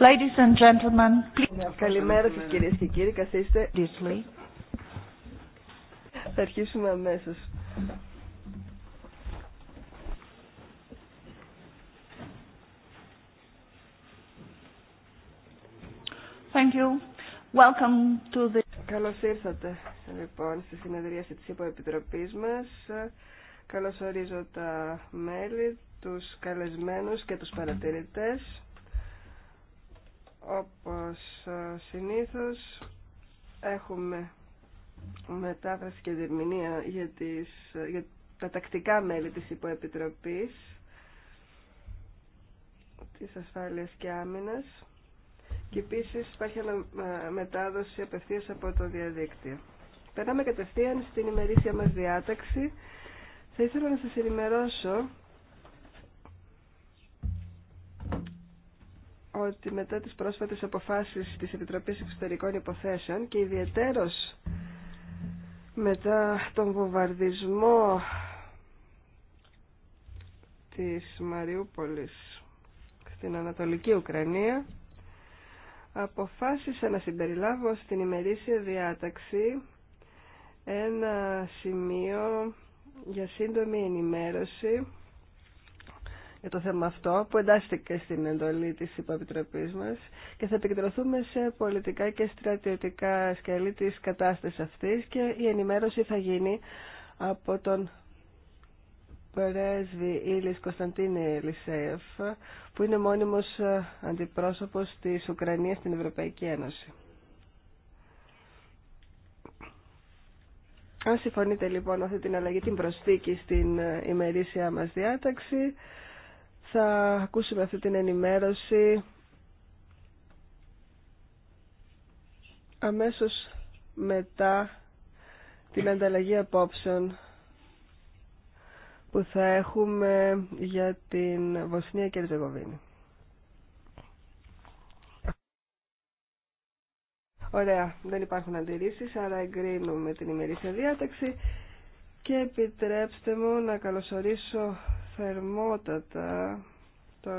Ladies and gentlemen, Καλημέρα σας κυρίες και κύριοι, καθίστε. Θα αρχίσουμε αμέσως. Thank you. Welcome to the... Καλώς ήρθατε λοιπόν στη συνεδρίαση της υποεπιτροπής μας. Καλώς ορίζω τα μέλη, τους καλεσμένους και τους παρατηρητές. Όπως ε, συνήθως έχουμε μετάφραση και διερμηνία για, τις, ε, για τα τακτικά μέλη της Υποεπιτροπής της Ασφάλειας και Άμυνας και επίσης υπάρχει ε, μετάδοση απευθείας από το διαδίκτυο. Περνάμε κατευθείαν στην ημερήσια μας διάταξη. Θα ήθελα να σας ενημερώσω ότι μετά τις πρόσφατες αποφάσεις της Επιτροπής Εξωτερικών Υποθέσεων και ιδιαιτέρως μετά τον βομβαρδισμό της Μαριούπολης στην Ανατολική Ουκρανία αποφάσισα να συμπεριλάβω στην ημερήσια διάταξη ένα σημείο για σύντομη ενημέρωση για το θέμα αυτό που εντάσσεται στην εντολή της Υποεπιτροπής μας και θα επικεντρωθούμε σε πολιτικά και στρατιωτικά σκέλη της κατάστασης αυτής και η ενημέρωση θα γίνει από τον πρέσβη Ήλις Κωνσταντίνη Λισέεφ που είναι μόνιμος ε, αντιπρόσωπος της Ουκρανίας στην Ευρωπαϊκή Ένωση. Αν συμφωνείτε λοιπόν αυτή την αλλαγή, την προσθήκη στην ε, ημερήσια μας διάταξη, θα ακούσουμε αυτή την ενημέρωση αμέσως μετά την ανταλλαγή απόψεων που θα έχουμε για την Βοσνία και Ριζεγοβίνη. Ωραία, δεν υπάρχουν αντιρρήσεις, άρα εγκρίνουμε την ημερήσια διάταξη και επιτρέψτε μου να καλωσορίσω θερμότατα το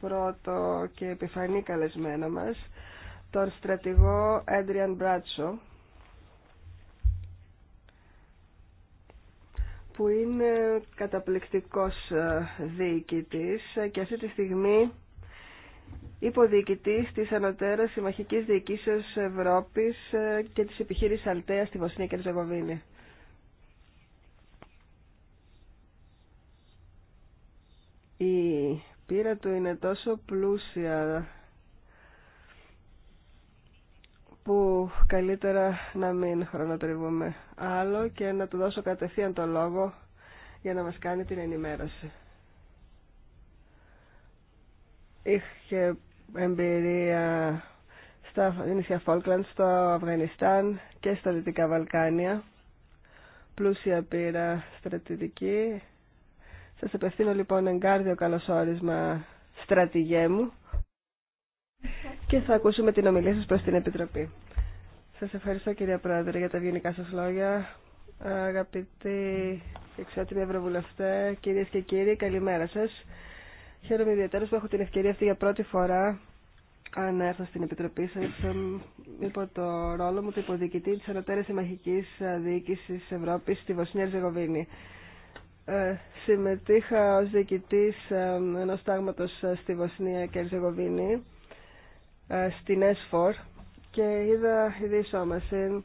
πρώτο και επιφανή καλεσμένο μας, τον στρατηγό Έντριαν Μπράτσο, που είναι καταπληκτικός ε, διοικητής και αυτή τη στιγμή υποδιοικητής της Ανωτέρας Συμμαχικής Διοικήσεως Ευρώπης ε, και της επιχείρησης Αλτέα στη Βοσνία και Ζεγοβίνη. Η πείρα του είναι τόσο πλούσια που καλύτερα να μην χρονοτριβούμε άλλο και να του δώσω κατευθείαν το λόγο για να μας κάνει την ενημέρωση. Είχε εμπειρία στα νησιά Φόλκλαντ, στο Αφγανιστάν και στα Δυτικά Βαλκάνια. Πλούσια πείρα στρατιωτική. Σας απευθύνω λοιπόν εγκάρδιο καλωσόρισμα στρατηγέ μου και θα ακούσουμε την ομιλία σας προς την Επιτροπή. Σας ευχαριστώ κυρία Πρόεδρε για τα ευγενικά σας λόγια. Αγαπητοί εξάτιμοι ευρωβουλευτέ, κυρίες και κύριοι, καλημέρα σας. Χαίρομαι ιδιαίτερα που έχω την ευκαιρία αυτή για πρώτη φορά να έρθω στην Επιτροπή σας υπό το ρόλο μου του υποδιοικητή της Ανωτέρας Συμμαχικής Διοίκησης Ευρώπης στη Βοσνία Ζεγοβίνη. Ε, συμμετείχα ως διοικητής ε, ενός τάγματος ε, στη Βοσνία και Ερζεγοβίνη, στην ΕΣΦΟΡ και είδα ειδήσόμαση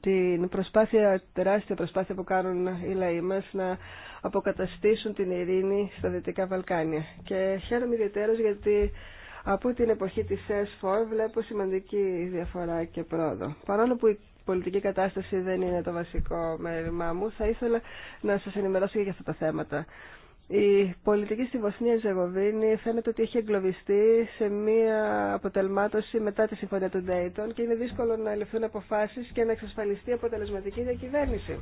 την προσπάθεια, τεράστια προσπάθεια που κάνουν οι λαοί μας να αποκαταστήσουν την ειρήνη στα Δυτικά Βαλκάνια. Και χαίρομαι ιδιαίτερως γιατί από την εποχή της Έσφορ βλέπω σημαντική διαφορά και πρόοδο. Παρόλο που πολιτική κατάσταση δεν είναι το βασικό μέρημά μου. Θα ήθελα να σας ενημερώσω για αυτά τα θέματα. Η πολιτική στη Βοσνία Ζεγοβίνη φαίνεται ότι έχει εγκλωβιστεί σε μία αποτελμάτωση μετά τη συμφωνία των Dayton και είναι δύσκολο να ληφθούν αποφάσει και να εξασφαλιστεί αποτελεσματική διακυβέρνηση.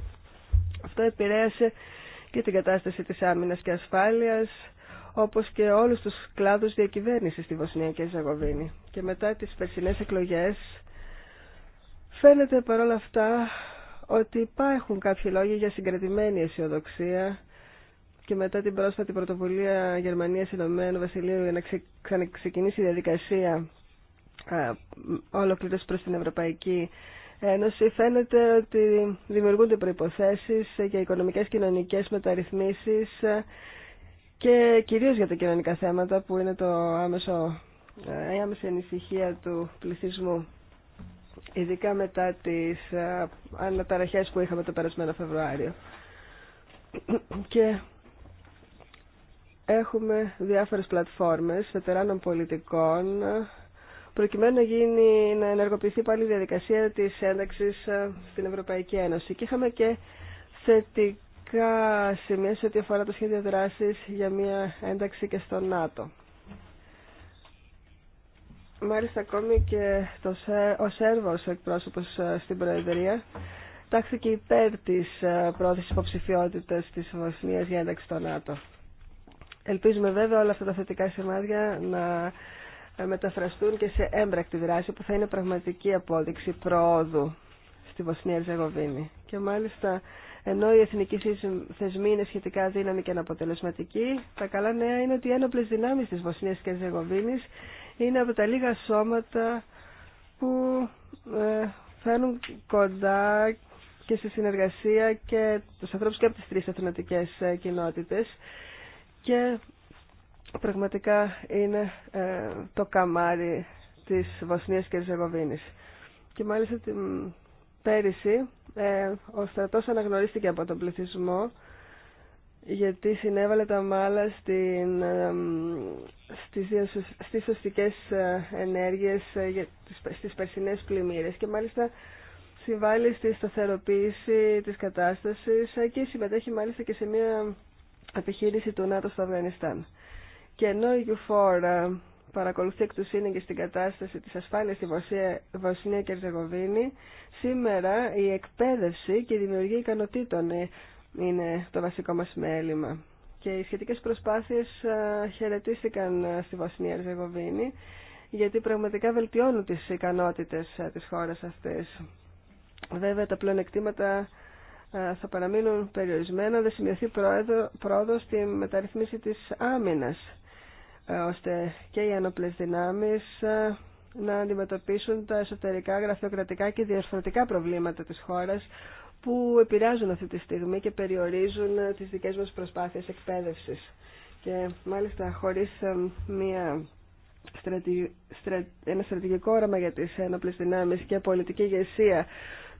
Αυτό επηρέασε και την κατάσταση τη Άμυνα και ασφάλεια, όπω και όλου του κλάδου διακυβέρνηση στη Βοσνία και Ζεγοβίνη. Και μετά τι περσινέ εκλογέ. Φαίνεται παρόλα αυτά ότι υπάρχουν κάποιοι λόγοι για συγκρατημένη αισιοδοξία και μετά την πρόσφατη πρωτοβουλία Γερμανίας Ηνωμένου Βασιλείου για να ξαναξεκινήσει η διαδικασία ολοκλήρωση προς την Ευρωπαϊκή Ένωση φαίνεται ότι δημιουργούνται προϋποθέσεις για οικονομικές κοινωνικές μεταρρυθμίσεις και κυρίως για τα κοινωνικά θέματα που είναι το άμεσο, ε, η άμεση ανησυχία του πληθυσμού ειδικά μετά τις ε, αναταραχές που είχαμε το περασμένο Φεβρουάριο. Και έχουμε διάφορες πλατφόρμες φετεράνων πολιτικών προκειμένου να, γίνει, να ενεργοποιηθεί πάλι η διαδικασία της ένταξης ε, στην Ευρωπαϊκή Ένωση. Και είχαμε και θετικά σημεία σε ό,τι αφορά το σχέδιο δράσης για μια ένταξη και στο ΝΑΤΟ. Μάλιστα ακόμη και το, ο Σέρβος εκπρόσωπος ε, στην Προεδρία τάχθηκε υπέρ της ε, πρόθεσης υποψηφιότητας της Βοσνίας για ένταξη στο ΝΑΤΟ. Ελπίζουμε βέβαια όλα αυτά τα θετικά σημάδια να ε, μεταφραστούν και σε έμπρακτη δράση που θα είναι πραγματική απόδειξη προόδου στη Βοσνία Ζεγοβίνη. Και μάλιστα ενώ οι εθνικοί θεσμοί είναι σχετικά δύναμοι και αναποτελεσματικοί, τα καλά νέα είναι ότι οι ένοπλε δυνάμει τη Βοσνία και είναι από τα λίγα σώματα που ε, φαίνουν κοντά και σε συνεργασία και τους ανθρώπους και από τις τρεις ε, κοινότητες και πραγματικά είναι ε, το καμάρι της Βοσνίας και Ριζεγοβίνης. Και μάλιστα την πέρυσι ε, ο στρατός αναγνωρίστηκε από τον πληθυσμό γιατί συνέβαλε τα μάλα στην, στις, στις σωστικές ε, ενέργειες ε, στις περσινές πλημμύρες και μάλιστα συμβάλλει στη σταθεροποίηση της κατάστασης ε, και συμμετέχει μάλιστα και σε μια επιχείρηση του ΝΑΤΟ στο Αφγανιστάν. Και ενώ η u παρακολουθεί εκ του και στην κατάσταση της ασφάλειας στη Βοσνία και Ερζεγοβίνη, σήμερα η εκπαίδευση και η δημιουργία ικανοτήτων είναι το βασικό μας μέλημα. Και οι σχετικές προσπάθειες ε, χαιρετίστηκαν ε, στη Βοσνία Ριζεγοβίνη, γιατί πραγματικά βελτιώνουν τις ικανότητες ε, της χώρας αυτής. Βέβαια τα πλεονεκτήματα θα παραμείνουν περιορισμένα, δεν σημειωθεί πρόοδο στη μεταρρυθμίση της άμυνας, ώστε και οι άνοπλες δυνάμεις να αντιμετωπίσουν τα εσωτερικά, γραφειοκρατικά και διαφορετικά προβλήματα της χώρας που επηρεάζουν αυτή τη στιγμή και περιορίζουν τις δικές μας προσπάθειες εκπαίδευσης. Και μάλιστα χωρίς ε, μια ένα στρατηγικό όραμα για τις ένοπλες δυνάμεις και πολιτική ηγεσία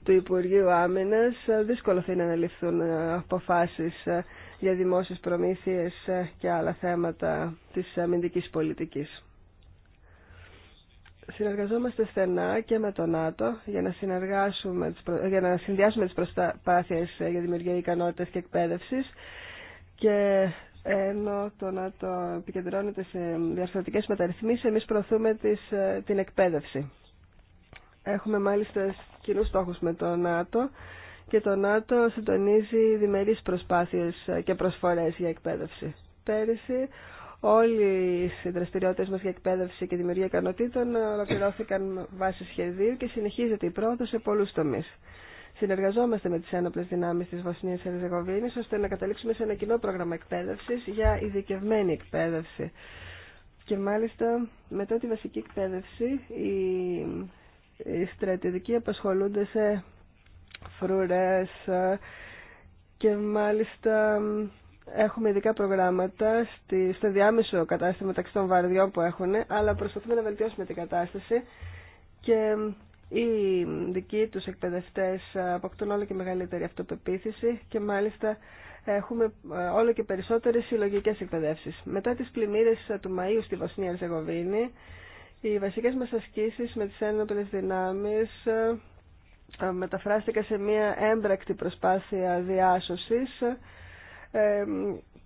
του Υπουργείου Άμυνας ε, δύσκολο θα είναι να ληφθούν ε, αποφάσεις για δημόσιες προμήθειες και άλλα θέματα της αμυντικής πολιτικής συνεργαζόμαστε στενά και με το ΝΑΤΟ για να, συνεργάσουμε, για να συνδυάσουμε τις προσπάθειες για δημιουργία ικανότητας και εκπαίδευσης και ενώ το ΝΑΤΟ επικεντρώνεται σε διαρθρωτικές μεταρρυθμίσεις, εμείς προωθούμε ε, την εκπαίδευση. Έχουμε μάλιστα κοινούς στόχους με το ΝΑΤΟ και το ΝΑΤΟ συντονίζει διμερείς προσπάθειες και προσφορές για εκπαίδευση. Πέρυσι Όλοι οι δραστηριότητε μα για εκπαίδευση και δημιουργία ικανοτήτων ολοκληρώθηκαν βάσει σχεδίου και συνεχίζεται η πρόοδο σε πολλού τομεί. Συνεργαζόμαστε με τι ένοπλε δυνάμει τη Βοσνία Ερζεγοβίνη ώστε να καταλήξουμε σε ένα κοινό πρόγραμμα εκπαίδευση για ειδικευμένη εκπαίδευση. Και μάλιστα μετά τη βασική εκπαίδευση οι, οι στρατηγικοί απασχολούνται σε φρουρέ, και μάλιστα Έχουμε ειδικά προγράμματα στη, στο διάμεσο κατάστημα μεταξύ των βαρδιών που έχουν, αλλά προσπαθούμε να βελτιώσουμε την κατάσταση και οι δικοί τους εκπαιδευτές ε, αποκτούν όλο και μεγαλύτερη αυτοπεποίθηση και μάλιστα έχουμε ε, όλο και περισσότερες συλλογικέ εκπαιδεύσεις. Μετά τις πλημμύρες ε, του Μαΐου στη Βοσνία ριζεγοβινη οι βασικές μας ασκήσεις με τις ένοπλες δυνάμεις μεταφράστηκαν σε μια έμπρακτη προσπάθεια διάσωσης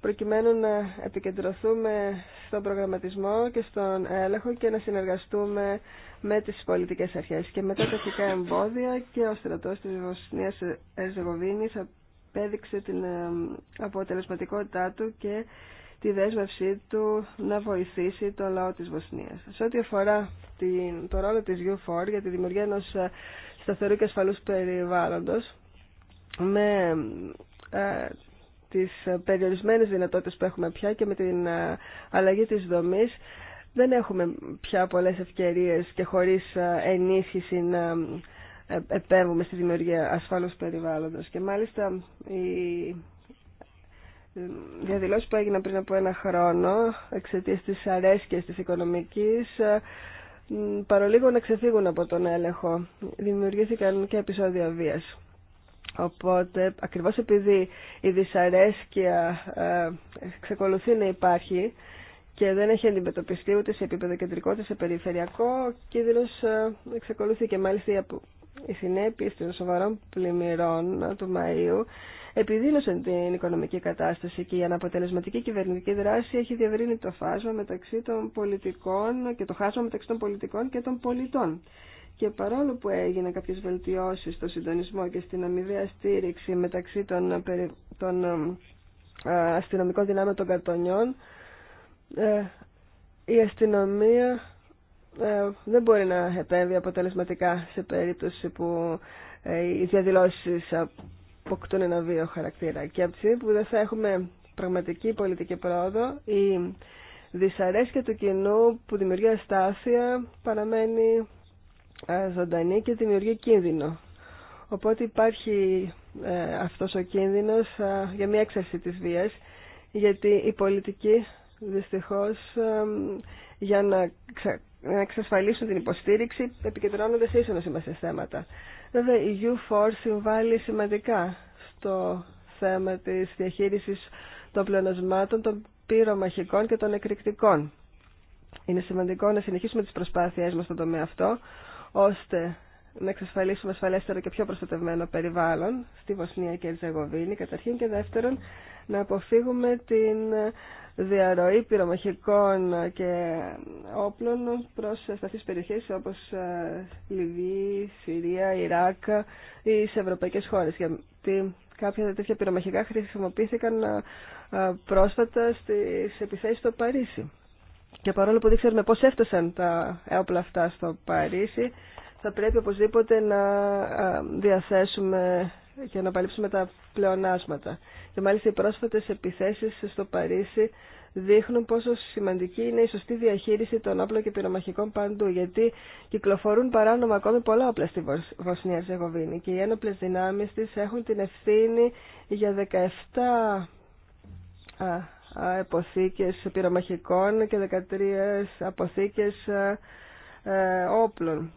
προκειμένου να επικεντρωθούμε στον προγραμματισμό και στον έλεγχο και να συνεργαστούμε με τις πολιτικές αρχές. Και με τα τεχνικά εμπόδια και ο στρατός της Βοσνίας Ερζεγοβίνης απέδειξε την αποτελεσματικότητά του και τη δέσμευσή του να βοηθήσει το λαό της Βοσνίας. Σε ό,τι αφορά την, το ρόλο της U4 για τη δημιουργία ενός ε, σταθερού και ασφαλούς περιβάλλοντος, με ε, τις ε, περιορισμένες δυνατότητες που έχουμε πια και με την ε, αλλαγή της δομής δεν έχουμε πια πολλές ευκαιρίες και χωρίς ε, ενίσχυση να επέμβουμε στη δημιουργία ασφάλους περιβάλλοντος. Και μάλιστα η διαδηλώσει που έγιναν πριν από ένα χρόνο εξαιτίας της αρέσκειας της οικονομικής παρολίγο να ξεφύγουν από τον έλεγχο. Δημιουργήθηκαν και επεισόδια βίας. Οπότε, ακριβώς επειδή η δυσαρέσκεια ε, εξακολουθεί να υπάρχει και δεν έχει αντιμετωπιστεί ούτε σε επίπεδο κεντρικό, ούτε σε περιφερειακό, ο ε, εξακολουθεί και μάλιστα οι συνέπειες των σοβαρών πλημμυρών του Μαΐου επιδήλωσαν την οικονομική κατάσταση και η αναποτελεσματική κυβερνητική δράση έχει διευρύνει το φάσμα μεταξύ των πολιτικών και το χάσμα μεταξύ των πολιτικών και των πολιτών. Και παρόλο που έγιναν κάποιες βελτιώσεις στο συντονισμό και στην αμοιβαία στήριξη μεταξύ των, ε, αστυνομικών δυνάμεων των καρτονιών, ε, η αστυνομία ε, δεν μπορεί να επέμβει αποτελεσματικά σε περίπτωση που οι διαδηλώσεις αποκτούν ένα βίο χαρακτήρα. Και από τη που δεν θα έχουμε πραγματική πολιτική πρόοδο, η δυσαρέσκεια του κοινού που δημιουργεί αστάθεια παραμένει ε, ζωντανή και δημιουργεί κίνδυνο. Οπότε υπάρχει ε, αυτός ο κίνδυνος ε, για μια έξαρση της βίας, γιατί η πολιτική δυστυχώς για να, εξασφαλίσουν την υποστήριξη επικεντρώνονται σε ίσονο σημασία θέματα. Βέβαια η U4 συμβάλλει σημαντικά στο θέμα της διαχείρισης των πλεονασμάτων, των πυρομαχικών και των εκρηκτικών. Είναι σημαντικό να συνεχίσουμε τις προσπάθειές μας στον τομέα αυτό, ώστε να εξασφαλίσουμε ασφαλέστερο και πιο προστατευμένο περιβάλλον στη Βοσνία και Ερζεγοβίνη καταρχήν και δεύτερον να αποφύγουμε την διαρροή πυρομαχικών και όπλων προς τις περιοχές όπως ε, Λιβύη, Συρία, Ιράκ ή σε ευρωπαϊκές χώρες γιατί κάποια τέτοια πυρομαχικά χρησιμοποιήθηκαν ε, πρόσφατα στις επιθέσεις στο Παρίσι. Και παρόλο που δεν ξέρουμε πώς έφτασαν τα όπλα αυτά στο Παρίσι, θα πρέπει οπωσδήποτε να διαθέσουμε και να παλύψουμε τα πλεονάσματα. Και μάλιστα οι πρόσφατες επιθέσεις στο Παρίσι δείχνουν πόσο σημαντική είναι η σωστή διαχείριση των όπλων και πυρομαχικών παντού, γιατί κυκλοφορούν παράνομα ακόμη πολλά όπλα στη Βοσνία Ζεγοβίνη και οι ένοπλες δυνάμεις της έχουν την ευθύνη για 17 αποθήκες πυρομαχικών και 13 αποθήκες ε, όπλων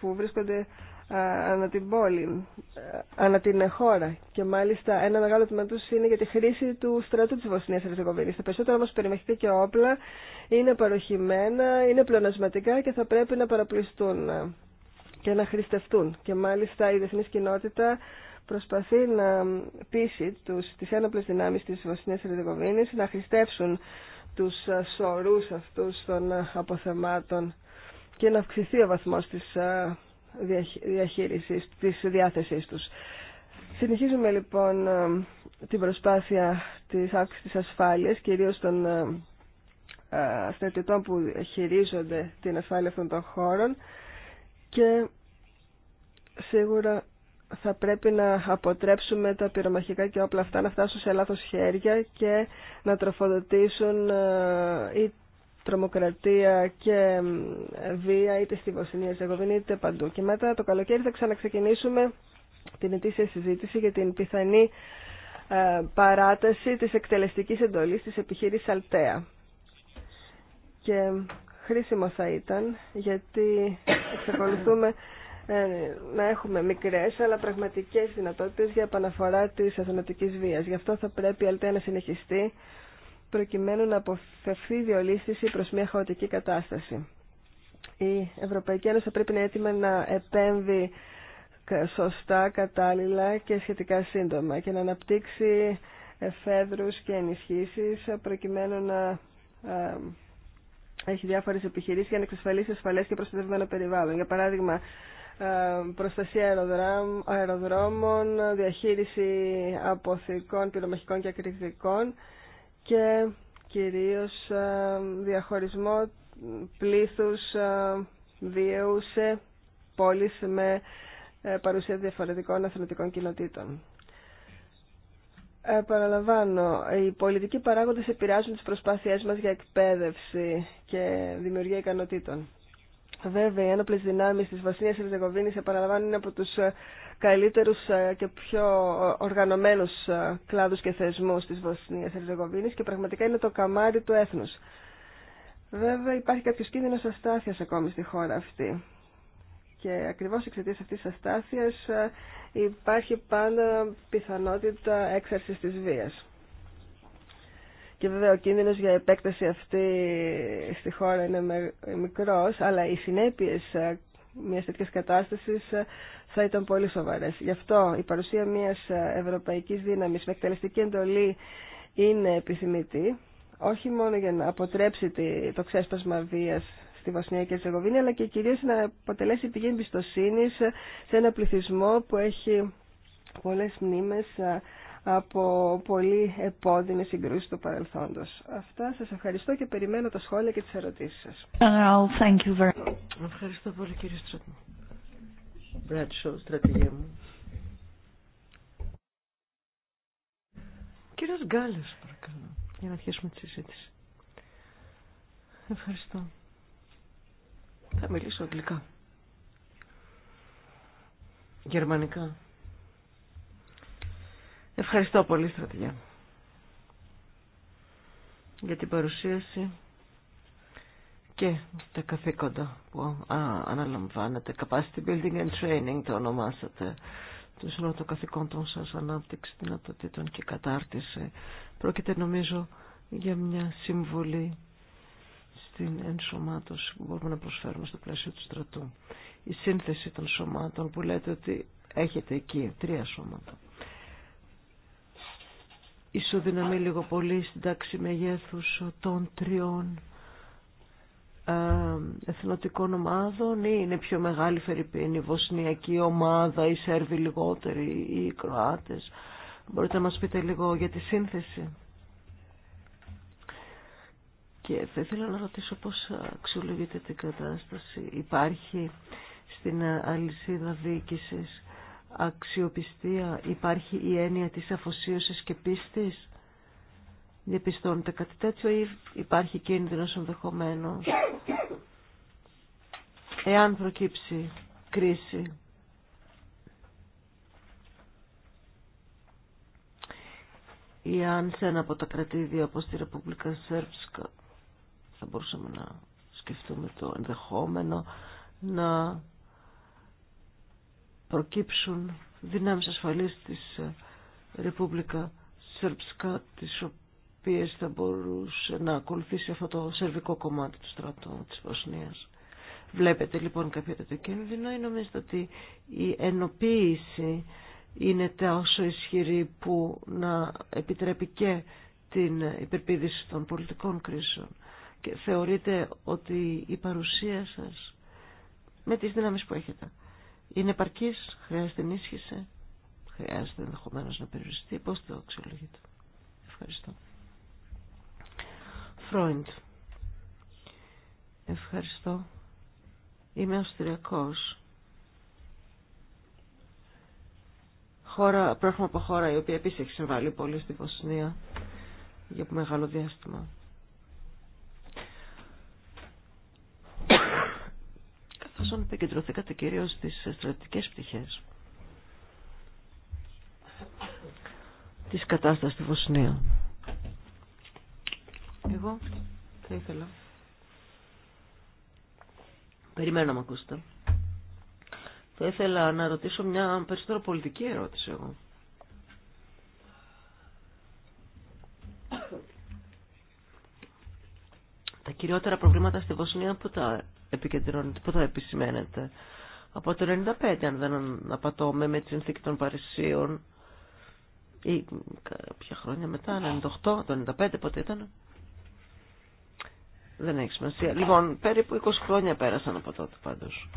που βρίσκονται ε, ανά την πόλη, ε, ανά την χώρα. Και μάλιστα ένα μεγάλο τμήμα του είναι για τη χρήση του στρατού τη Βοσνίας Ερζεγοβίνη. Τα περισσότερα όμω περιμαχικά και όπλα είναι παροχημένα, είναι πλεονασματικά και θα πρέπει να παραπληστούν και να χρηστευτούν. Και μάλιστα η διεθνή κοινότητα προσπαθεί να πείσει τους, τις ένοπλες δυνάμεις της Βοσνίας Ερδεγοβίνης να χρηστεύσουν τους σωρούς αυτούς των αποθεμάτων και να αυξηθεί ο βαθμός της ε, διαχείρισης, της διάθεσής τους. Συνεχίζουμε λοιπόν ε, την προσπάθεια της αύξησης της ασφάλειας, κυρίως των ε, στρατιωτών που χειρίζονται την ασφάλεια αυτών των χώρων και σίγουρα θα πρέπει να αποτρέψουμε τα πυρομαχικά και όπλα αυτά να φτάσουν σε λάθος χέρια και να τροφοδοτήσουν ε, η τρομοκρατία και βία είτε στη Βοσνία Ζεγοβίνη είτε παντού. Και μετά το καλοκαίρι θα ξαναξεκινήσουμε την ετήσια συζήτηση για την πιθανή ε, παράταση της εκτελεστικής εντολής της επιχείρησης Αλτέα. Και χρήσιμο θα ήταν γιατί εξακολουθούμε ε, να έχουμε μικρές αλλά πραγματικές δυνατότητες για επαναφορά της αθωνατικής βίας. Γι' αυτό θα πρέπει η ΑΛΤΕ να συνεχιστεί προκειμένου να αποφευθεί η διολύστηση προς μια χαοτική κατάσταση. Η Ευρωπαϊκή Ένωση θα πρέπει να έτοιμα να επέμβει σωστά, κατάλληλα και σχετικά σύντομα και να αναπτύξει εφέδρους και ενισχύσεις προκειμένου να έχει διάφορες επιχειρήσεις για να εξασφαλίσει ασφαλές και προστατευμένο περιβάλλον. Για παράδειγμα, ε, προστασία αεροδρόμων, διαχείριση αποθηκών, πυρομαχικών και ακριβικών και κυρίως ε, διαχωρισμό πλήθους ε, βίαιου σε πόλεις με παρουσία διαφορετικών αθλητικών κοινοτήτων. Ε, παραλαμβάνω, οι πολιτικοί παράγοντες επηρεάζουν τις προσπάθειές μας για εκπαίδευση και δημιουργία ικανοτήτων. Βέβαια, οι ένοπλε δυνάμει τη Βοσνία Ερζεγοβίνη επαναλαμβάνουν από του ε, καλύτερου ε, και πιο ε, οργανωμένου κλάδου και θεσμού τη Βοσνία Ερζεγοβίνη και πραγματικά είναι το καμάρι του έθνου. Βέβαια, υπάρχει κάποιο κίνδυνο αστάθεια ακόμη στη χώρα αυτή. Και ακριβώ εξαιτία αυτή τη αστάθεια υπάρχει πάντα πιθανότητα έξαρση τη βία. Και βέβαια ο κίνδυνος για επέκταση αυτή στη χώρα είναι μικρός, αλλά οι συνέπειες ε, μιας τέτοιας κατάστασης ε, θα ήταν πολύ σοβαρές. Γι' αυτό η παρουσία μιας ε, ευρωπαϊκής δύναμης με εκτελεστική εντολή είναι επιθυμητή, όχι μόνο για να αποτρέψει το ξέσπασμα βίας στη Βοσνία και Ερζεγοβίνη, αλλά και κυρίως να αποτελέσει πηγή εμπιστοσύνη σε ένα πληθυσμό που έχει πολλές μνήμες από πολύ επώδυνες συγκρούσεις του παρελθόντος. Αυτά σας ευχαριστώ και περιμένω τα σχόλια και τις ερωτήσεις σας. Ευχαριστώ πολύ κύριε Στρατμό. Μπράτσο, στρατηγέ μου. Κύριος Γκάλλος, παρακαλώ, για να αρχίσουμε τη συζήτηση. Ευχαριστώ. Θα μιλήσω αγγλικά. Γερμανικά. Ευχαριστώ πολύ, στρατηγέ, για την παρουσίαση και τα καθήκοντα που αναλαμβάνετε. Capacity Building and Training το ονομάσατε. Το σύνολο των καθηκόντων σας, ανάπτυξη δυνατοτήτων και κατάρτιση. Πρόκειται νομίζω για μια συμβολή στην ενσωμάτωση που μπορούμε να προσφέρουμε στο πλαίσιο του στρατού. Η σύνθεση των σωμάτων που λέτε ότι έχετε εκεί, τρία σώματα ισοδυναμεί λίγο πολύ στην τάξη μεγέθους των τριών ε, εθνοτικών ομάδων ή είναι πιο μεγάλη Φερρυπίνη, η Βοσνιακή ομάδα, οι Σέρβοι λιγότεροι ή οι Κροάτες. Μπορείτε να μας πείτε λίγο για τη σύνθεση. Και θα ήθελα να ρωτήσω πώς αξιολογείται την κατάσταση. Υπάρχει στην αλυσίδα διοίκησης αξιοπιστία υπάρχει η έννοια της αφοσίωσης και πίστης. Διαπιστώνεται κάτι τέτοιο ή υπάρχει κίνδυνος ενδεχομένω. Εάν προκύψει κρίση. Ή αν σε ένα από τα κρατήδια όπως τη Ρεπουμπλίκα Σέρψκα θα μπορούσαμε να σκεφτούμε το ενδεχόμενο να προκύψουν δυνάμεις ασφαλής της ε, Ρεπούμπλικα Σερψκά, τις οποίες θα μπορούσε να ακολουθήσει αυτό το σερβικό κομμάτι του στρατού της Βοσνίας. Βλέπετε λοιπόν κάποιο τέτοιο κίνδυνο ή νομίζετε ότι η ενοποίηση είναι τόσο ισχυρή που να επιτρέπει και την υπερπίδηση των πολιτικών κρίσεων. Και θεωρείτε ότι η παρουσία σας με τις δυνάμεις που έχετε είναι επαρκή. χρειάζεται ενίσχυση, χρειάζεται ενδεχομένω να περιοριστεί. Πώ το αξιολογείτε. Ευχαριστώ. Φρόιντ. Ευχαριστώ. Είμαι Αυστριακό. Χώρα, από χώρα η οποία επίση έχει συμβάλει πολύ στη Βοσνία για μεγάλο διάστημα. εφόσον επικεντρωθήκατε κυρίως στις στρατικές πτυχές της κατάστασης στη Βοσνία. Εγώ θα ήθελα. Περιμένω να ακούσετε. Θα ήθελα να ρωτήσω μια περισσότερο πολιτική ερώτηση εγώ. Τα κυριότερα προβλήματα στη Βοσνία που τα επικεντρώνεται, πού θα επισημαίνεται. Από το 95 αν δεν απατώμε με τη συνθήκη των Παρισίων, ή κάποια χρόνια μετά, 98, το 95, πότε ήταν. Δεν έχει σημασία. Λοιπόν, περίπου 20 χρόνια πέρασαν από τότε πάντως.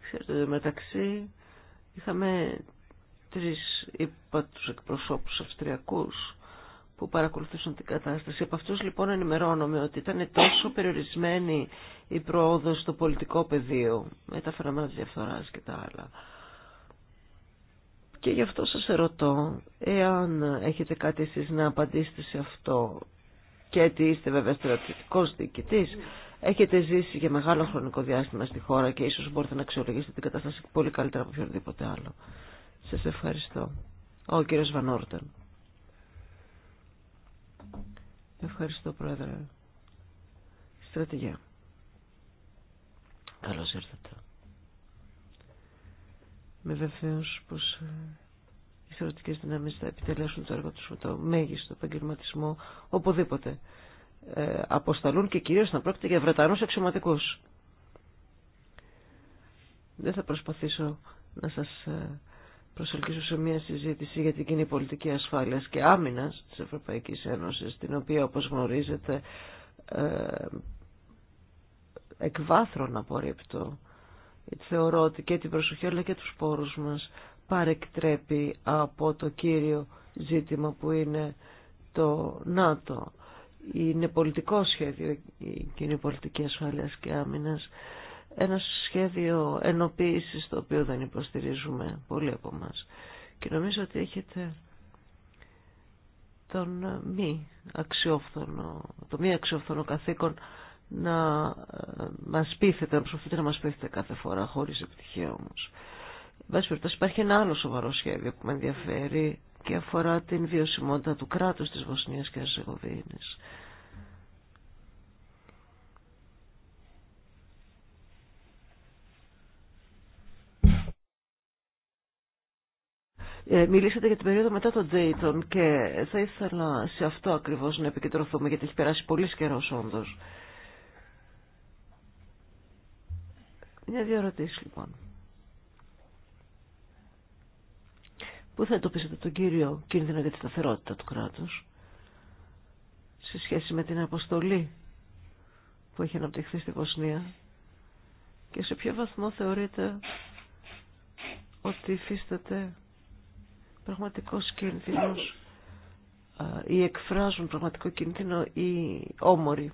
Ξέρετε, μεταξύ Είχαμε τρεις, είπα τους εκπροσώπους αυστριακούς που παρακολουθούσαν την κατάσταση. Από αυτούς λοιπόν ενημερώνομαι ότι ήταν τόσο περιορισμένη η πρόοδος στο πολιτικό πεδίο με τα φαινόμενα της διαφθοράς και τα άλλα. Και γι' αυτό σας ερωτώ, εάν έχετε κάτι εσείς να απαντήσετε σε αυτό και ότι είστε βέβαια στρατιωτικός διοικητής, έχετε ζήσει για μεγάλο χρονικό διάστημα στη χώρα και ίσως μπορείτε να αξιολογήσετε την κατάσταση πολύ καλύτερα από οποιοδήποτε άλλο. Σας ευχαριστώ. Ο κύριος Βανόρτεν. Ευχαριστώ πρόεδρε. Στρατηγιά. Καλώς ήρθατε. Με βεβαίως πως ε, οι θεωρητικές δυνάμεις θα επιτελέσουν το έργο τους με το μέγιστο επαγγελματισμό οπουδήποτε ε, αποσταλούν και κυρίως να πρόκειται για Βρετανούς αξιωματικούς. Δεν θα προσπαθήσω να σας ε, προσελκύσω σε μια συζήτηση για την κοινή πολιτική ασφάλειας και άμυνας της Ευρωπαϊκής Ένωσης, την οποία όπως γνωρίζετε ε, εκβάθρον απορρίπτω. θεωρώ ότι και την προσοχή αλλά και τους πόρους μας παρεκτρέπει από το κύριο ζήτημα που είναι το ΝΑΤΟ είναι πολιτικό σχέδιο η κοινή πολιτική ασφάλειας και άμυνα. ένα σχέδιο ενοποίηση το οποίο δεν υποστηρίζουμε πολλοί από εμά. και νομίζω ότι έχετε τον μη αξιόφθονο, το μη αξιόφθονο καθήκον να ε, μας πείθετε, να προσπαθείτε να μας πείθετε κάθε φορά χωρίς επιτυχία όμως. Βάση περιπτώσει υπάρχει ένα άλλο σοβαρό σχέδιο που με ενδιαφέρει και αφορά την βιωσιμότητα του κράτους της Βοσνίας και Ε, Μιλήσατε για την περίοδο μετά τον Τζέιτον και θα ήθελα σε αυτό ακριβώς να επικεντρωθούμε γιατί έχει περάσει πολύ καιρό όντω. Μια δύο ερωτήσει λοιπόν. Πού θα εντοπίσετε τον κύριο κίνδυνο για τη σταθερότητα του κράτους σε σχέση με την αποστολή που έχει αναπτυχθεί στη Βοσνία και σε ποιο βαθμό θεωρείτε ότι υφίσταται πραγματικός κίνδυνος ή εκφράζουν πραγματικό κίνδυνο οι όμοροι,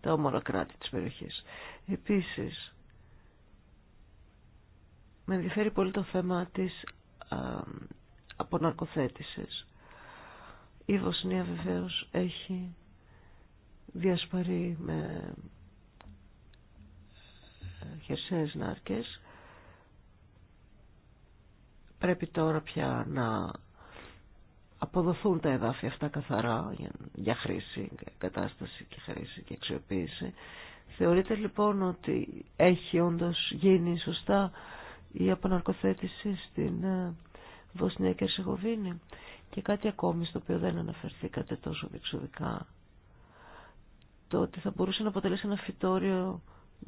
τα όμορα κράτη της περιοχής. Επίσης, με ενδιαφέρει πολύ το θέμα της αποναρκοθέτησης. Η Βοσνία βεβαίως έχει διασπαρεί με ε, χερσαίες νάρκες. Πρέπει τώρα πια να αποδοθούν τα εδάφια αυτά καθαρά για χρήση, κατάσταση και χρήση και αξιοποίηση. Θεωρείτε λοιπόν ότι έχει όντως γίνει σωστά η αποναρκοθέτηση στην ε, Βοσνία και Ερσεγοβίνη. Και κάτι ακόμη στο οποίο δεν αναφερθήκατε τόσο διεξοδικά. Το ότι θα μπορούσε να αποτελέσει ένα φυτόριο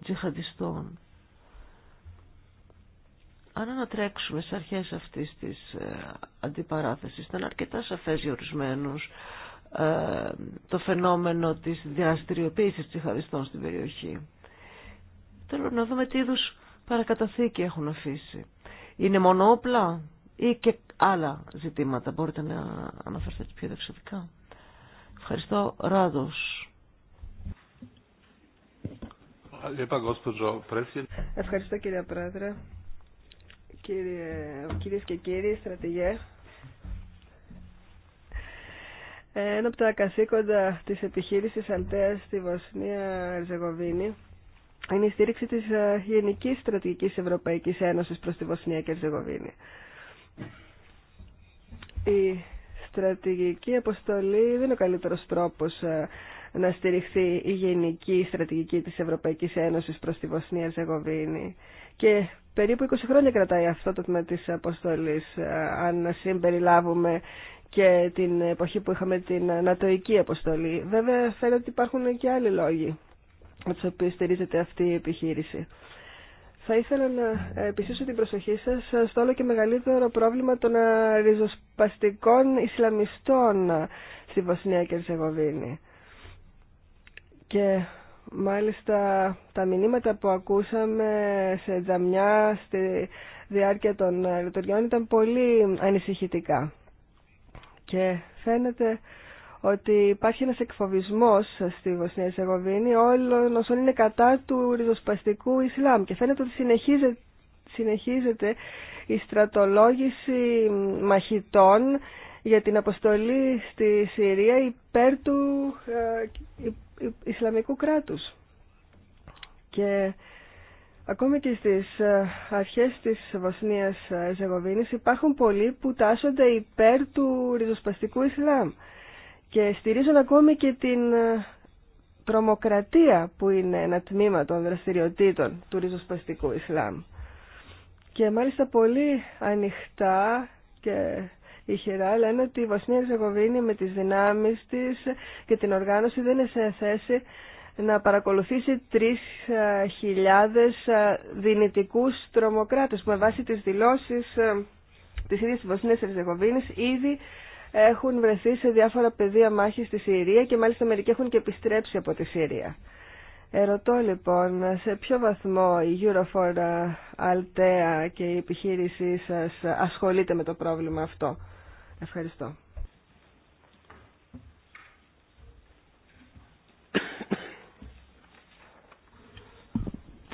τζιχαντιστών. Αν ανατρέξουμε στις αρχές αυτής της ε, αντιπαράθεσης, ήταν αρκετά σαφές ε, το φαινόμενο της διαστηριοποίησης τσιχαριστών στην περιοχή. Θέλω να δούμε τι είδους παρακαταθήκη έχουν αφήσει. Είναι μόνο ή και άλλα ζητήματα. Μπορείτε να αναφερθείτε πιο δεξιωτικά. Ευχαριστώ. Ράδος. Ευχαριστώ κύριε Πρόεδρε. Κύριε, κυρίες και κύριοι, στρατηγέ. Ένα από τα καθήκοντα της επιχείρησης Αλτέα στη Βοσνία Ερζεγοβίνη είναι η και αλλα ζητηματα μπορειτε να αναφερθειτε πιο δεξιδικα ευχαριστω ραδος ευχαριστω κυριε προεδρε κυριε κυριες και κυριοι στρατηγε ενα απο τα καθηκοντα της ε, γενικής στρατηγικής Ευρωπαϊκής Ένωσης προς τη Βοσνία και Ερζεγοβίνη. Η στρατηγική αποστολή δεν είναι ο καλύτερος τρόπος ε, να στηριχθεί η γενική στρατηγική της Ευρωπαϊκής Ένωσης προς τη Βοσνία Ζεγοβίνη. Και περίπου 20 χρόνια κρατάει αυτό το τμήμα της αποστολής, ε, αν συμπεριλάβουμε και την εποχή που είχαμε την νατοϊκή αποστολή. Βέβαια φαίνεται ότι υπάρχουν και άλλοι λόγοι με τους οποίους στηρίζεται αυτή η επιχείρηση. Θα ήθελα να επιστήσω την προσοχή σας στο όλο και μεγαλύτερο πρόβλημα των ε, ριζοσπαστικών Ισλαμιστών στη Βοσνία και Ερζεγοβίνη. Και μάλιστα τα μηνύματα που ακούσαμε σε τζαμιά στη διάρκεια των ε, λειτουργιών ήταν πολύ ανησυχητικά. Και φαίνεται ότι υπάρχει ένας εκφοβισμός στη Βοσνία Ζεγοβίνη όλων όσων είναι κατά του ριζοσπαστικού Ισλάμ και φαίνεται ότι συνεχίζεται, η στρατολόγηση μαχητών για την αποστολή στη Συρία υπέρ του ε, Ισλαμικού κράτους. Και Ακόμη και στις ε, αρχές της Βοσνίας ε, Ζεγοβίνης υπάρχουν πολλοί που τάσσονται υπέρ του ριζοσπαστικού Ισλάμ και στηρίζουν ακόμη και την ε, τρομοκρατία που είναι ένα τμήμα των δραστηριοτήτων του ριζοσπαστικού Ισλάμ. Και μάλιστα πολύ ανοιχτά και ηχηρά λένε ότι η Βοσνία με τις δυνάμεις της και την οργάνωση δεν είναι σε θέση να παρακολουθήσει 3.000 ε, ε, δυνητικούς τρομοκράτες που με βάση τις δηλώσεις της ίδιας της Βοσνίας ήδη έχουν βρεθεί σε διάφορα πεδία μάχης στη Συρία και μάλιστα μερικοί έχουν και επιστρέψει από τη Συρία. Ερωτώ λοιπόν σε ποιο βαθμό η Eurofor ε, Altea και η επιχείρησή σας ασχολείται με το πρόβλημα αυτό. Ευχαριστώ.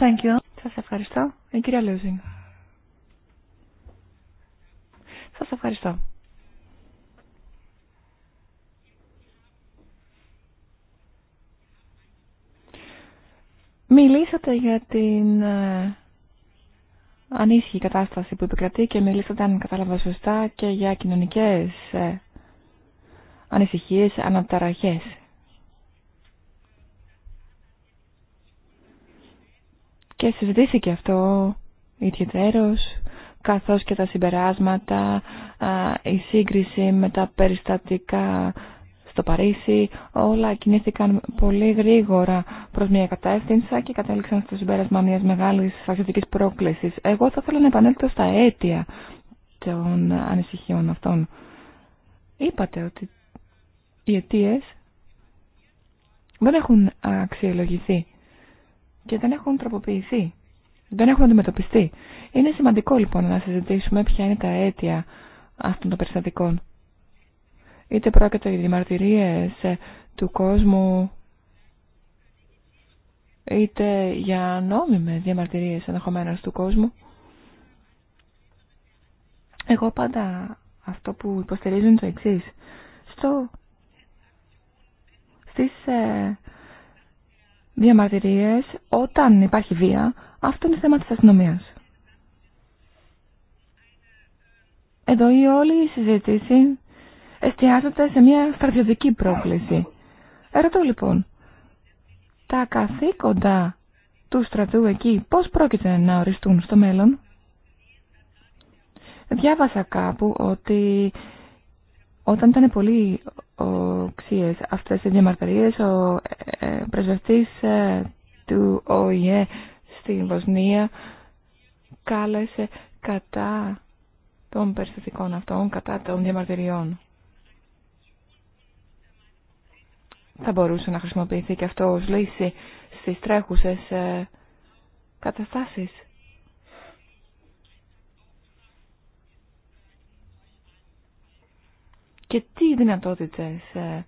Thank you. Σας ευχαριστώ. Η ε, κυρία Λούζιν. Σας ευχαριστώ. Μιλήσατε για την ε, ανήσυχη κατάσταση που επικρατεί και μιλήσατε, αν κατάλαβα σωστά, και για κοινωνικές ε, ανησυχίες, αναταραχές. Και συζητήθηκε αυτό ιδιαίτερος, καθώς και τα συμπεράσματα, η σύγκριση με τα περιστατικά το Παρίσι, όλα κινήθηκαν πολύ γρήγορα προς μια κατεύθυνση και κατέληξαν στο συμπέρασμα μιας μεγάλης φασιστικής πρόκλησης. Εγώ θα ήθελα να επανέλθω στα αίτια των ανησυχιών αυτών. Είπατε ότι οι αιτίε δεν έχουν αξιολογηθεί και δεν έχουν τροποποιηθεί. Δεν έχουν αντιμετωπιστεί. Είναι σημαντικό λοιπόν να συζητήσουμε ποια είναι τα αίτια αυτών των περιστατικών είτε πρόκειται για διαμαρτυρίες ε, του κόσμου, είτε για νόμιμες διαμαρτυρίες ενδεχομένω του κόσμου. Εγώ πάντα αυτό που υποστηρίζω είναι το εξή. Στο... Στις ε, διαμαρτυρίες, όταν υπάρχει βία, αυτό είναι θέμα της αστυνομία. Εδώ η όλη η συζήτηση εστιάζεται σε μια στρατιωτική πρόκληση. Ερωτώ λοιπόν, τα καθήκοντα του στρατού εκεί πώς πρόκειται να οριστούν στο μέλλον. Διάβασα κάπου ότι όταν ήταν πολύ οξύες αυτές οι διαμαρτυρίες, ο ε, ε, πρεσβευτής ε, του ΟΗΕ στη Βοσνία κάλεσε κατά των περιστατικών αυτών, κατά των διαμαρτυριών. θα μπορούσε να χρησιμοποιηθεί και αυτό ως λύση στις τρέχουσες ε, καταστάσεις. Και τι δυνατότητες ε,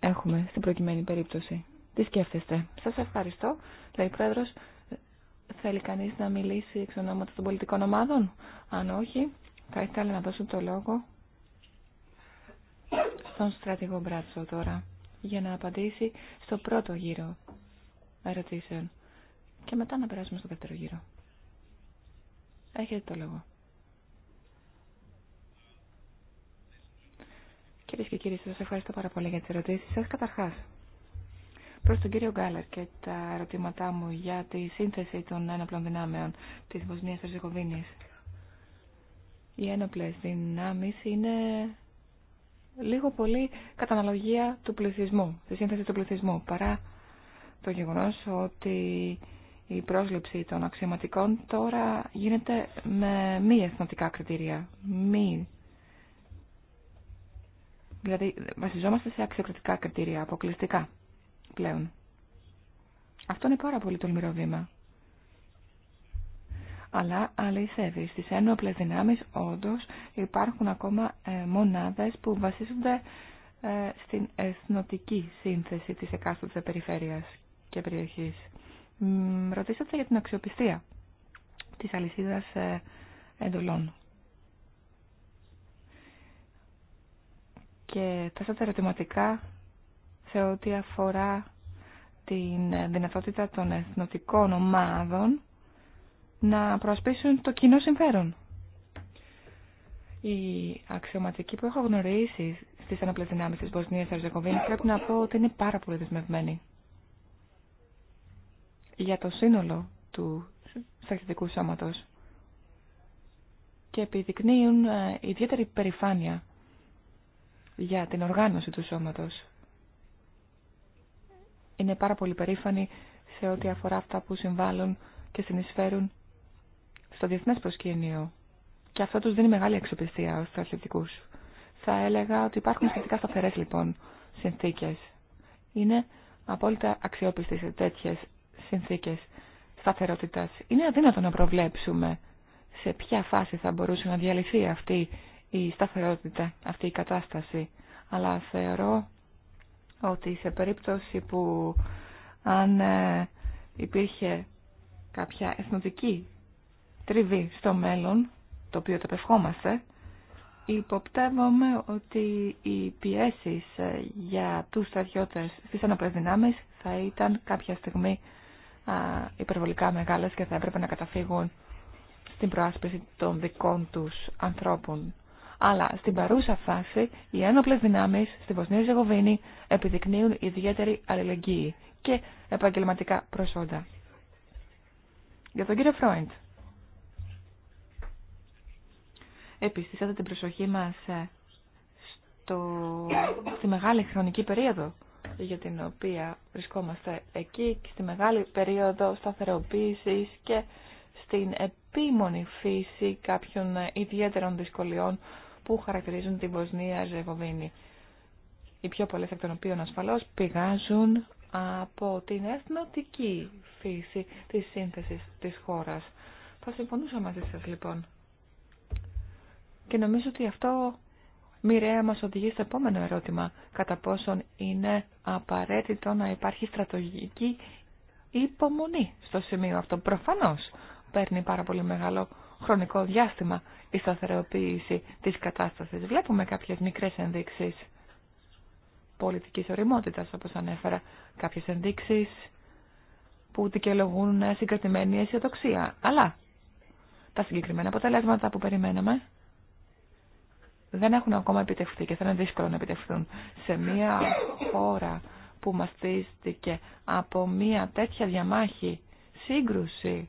έχουμε στην προκειμένη περίπτωση. Τι σκέφτεστε. Σας ευχαριστώ. Λέει Πρόεδρος, θέλει κανείς να μιλήσει εξ ονόματα των πολιτικών ομάδων. Αν όχι, θα ήθελα να δώσω το λόγο στον στρατηγό Μπράτσο τώρα για να απαντήσει στο πρώτο γύρο ερωτήσεων και μετά να περάσουμε στο δεύτερο γύρο. Έχετε το λόγο. Κυρίε και κύριοι, σα ευχαριστώ πάρα πολύ για τι ερωτήσει σα. Καταρχά, προ τον κύριο Γκάλερ και τα ερωτήματά μου για τη σύνθεση των ένοπλων δυνάμεων τη Βοσνία Ερζεγοβίνη. Οι ένοπλε δυνάμει είναι λίγο πολύ κατά αναλογία του πληθυσμού, τη σύνθεση του πληθυσμού, παρά το γεγονός ότι η πρόσληψη των αξιωματικών τώρα γίνεται με μη εθνοτικά κριτήρια. Μη. Δηλαδή βασιζόμαστε σε αξιοκρατικά κριτήρια, αποκλειστικά πλέον. Αυτό είναι πάρα πολύ τολμηρό βήμα αλλά αληθεύει. Στις ένοπλες δυνάμεις όντως υπάρχουν ακόμα ε, μονάδες που βασίζονται ε, στην εθνοτική σύνθεση της εκάστοτε περιφέρειας και περιοχής. Ρωτήσατε για την αξιοπιστία της αλυσίδας ε, εντολών. Και θέσατε ερωτηματικά σε ό,τι αφορά την δυνατότητα των εθνοτικών ομάδων να προσπίσουν το κοινό συμφέρον. Οι αξιωματικοί που έχω γνωρίσει στις αναπλές δυνάμεις της Βοσνίας πρέπει να πω ότι είναι πάρα πολύ δεσμευμένοι για το σύνολο του στρατιωτικού σώματος και επιδεικνύουν ε, ιδιαίτερη περηφάνεια για την οργάνωση του σώματος. Είναι πάρα πολύ περήφανοι σε ό,τι αφορά αυτά που συμβάλλουν και συνεισφέρουν στο διεθνές προσκήνιο. Και αυτό τους δίνει μεγάλη αξιοπιστία ως αθλητικούς. Θα έλεγα ότι υπάρχουν σχετικά σταθερές λοιπόν συνθήκες. Είναι απόλυτα αξιόπιστοι σε τέτοιες συνθήκες σταθερότητας. Είναι αδύνατο να προβλέψουμε σε ποια φάση θα μπορούσε να διαλυθεί αυτή η σταθερότητα, αυτή η κατάσταση. Αλλά θεωρώ ότι σε περίπτωση που αν ε, υπήρχε κάποια εθνοτική τριβή στο μέλλον, το οποίο το πευχόμαστε, υποπτεύομαι ότι οι πιέσει ε, για τους στι στις δυνάμει θα ήταν κάποια στιγμή υπερβολικά μεγάλες και θα έπρεπε να καταφύγουν στην προάσπιση των δικών τους ανθρώπων. Αλλά στην παρούσα φάση οι ένοπλες δυνάμεις στη Βοσνία Ζεγοβίνη επιδεικνύουν ιδιαίτερη αλληλεγγύη και επαγγελματικά προσόντα. Για τον κύριο Φρόιντ, επιστήσατε την προσοχή μας ε, στο... στη μεγάλη χρονική περίοδο για την οποία βρισκόμαστε εκεί και στη μεγάλη περίοδο σταθεροποίησης και στην επίμονη φύση κάποιων ιδιαίτερων δυσκολιών που χαρακτηρίζουν την Βοσνία ζεβοβινη Οι πιο πολλές εκ των οποίων ασφαλώς πηγάζουν από την εθνοτική φύση της σύνθεσης της χώρας. Θα συμφωνούσα μαζί σας λοιπόν. Και νομίζω ότι αυτό μοιραία μας οδηγεί στο επόμενο ερώτημα. Κατά πόσον είναι απαραίτητο να υπάρχει στρατογική υπομονή στο σημείο αυτό. Προφανώς παίρνει πάρα πολύ μεγάλο χρονικό διάστημα η σταθεροποίηση της κατάστασης. Βλέπουμε κάποιες μικρές ενδείξεις πολιτικής οριμότητας, όπως ανέφερα, κάποιες ενδείξεις που δικαιολογούν συγκρατημένη αισιοδοξία. Αλλά τα συγκεκριμένα αποτελέσματα που περιμέναμε δεν έχουν ακόμα επιτευχθεί και θα είναι δύσκολο να επιτευχθούν σε μια χώρα που μαστίστηκε από μια τέτοια διαμάχη σύγκρουση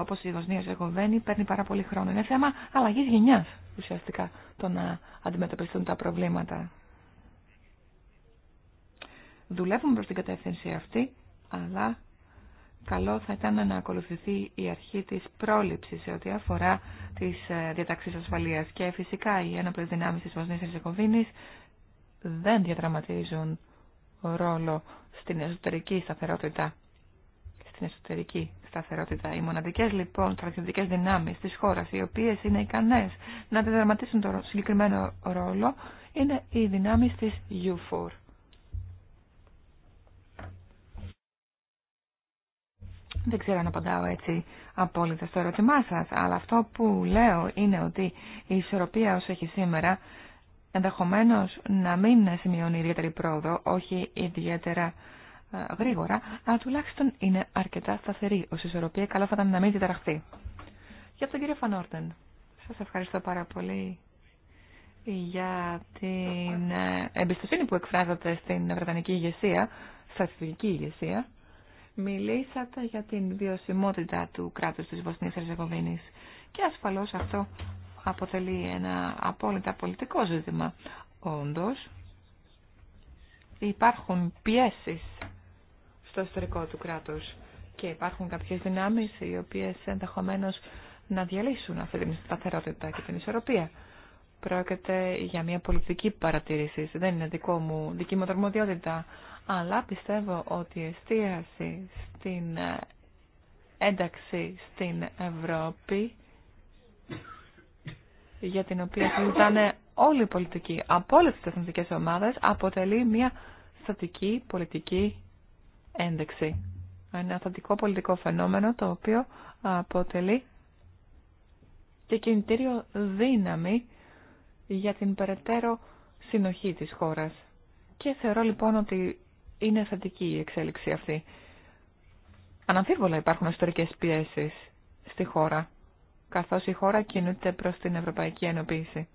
όπως η Βοσνία Ζεγοβένη παίρνει πάρα πολύ χρόνο. Είναι θέμα αλλαγής γενιάς ουσιαστικά το να αντιμετωπιστούν τα προβλήματα. Δουλεύουμε προς την κατεύθυνση αυτή, αλλά καλό θα ήταν να ακολουθηθεί η αρχή της πρόληψης σε ό,τι αφορά τις ε, διαταξίες ασφαλείας. Και φυσικά οι ένοπλες δυνάμεις της Βοσνής Ερζεγοβίνης δεν διαδραματίζουν ρόλο στην εσωτερική σταθερότητα. Στην εσωτερική σταθερότητα. Οι μοναδικές λοιπόν στρατιωτικές δυνάμεις της χώρας, οι οποίες είναι ικανές να διαδραματίσουν τον συγκεκριμένο ρόλο, είναι οι δυνάμεις της UFOR. Δεν ξέρω αν απαντάω έτσι απόλυτα στο ερώτημά σας, αλλά αυτό που λέω είναι ότι η ισορροπία όσο έχει σήμερα ενδεχομένως να μην σημειώνει ιδιαίτερη πρόοδο, όχι ιδιαίτερα ε, γρήγορα, αλλά τουλάχιστον είναι αρκετά σταθερή ως ισορροπία. Καλό θα ήταν να μην διταραχθεί. Για τον κύριο Φανόρτεν, σας ευχαριστώ πάρα πολύ για την ε, εμπιστοσύνη που εκφράζεται στην Βρετανική ηγεσία, στρατηγική ηγεσία. Μιλήσατε για την βιωσιμότητα του κράτους της Βοσνίας Ερζεγοβίνης και ασφαλώς αυτό αποτελεί ένα απόλυτα πολιτικό ζήτημα. Όντως, υπάρχουν πιέσεις στο ιστορικό του κράτους και υπάρχουν κάποιες δυνάμεις οι οποίες ενδεχομένως να διαλύσουν αυτή την σταθερότητα και την ισορροπία. Πρόκειται για μια πολιτική παρατήρηση, δεν είναι δικό μου, δική μου αλλά πιστεύω ότι η εστίαση στην ε, ένταξη στην Ευρώπη για την οποία συζητάνε όλοι οι πολιτικοί από όλες τις εθνικές ομάδες αποτελεί μια στατική πολιτική ένταξη. Ένα στατικό πολιτικό φαινόμενο το οποίο αποτελεί και κινητήριο δύναμη για την περαιτέρω συνοχή της χώρας. Και θεωρώ λοιπόν ότι είναι θετική η εξέλιξη αυτή. Αναμφίβολα υπάρχουν ιστορικές πιέσεις στη χώρα, καθώς η χώρα κινούνται προς την Ευρωπαϊκή Ενοποίηση.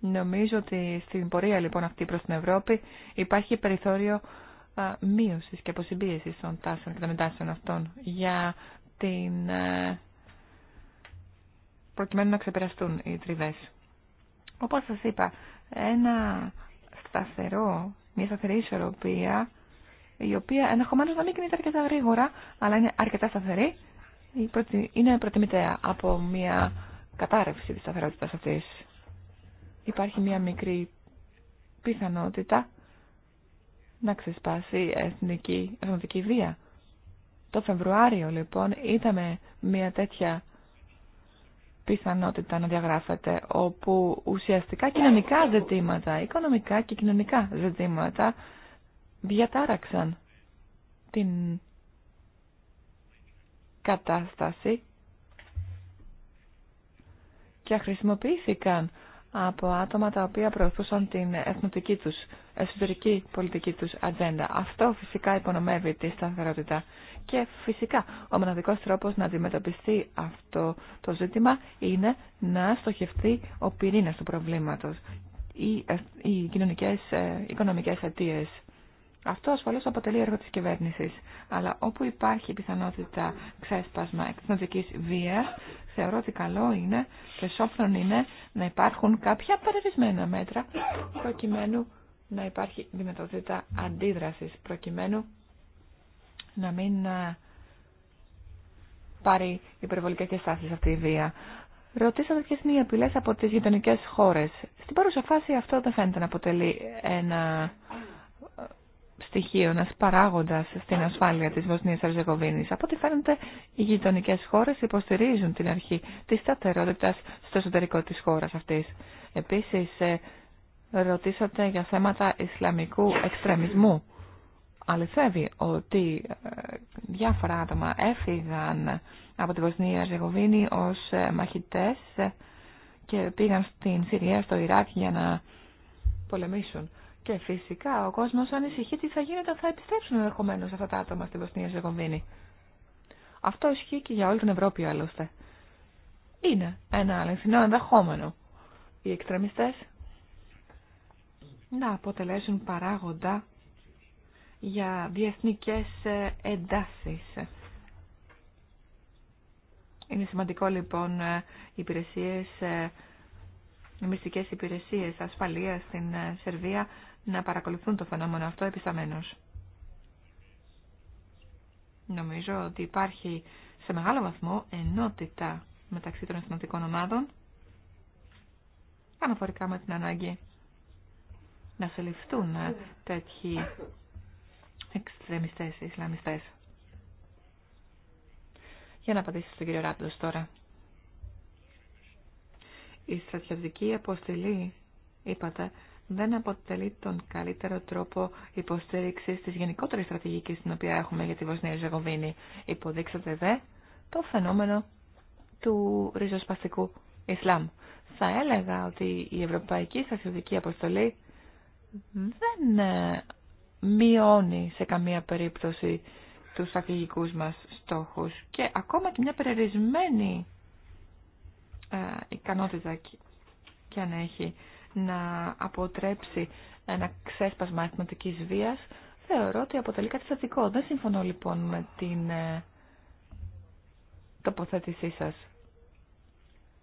Νομίζω ότι στην πορεία λοιπόν αυτή προς την Ευρώπη υπάρχει περιθώριο μείωσης και αποσυμπίεσης των τάσεων και των μετάσεων αυτών για την... προκειμένου να ξεπεραστούν οι τριβές. Όπως σας είπα, ένα σταθερό, μια σταθερή ισορροπία, η οποία ενδεχομένω να μην κινείται αρκετά γρήγορα, αλλά είναι αρκετά σταθερή, είναι προτιμητέα από μια κατάρρευση τη σταθερότητα αυτή. Υπάρχει μια μικρή πιθανότητα να ξεσπάσει εθνική, εθνική βία. Το Φεβρουάριο λοιπόν είδαμε μια τέτοια πιθανότητα να διαγράφεται, όπου ουσιαστικά κοινωνικά ζητήματα, οικονομικά και κοινωνικά ζητήματα διατάραξαν την κατάσταση και χρησιμοποιήθηκαν από άτομα τα οποία προωθούσαν την εθνοτική τους, εσωτερική πολιτική τους ατζέντα. Αυτό φυσικά υπονομεύει τη σταθερότητα και φυσικά ο μοναδικός τρόπος να αντιμετωπιστεί αυτό το ζήτημα είναι να στοχευτεί ο πυρήνας του προβλήματος οι κοινωνικές, ε, οικονομικές αιτίες. Αυτό ασφαλώς αποτελεί έργο της κυβέρνησης. Αλλά όπου υπάρχει πιθανότητα ξέσπασμα εκνοτικής βίας, θεωρώ ότι καλό είναι και σόφρον είναι να υπάρχουν κάποια περιορισμένα μέτρα προκειμένου να υπάρχει δυνατότητα αντίδρασης, προκειμένου να μην ε, πάρει υπερβολικές διαστάσεις αυτή η βία. Ρωτήσατε ποιες είναι οι απειλέ από τι γειτονικέ χώρε. Στην παρούσα φάση αυτό δεν φαίνεται να αποτελεί ένα στοιχείο, ένα παράγοντα στην ασφάλεια τη Βοσνία Ερζεγοβίνη. Από ό,τι φαίνεται, οι γειτονικέ χώρε υποστηρίζουν την αρχή τη σταθερότητα στο εσωτερικό τη χώρα αυτή. Επίση, ε, ρωτήσατε για θέματα Ισλαμικού εξτρεμισμού. Αληθεύει ότι ε, διάφορα άτομα έφυγαν από τη Βοσνία Ερζεγοβίνη ως ε, μαχητές και πήγαν στην Συρία, στο Ιράκ για να πολεμήσουν. Και φυσικά ο κόσμο ανησυχεί τι θα γίνει όταν θα επιστρέψουν ενδεχομένω αυτά τα άτομα στην Βοσνία Ζεγοβίνη. Αυτό ισχύει και για όλη την Ευρώπη άλλωστε. Είναι ένα αληθινό ενδεχόμενο. Οι εκτρεμιστέ να αποτελέσουν παράγοντα για διεθνικές ε, εντάσεις. Είναι σημαντικό λοιπόν οι ε, υπηρεσίε, οι ε, μυστικές υπηρεσίες ασφαλείας στην Σερβία να παρακολουθούν το φαινόμενο αυτό επισταμένως. Νομίζω ότι υπάρχει σε μεγάλο βαθμό ενότητα μεταξύ των αισθηματικών ομάδων αναφορικά με την ανάγκη να συλληφθούν τέτοιοι εξτρεμιστές Ισλαμιστές. Για να απαντήσω στον κύριο Ράπτος τώρα. Η στρατιωτική αποστηλή, είπατε, δεν αποτελεί τον καλύτερο τρόπο υποστήριξη τη γενικότερη στρατηγική την οποία έχουμε για τη Βοσνία Ζεγοβίνη. Υποδείξατε δε το φαινόμενο του ριζοσπαστικού Ισλάμ. Θα έλεγα ότι η Ευρωπαϊκή Στρατιωτική Αποστολή δεν ε, μειώνει σε καμία περίπτωση του στρατηγικούς μας στόχους και ακόμα και μια περιορισμένη ε, ικανότητα και αν έχει να αποτρέψει ένα ξέσπασμα εθνοτικής βίας, θεωρώ ότι αποτελεί κάτι στατικό. Δεν συμφωνώ λοιπόν με την ε, τοποθέτησή σας.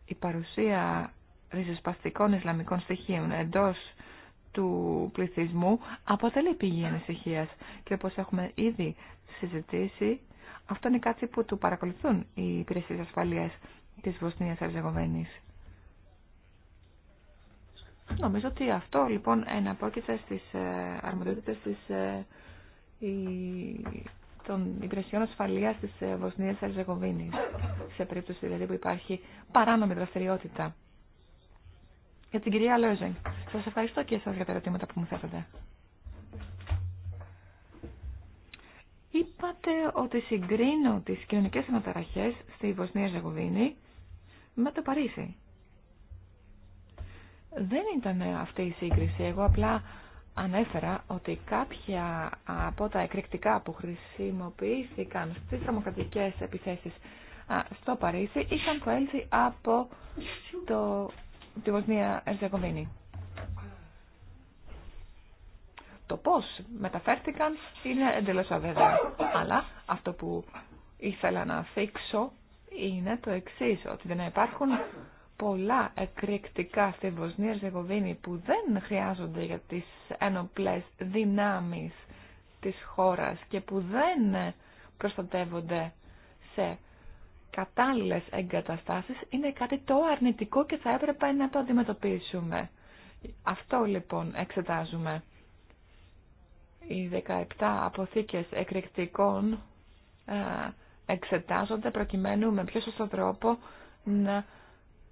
Η παρουσία ριζοσπαστικών ισλαμικών στοιχείων εντός του πληθυσμού αποτελεί πηγή ανησυχία. Και όπως έχουμε ήδη συζητήσει, αυτό είναι κάτι που του παρακολουθούν οι υπηρεσίες ασφαλείας της Βοσνίας Αρζεγοβένης. Νομίζω ότι αυτό λοιπόν εναπόκειται στις ε, αρμοδιότητες ε, των υπηρεσιών ασφαλείας της ε, Βοσνίας Ερζεγοβίνης, σε περίπτωση δηλαδή που υπάρχει παράνομη δραστηριότητα. Για την κυρία Λόζεν, σας ευχαριστώ και εσάς για τα ερωτήματα που μου θέσατε. Είπατε ότι συγκρίνω τις κοινωνικές αναταραχές στη Βοσνία Ερζεγοβίνη με το Παρίσι. Δεν ήταν αυτή η σύγκριση. Εγώ απλά ανέφερα ότι κάποια από τα εκρηκτικά που χρησιμοποιήθηκαν στις τρομοκρατικές επιθέσεις στο Παρίσι είχαν προέλθει από το, τη Βοσνία Ερζεγοβίνη. Το πώς μεταφέρθηκαν είναι εντελώς αβέβαιο. Αλλά αυτό που ήθελα να θίξω είναι το εξής, ότι δεν υπάρχουν πολλά εκρηκτικά στη Βοσνία Ζεγοβίνη που δεν χρειάζονται για τις ένοπλες δυνάμεις της χώρας και που δεν προστατεύονται σε κατάλληλες εγκαταστάσεις είναι κάτι το αρνητικό και θα έπρεπε να το αντιμετωπίσουμε. Αυτό λοιπόν εξετάζουμε. Οι 17 αποθήκες εκρηκτικών ε, εξετάζονται προκειμένου με πιο σωστό τρόπο να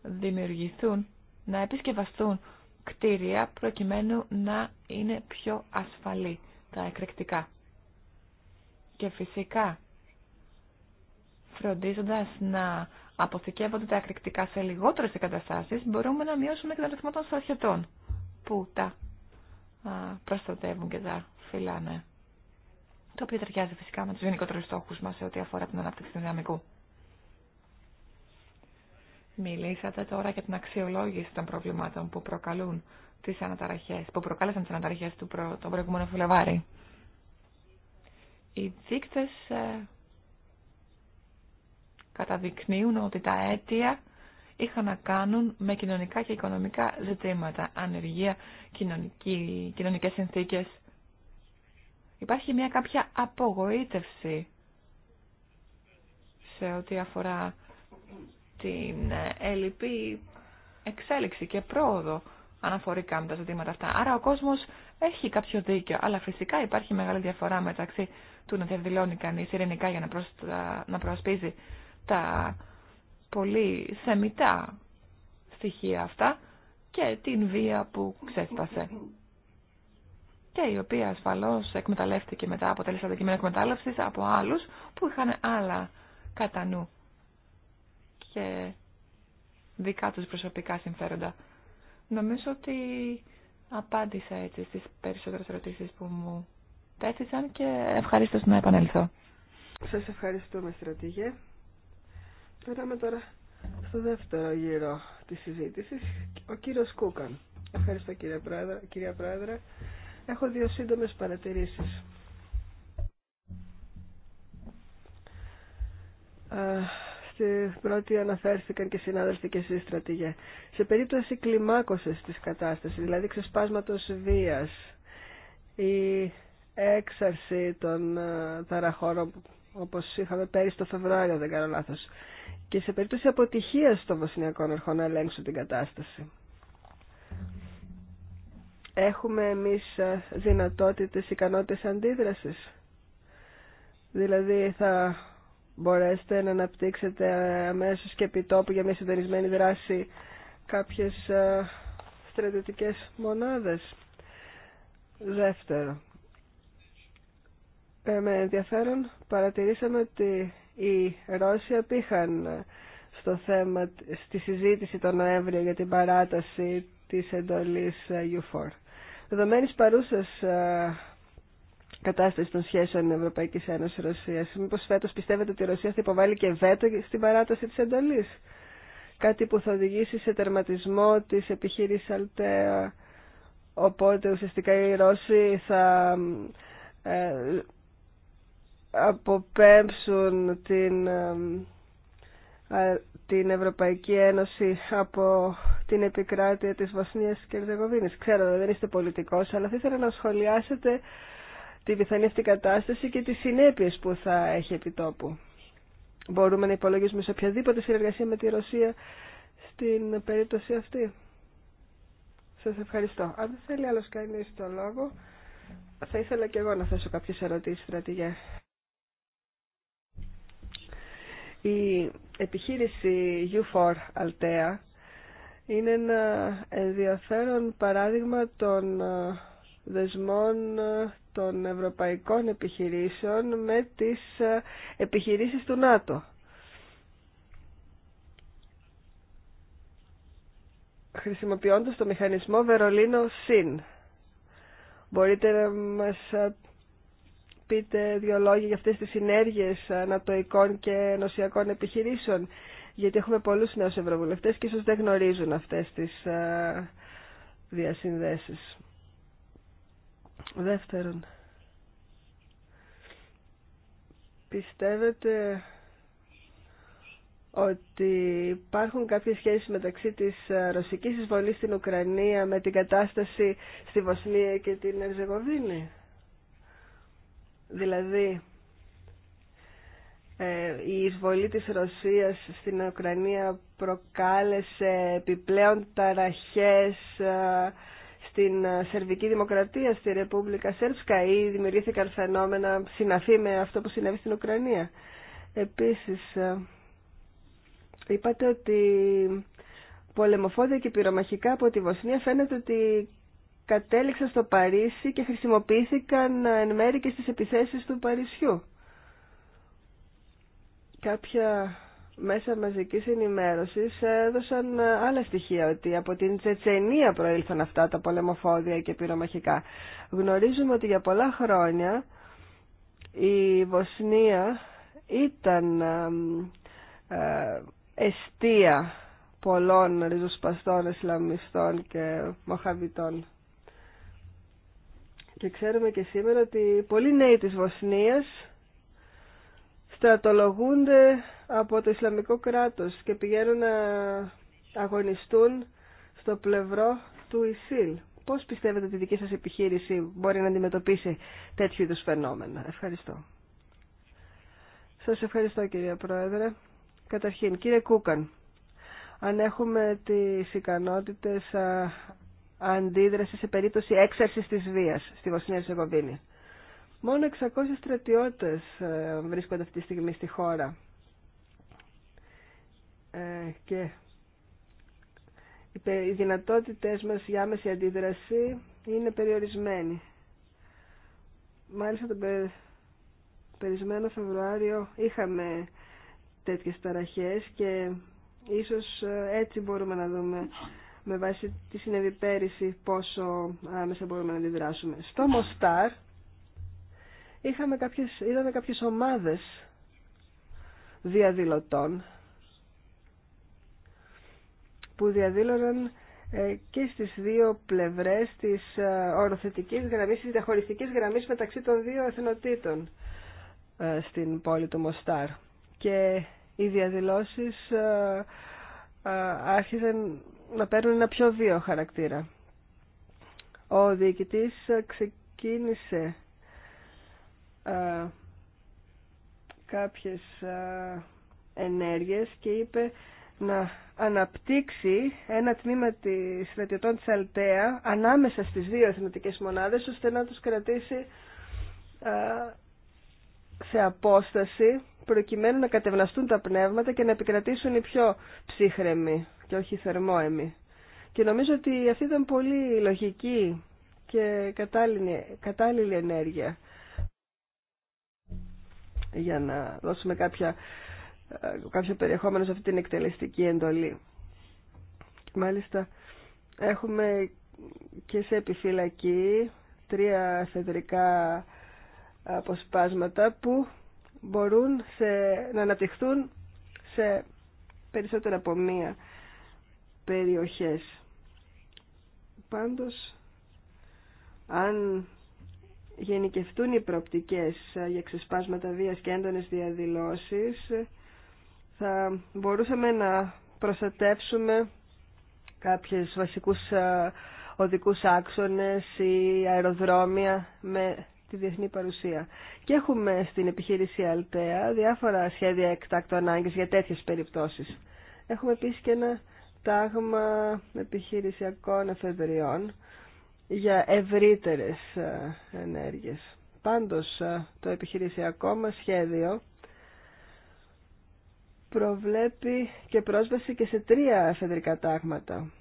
δημιουργηθούν, να επισκευαστούν κτίρια προκειμένου να είναι πιο ασφαλή τα εκρηκτικά. Και φυσικά φροντίζοντας να αποθηκεύονται τα εκρηκτικά σε λιγότερες εγκαταστάσεις, μπορούμε να μειώσουμε και τα ρυθμό των στρατιωτών που τα προστατεύουν και τα φυλάνε. Το οποίο ταιριάζει φυσικά με τους γενικότερους στόχους μας σε ό,τι αφορά την ανάπτυξη του δυναμικού. Μιλήσατε τώρα για την αξιολόγηση των προβλημάτων που προκαλούν τις αναταραχές, που προκάλεσαν τις αναταραχές του προ, τον προηγούμενο Φλεβάρι. Οι δείκτες ε, καταδεικνύουν ότι τα αίτια είχαν να κάνουν με κοινωνικά και οικονομικά ζητήματα, ανεργία, κοινωνική, κοινωνικές συνθήκες. Υπάρχει μια κάποια απογοήτευση σε ό,τι αφορά την ε, έλλειπη εξέλιξη και πρόοδο αναφορικά με τα ζητήματα αυτά. Άρα ο κόσμος έχει κάποιο δίκιο, αλλά φυσικά υπάρχει μεγάλη διαφορά μεταξύ του να διαδηλώνει κανείς ειρηνικά για να, προσ... να προασπίζει τα πολύ σεμιτά στοιχεία αυτά και την βία που ξέσπασε και η οποία ασφαλώς εκμεταλλεύτηκε μετά αποτέλεσε αντικείμενο εκμετάλλευσης από άλλους που είχαν άλλα κατά νου και δικά τους προσωπικά συμφέροντα. Νομίζω ότι απάντησα έτσι στις περισσότερες ερωτήσεις που μου τέθησαν και ευχαριστώ να επανέλθω. Σας ευχαριστούμε στρατηγέ. Περάμε τώρα στο δεύτερο γύρο της συζήτησης. Ο κύριος Κούκαν. Ευχαριστώ κύριε Πρόεδρε. Κυρία Πράδρα, Έχω δύο σύντομες παρατηρήσεις. Ε, πρώτοι αναφέρθηκαν και συνάδελφοι και εσείς στρατηγέ. Σε περίπτωση κλιμάκωσης της κατάστασης, δηλαδή ξεσπάσματος βίας, η έξαρση των ε, ταραχώρων όπως είχαμε πέρυσι το Φεβρουάριο, δεν κάνω λάθος, και σε περίπτωση αποτυχίας των βοσνιακών αρχών να ελέγξουν την κατάσταση. Έχουμε εμείς ε, δυνατότητες, ικανότητες αντίδρασης. Δηλαδή θα μπορέσετε να αναπτύξετε αμέσως και επιτόπου για μια συντονισμένη δράση κάποιες ε, στρατιωτικές μονάδες. Δεύτερο, ε, με ενδιαφέρον παρατηρήσαμε ότι οι Ρώσοι απήχαν ε, στο θέμα, στη συζήτηση τον Νοέμβριο για την παράταση της εντολής U4. Δεδομένης παρούσας κατάσταση των σχέσεων ευρωπαικη Ευρωπαϊκή Ένωση-Ρωσία. Μήπω φέτο πιστεύετε ότι η Ρωσία θα υποβάλει και βέτο στην παράταση τη εντολή. Κάτι που θα οδηγήσει σε τερματισμό τη επιχείρηση Αλτέα. Οπότε ουσιαστικά οι Ρώσοι θα ε, αποπέμψουν την, ε, την Ευρωπαϊκή Ένωση από την επικράτεια της Βοσνίας και Ερζεγοβίνης. Ξέρω δεν είστε πολιτικός, αλλά θα ήθελα να σχολιάσετε τη πιθανή αυτή κατάσταση και τις συνέπειες που θα έχει επιτόπου. Μπορούμε να υπολογίσουμε σε οποιαδήποτε συνεργασία με τη Ρωσία στην περίπτωση αυτή. Σας ευχαριστώ. Αν δεν θέλει άλλος κανείς το λόγο, θα ήθελα και εγώ να θέσω κάποιες ερωτήσεις στρατηγέ. Η επιχείρηση U4 Altea είναι ένα ενδιαφέρον παράδειγμα των ε, δεσμών ε, των ευρωπαϊκών επιχειρήσεων με τις ε, επιχειρήσεις του ΝΑΤΟ. Χρησιμοποιώντας το μηχανισμό Βερολίνο ΣΥΝ. Μπορείτε να μας ε, πείτε δύο λόγια για αυτές τις συνέργειες ανατοικών και ενωσιακών επιχειρήσεων, γιατί έχουμε πολλούς νέους ευρωβουλευτές και ίσως δεν γνωρίζουν αυτές τις διασυνδέσεις. Δεύτερον, πιστεύετε ότι υπάρχουν κάποιες σχέσεις μεταξύ της ε, ρωσικής εισβολής στην Ουκρανία με την κατάσταση στη Βοσνία και την Ερζεγοβίνη. Δηλαδή, ε, η εισβολή της Ρωσίας στην Ουκρανία προκάλεσε επιπλέον ταραχές ε, στην Σερβική Δημοκρατία, στη Ρεπούμπλικα Σέρψκα ή δημιουργήθηκαν φαινόμενα συναφή με αυτό που συνέβη στην Ουκρανία. Επίσης, ε, είπατε ότι πολεμοφόδια και πυρομαχικά από τη Βοσνία φαίνεται ότι κατέληξαν στο Παρίσι και χρησιμοποιήθηκαν εν μέρη και στις επιθέσεις του Παρισιού. Κάποια μέσα μαζικής ενημέρωση έδωσαν άλλα στοιχεία ότι από την Τσετσενία προήλθαν αυτά τα πολεμοφόδια και πυρομαχικά. Γνωρίζουμε ότι για πολλά χρόνια η Βοσνία ήταν ε, εστία πολλών ριζοσπαστών, Ισλαμιστών και Μοχαβητών. Και ξέρουμε και σήμερα ότι πολλοί νέοι της Βοσνίας στρατολογούνται από το Ισλαμικό κράτος και πηγαίνουν να αγωνιστούν στο πλευρό του Ισίλ. Πώς πιστεύετε ότι η δική σας επιχείρηση μπορεί να αντιμετωπίσει τέτοιου είδους φαινόμενα. Ευχαριστώ. Σας ευχαριστώ κυρία Πρόεδρε. Καταρχήν, κύριε Κούκαν, αν έχουμε τις ικανότητες αντίδραση σε περίπτωση έξαρσης της βίας στη Βοσνία Ζεγοβίνη. Μόνο 600 στρατιώτες ε, βρίσκονται αυτή τη στιγμή στη χώρα. Ε, και οι δυνατότητες μας για άμεση αντίδραση είναι περιορισμένοι. Μάλιστα τον περισμένο Φεβρουάριο είχαμε τέτοιες ταραχές και ίσως ε, έτσι μπορούμε να δούμε με βάση τη συνέβη πέρυσι πόσο άμεσα μπορούμε να αντιδράσουμε. Στο Μοστάρ είχαμε κάποιες, είδαμε κάποιες ομάδες διαδηλωτών που διαδήλωναν ε, και στις δύο πλευρές της ε, οροθετικής γραμμής, της διαχωριστικής γραμμής μεταξύ των δύο εθνοτήτων ε, στην πόλη του Μοστάρ. Και οι διαδηλώσεις άρχισαν να παίρνουν ένα πιο δύο χαρακτήρα. Ο διοικητής ξεκίνησε ε, κάποιες ε, ενέργειες και είπε να αναπτύξει ένα τμήμα της στρατιωτών της Αλτέα ανάμεσα στις δύο εθνοτικές μονάδες ώστε να τους κρατήσει ε, σε απόσταση προκειμένου να κατευναστούν τα πνεύματα και να επικρατήσουν οι πιο ψύχρεμοι και όχι θερμόεμοι. Και νομίζω ότι αυτή ήταν πολύ λογική και κατάλληλη, κατάλληλη ενέργεια για να δώσουμε κάποια, ε, κάποιο περιεχόμενο σε αυτή την εκτελεστική εντολή. μάλιστα έχουμε και σε επιφυλακή τρία εφεδρικά αποσπάσματα που μπορούν σε, να αναπτυχθούν σε περισσότερα από μία περιοχές. Πάντως, αν γενικευτούν οι προοπτικές ε, για ξεσπάσματα βίας και έντονες διαδηλώσεις, θα μπορούσαμε να προστατεύσουμε κάποιες βασικούς ε, οδικούς άξονες ή αεροδρόμια με τη διεθνή παρουσία. Και έχουμε στην επιχείρηση Αλτέα διάφορα σχέδια εκτάκτου ανάγκης για τέτοιες περιπτώσεις. Έχουμε επίσης και ένα τάγμα επιχειρησιακών εφεδριών για ευρύτερες ε, ενέργειες. Πάντως ε, το επιχειρησιακό μας σχέδιο προβλέπει και πρόσβαση και σε τρία εφεδρικά τάγματα.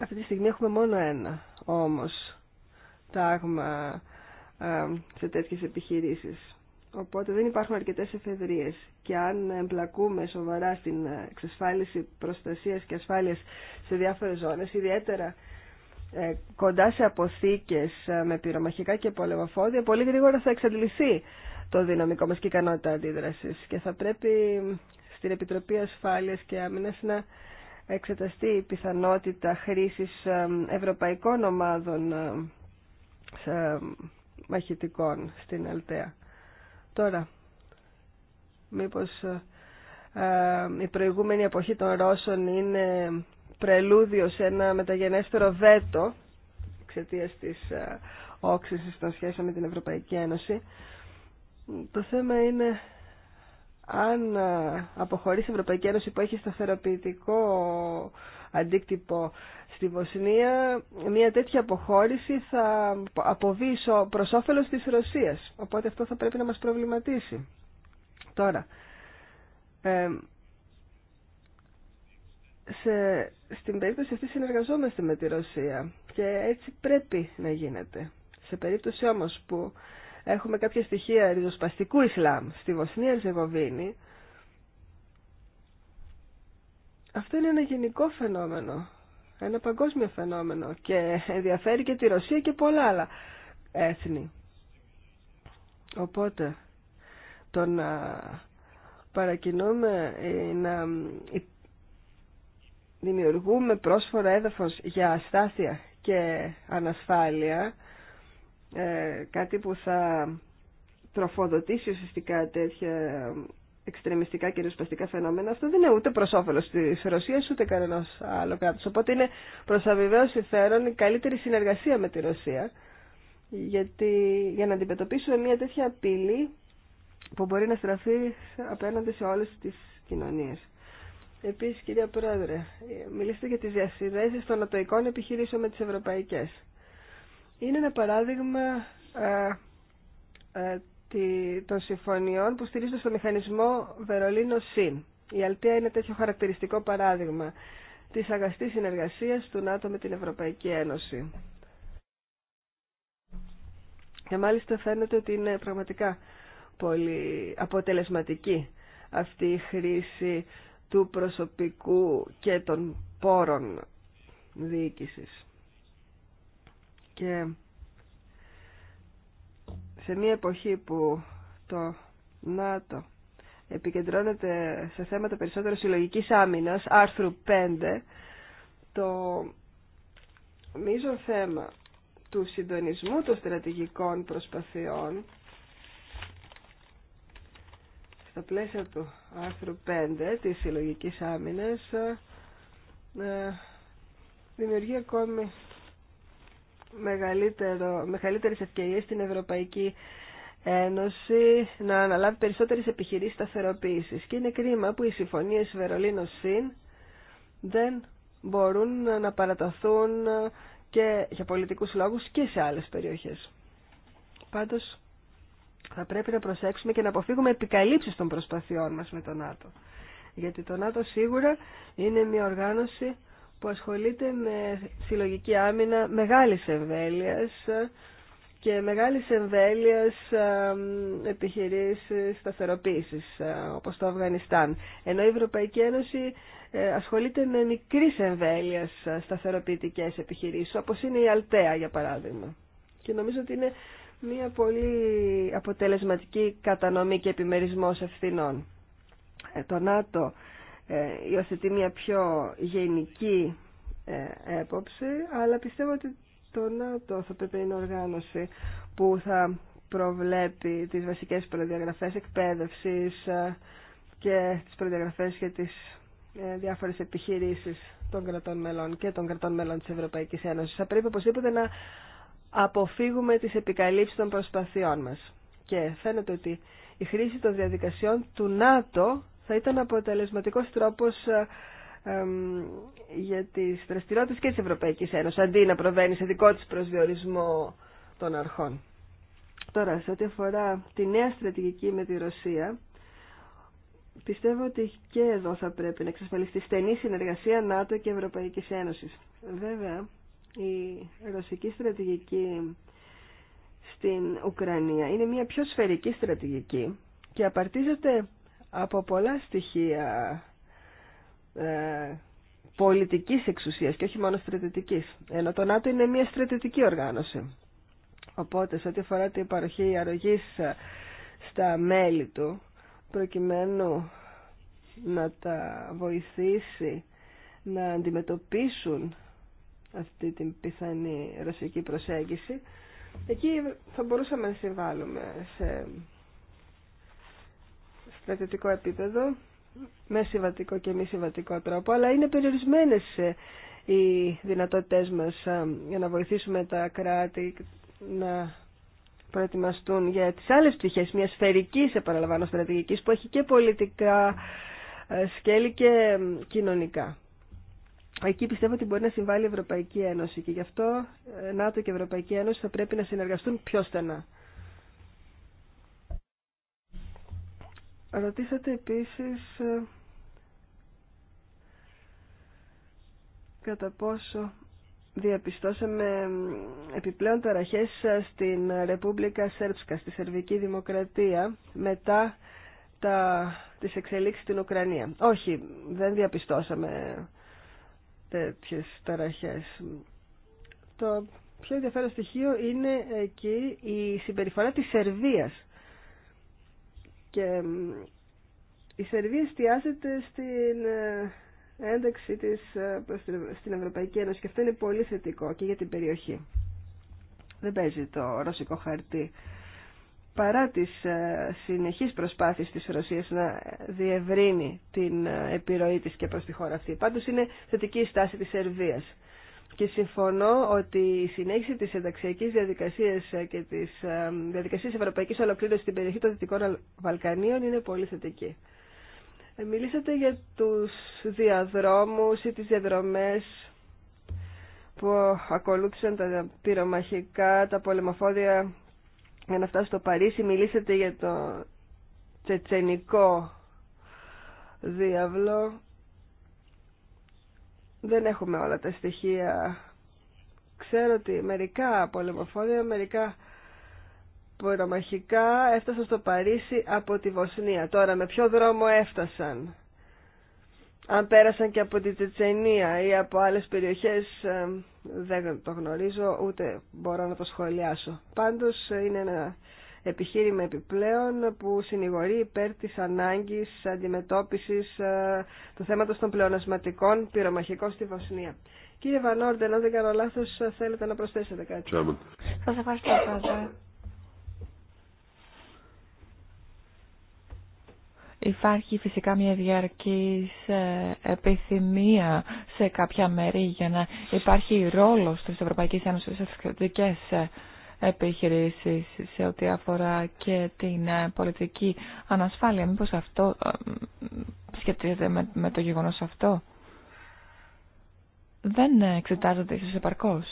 Αυτή τη στιγμή έχουμε μόνο ένα όμως τάγμα ε, σε τέτοιες επιχειρήσεις. Οπότε δεν υπάρχουν αρκετές εφεδρίες και αν εμπλακούμε σοβαρά στην εξασφάλιση προστασίας και ασφάλειας σε διάφορες ζώνες, ιδιαίτερα ε, κοντά σε αποθήκες ε, με πυρομαχικά και πολεμοφόδια, πολύ γρήγορα θα εξαντληθεί το δυναμικό μας και η ικανότητα αντίδρασης. Και θα πρέπει στην Επιτροπή Ασφάλειας και Άμυνας να εξεταστεί η πιθανότητα χρήσης ε, ευρωπαϊκών ομάδων μαχητικών στην Αλτέα. Τώρα, μήπως η προηγούμενη εποχή των Ρώσων είναι πρελούδιο σε ένα μεταγενέστερο βέτο εξαιτία τη ε, όξυνση των σχέσεων με την Ευρωπαϊκή Ένωση. Το θέμα είναι αν ε, αποχωρήσει η Ευρωπαϊκή Ένωση που έχει σταθεροποιητικό αντίκτυπο στη Βοσνία, μια τέτοια αποχώρηση θα αποβεί προς όφελος της Ρωσίας. Οπότε αυτό θα πρέπει να μας προβληματίσει. Τώρα, ε, σε, στην περίπτωση αυτή συνεργαζόμαστε με τη Ρωσία και έτσι πρέπει να γίνεται. Σε περίπτωση όμως που έχουμε κάποια στοιχεία ριζοσπαστικού Ισλάμ στη Βοσνία Ζεγοβίνη, αυτό είναι ένα γενικό φαινόμενο, ένα παγκόσμιο φαινόμενο και ενδιαφέρει και τη Ρωσία και πολλά άλλα έθνη. Οπότε, το να παρακινούμε να δημιουργούμε πρόσφορα έδαφος για αστάθεια και ανασφάλεια, ε, κάτι που θα τροφοδοτήσει ουσιαστικά τέτοια εξτρεμιστικά και ριζοσπαστικά φαινόμενα, αυτό δεν είναι ούτε προ όφελο τη Ρωσία ούτε κανένα άλλο κράτο. Οπότε είναι προ αβεβαίω συμφέρον η καλύτερη συνεργασία με τη Ρωσία γιατί, για να αντιμετωπίσουμε μια τέτοια απειλή που μπορεί να στραφεί απέναντι σε όλε τι κοινωνίε. Επίσης, κυρία Πρόεδρε, μιλήστε για τις διασυνδέσεις των ατοικών επιχειρήσεων με τι ευρωπαϊκές. Είναι ένα παράδειγμα ε, ε, των συμφωνιών που στηρίζονται στο μηχανισμό Βερολίνο ΣΥΝ. Η Αλτία είναι τέτοιο χαρακτηριστικό παράδειγμα της αγαστής συνεργασίας του ΝΑΤΟ με την Ευρωπαϊκή Ένωση. Και μάλιστα φαίνεται ότι είναι πραγματικά πολύ αποτελεσματική αυτή η χρήση του προσωπικού και των πόρων διοίκησης. Και σε μια εποχή που το ΝΑΤΟ επικεντρώνεται σε θέματα περισσότερο συλλογικής άμυνας, άρθρου 5, το μείζον θέμα του συντονισμού των στρατηγικών προσπαθειών στα πλαίσια του άρθρου 5 της συλλογική άμυνας ε, δημιουργεί ακόμη μεγαλύτερο, μεγαλύτερες ευκαιρίες στην Ευρωπαϊκή Ένωση να αναλάβει περισσότερες επιχειρήσεις σταθεροποίηση. Και είναι κρίμα που οι συμφωνίες Βερολίνο-ΣΥΝ δεν μπορούν να παραταθούν και για πολιτικούς λόγους και σε άλλες περιοχές. Πάντως, θα πρέπει να προσέξουμε και να αποφύγουμε επικαλύψεις των προσπαθειών μας με τον ΝΑΤΟ. Γιατί το ΝΑΤΟ σίγουρα είναι μια οργάνωση που ασχολείται με συλλογική άμυνα μεγάλης εμβέλειας και μεγάλης εμβέλειας επιχειρήσεις σταθεροποίησης, όπως το Αφγανιστάν. Ενώ η Ευρωπαϊκή Ένωση ε, ασχολείται με μικρής εμβέλειας σταθεροποιητικές επιχειρήσεις, όπως είναι η Αλτέα, για παράδειγμα. Και νομίζω ότι είναι μια πολύ αποτελεσματική κατανομή και επιμερισμός ευθυνών. Ε, το ΝΑΤΟ ε, υιοθετεί μια πιο γενική ε, έποψη, αλλά πιστεύω ότι το ΝΑΤΟ θα πρέπει να είναι οργάνωση που θα προβλέπει τις βασικές προδιαγραφές εκπαίδευσης και τις προδιαγραφές για τις διάφορες επιχειρήσεις των κρατών μελών και των κρατών μελών της Ευρωπαϊκής Ένωσης. Θα πρέπει οπωσδήποτε να αποφύγουμε τις επικαλύψεις των προσπαθειών μας. Και φαίνεται ότι η χρήση των διαδικασιών του ΝΑΤΟ θα ήταν αποτελεσματικός τρόπος ε, για τις δραστηριότητες και της Ευρωπαϊκής Ένωσης, αντί να προβαίνει σε δικό της προσδιορισμό των αρχών. Τώρα, σε ό,τι αφορά τη νέα στρατηγική με τη Ρωσία, πιστεύω ότι και εδώ θα πρέπει να εξασφαλιστεί στενή συνεργασία ΝΑΤΟ και Ευρωπαϊκής Ένωσης. Βέβαια, η ρωσική στρατηγική στην Ουκρανία είναι μια πιο σφαιρική στρατηγική και απαρτίζεται από πολλά στοιχεία ε, πολιτικής εξουσίας και όχι μόνο στρατητικής. Ενώ το ΝΑΤΟ είναι μια στρατητική οργάνωση. Οπότε, σε ό,τι αφορά την παροχή αρρωγής ε, στα μέλη του, προκειμένου να τα βοηθήσει να αντιμετωπίσουν αυτή την πιθανή ρωσική προσέγγιση. Εκεί θα μπορούσαμε να συμβάλλουμε σε στρατιωτικό επίπεδο, με συμβατικό και μη συμβατικό τρόπο, αλλά είναι περιορισμένες ε, οι δυνατότητές μας ε, για να βοηθήσουμε τα κράτη να προετοιμαστούν για τις άλλες πτυχές μια σφαιρική παραλαμβάνω στρατηγικής που έχει και πολιτικά ε, σκέλη και κοινωνικά. Εκεί πιστεύω ότι μπορεί να συμβάλλει η Ευρωπαϊκή Ένωση και γι' αυτό ε, ΝΑΤΟ και η Ευρωπαϊκή Ένωση θα πρέπει να συνεργαστούν πιο στενά. Ρωτήσατε επίσης ε, κατά πόσο διαπιστώσαμε επιπλέον ταραχές ε, στην Ρεπούμπλικα Σέρψκα, στη Σερβική Δημοκρατία, μετά τα, τις εξελίξεις στην Ουκρανία. Όχι, δεν διαπιστώσαμε τέτοιες ταραχές. Το πιο ενδιαφέρον στοιχείο είναι εκεί η συμπεριφορά της Σερβίας. Και η Σερβία εστιάζεται στην ε, ένταξη της ε, στην Ευρωπαϊκή Ένωση και αυτό είναι πολύ θετικό και για την περιοχή. Δεν παίζει το ρωσικό χαρτί παρά τις ε, συνεχείς προσπάθειες της Ρωσίας να διευρύνει την ε, επιρροή της και προς τη χώρα αυτή. Πάντως είναι θετική η στάση της Σερβίας. Και συμφωνώ ότι η συνέχιση της ενταξιακής διαδικασίας ε, και της διαδικασίας ευρωπαϊκής ολοκλήρωσης στην περιοχή των Δυτικών Βαλκανίων είναι πολύ θετική. Μιλήσατε για τους διαδρόμους ή τις διαδρομές που ακολούθησαν τα πυρομαχικά, τα πολεμοφόδια για να φτάσω στο Παρίσι μιλήσατε για το τσετσενικό διάβλο. Δεν έχουμε όλα τα στοιχεία. Ξέρω ότι μερικά πολεμοφόδια, μερικά πορομαχικά έφτασαν στο Παρίσι από τη Βοσνία. Τώρα με ποιο δρόμο έφτασαν. Αν πέρασαν και από τη Τσετσενία ή από άλλες περιοχές ε, δεν το γνωρίζω ούτε μπορώ να το σχολιάσω. Πάντως είναι ένα επιχείρημα επιπλέον που συνηγορεί υπέρ της ανάγκης αντιμετώπισης ε, του θέματος των πλεονασματικών πυρομαχικών στη Βοσνία. Κύριε Βανόρντεν, αν δεν κάνω λάθος, θέλετε να προσθέσετε κάτι. Σας ευχαριστώ, Πρόεδρε. Υπάρχει φυσικά μια διαρκής ε, επιθυμία σε κάποια μέρη για να υπάρχει ρόλος της Ευρωπαϊκής Ένωσης σε επιχειρήσεις σε ό,τι αφορά και την ε, πολιτική ανασφάλεια. Μήπως αυτό ε, σχετίζεται με, το γεγονός αυτό. Δεν εξετάζεται ίσως επαρκώς.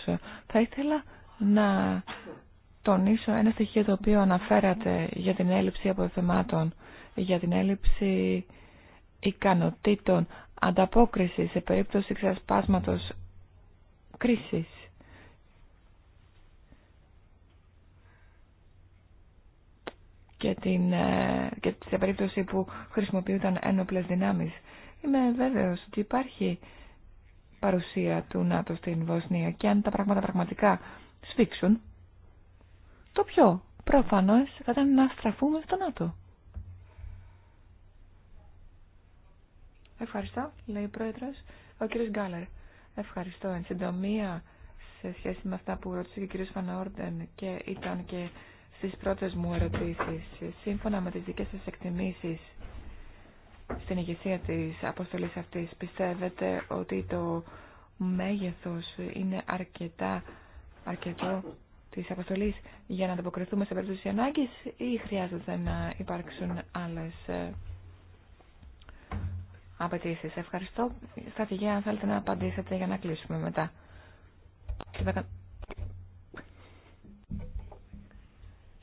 Θα ήθελα να τονίσω ένα στοιχείο το οποίο αναφέρατε για την έλλειψη αποθεμάτων για την έλλειψη ικανοτήτων ανταπόκριση σε περίπτωση ξεσπάσματος κρίσης. Και, την, ε, και σε περίπτωση που χρησιμοποιούνταν ένοπλες δυνάμεις. Είμαι βέβαιος ότι υπάρχει παρουσία του ΝΑΤΟ στην Βοσνία και αν τα πράγματα πραγματικά σφίξουν, το πιο προφανώς θα ήταν να στραφούμε στο ΝΑΤΟ. Ευχαριστώ, λέει ο Πρόεδρος, ο κύριο Γκάλερ. Ευχαριστώ. Εν συντομία, σε σχέση με αυτά που ρώτησε και ο κύριο Φανόρντεν και ήταν και στις πρώτες μου ερωτήσει. σύμφωνα με τι δικέ σα εκτιμήσεις στην ηγεσία της αποστολής αυτής, πιστεύετε ότι το μέγεθο είναι αρκετά, αρκετό της αποστολή για να ανταποκριθούμε σε περίπτωση ανάγκη ή χρειάζεται να υπάρξουν άλλες ε, απαιτήσει. Ευχαριστώ. Στρατηγέ, αν θέλετε να απαντήσετε για να κλείσουμε μετά.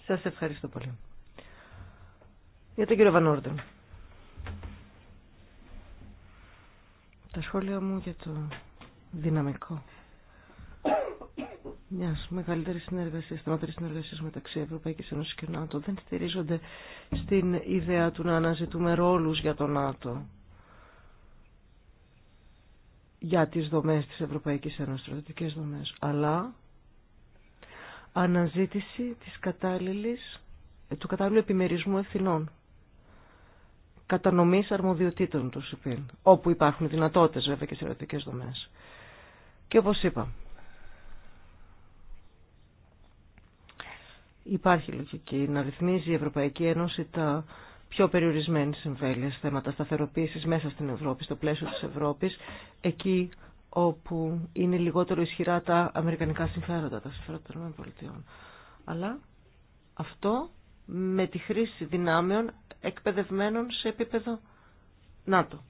Σα ευχαριστώ πολύ. Για τον κύριο Βανόρντεν. Τα σχόλια μου για το δυναμικό μια μεγαλύτερη συνεργασία, στενότερη συνεργασία μεταξύ Ευρωπαϊκή Ένωση και ΝΑΤΟ δεν στηρίζονται στην ιδέα του να αναζητούμε ρόλου για το ΝΑΤΟ για τις δομές της Ευρωπαϊκής Ένωσης, στρατιωτικές δομές, αλλά αναζήτηση της κατάλληλης, ε, του κατάλληλου επιμερισμού ευθυνών. Κατανομής αρμοδιοτήτων του ΣΥΠΗΝ, όπου υπάρχουν δυνατότητες βέβαια και στρατιωτικές δομές. Και όπως είπα, υπάρχει λογική να ρυθμίζει η Ευρωπαϊκή Ένωση τα πιο περιορισμένη συμβέλεια σε θέματα σταθεροποίησης μέσα στην Ευρώπη, στο πλαίσιο της Ευρώπης, εκεί όπου είναι λιγότερο ισχυρά τα αμερικανικά συμφέροντα, τα συμφέροντα των ΗΠΑ. Αλλά αυτό με τη χρήση δυνάμεων εκπαιδευμένων σε επίπεδο ΝΑΤΟ,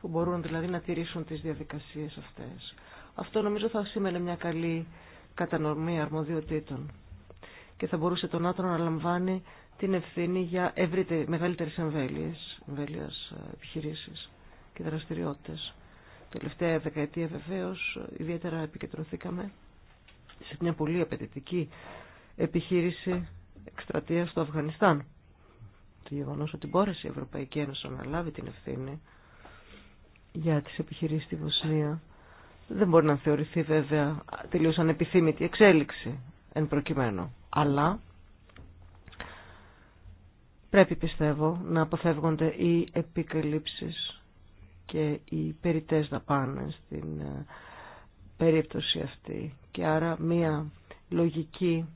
που μπορούν δηλαδή να τηρήσουν τις διαδικασίες αυτές. Αυτό νομίζω θα σήμαινε μια καλή κατανομή αρμοδιοτήτων και θα μπορούσε το ΝΑΤΟ να λαμβάνει την ευθύνη για ευρύτερη, μεγαλύτερες επιχειρήσει εμβέλειας ε, επιχειρήσεις και δραστηριότητες. Τελευταία δεκαετία βεβαίω ιδιαίτερα επικεντρωθήκαμε σε μια πολύ απαιτητική επιχείρηση εκστρατεία στο Αφγανιστάν. Το γεγονό ότι μπόρεσε η Ευρωπαϊκή Ένωση να λάβει την ευθύνη για τις επιχειρήσει στη Βοσνία δεν μπορεί να θεωρηθεί βέβαια τελείω ανεπιθύμητη εξέλιξη εν προκειμένου. Αλλά Πρέπει πιστεύω να αποφεύγονται οι επικαλύψεις και οι περιττές δαπάνε στην ε, περίπτωση αυτή και άρα μία λογική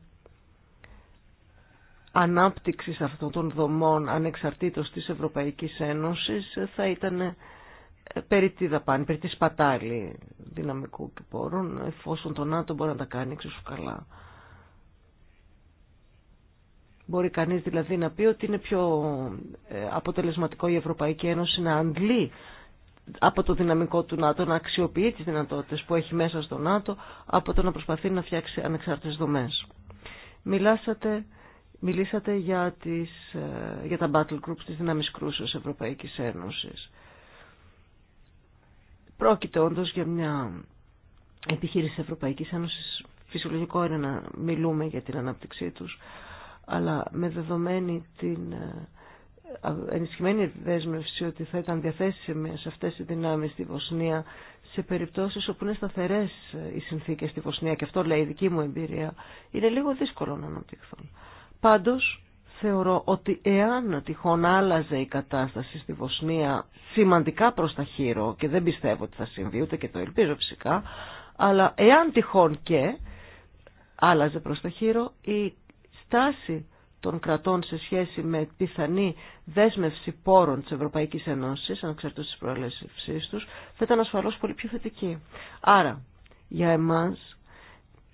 ανάπτυξης αυτών των δομών ανεξαρτήτως της Ευρωπαϊκής Ένωσης θα ήταν ε, περί τη δαπάνη, περί τη σπατάλη δυναμικού και πόρων εφόσον το ΝΑΤΟ μπορεί να τα κάνει εξίσου καλά. Μπορεί κανείς δηλαδή να πει ότι είναι πιο ε, αποτελεσματικό η Ευρωπαϊκή Ένωση να αντλεί από το δυναμικό του ΝΑΤΟ, να αξιοποιεί τις δυνατότητες που έχει μέσα στο ΝΑΤΟ, από το να προσπαθεί να φτιάξει ανεξάρτητες δομές. Μιλάσατε, μιλήσατε για, τις, ε, για τα battle groups της δύναμης κρούσεως Ευρωπαϊκής Ένωσης. Πρόκειται όντως για μια επιχείρηση Ευρωπαϊκής Ένωσης. Φυσιολογικό είναι να μιλούμε για την ανάπτυξή τους αλλά με δεδομένη την ε, ε, ενισχυμένη δέσμευση ότι θα ήταν σε αυτές οι δυνάμεις στη Βοσνία σε περιπτώσεις όπου είναι σταθερές ε, οι συνθήκες στη Βοσνία και αυτό λέει η δική μου εμπειρία είναι λίγο δύσκολο να αναπτυχθούν. Πάντως θεωρώ ότι εάν τυχόν άλλαζε η κατάσταση στη Βοσνία σημαντικά προς τα χείρο και δεν πιστεύω ότι θα συμβεί ούτε και το ελπίζω φυσικά αλλά εάν τυχόν και άλλαζε προς τα χείρο η τάση των κρατών σε σχέση με πιθανή δέσμευση πόρων της Ευρωπαϊκής Ένωσης, ανεξαρτήτως της προέλευσής τους, θα ήταν ασφαλώς πολύ πιο θετική. Άρα, για εμάς,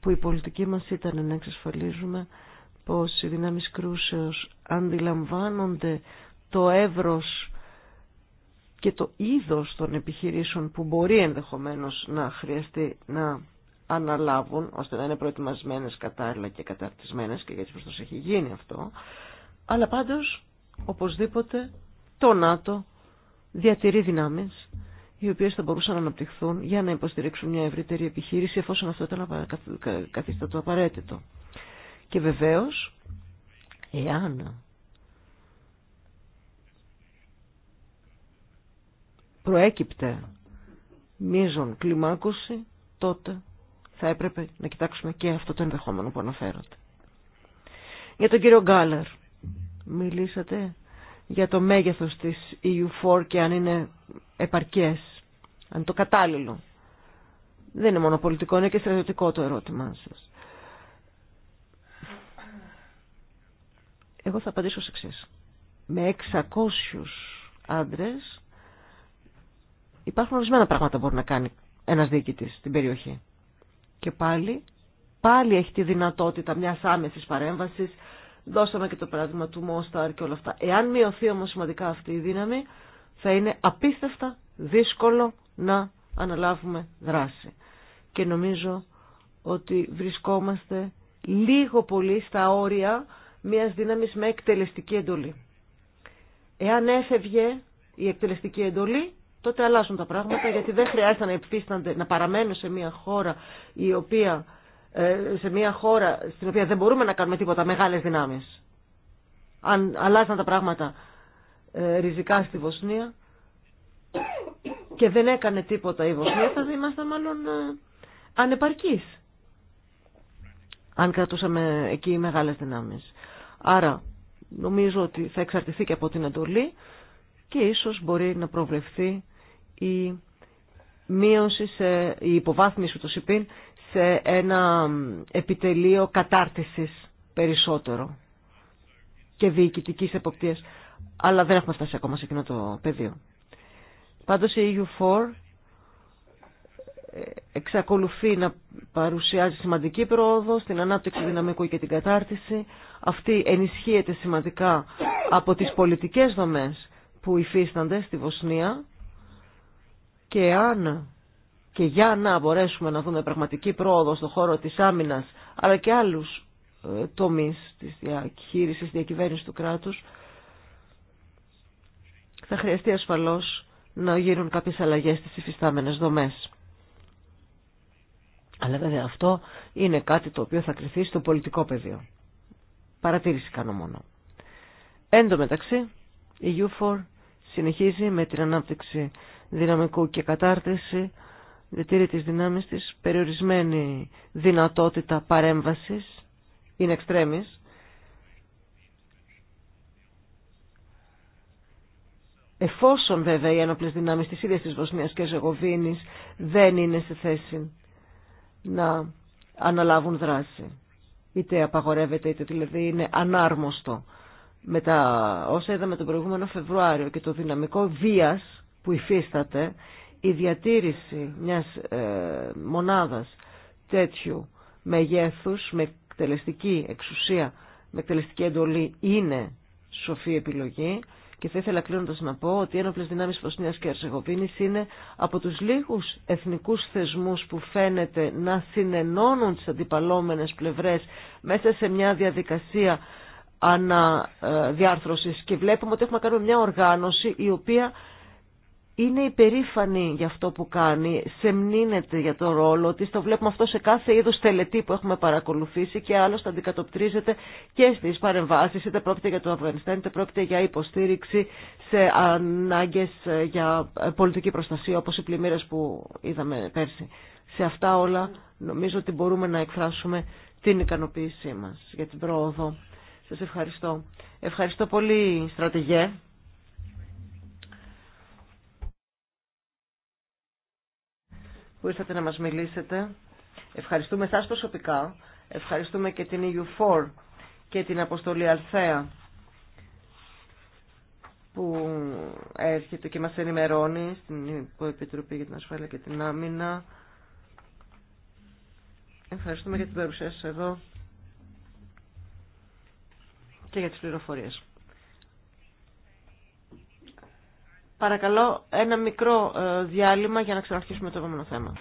που η πολιτική μας ήταν να εξασφαλίζουμε πως οι δυνάμεις κρούσεως αντιλαμβάνονται το εύρος και το είδος των επιχειρήσεων που μπορεί ενδεχομένως να χρειαστεί να αναλάβουν ώστε να είναι προετοιμασμένες κατάλληλα και καταρτισμένες και γιατί προς έχει γίνει αυτό αλλά πάντως οπωσδήποτε το ΝΑΤΟ διατηρεί δυνάμεις οι οποίες θα μπορούσαν να αναπτυχθούν για να υποστηρίξουν μια ευρύτερη επιχείρηση εφόσον αυτό ήταν καθίστατο απαραίτητο. Και βεβαίως, εάν προέκυπτε μίζων κλιμάκωση, τότε θα έπρεπε να κοιτάξουμε και αυτό το ενδεχόμενο που αναφέρονται. Για τον κύριο Γκάλερ, μιλήσατε για το μέγεθος της EU4 και αν είναι επαρκές, αν είναι το κατάλληλο. Δεν είναι μόνο πολιτικό, είναι και στρατιωτικό το ερώτημά σας. Εγώ θα απαντήσω σε εξής. Με 600 άντρες υπάρχουν ορισμένα πράγματα που μπορεί να κάνει ένας διοικητής στην περιοχή. Και πάλι, πάλι έχει τη δυνατότητα μιας άμεσης παρέμβασης. Δώσαμε και το παράδειγμα του Μόσταρ και όλα αυτά. Εάν μειωθεί όμως σημαντικά αυτή η δύναμη, θα είναι απίστευτα δύσκολο να αναλάβουμε δράση. Και νομίζω ότι βρισκόμαστε λίγο πολύ στα όρια μιας δύναμης με εκτελεστική εντολή. Εάν έφευγε η εκτελεστική εντολή, τότε αλλάζουν τα πράγματα γιατί δεν χρειάζεται να υφίστανται, να παραμένουν σε μια χώρα η οποία, ε, σε μια χώρα στην οποία δεν μπορούμε να κάνουμε τίποτα μεγάλες δυνάμεις. Αν αλλάζαν τα πράγματα ε, ριζικά στη Βοσνία και δεν έκανε τίποτα η Βοσνία θα ήμασταν μάλλον ε, ανεπαρκείς αν κρατούσαμε εκεί μεγάλες δυνάμεις. Άρα νομίζω ότι θα εξαρτηθεί και από την εντολή και ίσως μπορεί να προβλεφθεί η μείωση, σε, η υποβάθμιση του ΣΥΠΗΝ σε ένα επιτελείο κατάρτισης περισσότερο και διοικητική εποπτεία. Αλλά δεν έχουμε φτάσει ακόμα σε εκείνο το πεδίο. Πάντως η EU4 ε, εξακολουθεί να παρουσιάζει σημαντική πρόοδο στην ανάπτυξη δυναμικού και την κατάρτιση. Αυτή ενισχύεται σημαντικά από τις πολιτικές δομές που υφίστανται στη Βοσνία και αν και για να μπορέσουμε να δούμε πραγματική πρόοδο στον χώρο της άμυνας αλλά και άλλους ε, τομείς της διαχείρισης, διακυβέρνησης του κράτους θα χρειαστεί ασφαλώς να γίνουν κάποιες αλλαγές στις υφιστάμενες δομές. Αλλά βέβαια αυτό είναι κάτι το οποίο θα κρυθεί στο πολιτικό πεδίο. Παρατήρηση κάνω μόνο. Εν τω μεταξύ, η U4 συνεχίζει με την ανάπτυξη δυναμικού και κατάρτιση διατήρει τις δυνάμεις της, περιορισμένη δυνατότητα παρέμβασης, είναι εξτρέμις. Εφόσον βέβαια οι ένοπλες δυνάμεις της ίδιας της Βοσνίας και Ζεγοβίνης δεν είναι σε θέση να αναλάβουν δράση. Είτε απαγορεύεται είτε δηλαδή είναι ανάρμοστο. Με τα όσα είδαμε τον προηγούμενο Φεβρουάριο και το δυναμικό βίας που υφίσταται η διατήρηση μιας ε, μονάδας τέτοιου μεγέθους με εκτελεστική εξουσία, με εκτελεστική εντολή είναι σοφή επιλογή και θα ήθελα κλείνοντας να πω ότι οι ένοπλες δυνάμεις Φωσνίας και Ερσεγοβίνη είναι από τους λίγους εθνικούς θεσμούς που φαίνεται να συνενώνουν τις αντιπαλώμενες πλευρές μέσα σε μια διαδικασία αναδιάρθρωσης ε, και βλέπουμε ότι έχουμε κάνει μια οργάνωση η οποία είναι υπερήφανη για αυτό που κάνει, σεμνύνεται για τον ρόλο της, το βλέπουμε αυτό σε κάθε είδους τελετή που έχουμε παρακολουθήσει και άλλωστε αντικατοπτρίζεται και στις παρεμβάσεις, είτε πρόκειται για το Αφγανιστάν, είτε πρόκειται για υποστήριξη σε ανάγκες για πολιτική προστασία όπως οι πλημμύρες που είδαμε πέρσι. Σε αυτά όλα νομίζω ότι μπορούμε να εκφράσουμε την ικανοποίησή μας για την πρόοδο. Σας ευχαριστώ. Ευχαριστώ πολύ στρατηγέ. που ήρθατε να μας μιλήσετε. Ευχαριστούμε σας προσωπικά. Ευχαριστούμε και την EU4 και την Αποστολή Αλθέα που έρχεται και μας ενημερώνει στην Επιτροπή για την Ασφάλεια και την Άμυνα. Ευχαριστούμε για την παρουσία σας εδώ και για τις πληροφορίες. Παρακαλώ ένα μικρό ε, διάλειμμα για να ξαναρχίσουμε το επόμενο θέμα.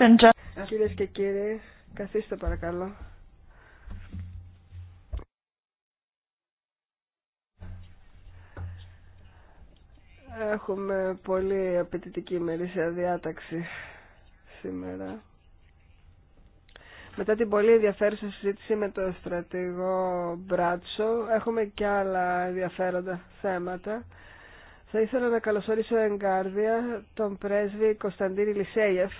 and Κυρίες και κύριοι, καθίστε παρακαλώ. Έχουμε πολύ απαιτητική ημερήσια διάταξη σήμερα. Μετά την πολύ ενδιαφέρουσα συζήτηση με τον στρατηγό Μπράτσο, έχουμε και άλλα ενδιαφέροντα θέματα. Θα ήθελα να καλωσορίσω εγκάρδια τον πρέσβη Κωνσταντίνη Λισέγεφ,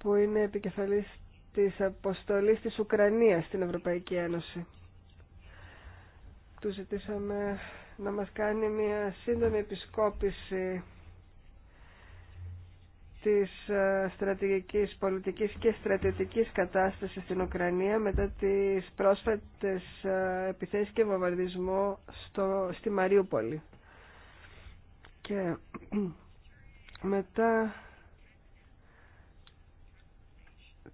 που είναι επικεφαλής της αποστολής της Ουκρανίας στην Ευρωπαϊκή Ένωση. Του ζητήσαμε να μας κάνει μια σύντομη επισκόπηση της ε, στρατηγικής, πολιτικής και στρατιωτικής κατάστασης στην Ουκρανία μετά τις πρόσφατες ε, επιθέσεις και βομβαρδισμό στο, στη Μαριούπολη. Και μετά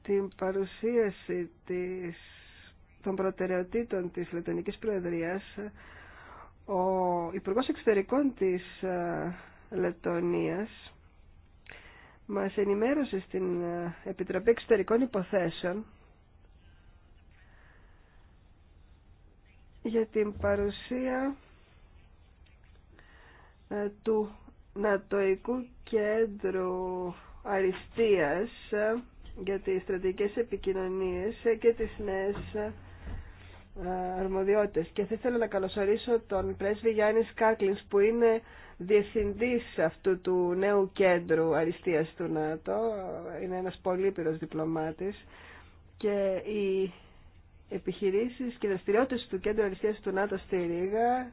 την παρουσίαση της, των προτεραιοτήτων της Λετωνικής Προεδρίας, ο υπουργό Εξωτερικών της ε, Λετωνίας μας ενημέρωσε στην ε, Επιτροπή Εξωτερικών Υποθέσεων για την παρουσία ε, του Νατοϊκού Κέντρου Αριστείας για τι στρατηγικές επικοινωνίες και τις νέες ε, αρμοδιότητες. Και θα ήθελα να καλωσορίσω τον πρέσβη Γιάννη Σκάκλινς που είναι διευθυντής αυτού του νέου κέντρου αριστείας του ΝΑΤΟ. Είναι ένας πολύπειρος διπλωμάτης και οι επιχειρήσεις και δραστηριότητες του κέντρου αριστείας του ΝΑΤΟ στη Ρήγα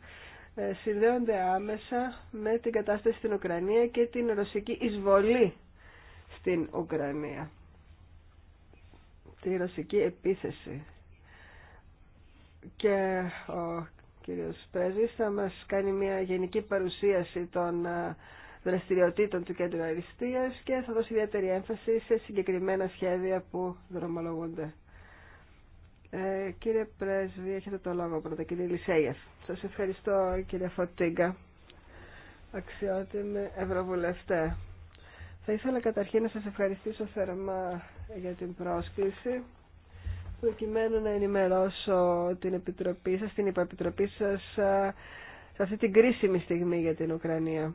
ε, συνδέονται άμεσα με την κατάσταση στην Ουκρανία και την ρωσική εισβολή στην Ουκρανία τη ρωσική επίθεση. Και ο κύριος Πρέσβης θα μας κάνει μια γενική παρουσίαση των ε, δραστηριοτήτων του Κέντρου Αριστείας και θα δώσει ιδιαίτερη έμφαση σε συγκεκριμένα σχέδια που δρομολογούνται. Ε, κύριε Πρέσβη, έχετε το λόγο πρώτα, κύριε Λισέγεφ. Σας ευχαριστώ κύριε Φωτίγκα, αξιότιμη Ευρωβουλευτέ. Θα ήθελα καταρχήν να σας ευχαριστήσω θερμά για την πρόσκληση προκειμένου να ενημερώσω την Επιτροπή σας, την σας σε αυτή την κρίσιμη στιγμή για την Ουκρανία.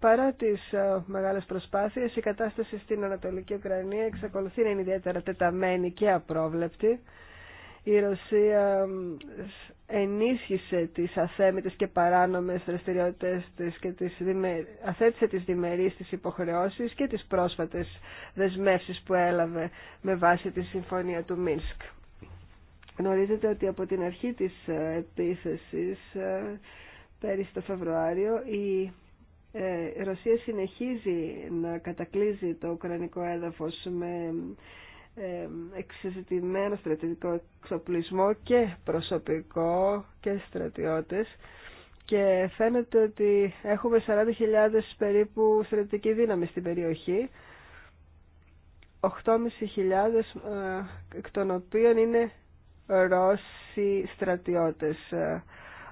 Παρά τις μεγάλες προσπάθειες, η κατάσταση στην Ανατολική Ουκρανία εξακολουθεί να είναι ιδιαίτερα τεταμένη και απρόβλεπτη. Η Ρωσία ενίσχυσε τις αθέμητες και παράνομες δραστηριότητες της και τις διμε... αθέτησε τις διμερείς τις υποχρεώσεις και τις πρόσφατες δεσμεύσεις που έλαβε με βάση τη Συμφωνία του Μίνσκ. Γνωρίζετε ότι από την αρχή της ε, επίθεσης ε, πέρυσι το Φεβρουάριο η ε, Ρωσία συνεχίζει να κατακλείζει το ουκρανικό έδαφος με εξεζητημένο στρατιωτικό εξοπλισμό και προσωπικό και στρατιώτες και φαίνεται ότι έχουμε 40.000 περίπου στρατιωτική δύναμη στην περιοχή 8.500 ε, εκ των οποίων είναι Ρώσοι στρατιώτες ε,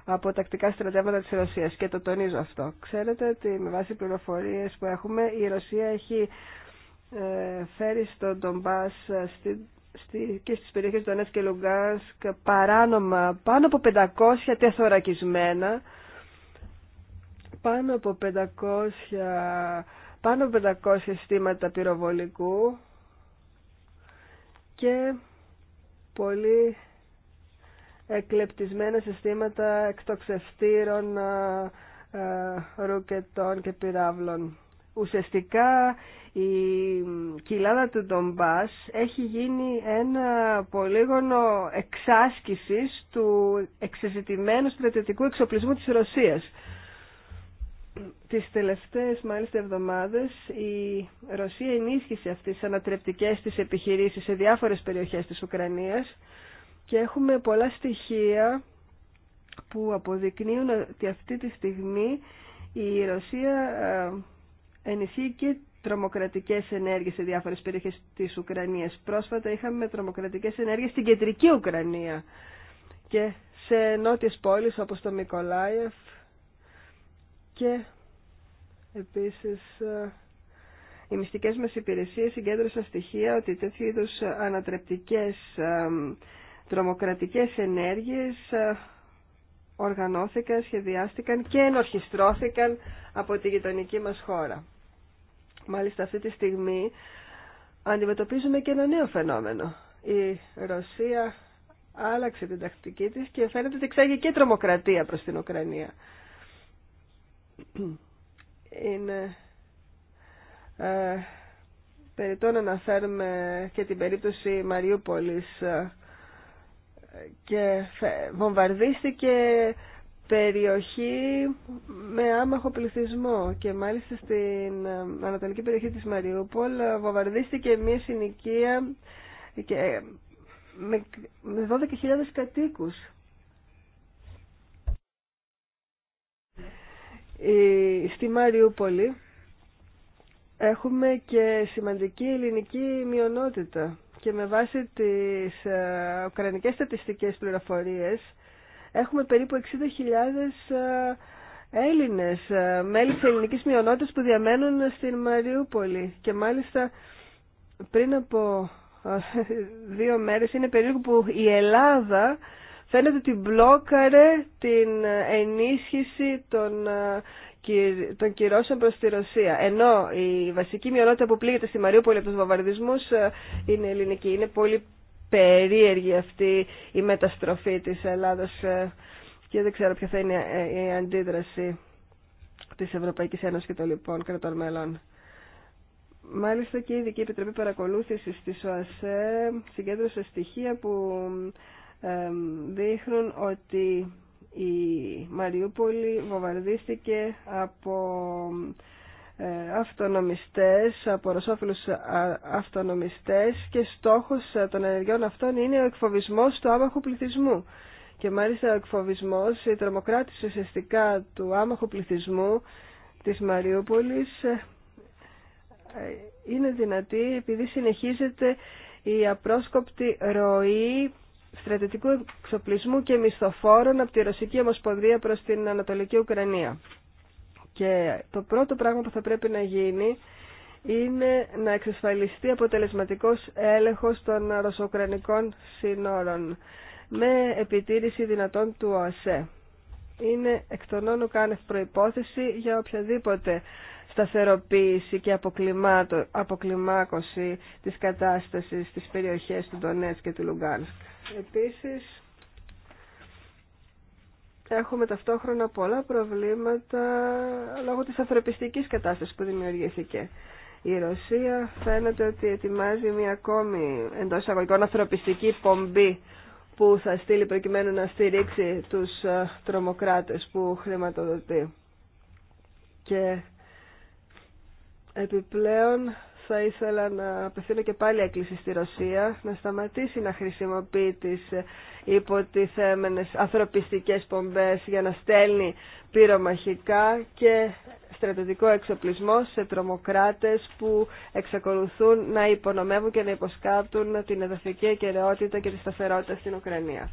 από τακτικά στρατεύματα της Ρωσίας και το τονίζω αυτό. Ξέρετε ότι με βάση πληροφορίες που έχουμε η Ρωσία έχει ε, φέρει στον Ντομπάς ε, στη, στη, και στις περιοχές του Ανέφ και Λουγκάνσκ παράνομα πάνω από 500 τεθωρακισμένα, πάνω από 500, πάνω από 500 συστήματα πυροβολικού και πολύ εκλεπτισμένα συστήματα εκτοξευτήρων, ε, ρουκετών και πυράβλων. Ουσιαστικά η κοιλάδα του Ντομπάς έχει γίνει ένα πολύγωνο εξάσκησης του εξεζητημένου στρατιωτικού εξοπλισμού της Ρωσίας. Τις τελευταίες μάλιστα εβδομάδες η Ρωσία ενίσχυσε αυτές τις ανατρεπτικές της επιχειρήσεις σε διάφορες περιοχές της Ουκρανίας και έχουμε πολλά στοιχεία που αποδεικνύουν ότι αυτή τη στιγμή η Ρωσία ε, ενισχύει και τρομοκρατικέ ενέργειες σε διάφορες περιοχές της Ουκρανίας. Πρόσφατα είχαμε τρομοκρατικέ ενέργειες στην κεντρική Ουκρανία και σε νότιε πόλει, όπω το Μικολάιεφ και επίσης ε, οι μυστικές μας υπηρεσίες συγκέντρωσαν στοιχεία ότι τέτοιου είδους ανατρεπτικές ε, τρομοκρατικές ενέργειες ε, οργανώθηκαν, σχεδιάστηκαν και ενορχιστρώθηκαν από τη γειτονική μας χώρα. Μάλιστα αυτή τη στιγμή αντιμετωπίζουμε και ένα νέο φαινόμενο. Η Ρωσία άλλαξε την τακτική της και φαίνεται ότι εξάγει και τρομοκρατία προς την Ουκρανία. Είναι ε, να αναφέρουμε και την περίπτωση Μαριούπολης ε, και βομβαρδίστηκε περιοχή με άμαχο πληθυσμό και μάλιστα στην ε, ανατολική περιοχή της Μαριούπολ ε, βομβαρδίστηκε μια συνοικία και ε, με 12.000 κατοίκους. Στη Μαριούπολη έχουμε και σημαντική ελληνική μειονότητα και με βάση τις ουκρανικές στατιστικές πληροφορίες έχουμε περίπου 60.000 ε, Έλληνες, ε, μέλη της ελληνικής μειονότητας που διαμένουν στην Μαριούπολη και μάλιστα πριν από ε, δύο μέρες είναι περίπου που η Ελλάδα φαίνεται ότι μπλόκαρε την ενίσχυση των, κυρώσεων προς τη Ρωσία. Ενώ η βασική μειονότητα που πλήγεται στη Μαριούπολη από τους βομβαρδισμούς είναι ελληνική. Είναι πολύ περίεργη αυτή η μεταστροφή της Ελλάδος ε, και δεν ξέρω ποια θα είναι ε, η αντίδραση της Ευρωπαϊκής Ένωσης και των λοιπόν κρατών μελών. Μάλιστα και η Ειδική Επιτροπή Παρακολούθησης της ΟΑΣΕ συγκέντρωσε στοιχεία που ε, δείχνουν ότι η Μαριούπολη βομβαρδίστηκε από ε, αυτονομιστές, από ρωσόφιλους ε, αυτονομιστές και στόχος ε, των ενεργειών αυτών είναι ο εκφοβισμός του άμαχου πληθυσμού. Και μάλιστα ο εκφοβισμός, η τρομοκράτηση ουσιαστικά του άμαχου πληθυσμού της Μαριούπολης είναι δυνατή επειδή συνεχίζεται η απρόσκοπτη ροή στρατιωτικού εξοπλισμού και μισθοφόρων από τη Ρωσική Ομοσπονδία προς την Ανατολική Ουκρανία. Και το πρώτο πράγμα που θα πρέπει να γίνει είναι να εξασφαλιστεί αποτελεσματικός έλεγχος των ρωσοκρανικών σύνορων με επιτήρηση δυνατών του ΟΑΣΕ. Είναι εκ των όνων κάνευ προϋπόθεση για οποιαδήποτε σταθεροποίηση και αποκλιμάκωση της κατάστασης στις περιοχές του Ντονέτς και του Λουγκάνσκ. Επίσης, έχουμε ταυτόχρονα πολλά προβλήματα λόγω της ανθρωπιστικής κατάστασης που δημιουργήθηκε. Η Ρωσία φαίνεται ότι ετοιμάζει μια ακόμη εντός εισαγωγικών ανθρωπιστική πομπή που θα στείλει προκειμένου να στηρίξει τους ε, τρομοκράτες που χρηματοδοτεί. Και επιπλέον θα ήθελα να απευθύνω και πάλι έκκληση στη Ρωσία να σταματήσει να χρησιμοποιεί τις υποτιθέμενες ανθρωπιστικές πομπές για να στέλνει πυρομαχικά και στρατιωτικό εξοπλισμό σε τρομοκράτες που εξακολουθούν να υπονομεύουν και να υποσκάπτουν την εδαφική αικαιρεότητα και τη σταθερότητα στην Ουκρανία.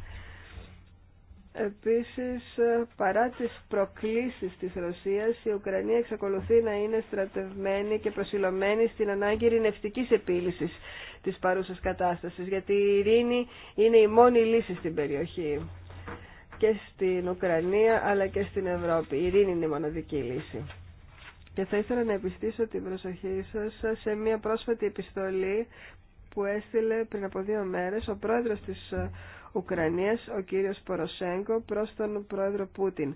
Επίσης, παρά τις προκλήσεις της Ρωσίας, η Ουκρανία εξακολουθεί να είναι στρατευμένη και προσιλωμένη στην ανάγκη ειρηνευτικής επίλυσης της παρούσας κατάστασης, γιατί η ειρήνη είναι η μόνη λύση στην περιοχή και στην Ουκρανία αλλά και στην Ευρώπη. Η ειρήνη είναι η μοναδική λύση. Και θα ήθελα να επιστήσω την προσοχή σας σε μια πρόσφατη επιστολή που έστειλε πριν από δύο μέρες ο πρόεδρος της Ουκρανίας, ο κύριος Ποροσέγκο, προς τον πρόεδρο Πούτιν.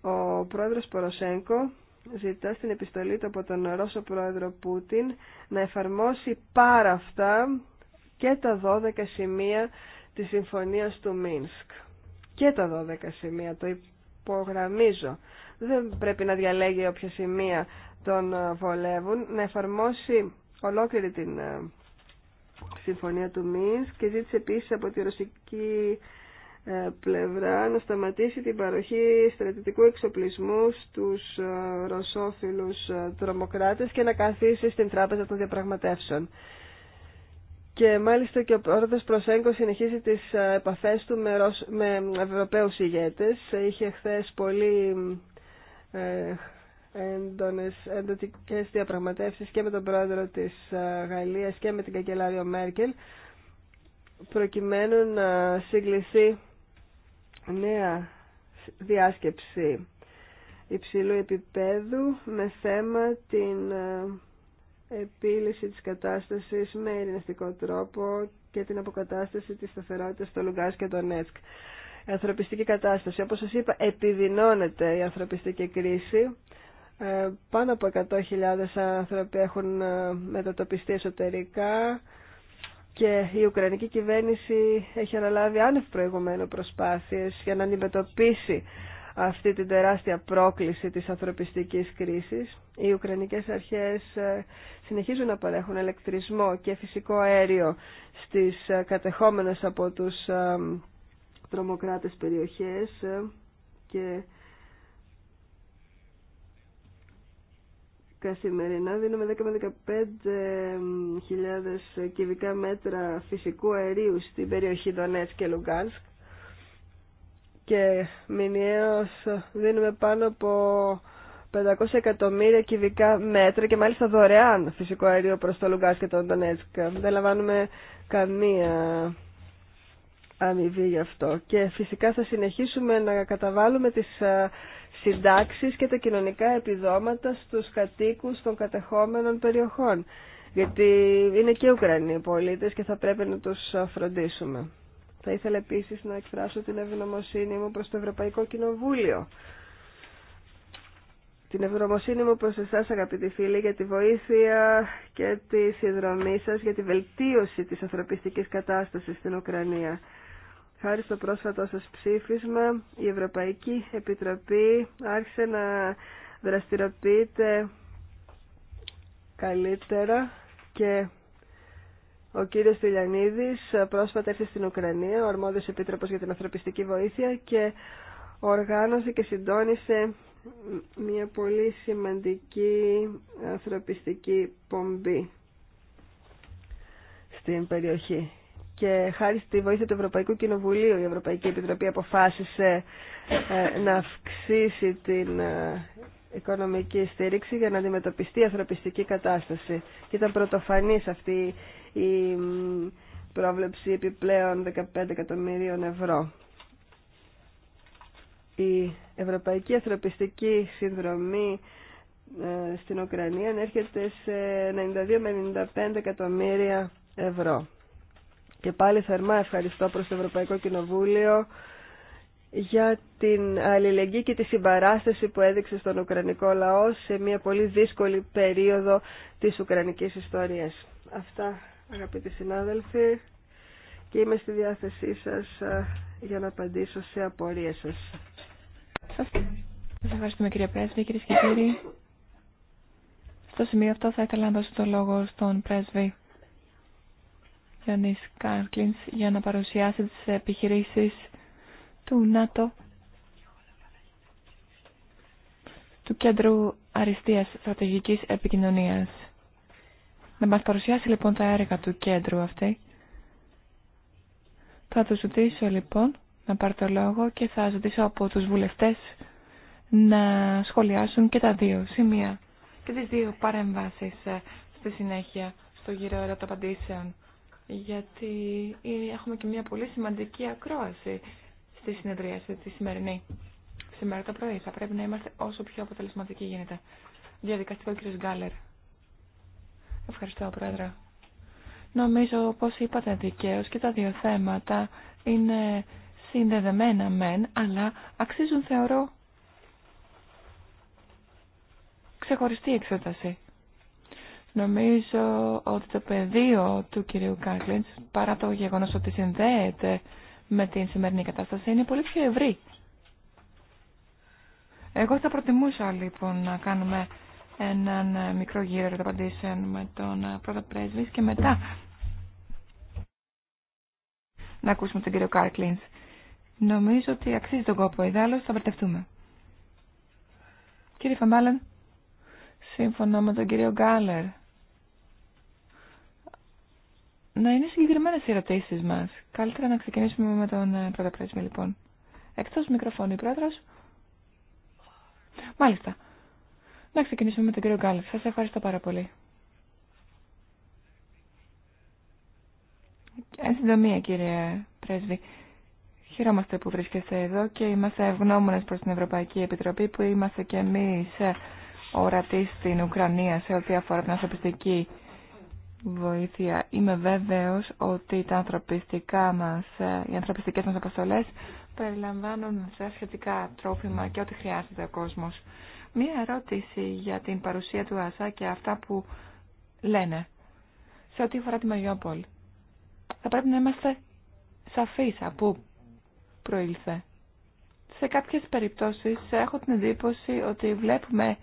Ο πρόεδρος Ποροσέγκο ζητά στην επιστολή του από τον Ρώσο πρόεδρο Πούτιν να εφαρμόσει πάρα αυτά και τα 12 σημεία της συμφωνίας του Μίνσκ. Και τα 12 σημεία, το υπογραμμίζω. Δεν πρέπει να διαλέγει όποια σημεία τον βολεύουν, να εφαρμόσει ολόκληρη την ε, συμφωνία του Μίνσκ και ζήτησε επίσης από τη ρωσική ε, πλευρά να σταματήσει την παροχή στρατιωτικού εξοπλισμού στους ε, ρωσόφιλους ε, τρομοκράτες και να καθίσει στην τράπεζα των διαπραγματεύσεων. Και μάλιστα και ο πρόεδρο Προσέγκο συνεχίζει τις επαφές του με, με Ευρωπαίους ηγέτες. Είχε χθε πολύ έντονες, διαπραγματεύσει και με τον πρόεδρο της ε, Γαλλία και με την καγκελάριο Μέρκελ προκειμένου να συγκληθεί νέα διάσκεψη υψηλού επίπεδου με θέμα την ε, επίλυση της κατάστασης με ειρηνευτικό τρόπο και την αποκατάσταση της σταθερότητας στο Λουγκάς και το Νέτσκ. Η ανθρωπιστική κατάσταση, όπως σας είπα, επιδεινώνεται η ανθρωπιστική κρίση ε, πάνω από 100.000 άνθρωποι έχουν ε, μετατοπιστεί εσωτερικά και η Ουκρανική κυβέρνηση έχει αναλάβει άνευ προηγουμένου προσπάθειες για να αντιμετωπίσει αυτή την τεράστια πρόκληση της ανθρωπιστικής κρίσης. Οι Ουκρανικές αρχές ε, συνεχίζουν να παρέχουν ηλεκτρισμό και φυσικό αέριο στις κατεχόμενες από τους τρομοκράτες περιοχές και Καθημερινά δίνουμε 10 με 15 χιλιάδες κυβικά μέτρα φυσικού αερίου στην περιοχή Δονέτς και Λουγκάνσκ και μηνιαίως δίνουμε πάνω από 500 εκατομμύρια κυβικά μέτρα και μάλιστα δωρεάν φυσικό αέριο προς το Λουγκάνσκ και τον Ντονέτσκ. Δεν λαμβάνουμε καμία αμοιβή γι' αυτό. Και φυσικά θα συνεχίσουμε να καταβάλουμε τις συντάξεις και τα κοινωνικά επιδόματα στους κατοίκους των κατεχόμενων περιοχών. Γιατί είναι και Ουκρανοί πολίτες και θα πρέπει να τους φροντίσουμε. Θα ήθελα επίσης να εκφράσω την ευγνωμοσύνη μου προς το Ευρωπαϊκό Κοινοβούλιο. Την ευγνωμοσύνη μου προς εσάς αγαπητοί φίλοι για τη βοήθεια και τη συνδρομή σας για τη βελτίωση της ανθρωπιστικής κατάστασης στην Ουκρανία. Χάρη στο πρόσφατο σας ψήφισμα, η Ευρωπαϊκή Επιτροπή άρχισε να δραστηριοποιείται καλύτερα και ο κύριος Τηλιανίδης πρόσφατα έρθει στην Ουκρανία, ο αρμόδιος επίτροπος για την ανθρωπιστική βοήθεια και οργάνωσε και συντόνισε μια πολύ σημαντική ανθρωπιστική πομπή στην περιοχή και χάρη στη βοήθεια του Ευρωπαϊκού Κοινοβουλίου η Ευρωπαϊκή Επιτροπή αποφάσισε ε, να αυξήσει την ε, οικονομική στήριξη για να αντιμετωπιστεί η ανθρωπιστική κατάσταση. ήταν πρωτοφανής αυτή η πρόβλεψη επιπλέον 15 εκατομμυρίων ευρώ. Η Ευρωπαϊκή Ανθρωπιστική Συνδρομή ε, στην Ουκρανία έρχεται σε 92 με 95 εκατομμύρια ευρώ. Και πάλι θερμά ευχαριστώ προς το Ευρωπαϊκό Κοινοβούλιο για την αλληλεγγύη και τη συμπαράσταση που έδειξε στον Ουκρανικό λαό σε μια πολύ δύσκολη περίοδο της Ουκρανικής ιστορίας. Αυτά αγαπητοί συνάδελφοι και είμαι στη διάθεσή σας ε, για να απαντήσω σε απορίες σας. Σας ευχαριστούμε κύριε Πρέσβη, κύριε και κύριοι. Στο σημείο αυτό θα ήθελα να δώσω το λόγο στον Πρέσβη Γιάννης Κάρκλινς για να παρουσιάσει τις επιχειρήσεις του ΝΑΤΟ του Κέντρου Αριστείας Στρατηγικής Επικοινωνίας. Να μας παρουσιάσει λοιπόν τα έργα του κέντρου αυτή. Θα του ζητήσω λοιπόν να πάρει το λόγο και θα ζητήσω από τους βουλευτές να σχολιάσουν και τα δύο σημεία και τις δύο παρεμβάσεις ε, στη συνέχεια στο γύρο απαντήσεων γιατί έχουμε και μια πολύ σημαντική ακρόαση στη συνεδρίαση τη σημερινή. Σήμερα το πρωί θα πρέπει να είμαστε όσο πιο αποτελεσματικοί γίνεται. Διαδικαστικό κύριο Γκάλερ. Ευχαριστώ, Πρόεδρε. Νομίζω, όπω είπατε δικαίω, και τα δύο θέματα είναι συνδεδεμένα μεν, αλλά αξίζουν, θεωρώ, ξεχωριστή εξέταση. Νομίζω ότι το πεδίο του κυρίου Κάκλιντ, παρά το γεγονός ότι συνδέεται με την σημερινή κατάσταση, είναι πολύ πιο ευρύ. Εγώ θα προτιμούσα λοιπόν να κάνουμε έναν μικρό γύρο ερωταπαντήσεων με τον πρώτο πρέσβη και μετά να ακούσουμε τον κύριο Κάρκλινς. Νομίζω ότι αξίζει τον κόπο. Ιδάλλως θα βρετευτούμε. Κύριε Φαμπάλεν, σύμφωνα με τον κύριο Γκάλερ, να είναι συγκεκριμένε οι ερωτήσει μας. Καλύτερα να ξεκινήσουμε με τον ε, πρώτο πρέσβη, λοιπόν. Εκτό μικροφώνου η Μάλιστα. Να ξεκινήσουμε με τον κύριο Γκάλεφ. Σα ευχαριστώ πάρα πολύ. Εν συντομία κύριε πρέσβη. Χαιρόμαστε που βρίσκεστε εδώ και είμαστε ευγνώμονε προ την Ευρωπαϊκή Επιτροπή που είμαστε και εμεί ε, ορατοί στην Ουκρανία σε ό,τι αφορά την ανθρωπιστική βοήθεια. Είμαι βέβαιος ότι τα ανθρωπιστικά μας, οι ανθρωπιστικές μας αποστολές περιλαμβάνουν σε σχετικά τρόφιμα και ό,τι χρειάζεται ο κόσμος. Μία ερώτηση για την παρουσία του ΑΣΑ και αυτά που λένε σε ό,τι αφορά τη Μαριόπολη. Θα πρέπει να είμαστε σαφείς από πού προήλθε. Σε κάποιες περιπτώσεις έχω την εντύπωση ότι βλέπουμε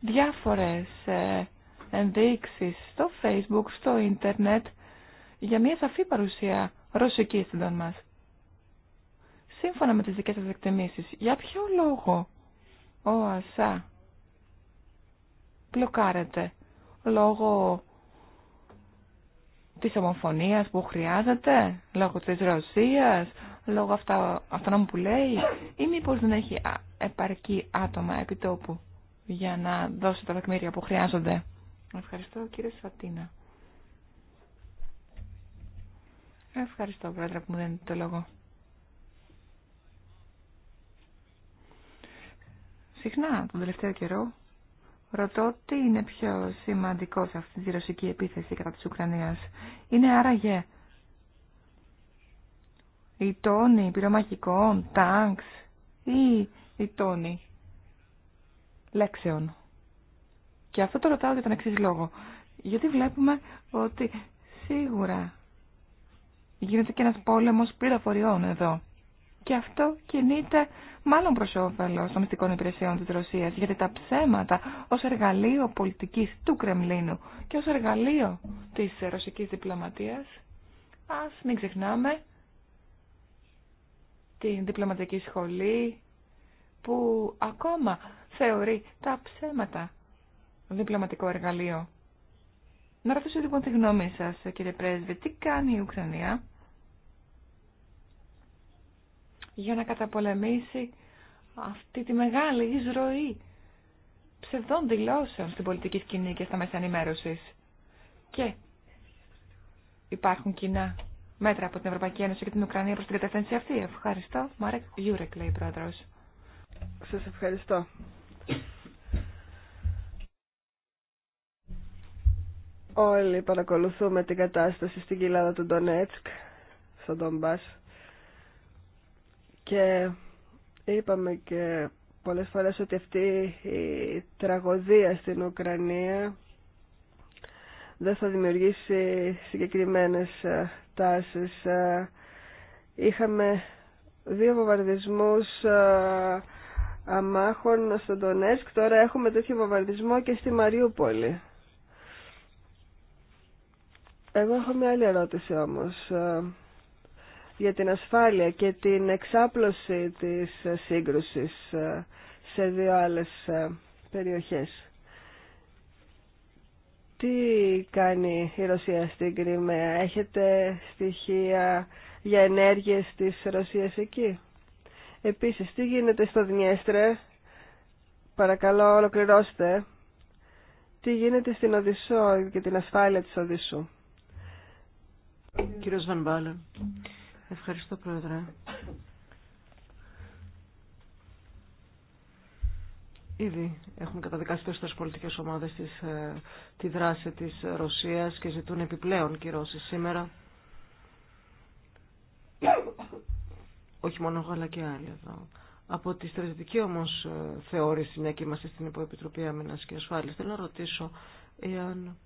διάφορες ε, ενδείξεις στο facebook, στο ίντερνετ για μια σαφή παρουσία ρωσική στην μας. Σύμφωνα με τις δικές σας εκτιμήσεις, για ποιο λόγο ο ΑΣΑ πλοκάρεται λόγω της ομοφωνίας που χρειάζεται, λόγω της Ρωσίας, λόγω αυτά, αυτών που λέει, ή μήπως δεν έχει επαρκή άτομα επιτόπου για να δώσει τα δεκμήρια που χρειάζονται. Ευχαριστώ κύριε Σατίνα. Ευχαριστώ πρόεδρε που μου δίνετε το λόγο. Συχνά τον τελευταίο καιρό ρωτώ τι είναι πιο σημαντικό σε αυτή τη ρωσική επίθεση κατά της Ουκρανίας. Είναι άραγε η τόνοι πυρομαχικών, τάγκς ή τόνη λέξεων. Και αυτό το ρωτάω για τον εξή λόγο. Γιατί βλέπουμε ότι σίγουρα γίνεται και ένας πόλεμος πληροφοριών εδώ. Και αυτό κινείται μάλλον προς όφελος των μυστικών υπηρεσιών της Ρωσίας, γιατί τα ψέματα ως εργαλείο πολιτικής του Κρεμλίνου και ως εργαλείο της ρωσικής διπλωματίας, ας μην ξεχνάμε την διπλωματική σχολή που ακόμα θεωρεί τα ψέματα διπλωματικό εργαλείο. Να ρωτήσω λοιπόν τη γνώμη σας, κύριε Πρέσβη, τι κάνει η Ουκρανία για να καταπολεμήσει αυτή τη μεγάλη εισρωή ψευδών δηλώσεων στην πολιτική σκηνή και στα μέσα ενημέρωση. Και υπάρχουν κοινά μέτρα από την Ευρωπαϊκή Ένωση και την Ουκρανία προς την κατεύθυνση αυτή. Ευχαριστώ. Μαρέκ Γιούρεκ, λέει πρόεδρος. Σας ευχαριστώ. Όλοι παρακολουθούμε την κατάσταση στην κοιλάδα του Ντονέτσκ, στον Ντομπάς. Και είπαμε και πολλές φορές ότι αυτή η τραγωδία στην Ουκρανία δεν θα δημιουργήσει συγκεκριμένες ε, τάσεις. Ε, είχαμε δύο βομβαρδισμούς ε, αμάχων στον Ντονέτσκ, τώρα έχουμε τέτοιο βομβαρδισμό και στη Μαριούπολη. Εγώ έχω μια άλλη ερώτηση όμως ε, για την ασφάλεια και την εξάπλωση της σύγκρουσης ε, σε δύο άλλες ε, περιοχές. Τι κάνει η Ρωσία στην Κρυμαία, έχετε στοιχεία για ενέργειες της Ρωσίας εκεί. Επίσης, τι γίνεται στο Δνιέστρε, παρακαλώ ολοκληρώστε, τι γίνεται στην Οδυσσό και την ασφάλεια της Οδυσσού. Κύριος Βανβάλεν, ευχαριστώ Πρόεδρε. Ήδη έχουν καταδικάσει τόσες πολιτικές ομάδες της, ε, τη δράση της Ρωσίας και ζητούν επιπλέον κυρώσεις σήμερα. Όχι μόνο εγώ αλλά και άλλοι εδώ. Από τη στρατιωτική όμως ε, θεώρηση, μια και είμαστε στην Υποεπιτροπή Άμυνας και Ασφάλειας, θέλω να ρωτήσω εάν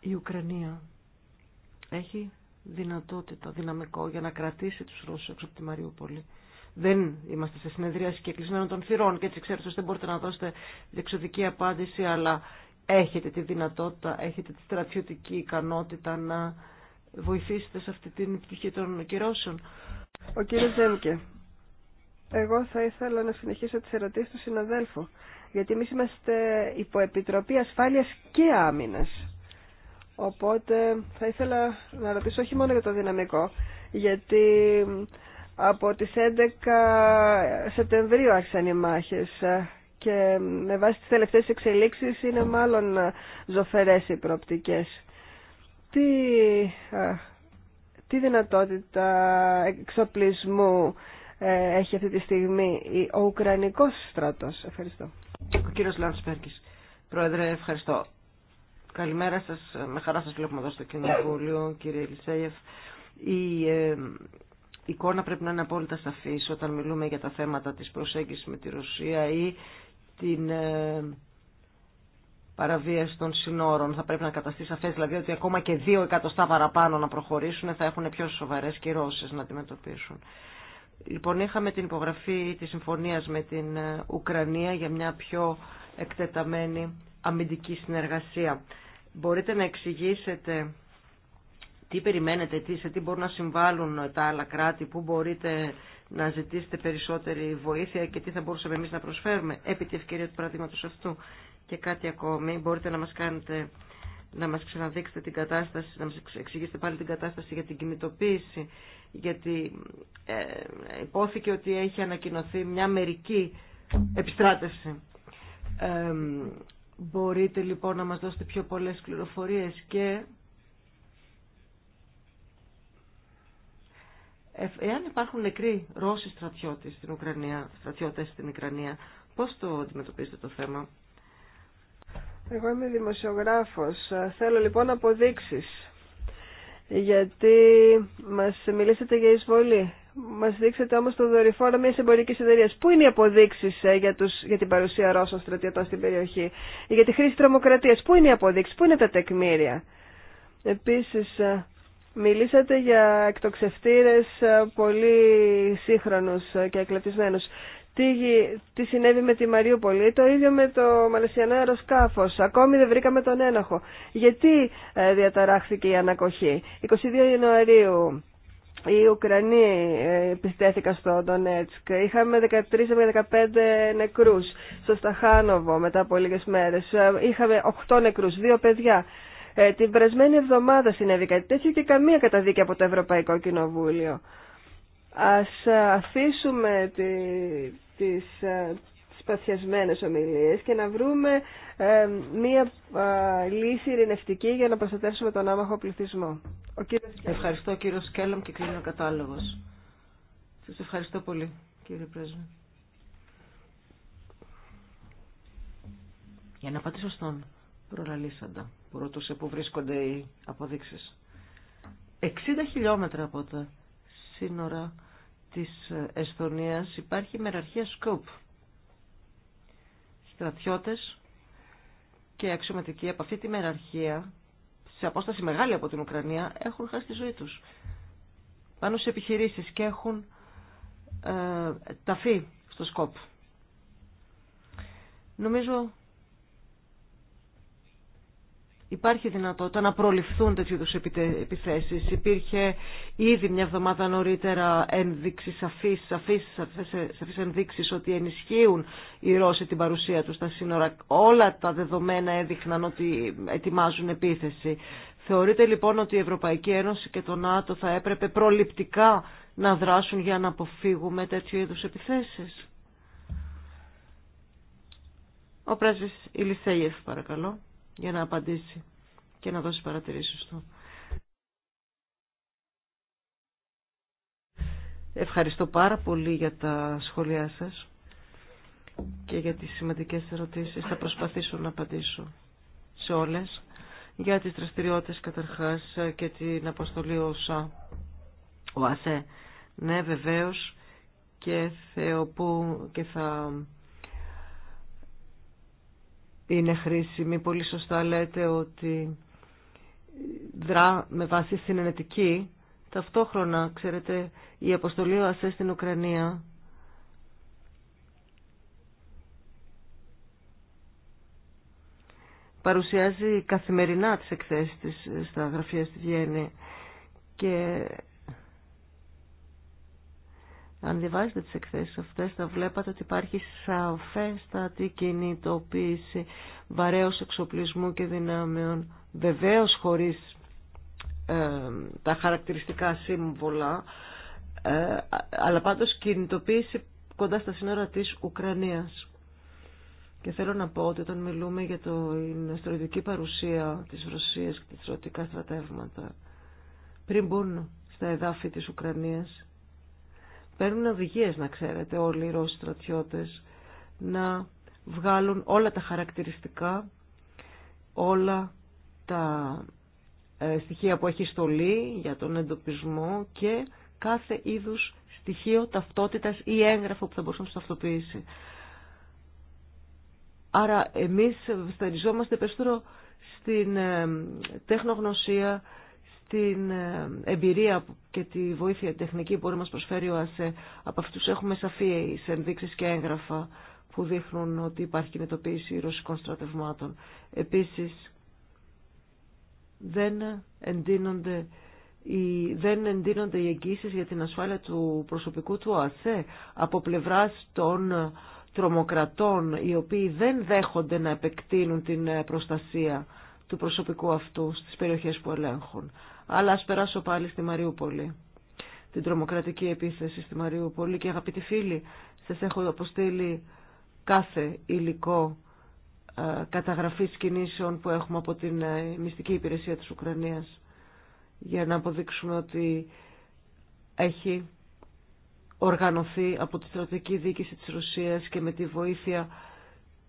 η Ουκρανία έχει δυνατότητα, δυναμικό για να κρατήσει τους Ρώσους έξω από τη Μαριούπολη. Δεν είμαστε σε συνεδρίαση και των θυρών και έτσι ξέρετε ότι δεν μπορείτε να δώσετε διεξοδική απάντηση αλλά έχετε τη δυνατότητα, έχετε τη στρατιωτική ικανότητα να βοηθήσετε σε αυτή την πτυχή των κυρώσεων. Ο κύριος Ζέμκε, εγώ θα ήθελα να συνεχίσω τις ερωτήσεις του συναδέλφου γιατί εμεί είμαστε υπό Επιτροπή ασφάλειας και άμυνας. Οπότε θα ήθελα να ρωτήσω όχι μόνο για το δυναμικό, γιατί από τις 11 Σεπτεμβρίου άρχισαν οι μάχες και με βάση τις τελευταίες εξελίξεις είναι μάλλον ζωφερές οι προοπτικές. Τι, τι δυνατότητα εξοπλισμού ε, έχει αυτή τη στιγμή ο Ουκρανικός στρατός. Ευχαριστώ. Ο κύριος Λαντσπέρκης. Πρόεδρε, ευχαριστώ. Καλημέρα σας, με χαρά σας βλέπουμε εδώ στο κοινοβούλιο, κύριε Ελισέγεφ. Ε, η εικόνα πρέπει να είναι απόλυτα σαφής όταν μιλούμε για τα θέματα της προσέγγισης με τη Ρωσία ή την ε, παραβίαση των συνόρων. Θα πρέπει να καταστεί σαφέ δηλαδή ότι ακόμα και δύο εκατοστά παραπάνω να προχωρήσουν θα έχουν πιο σοβαρέ κυρώσει να αντιμετωπίσουν. Λοιπόν, είχαμε την υπογραφή της συμφωνίας με την ε, Ουκρανία για μια πιο εκτεταμένη αμυντική συνεργασία. Μπορείτε να εξηγήσετε τι περιμένετε, τι, σε τι μπορούν να συμβάλλουν τα άλλα κράτη, πού μπορείτε να ζητήσετε περισσότερη βοήθεια και τι θα μπορούσαμε εμείς να προσφέρουμε επί τη ευκαιρία του παραδείγματος αυτού. Και κάτι ακόμη, μπορείτε να μας κάνετε να μας ξαναδείξετε την κατάσταση, να μας εξηγήσετε πάλι την κατάσταση για την κινητοποίηση, γιατί ε, υπόθηκε ότι έχει ανακοινωθεί μια μερική επιστράτευση. Μπορείτε λοιπόν να μας δώσετε πιο πολλές πληροφορίες και εάν υπάρχουν νεκροί Ρώσοι στρατιώτες στην Ουκρανία, στρατιώτες στην Ουκρανία, πώς το αντιμετωπίζετε το θέμα. Εγώ είμαι δημοσιογράφος. Θέλω λοιπόν αποδείξεις. Γιατί μας μιλήσατε για εισβολή. Μα δείξετε όμω το δορυφόρο μια εμπορική εταιρεία. Πού είναι οι αποδείξεις ε, για, για την παρουσία Ρώσων στρατιωτών στην περιοχή ή για τη χρήση Τρομοκρατία. Πού είναι οι αποδείξει, πού είναι τα τεκμήρια. Επίσης, ε, Μιλήσατε για εκτοξευτήρες ε, πολύ σύγχρονου και εκλεπτισμένου. Τι, τι συνέβη με τη Μαριούπολη, το ίδιο με το Μαλαισιανό αεροσκάφο. Ακόμη δεν βρήκαμε τον ένοχο. Γιατί διαταράχθηκε η ανακοχή. 22 Ιανουαρίου οι Ουκρανοί ε, επιστέθηκαν στο Ντονέτσκ. Είχαμε 13 με 15 νεκρούς στο Σταχάνοβο μετά από λίγες μέρες. Ε, είχαμε 8 νεκρούς, 2 παιδιά. Ε, την περασμένη εβδομάδα συνέβη κάτι τέτοιο και καμία καταδίκη από το Ευρωπαϊκό Κοινοβούλιο. Ας αφήσουμε τη, τις, παθιασμένες ομιλίες και να βρούμε ε, μία ε, λύση ειρηνευτική για να προστατεύσουμε τον άμαχο πληθυσμό. Ο κύριος... Ευχαριστώ κύριο Σκέλαμ και κλείνω ο κατάλογος. Σας ευχαριστώ πολύ κύριε Πρέσβη. Για να απαντήσω στον προλαλήσαντα που ρωτούσε που βρίσκονται οι αποδείξεις. 60 χιλιόμετρα από τα σύνορα της ε, Εσθονίας υπάρχει η μεραρχία Σκόπ στρατιώτες και αξιωματικοί από αυτή τη μεραρχία, σε απόσταση μεγάλη από την Ουκρανία, έχουν χάσει τη ζωή τους. Πάνω σε επιχειρήσεις και έχουν ε, ταφεί στο σκόπ. Νομίζω υπάρχει δυνατότητα να προληφθούν τέτοιου είδου επιθέσει. Υπήρχε ήδη μια εβδομάδα νωρίτερα ένδειξη σαφή, ότι ενισχύουν οι Ρώσοι την παρουσία του στα σύνορα. Όλα τα δεδομένα έδειχναν ότι ετοιμάζουν επίθεση. Θεωρείτε λοιπόν ότι η Ευρωπαϊκή Ένωση και το ΝΑΤΟ θα έπρεπε προληπτικά να δράσουν για να αποφύγουμε τέτοιου είδου επιθέσει. Ο πρέσβης Ηλισέγεφ παρακαλώ για να απαντήσει και να δώσει παρατηρήσεις του. Ευχαριστώ πάρα πολύ για τα σχόλιά σας και για τις σημαντικές ερωτήσεις. Θα προσπαθήσω να απαντήσω σε όλες. Για τις δραστηριότητες καταρχάς και την αποστολή όσα ο ΑΣΕ. Ναι βεβαίως και, και θα είναι χρήσιμη. Πολύ σωστά λέτε ότι δρά με βάση συνενετική. Ταυτόχρονα, ξέρετε, η αποστολή ο στην Ουκρανία παρουσιάζει καθημερινά τις εκθέσεις της στα γραφεία στη Βιέννη και αν διαβάζετε τις εκθέσεις αυτές θα βλέπατε ότι υπάρχει σαφέστατη κινητοποίηση βαρέως εξοπλισμού και δυνάμεων βεβαίως χωρίς ε, τα χαρακτηριστικά σύμβολα ε, αλλά πάντως κινητοποίηση κοντά στα σύνορα της Ουκρανίας. Και θέλω να πω ότι όταν μιλούμε για την αστροειδική παρουσία της Ρωσίας και της ρωτικά στρατεύματα πριν μπουν στα εδάφη της Ουκρανίας παίρνουν οδηγίε να ξέρετε όλοι οι Ρώσοι στρατιώτες να βγάλουν όλα τα χαρακτηριστικά, όλα τα ε, στοιχεία που έχει στολή για τον εντοπισμό και κάθε είδους στοιχείο ταυτότητας ή έγγραφο που θα μπορούσε να τους ταυτοποιήσει. Άρα εμείς σταριζόμαστε περισσότερο στην ε, τέχνογνωσία, την ε, εμπειρία και τη βοήθεια τεχνική που μπορεί να μας προσφέρει ο ΑΣΕ. Από αυτούς έχουμε σαφείς ενδείξεις και έγγραφα που δείχνουν ότι υπάρχει κινητοποίηση ρωσικών στρατευμάτων. Επίσης, δεν εντείνονται οι, δεν εντείνονται οι εγγύσεις για την ασφάλεια του προσωπικού του ΑΣΕ από πλευράς των τρομοκρατών οι οποίοι δεν δέχονται να επεκτείνουν την προστασία του προσωπικού αυτού στις περιοχές που ελέγχουν. Αλλά ας περάσω πάλι στη Μαριούπολη. Την τρομοκρατική επίθεση στη Μαριούπολη και αγαπητοί φίλοι, σας έχω αποστείλει κάθε υλικό ε, καταγραφής κινήσεων που έχουμε από την ε, μυστική υπηρεσία της Ουκρανίας για να αποδείξουμε ότι έχει οργανωθεί από τη στρατηγική διοίκηση της Ρωσίας και με τη βοήθεια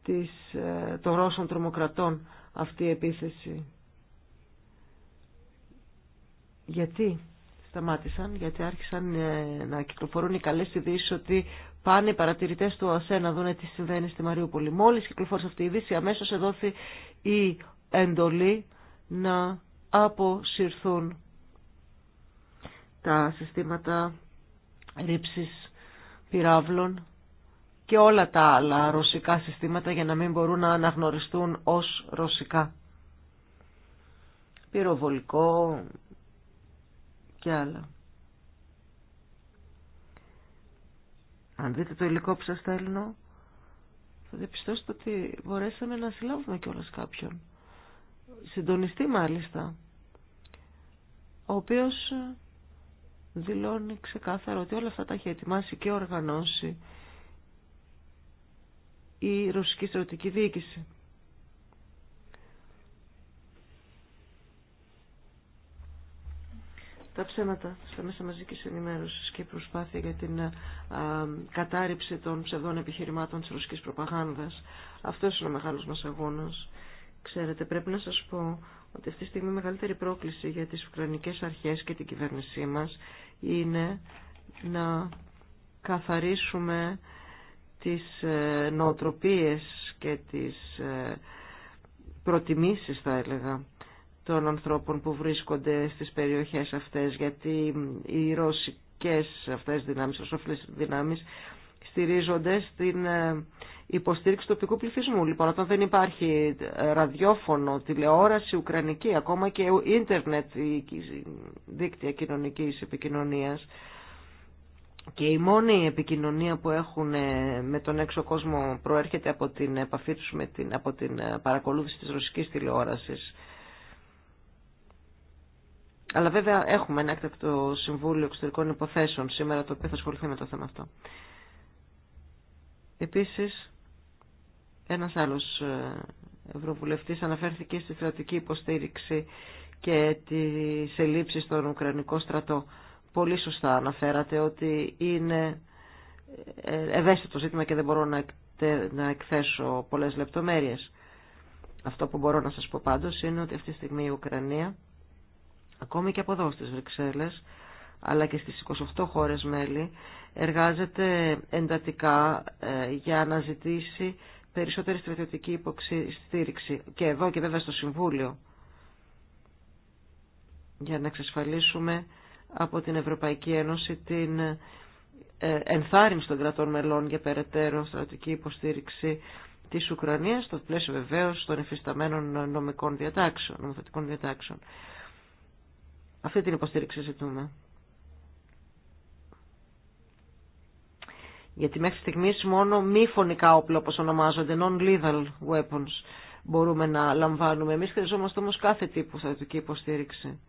της, ε, των Ρώσων τρομοκρατών αυτή η επίθεση. Γιατί σταμάτησαν, γιατί άρχισαν ε, να κυκλοφορούν οι καλές ειδήσει ότι πάνε οι παρατηρητές του ΟΑΣΕ να δουν τι συμβαίνει στη Μαριούπολη. Μόλις κυκλοφόρησε αυτή η είδηση, αμέσως εδόθη η εντολή να αποσυρθούν τα συστήματα ρήψης πυράβλων και όλα τα άλλα ρωσικά συστήματα για να μην μπορούν να αναγνωριστούν ως ρωσικά. Πυροβολικό, αν δείτε το υλικό που σας στέλνω, θα διαπιστώσετε ότι μπορέσαμε να συλλάβουμε κιόλας κάποιον. Συντονιστή μάλιστα, ο οποίος δηλώνει ξεκάθαρα ότι όλα αυτά τα έχει ετοιμάσει και οργανώσει η ρωσική στρατιωτική διοίκηση. τα ψέματα στα μέσα μαζικής ενημέρωσης και η προσπάθεια για την ε, α, κατάρριψη των ψευδών επιχειρημάτων της ρωσικής προπαγάνδας. Αυτός είναι ο μεγάλος μας αγώνας. Ξέρετε, πρέπει να σας πω ότι αυτή τη στιγμή η μεγαλύτερη πρόκληση για τις Ουκρανικές αρχές και την κυβέρνησή μας είναι να καθαρίσουμε τις ε, νοοτροπίες και τις ε, προτιμήσεις θα έλεγα των ανθρώπων που βρίσκονται στις περιοχές αυτές γιατί οι ρωσικές αυτές δυνάμεις, ρωσόφιλες δυνάμεις στηρίζονται στην ε, υποστήριξη τοπικού πληθυσμού. Λοιπόν, όταν δεν υπάρχει ε, ραδιόφωνο, τηλεόραση, ουκρανική, ακόμα και ίντερνετ, δίκτυα κοινωνικής επικοινωνίας, και η μόνη επικοινωνία που έχουν ε, με τον έξω κόσμο προέρχεται από την επαφή την, από την παρακολούθηση της ρωσικής τηλεόρασης αλλά βέβαια έχουμε ένα έκτακτο Συμβούλιο Εξωτερικών Υποθέσεων σήμερα το οποίο θα ασχοληθεί με το θέμα αυτό. Επίσης, ένας άλλος ε, ευρωβουλευτής αναφέρθηκε στη στρατική υποστήριξη και τις ελλείψεις στον Ουκρανικό στρατό. Πολύ σωστά αναφέρατε ότι είναι ε, ευαίσθητο ζήτημα και δεν μπορώ να εκθέσω πολλές λεπτομέρειες. Αυτό που μπορώ να σας πω πάντως είναι ότι αυτή τη στιγμή η Ουκρανία ακόμη και από εδώ στις Βρυξέλλες, αλλά και στις 28 χώρες μέλη, εργάζεται εντατικά ε, για να ζητήσει περισσότερη στρατιωτική υποστήριξη και εδώ και βέβαια στο Συμβούλιο για να εξασφαλίσουμε από την Ευρωπαϊκή Ένωση την ε, ενθάρρυνση των κρατών μελών για περαιτέρω στρατιωτική υποστήριξη της Ουκρανίας στο πλαίσιο βεβαίως των εφισταμένων νομικών διατάξεων, νομοθετικών διατάξεων. Αυτή την υποστήριξη ζητούμε. Γιατί μέχρι στιγμής μόνο μη φωνικά όπλα όπως ονομάζονται, non-lethal weapons, μπορούμε να λαμβάνουμε. Εμείς χρειαζόμαστε όμως κάθε τύπου στρατιωτική υποστήριξη.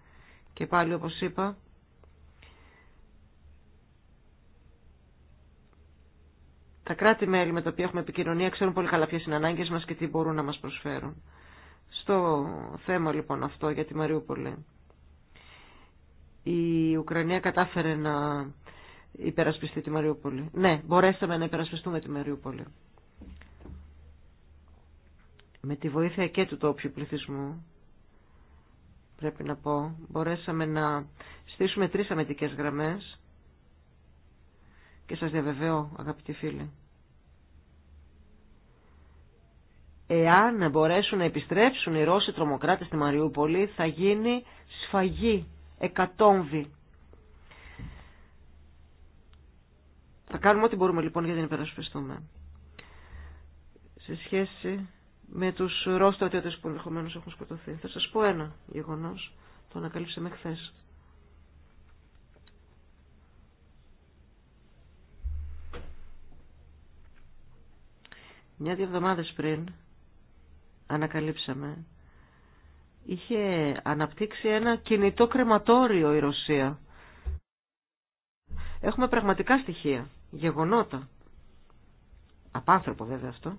Και πάλι όπως είπα, τα κράτη-μέλη με τα οποία έχουμε επικοινωνία ξέρουν πολύ καλά ποιες είναι ανάγκες μας και τι μπορούν να μας προσφέρουν. Στο θέμα λοιπόν αυτό για τη Μαριούπολη η Ουκρανία κατάφερε να υπερασπιστεί τη Μαριούπολη. Ναι, μπορέσαμε να υπερασπιστούμε τη Μαριούπολη. Με τη βοήθεια και του τόπιου πληθυσμού, πρέπει να πω, μπορέσαμε να στήσουμε τρεις αμετικές γραμμές και σας διαβεβαιώ, αγαπητοί φίλοι. Εάν μπορέσουν να επιστρέψουν οι Ρώσοι τρομοκράτες στη Μαριούπολη, θα γίνει σφαγή εκατόμβη. Θα κάνουμε ό,τι μπορούμε λοιπόν για να την υπερασπιστούμε. Σε σχέση με τους ρόστρατιώτε που ενδεχομένω έχουν σκοτωθεί. Θα σα πω ένα γεγονό. το ανακαλύψαμε χθε. Μια-δύο εβδομάδε πριν ανακαλύψαμε είχε αναπτύξει ένα κινητό κρεματόριο η Ρωσία. Έχουμε πραγματικά στοιχεία, γεγονότα. Απάνθρωπο βέβαια αυτό.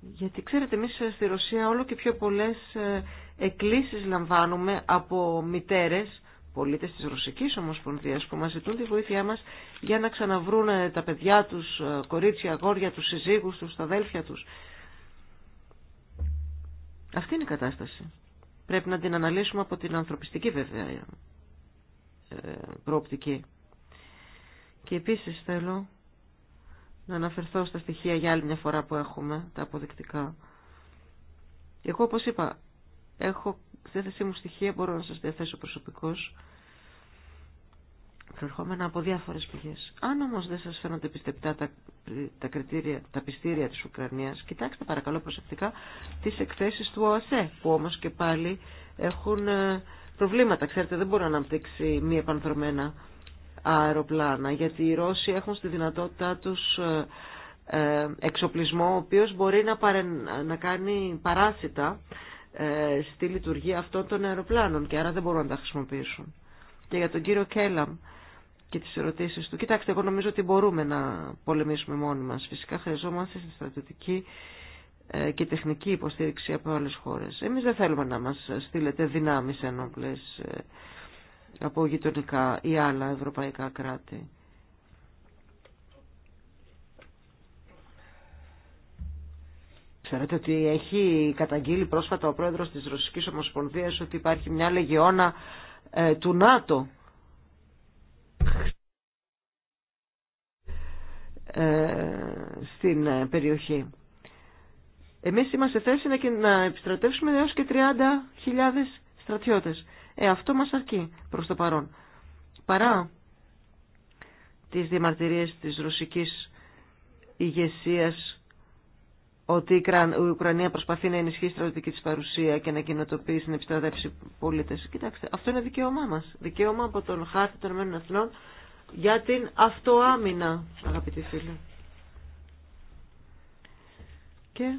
Γιατί ξέρετε εμείς στη Ρωσία όλο και πιο πολλές ε, εκκλήσεις λαμβάνουμε από μητέρες, πολίτες της Ρωσικής Ομοσπονδίας που μας ζητούν τη βοήθειά μας για να ξαναβρούν τα παιδιά τους, ε, κορίτσια, αγόρια τους, συζύγους τους, τα αδέλφια τους αυτή είναι η κατάσταση. Πρέπει να την αναλύσουμε από την ανθρωπιστική βέβαια ε, προοπτική. Και επίσης θέλω να αναφερθώ στα στοιχεία για άλλη μια φορά που έχουμε, τα αποδεικτικά. Εγώ όπως είπα, έχω στη θέση μου στοιχεία, μπορώ να σας διαθέσω προσωπικώς, προερχόμενα από διάφορε πηγέ. Αν όμω δεν σα φαίνονται πιστεπτά τα, τα, κριτήρια, τα πιστήρια τη Ουκρανία, κοιτάξτε παρακαλώ προσεκτικά τι εκθέσει του ΟΑΣΕ, που όμω και πάλι έχουν ε, προβλήματα. Ξέρετε, δεν μπορεί να αναπτύξει μη επανθρωμένα αεροπλάνα, γιατί οι Ρώσοι έχουν στη δυνατότητά του ε, ε, εξοπλισμό, ο οποίος μπορεί να, παρε... να κάνει παράσιτα στη λειτουργία αυτών των αεροπλάνων και άρα δεν μπορούν να τα χρησιμοποιήσουν. Και για τον κύριο Κέλαμ, και τις ερωτήσεις του. Κοιτάξτε, εγώ νομίζω ότι μπορούμε να πολεμήσουμε μόνοι μας. Φυσικά χρειαζόμαστε στρατιωτική ε, και τεχνική υποστήριξη από άλλες χώρες. Εμείς δεν θέλουμε να μας στείλετε δυνάμεις ενόπλες ε, από γειτονικά ή άλλα ευρωπαϊκά κράτη. Ξέρετε ότι έχει καταγγείλει πρόσφατα ο πρόεδρος της Ρωσικής Ομοσπονδίας ότι υπάρχει μια λεγεώνα ε, του ΝΑΤΟ ε, στην ε, περιοχή. Εμείς είμαστε θέση να επιστρατεύσουμε έως και 30.000 στρατιώτες. Ε, αυτό μας αρκεί προς το παρόν. Παρά τις διαμαρτυρίες της ρωσικής ηγεσίας ότι η Ουκρανία προσπαθεί να ενισχύσει στρατιωτική τη παρουσία και να κοινοτοποιήσει, να επιστρατεύσει πολίτε. Κοιτάξτε, αυτό είναι δικαίωμά μα. Δικαίωμα από τον Χάρτη των Ηνωμένων Εθνών για την αυτοάμυνα, αγαπητοί φίλοι. Και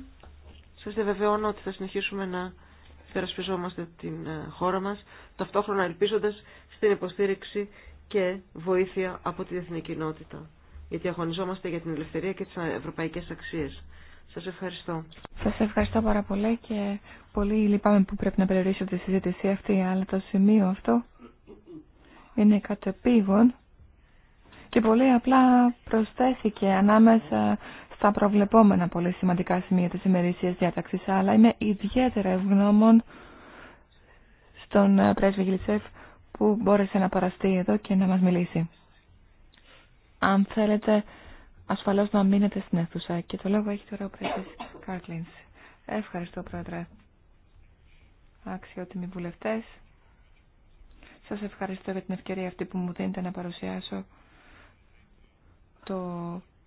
σα διαβεβαιώνω ότι θα συνεχίσουμε να υπερασπιζόμαστε την ε, χώρα μα, ταυτόχρονα ελπίζοντα στην υποστήριξη και βοήθεια από τη διεθνή κοινότητα. Γιατί αγωνιζόμαστε για την ελευθερία και τι ευρωπαϊκέ αξίε. Σας ευχαριστώ. Σας ευχαριστώ πάρα πολύ και πολύ λυπάμαι που πρέπει να περιορίσω τη συζήτηση αυτή, αλλά το σημείο αυτό είναι κατεπήγον και πολύ απλά προσθέθηκε ανάμεσα στα προβλεπόμενα πολύ σημαντικά σημεία της ημερήσιας διάταξης, αλλά είμαι ιδιαίτερα ευγνώμων στον πρέσβη Γιλτσεφ που μπόρεσε να παραστεί εδώ και να μας μιλήσει. Αν θέλετε ασφαλώς να μείνετε στην αίθουσα. Και το λόγο έχει τώρα ο Πρέσβης Κάρκλινς. Ευχαριστώ, Πρόεδρε. Αξιότιμοι βουλευτές, σας ευχαριστώ για την ευκαιρία αυτή που μου δίνετε να παρουσιάσω το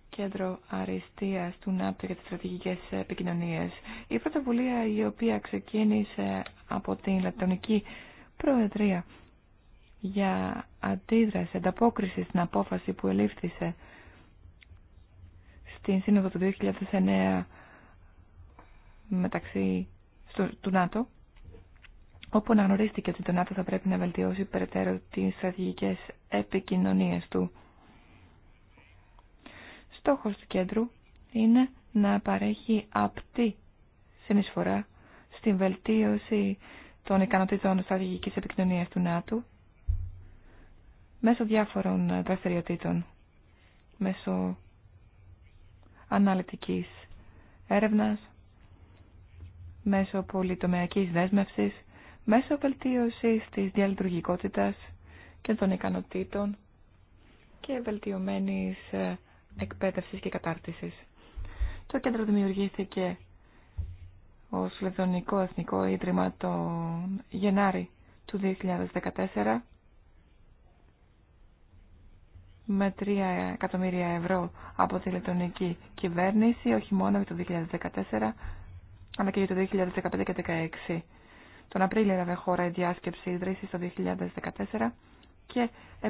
κέντρο αριστείας του ΝΑΤΟ για τις στρατηγικές επικοινωνίες. Η πρωτοβουλία η οποία ξεκίνησε από την Λατινική Προεδρία για αντίδραση, ανταπόκριση στην απόφαση που ελήφθησε στην Σύνοδο του 2009 μεταξύ στο, του ΝΑΤΟ, όπου αναγνωρίστηκε ότι το ΝΑΤΟ θα πρέπει να βελτιώσει περαιτέρω τις στρατηγικέ επικοινωνίε του. Στόχος του κέντρου είναι να παρέχει απτή συνεισφορά στην βελτίωση των ικανοτήτων στρατηγικής επικοινωνίας του ΝΑΤΟ μέσω διάφορων δραστηριοτήτων, μέσω αναλυτικής έρευνας, μέσω πολυτομεακής δέσμευσης, μέσω βελτίωσης της διαλειτουργικότητας και των ικανοτήτων και βελτιωμένης ε, εκπαίδευσης και κατάρτισης. Το κέντρο δημιουργήθηκε ως Λευδονικό Εθνικό Ίδρυμα τον Γενάρη του 2014 με 3 εκατομμύρια ευρώ από τη λεπτονική κυβέρνηση, όχι μόνο για το 2014, αλλά και για το 2015 και 2016. Τον Απρίλιο έλαβε χώρα η διάσκεψη ίδρυση το 2014 και 7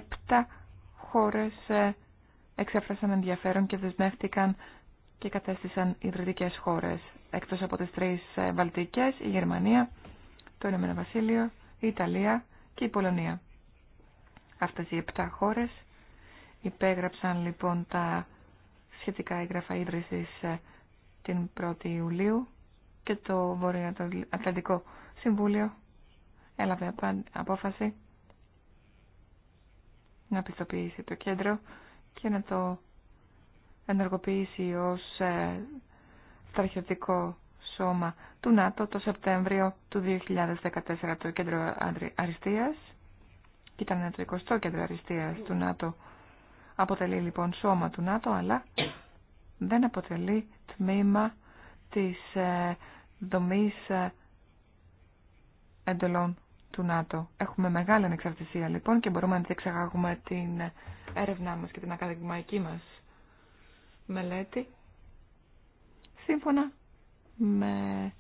χώρες ε, εξέφρασαν ενδιαφέρον και δεσμεύτηκαν και κατέστησαν ιδρυτικές χώρες. Εκτός από τις τρεις ε, Βαλτικές, η Γερμανία, το Ηνωμένο Βασίλειο, η Ιταλία και η Πολωνία. Αυτές οι 7 χώρες Υπέγραψαν λοιπόν τα σχετικά έγγραφα ίδρυσης ε, την 1η Ιουλίου και το Βορειοατλαντικό Συμβούλιο έλαβε απόφαση να πιστοποιήσει το κέντρο και να το ενεργοποιήσει ως ε, στρατιωτικό σώμα του ΝΑΤΟ το Σεπτέμβριο του 2014 το κέντρο αριστείας. Ήταν το 20ο κέντρο αριστείας του ΝΑΤΟ Αποτελεί λοιπόν σώμα του ΝΑΤΟ, αλλά δεν αποτελεί τμήμα της ε, δομής ε, εντολών του ΝΑΤΟ. Έχουμε μεγάλη ανεξαρτησία λοιπόν και μπορούμε να διεξαγάγουμε την έρευνά μας και την ακαδημαϊκή μας μελέτη σύμφωνα με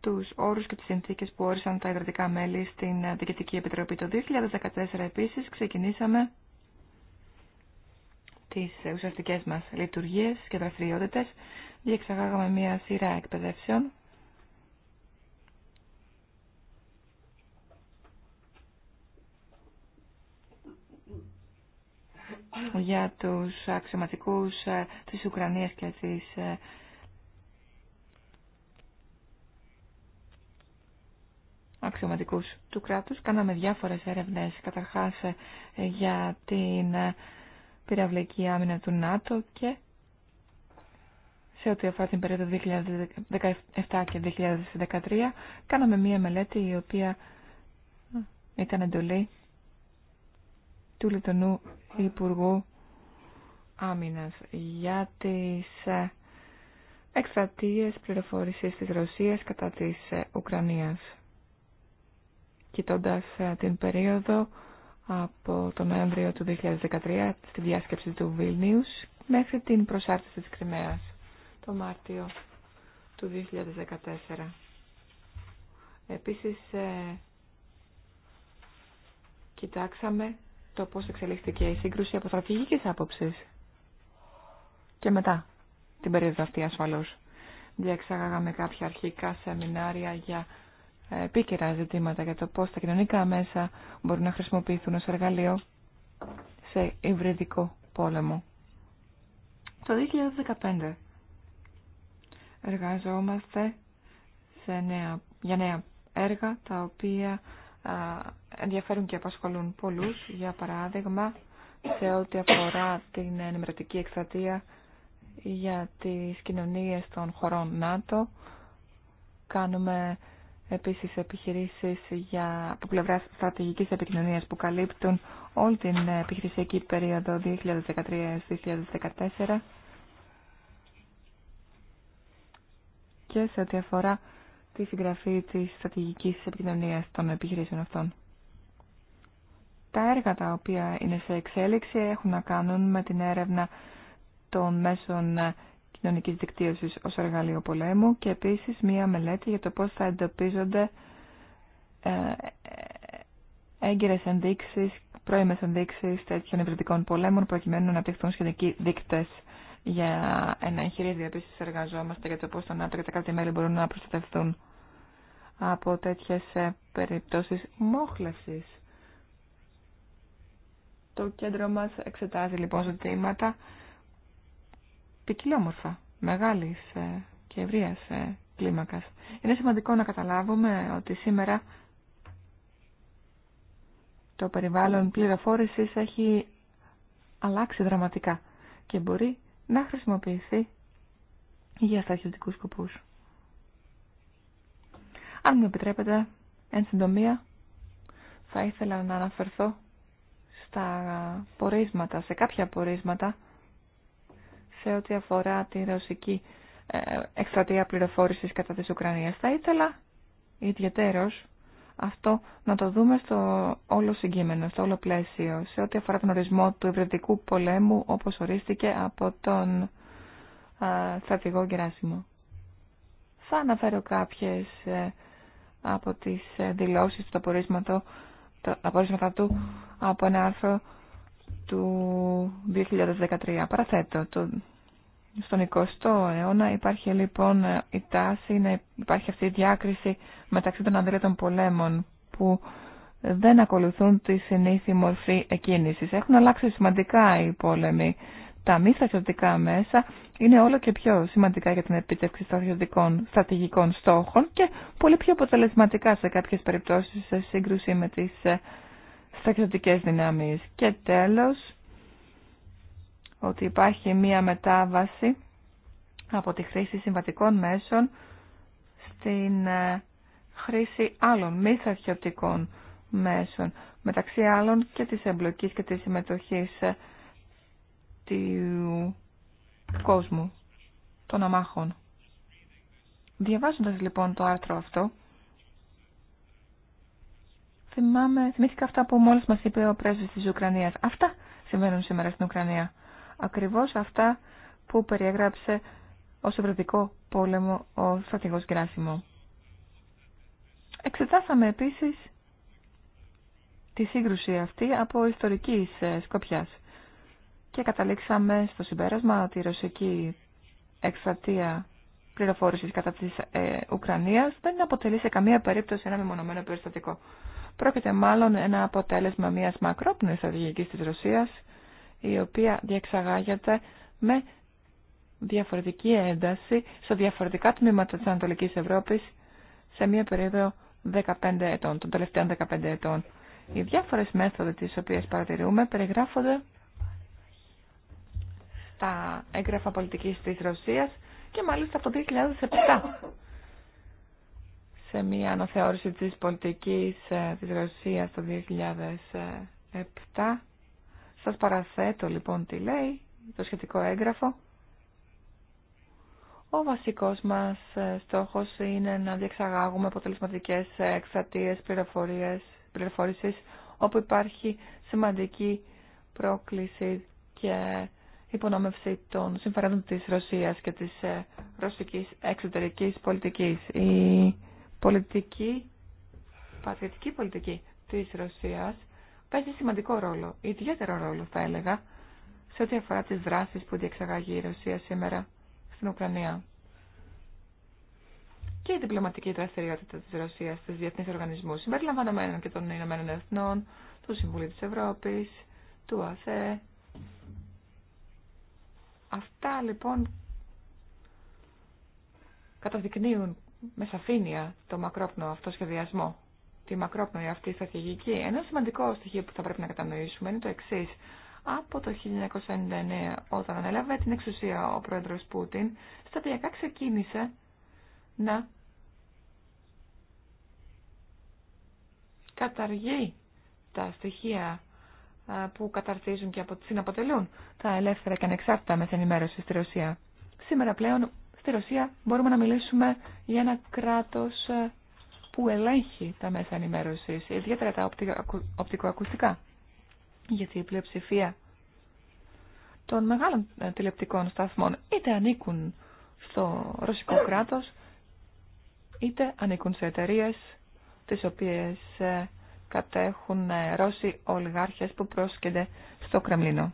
τους όρους και τις συνθήκες που όρισαν τα ιδρυτικά μέλη στην Διοικητική Επιτροπή. Το 2014 επίσης ξεκινήσαμε τις ουσιαστικές μας λειτουργίες και δραστηριότητες. Διεξαγάγαμε μία σειρά εκπαιδεύσεων. για τους αξιωματικούς ε, της Ουκρανίας και της ε, αξιωματικούς του κράτους. Κάναμε διάφορες έρευνες καταρχάς ε, για την πυραυλική άμυνα του ΝΑΤΟ και σε ό,τι αφορά την περίοδο 2017 και 2013 κάναμε μία μελέτη η οποία ήταν εντολή του Λιτωνού Υπουργού Άμυνας για τις ε, εκστρατείες πληροφόρησης της Ρωσίας κατά της ε, Ουκρανίας κοιτώντας ε, την περίοδο από το Νοέμβριο του 2013 στη διάσκεψη του Βίλνιους μέχρι την προσάρτηση της Κρυμαίας το Μάρτιο του 2014. Επίσης, ε, κοιτάξαμε το πώς εξελίχθηκε η σύγκρουση από στρατηγικής απόψεις Και μετά, την περίοδο αυτή ασφαλώς, διεξάγαμε κάποια αρχικά σεμινάρια για ε, επίκαιρα ζητήματα για το πώς τα κοινωνικά μέσα μπορούν να χρησιμοποιηθούν ως εργαλείο σε υβριδικό πόλεμο. Το 2015 εργαζόμαστε σε νέα, για νέα έργα τα οποία ενδιαφέρουν και απασχολούν πολλούς, για παράδειγμα σε ό,τι αφορά την ενημερωτική εκστρατεία για τις κοινωνίες των χωρών ΝΑΤΟ. Κάνουμε επίσης επιχειρήσεις για, από πλευράς στρατηγικής επικοινωνίας που καλύπτουν όλη την επιχειρησιακή περίοδο 2013-2014 και σε ό,τι αφορά τη συγγραφή της στρατηγικής επικοινωνίας των επιχειρήσεων αυτών. Τα έργα τα οποία είναι σε εξέλιξη έχουν να κάνουν με την έρευνα των μέσων κοινωνική δικτύωση ως εργαλείο πολέμου και επίση μία μελέτη για το πώ θα εντοπίζονται ε, έγκυρε ενδείξει, πρώιμε ενδείξει τέτοιων υβριδικών πολέμων προκειμένου να αναπτυχθούν σχετικοί δείκτε για ένα εγχειρίδιο επίση εργαζόμαστε για το πώ το ΝΑΤΟ και τα κράτη-μέλη μπορούν να προστατευτούν από τέτοιε περιπτώσει μόχλευση. Το κέντρο μας εξετάζει λοιπόν ζητήματα ποικιλόμορφα, μεγάλης ε, και ευρείας ε, κλίμακας. Είναι σημαντικό να καταλάβουμε ότι σήμερα το περιβάλλον πληροφόρησης έχει αλλάξει δραματικά και μπορεί να χρησιμοποιηθεί για στρατιωτικούς σκοπούς. Αν μου επιτρέπετε, εν συντομία, θα ήθελα να αναφερθώ στα πορίσματα, σε κάποια πορίσματα σε ό,τι αφορά τη ρωσική ε, εκστρατεία πληροφόρησης κατά της Ουκρανίας. Θα ήθελα ιδιαίτερο αυτό να το δούμε στο όλο συγκείμενο, στο όλο πλαίσιο, σε ό,τι αφορά τον ορισμό του ευρετικού πολέμου όπως ορίστηκε από τον στρατηγό Γκεράσιμο. Θα αναφέρω κάποιες ε, από τις ε, δηλώσεις του απορίσματο, το απορίσματα του από ένα άρθρο του 2013. Παραθέτω, το στον 20ο αιώνα υπάρχει λοιπόν η τάση να υπάρχει αυτή η διάκριση μεταξύ των ανδρών των πολέμων που δεν ακολουθούν τη συνήθη μορφή εκκίνησης. Έχουν αλλάξει σημαντικά οι πόλεμοι. Τα μη στρατιωτικά μέσα είναι όλο και πιο σημαντικά για την επίτευξη στρατιωτικών στρατηγικών στόχων και πολύ πιο αποτελεσματικά σε κάποιες περιπτώσεις σε σύγκρουση με τις ε, στρατιωτικές δυνάμεις. Και τέλος, ότι υπάρχει μία μετάβαση από τη χρήση συμβατικών μέσων στην ε, χρήση άλλων μη στρατιωτικών μέσων, μεταξύ άλλων και της εμπλοκής και της συμμετοχής ε, του κόσμου, των αμάχων. Διαβάζοντας λοιπόν το άρθρο αυτό, θυμάμαι, θυμήθηκα αυτά που μόλις μας είπε ο πρέσβης της Ουκρανίας. Αυτά συμβαίνουν σήμερα στην Ουκρανία ακριβώς αυτά που περιέγραψε ως ευρωδικό Πόλεμο ο στρατηγός Γκράσιμο. Εξετάσαμε επίσης τη σύγκρουση αυτή από ιστορικής ε, σκοπιάς και καταλήξαμε στο συμπέρασμα ότι η ρωσική εκστρατεία πληροφόρησης κατά της ε, Ουκρανίας δεν αποτελεί σε καμία περίπτωση ένα μεμονωμένο περιστατικό. Πρόκειται μάλλον ένα αποτέλεσμα μιας μακρόπνοη στρατηγικής της Ρωσίας η οποία διεξαγάγεται με διαφορετική ένταση σε διαφορετικά τμήματα της Ανατολικής Ευρώπης σε μία περίοδο 15 ετών, των τελευταίων 15 ετών. Οι διάφορες μέθοδοι τις οποίες παρατηρούμε περιγράφονται τα έγγραφα πολιτικής της Ρωσίας και μάλιστα από το 2007 σε μία αναθεώρηση της πολιτικής ε, της Ρωσίας το 2007 σας παραθέτω λοιπόν τι λέει το σχετικό έγγραφο. Ο βασικός μας ε, στόχος είναι να διεξαγάγουμε αποτελεσματικές εξατίες πληροφορίες, όπου υπάρχει σημαντική πρόκληση και υπονόμευση των συμφερόντων της Ρωσίας και της ε, ρωσικής εξωτερικής πολιτικής. Η πολιτική, πατριωτική πολιτική της Ρωσίας παίζει σημαντικό ρόλο, ιδιαίτερο ρόλο θα έλεγα, σε ό,τι αφορά τις δράσεις που διεξαγάγει η Ρωσία σήμερα στην Ουκρανία. Και η διπλωματική δραστηριότητα της Ρωσίας στους διεθνείς οργανισμούς, συμπεριλαμβανομένων και των Ηνωμένων Εθνών, του Συμβουλίου της Ευρώπης, του ΑΣΕ. Αυτά λοιπόν καταδεικνύουν με σαφήνεια το μακρόπνο αυτό σχεδιασμό τη μακρόπνοη αυτή στρατηγική, ένα σημαντικό στοιχείο που θα πρέπει να κατανοήσουμε είναι το εξή. Από το 1999, όταν ανέλαβε την εξουσία ο πρόεδρος Πούτιν, σταδιακά ξεκίνησε να καταργεί τα στοιχεία που καταρτίζουν και συναποτελούν τα ελεύθερα και ανεξάρτητα μεθενημέρωση στη Ρωσία. Σήμερα πλέον στη Ρωσία μπορούμε να μιλήσουμε για ένα κράτος που ελέγχει τα μέσα ενημέρωσης, ιδιαίτερα τα οπτικοακουστικά. Γιατί η πλειοψηφία των μεγάλων ε, τηλεοπτικών σταθμών είτε ανήκουν στο ρωσικό κράτος, είτε ανήκουν σε εταιρείε τις οποίες ε, κατέχουν ε, Ρώσοι ολιγάρχες που πρόσκενται στο Κρεμλίνο.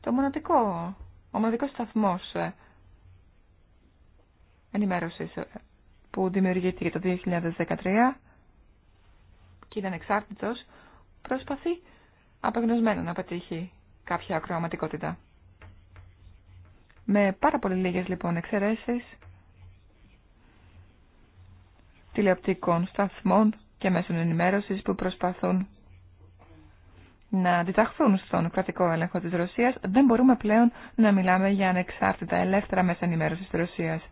Το μοναδικό, ο μοναδικός σταθμός ενημέρωσης που δημιουργήθηκε το 2013 και ήταν εξάρτητος, προσπαθεί απεγνωσμένο να πετύχει κάποια ακροαματικότητα. Με πάρα πολύ λίγες λοιπόν εξαιρέσεις τηλεοπτικών σταθμών και μέσων ενημέρωσης που προσπαθούν να αντιταχθούν στον κρατικό έλεγχο της Ρωσίας, δεν μπορούμε πλέον να μιλάμε για ανεξάρτητα ελεύθερα μέσα ενημέρωση της Ρωσίας.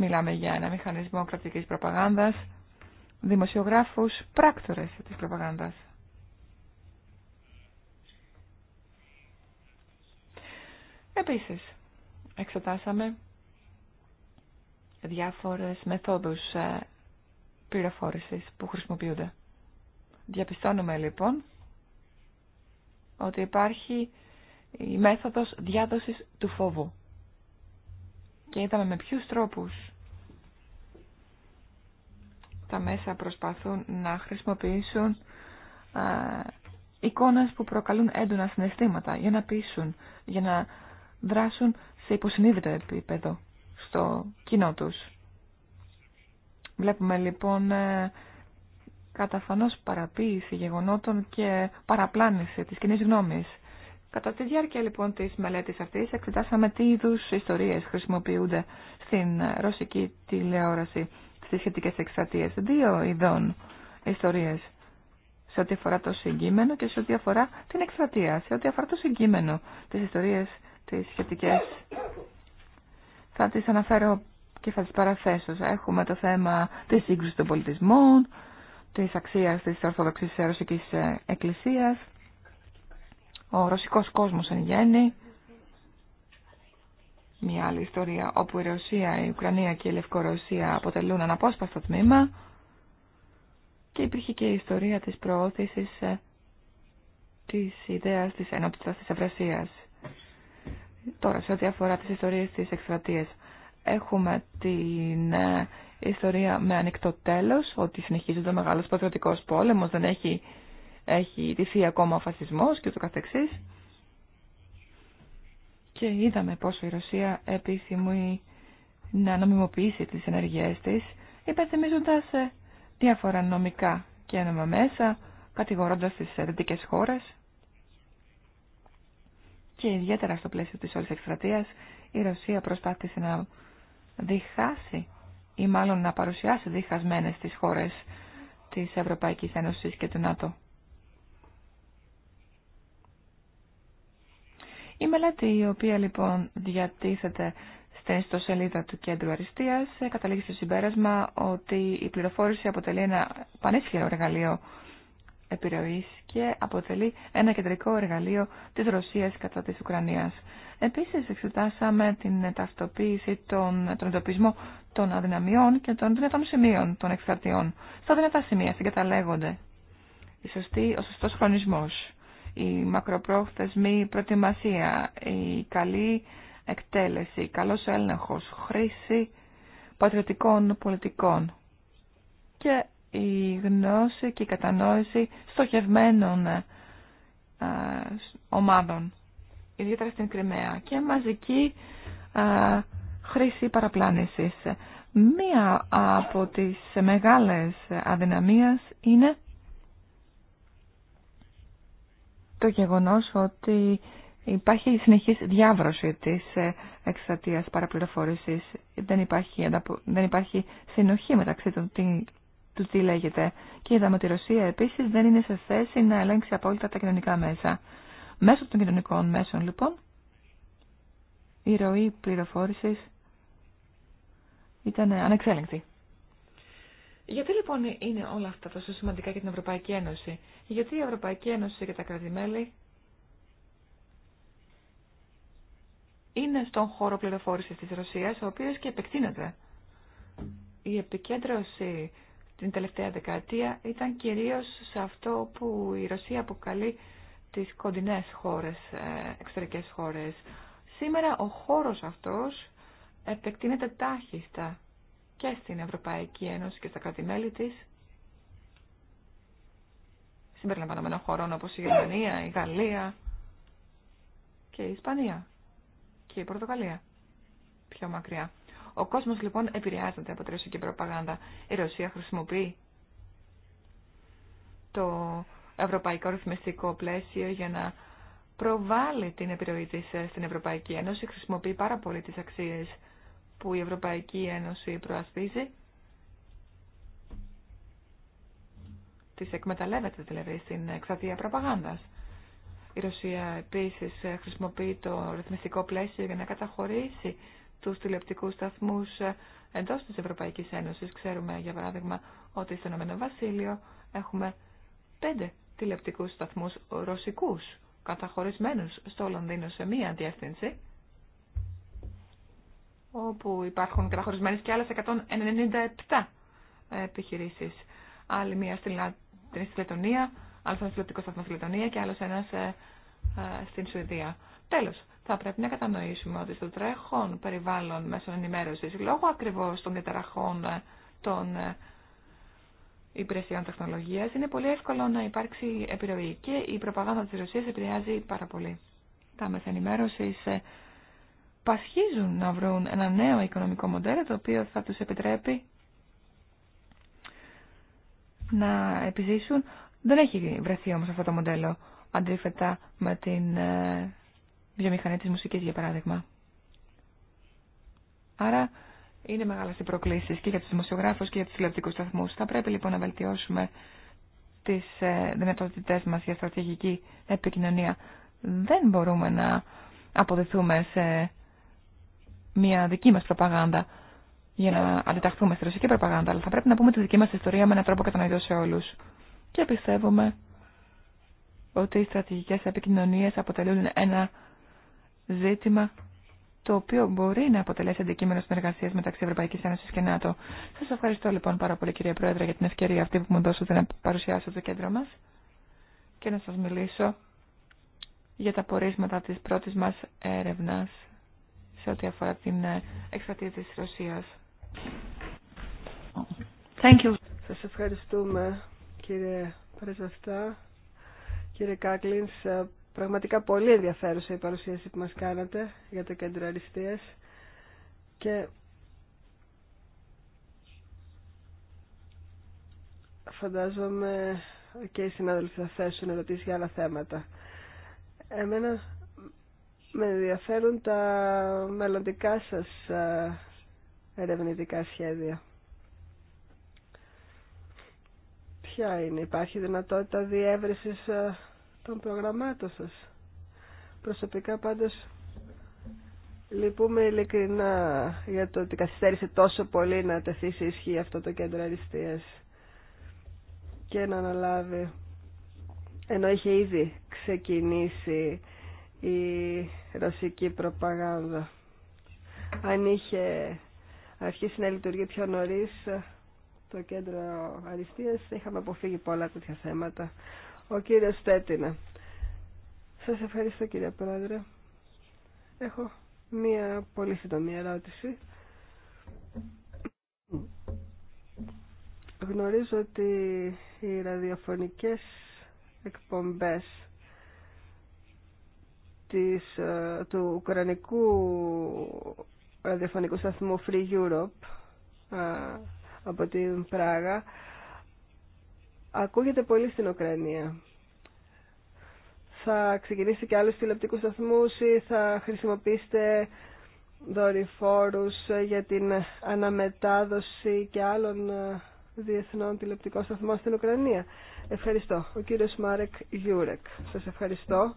Μιλάμε για ένα μηχανισμό κρατικής προπαγάνδας, δημοσιογράφους, πράκτορες της προπαγάνδας. Επίσης, εξετάσαμε διάφορες μεθόδους ε, πληροφόρησης που χρησιμοποιούνται. Διαπιστώνουμε λοιπόν ότι υπάρχει η μέθοδος διάδοσης του φόβου και είδαμε με ποιους τρόπους τα μέσα προσπαθούν να χρησιμοποιήσουν α, εικόνες που προκαλούν έντονα συναισθήματα για να πείσουν, για να δράσουν σε υποσυνείδητο επίπεδο στο κοινό τους. Βλέπουμε λοιπόν ε, καταφανώς παραποίηση γεγονότων και παραπλάνηση της κοινή γνώμης. Κατά τη διάρκεια λοιπόν της μελέτης αυτής εξετάσαμε τι είδους ιστορίες χρησιμοποιούνται στην ρωσική τηλεόραση στις σχετικές εξατίες. Δύο ειδών ιστορίες σε ό,τι αφορά το συγκείμενο και σε ό,τι αφορά την εκστρατεία. Σε ό,τι αφορά το συγκείμενο, τις ιστορίες, τις σχετικές, θα τις αναφέρω και θα τις παραθέσω. Έχουμε το θέμα της σύγκρουσης των πολιτισμών, της αξίας της Ορθόδοξης Ρωσικής Εκκλησίας, ο ρωσικός κόσμος εν γέννη, μια άλλη ιστορία όπου η Ρωσία, η Ουκρανία και η Λευκορωσία αποτελούν αναπόσπαστο τμήμα και υπήρχε και η ιστορία της προώθησης ε, της ιδέας της ενότητας της Ευρασίας. Τώρα, σε ό,τι αφορά τις ιστορίες της εκστρατείας, έχουμε την ε, ιστορία με ανοιχτό τέλος, ότι συνεχίζεται ο μεγάλος πατριωτικός πόλεμος, δεν έχει έχει τηθεί ακόμα ο φασισμός και το καθεξής. Και είδαμε πόσο η Ρωσία επιθυμεί να νομιμοποιήσει τις ενεργειές της, υπενθυμίζοντας ε, διάφορα νομικά και ενωμα μέσα, κατηγορώντας τις δυτικές χώρες και ιδιαίτερα στο πλαίσιο της όλης εκστρατείας η Ρωσία προσπάθησε να διχάσει ή μάλλον να παρουσιάσει διχασμένες τις χώρες της Ευρωπαϊκής Ένωσης και του ΝΑΤΟ. Η μελέτη η οποία λοιπόν διατίθεται στην ιστοσελίδα του Κέντρου Αριστείας ε, καταλήγει στο συμπέρασμα ότι η πληροφόρηση αποτελεί ένα πανίσχυρο εργαλείο επιρροής και αποτελεί ένα κεντρικό εργαλείο της Ρωσίας κατά της Ουκρανίας. Επίσης εξετάσαμε την ταυτοποίηση, των, τον εντοπισμό των αδυναμιών και των δυνατών σημείων των εξαρτιών. Στα δυνατά σημεία συγκαταλέγονται η σωστή, ο σωστός χρονισμός η μακροπρόθεσμη προετοιμασία, η καλή εκτέλεση, καλός έλεγχος, χρήση πατριωτικών πολιτικών και η γνώση και η κατανόηση στοχευμένων ομάδων, ιδιαίτερα στην Κρυμαία και μαζική χρήση παραπλάνησης. Μία από τις μεγάλες αδυναμίες είναι το γεγονός ότι υπάρχει συνεχής διάβρωση της εξατίας παραπληροφόρησης. Δεν υπάρχει, δεν υπάρχει συνοχή μεταξύ των του τι λέγεται. Και είδαμε ότι η Ρωσία επίσης δεν είναι σε θέση να ελέγξει απόλυτα τα κοινωνικά μέσα. Μέσω των κοινωνικών μέσων λοιπόν, η ροή πληροφόρησης ήταν ανεξέλεγκτη. Γιατί λοιπόν είναι όλα αυτά τόσο σημαντικά για την Ευρωπαϊκή Ένωση. Γιατί η Ευρωπαϊκή Ένωση και τα κρατημέλη είναι στον χώρο πληροφόρηση της Ρωσίας, ο οποίος και επεκτείνεται. Η επικέντρωση την τελευταία δεκαετία ήταν κυρίως σε αυτό που η Ρωσία αποκαλεί τις κοντινές χώρες, ε, εξωτερικές χώρες. Σήμερα ο χώρος αυτός επεκτείνεται τάχιστα και στην Ευρωπαϊκή Ένωση και στα κράτη-μέλη συμπεριλαμβανομένων χωρών όπω η Γερμανία, η Γαλλία και η Ισπανία και η Πορτογαλία πιο μακριά. Ο κόσμος λοιπόν επηρεάζεται από τη ρωσική προπαγάνδα. Η Ρωσία χρησιμοποιεί το ευρωπαϊκό ρυθμιστικό πλαίσιο για να προβάλλει την επιρροή της στην Ευρωπαϊκή Ένωση. Χρησιμοποιεί πάρα πολύ τις αξίες που η Ευρωπαϊκή Ένωση προασπίζει. Τις εκμεταλλεύεται δηλαδή στην εξαρτία προπαγάνδας. Η Ρωσία επίση χρησιμοποιεί το ρυθμιστικό πλαίσιο για να καταχωρήσει τους τηλεοπτικούς σταθμού εντός της Ευρωπαϊκής Ένωσης. Ξέρουμε για παράδειγμα ότι στο Ηνωμένο Βασίλειο έχουμε πέντε τηλεοπτικούς σταθμού ρωσικούς καταχωρισμένους στο Λονδίνο σε μία διεύθυνση όπου υπάρχουν καταχωρισμένες και άλλες 197 ε, επιχειρήσεις. Άλλη μία στην Λετωνία, άλλος ένας τηλεοπτικός σταθμός στη Λετωνία και άλλος ένας ε, ε, στην Σουηδία. Τέλος, θα πρέπει να κατανοήσουμε ότι στο τρέχον περιβάλλον μέσων ενημέρωσης, λόγω ακριβώς των διαταραχών των υπηρεσιών τεχνολογίας, είναι πολύ εύκολο να υπάρξει επιρροή και η προπαγάνδα της Ρωσίας επηρεάζει πάρα πολύ. Τα μέσα πασχίζουν να βρουν ένα νέο οικονομικό μοντέλο το οποίο θα τους επιτρέπει να επιζήσουν. Δεν έχει βρεθεί όμως αυτό το μοντέλο αντίθετα με την ε, βιομηχανία της μουσικής για παράδειγμα. Άρα είναι μεγάλε οι προκλήσει και για του δημοσιογράφου και για του τηλεοπτικού σταθμού. Θα πρέπει λοιπόν να βελτιώσουμε τι ε, δυνατότητέ μα για στρατηγική επικοινωνία. Δεν μπορούμε να αποδεθούμε σε μια δική μα προπαγάνδα για να αντιταχθούμε στη ρωσική προπαγάνδα, αλλά θα πρέπει να πούμε τη δική μα ιστορία με έναν τρόπο κατανοητό σε όλου. Και πιστεύουμε ότι οι στρατηγικέ επικοινωνίε αποτελούν ένα ζήτημα το οποίο μπορεί να αποτελέσει αντικείμενο συνεργασία μεταξύ Ευρωπαϊκή Ένωση και ΝΑΤΟ. Σα ευχαριστώ λοιπόν πάρα πολύ, κυρία Πρόεδρε, για την ευκαιρία αυτή που μου δώσατε να παρουσιάσω το κέντρο μα και να σα μιλήσω για τα πορίσματα τη πρώτη μα έρευνα σε ό,τι αφορά την ε, εκστρατεία της Ρωσίας. Thank you. Σας ευχαριστούμε κύριε Πρεσβευτά, κύριε Κάκλινς. Ε, πραγματικά πολύ ενδιαφέρουσα η παρουσίαση που μας κάνατε για το κέντρο αριστείας και φαντάζομαι και οι συνάδελφοι θα θέσουν ερωτήσεις για άλλα θέματα. Εμένα με ενδιαφέρουν τα μελλοντικά σας ερευνητικά σχέδια. Ποια είναι, υπάρχει δυνατότητα διεύρυνσης των προγραμμάτων σας. Προσωπικά πάντως λυπούμε ειλικρινά για το ότι καθυστέρησε τόσο πολύ να τεθεί σε ισχύ αυτό το κέντρο αριστείας και να αναλάβει ενώ είχε ήδη ξεκινήσει η ρωσική προπαγάνδα. Αν είχε αρχίσει να λειτουργεί πιο νωρίς το κέντρο αριστείας, θα είχαμε αποφύγει πολλά τέτοια θέματα. Ο κύριος Τέτινα. Σας ευχαριστώ κύριε Πρόεδρε. Έχω μία πολύ σύντομη ερώτηση. Γνωρίζω ότι οι ραδιοφωνικές εκπομπές της, ε, του ουκρανικού ραδιοφωνικού σταθμού Free Europe ε, από την Πράγα ακούγεται πολύ στην Ουκρανία. Θα ξεκινήσετε και άλλους τηλεοπτικούς σταθμούς ή θα χρησιμοποιήσετε δορυφόρους για την αναμετάδοση και άλλων ε, διεθνών τηλεοπτικών σταθμών στην Ουκρανία. Ευχαριστώ. Ο κύριος Μάρεκ Γιούρεκ. Σας ευχαριστώ.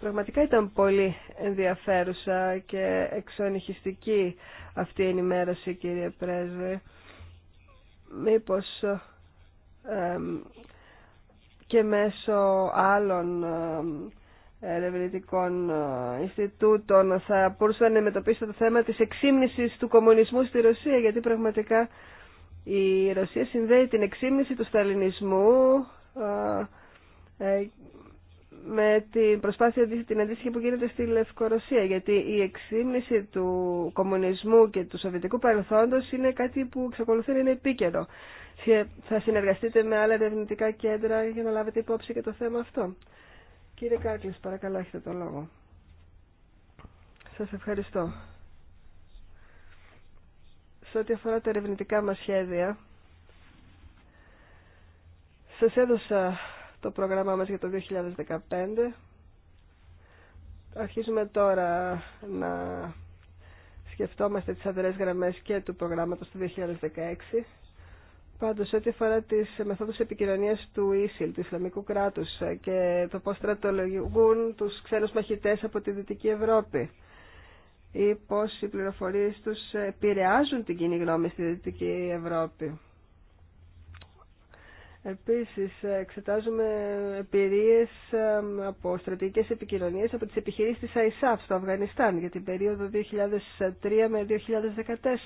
Πραγματικά ήταν πολύ ενδιαφέρουσα και εξονυχιστική αυτή η ενημέρωση, κύριε Πρέσβη. Μήπως και μέσω άλλων ερευνητικών ε, Ινστιτούτων θα μπορούσαν να αντιμετωπίσετε το θέμα της εξήμνησης του κομμουνισμού στη Ρωσία, γιατί πραγματικά η Ρωσία συνδέει την εξήμνηση του σταλινισμού ε, ε, με την προσπάθεια την αντίστοιχη που γίνεται στη Λευκορωσία γιατί η εξήμνηση του κομμουνισμού και του σοβιετικού παρελθόντος είναι κάτι που εξακολουθεί να είναι επίκαιρο. Θα συνεργαστείτε με άλλα ερευνητικά κέντρα για να λάβετε υπόψη και το θέμα αυτό. Κύριε Κάκλης, παρακαλώ, έχετε το λόγο. Σας ευχαριστώ. Σε ό,τι αφορά τα ερευνητικά μας σχέδια, σας έδωσα το πρόγραμμά μας για το 2015. Αρχίζουμε τώρα να σκεφτόμαστε τις αδερές γραμμές και του προγράμματος του 2016. Πάντως, ό,τι αφορά τις μεθόδους επικοινωνίας του ΙΣΙΛ, του Ισλαμικού κράτους ε, και το πώς στρατολογούν τους ξένους μαχητές από τη Δυτική Ευρώπη ή πώς οι πληροφορίες τους επηρεάζουν την κοινή γνώμη στη Δυτική Ευρώπη Επίσης, εξετάζουμε εμπειρίες από στρατηγικές επικοινωνίες από τις επιχειρήσεις της ISAF στο Αφγανιστάν για την περίοδο 2003 με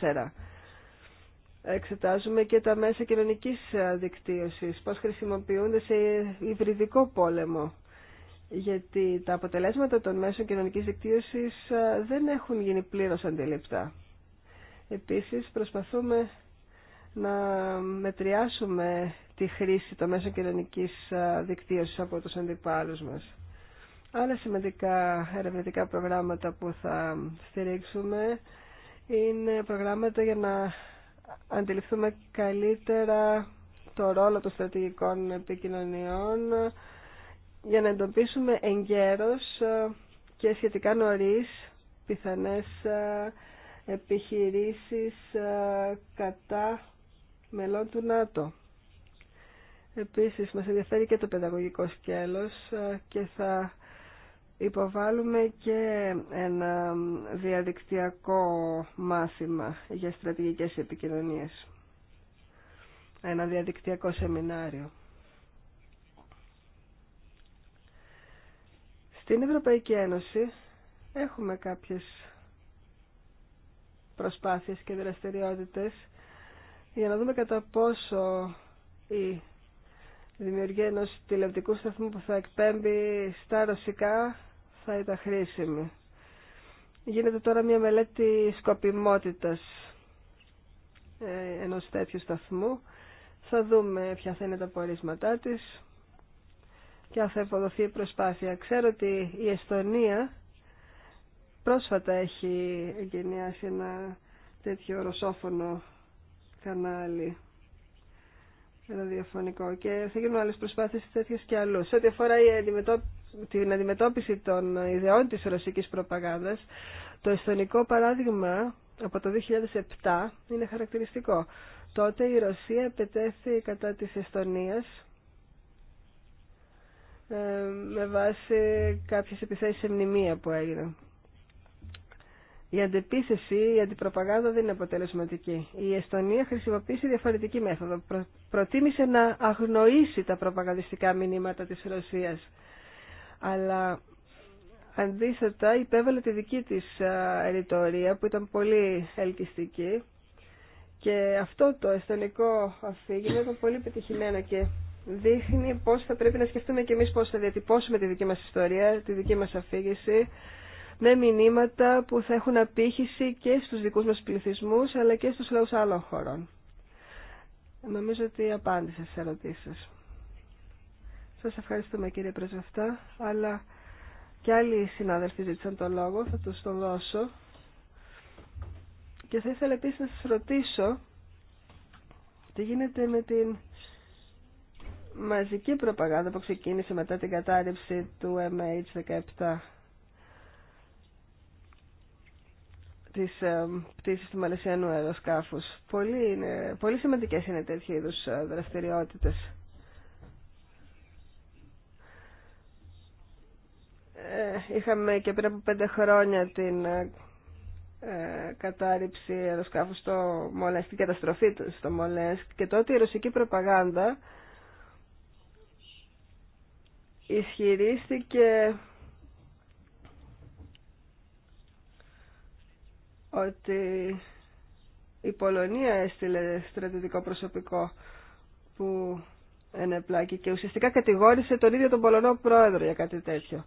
2014. Εξετάζουμε και τα μέσα κοινωνικής δικτύωσης, πώς χρησιμοποιούνται σε υβριδικό πόλεμο. Γιατί τα αποτελέσματα των μέσων κοινωνικής δικτύωσης ε, δεν έχουν γίνει πλήρως αντιληπτά. Επίσης, προσπαθούμε να μετριάσουμε τη χρήση των μέσων κοινωνική δικτύωσης από τους αντιπάλους μας. Άλλα σημαντικά ερευνητικά προγράμματα που θα στηρίξουμε είναι προγράμματα για να αντιληφθούμε καλύτερα το ρόλο των στρατηγικών επικοινωνιών για να εντοπίσουμε εγκαίρως και σχετικά νωρίς πιθανές επιχειρήσεις κατά μελών του ΝΑΤΟ. Επίσης, μας ενδιαφέρει και το παιδαγωγικό σκέλος ε, και θα υποβάλουμε και ένα διαδικτυακό μάθημα για στρατηγικές επικοινωνίες. Ένα διαδικτυακό σεμινάριο. Στην Ευρωπαϊκή Ένωση έχουμε κάποιες προσπάθειες και δραστηριότητες για να δούμε κατά πόσο η δημιουργία ενό τηλεοπτικού σταθμού που θα εκπέμπει στα ρωσικά θα ήταν χρήσιμη. Γίνεται τώρα μια μελέτη σκοπιμότητας ε, ενός τέτοιου σταθμού. Θα δούμε ποια θα είναι τα πορίσματά της και αν θα υποδοθεί η προσπάθεια. Ξέρω ότι η Εστονία πρόσφατα έχει εγκαινιάσει ένα τέτοιο ρωσόφωνο κανάλι ραδιοφωνικό και θα γίνουν άλλες προσπάθειες τέτοιες και αλλού. Σε ό,τι αφορά η αντιμετώπιση την αντιμετώπιση των ιδεών της ρωσικής προπαγάνδας, το εσθονικό παράδειγμα από το 2007 είναι χαρακτηριστικό. Τότε η Ρωσία επετέθη κατά της Εστονίας ε, με βάση κάποιες επιθέσεις σε μνημεία που έγιναν η αντεπίθεση, η αντιπροπαγάνδα δεν είναι αποτελεσματική. Η Εστονία χρησιμοποίησε διαφορετική μέθοδο. Προ, προτίμησε να αγνοήσει τα προπαγανδιστικά μηνύματα της Ρωσίας. Αλλά αντίθετα υπέβαλε τη δική της ρητορία που ήταν πολύ ελκυστική και αυτό το εστονικό αφήγημα ήταν πολύ πετυχημένο και δείχνει πώς θα πρέπει να σκεφτούμε και εμείς πώς θα διατυπώσουμε τη δική μας ιστορία, τη δική μας αφήγηση με μηνύματα που θα έχουν απήχηση και στους δικούς μας πληθυσμούς αλλά και στους λαούς άλλων χωρών. Νομίζω ότι απάντησα στις ερωτήσεις σας. Σας ευχαριστούμε κύριε Πρεσβευτά, αλλά και άλλοι συνάδελφοι ζήτησαν το λόγο, θα τους το δώσω. Και θα ήθελα επίσης να σας ρωτήσω τι γίνεται με την μαζική προπαγάνδα που ξεκίνησε μετά την κατάρριψη του MH17 τις ε, πτήσεις του Μαλαισιανού αεροσκάφους. Πολύ, είναι, πολύ σημαντικές είναι τέτοιου είδους ε, δραστηριότητες. Ε, είχαμε και πριν από πέντε χρόνια την κατάρριψη αεροσκάφου στο Μολέσκ, την καταστροφή του στο Μολέσκ και τότε η ρωσική προπαγάνδα ισχυρίστηκε ότι η Πολωνία έστειλε στρατιωτικό προσωπικό που ενεπλάκη και ουσιαστικά κατηγόρησε τον ίδιο τον Πολωνό πρόεδρο για κάτι τέτοιο.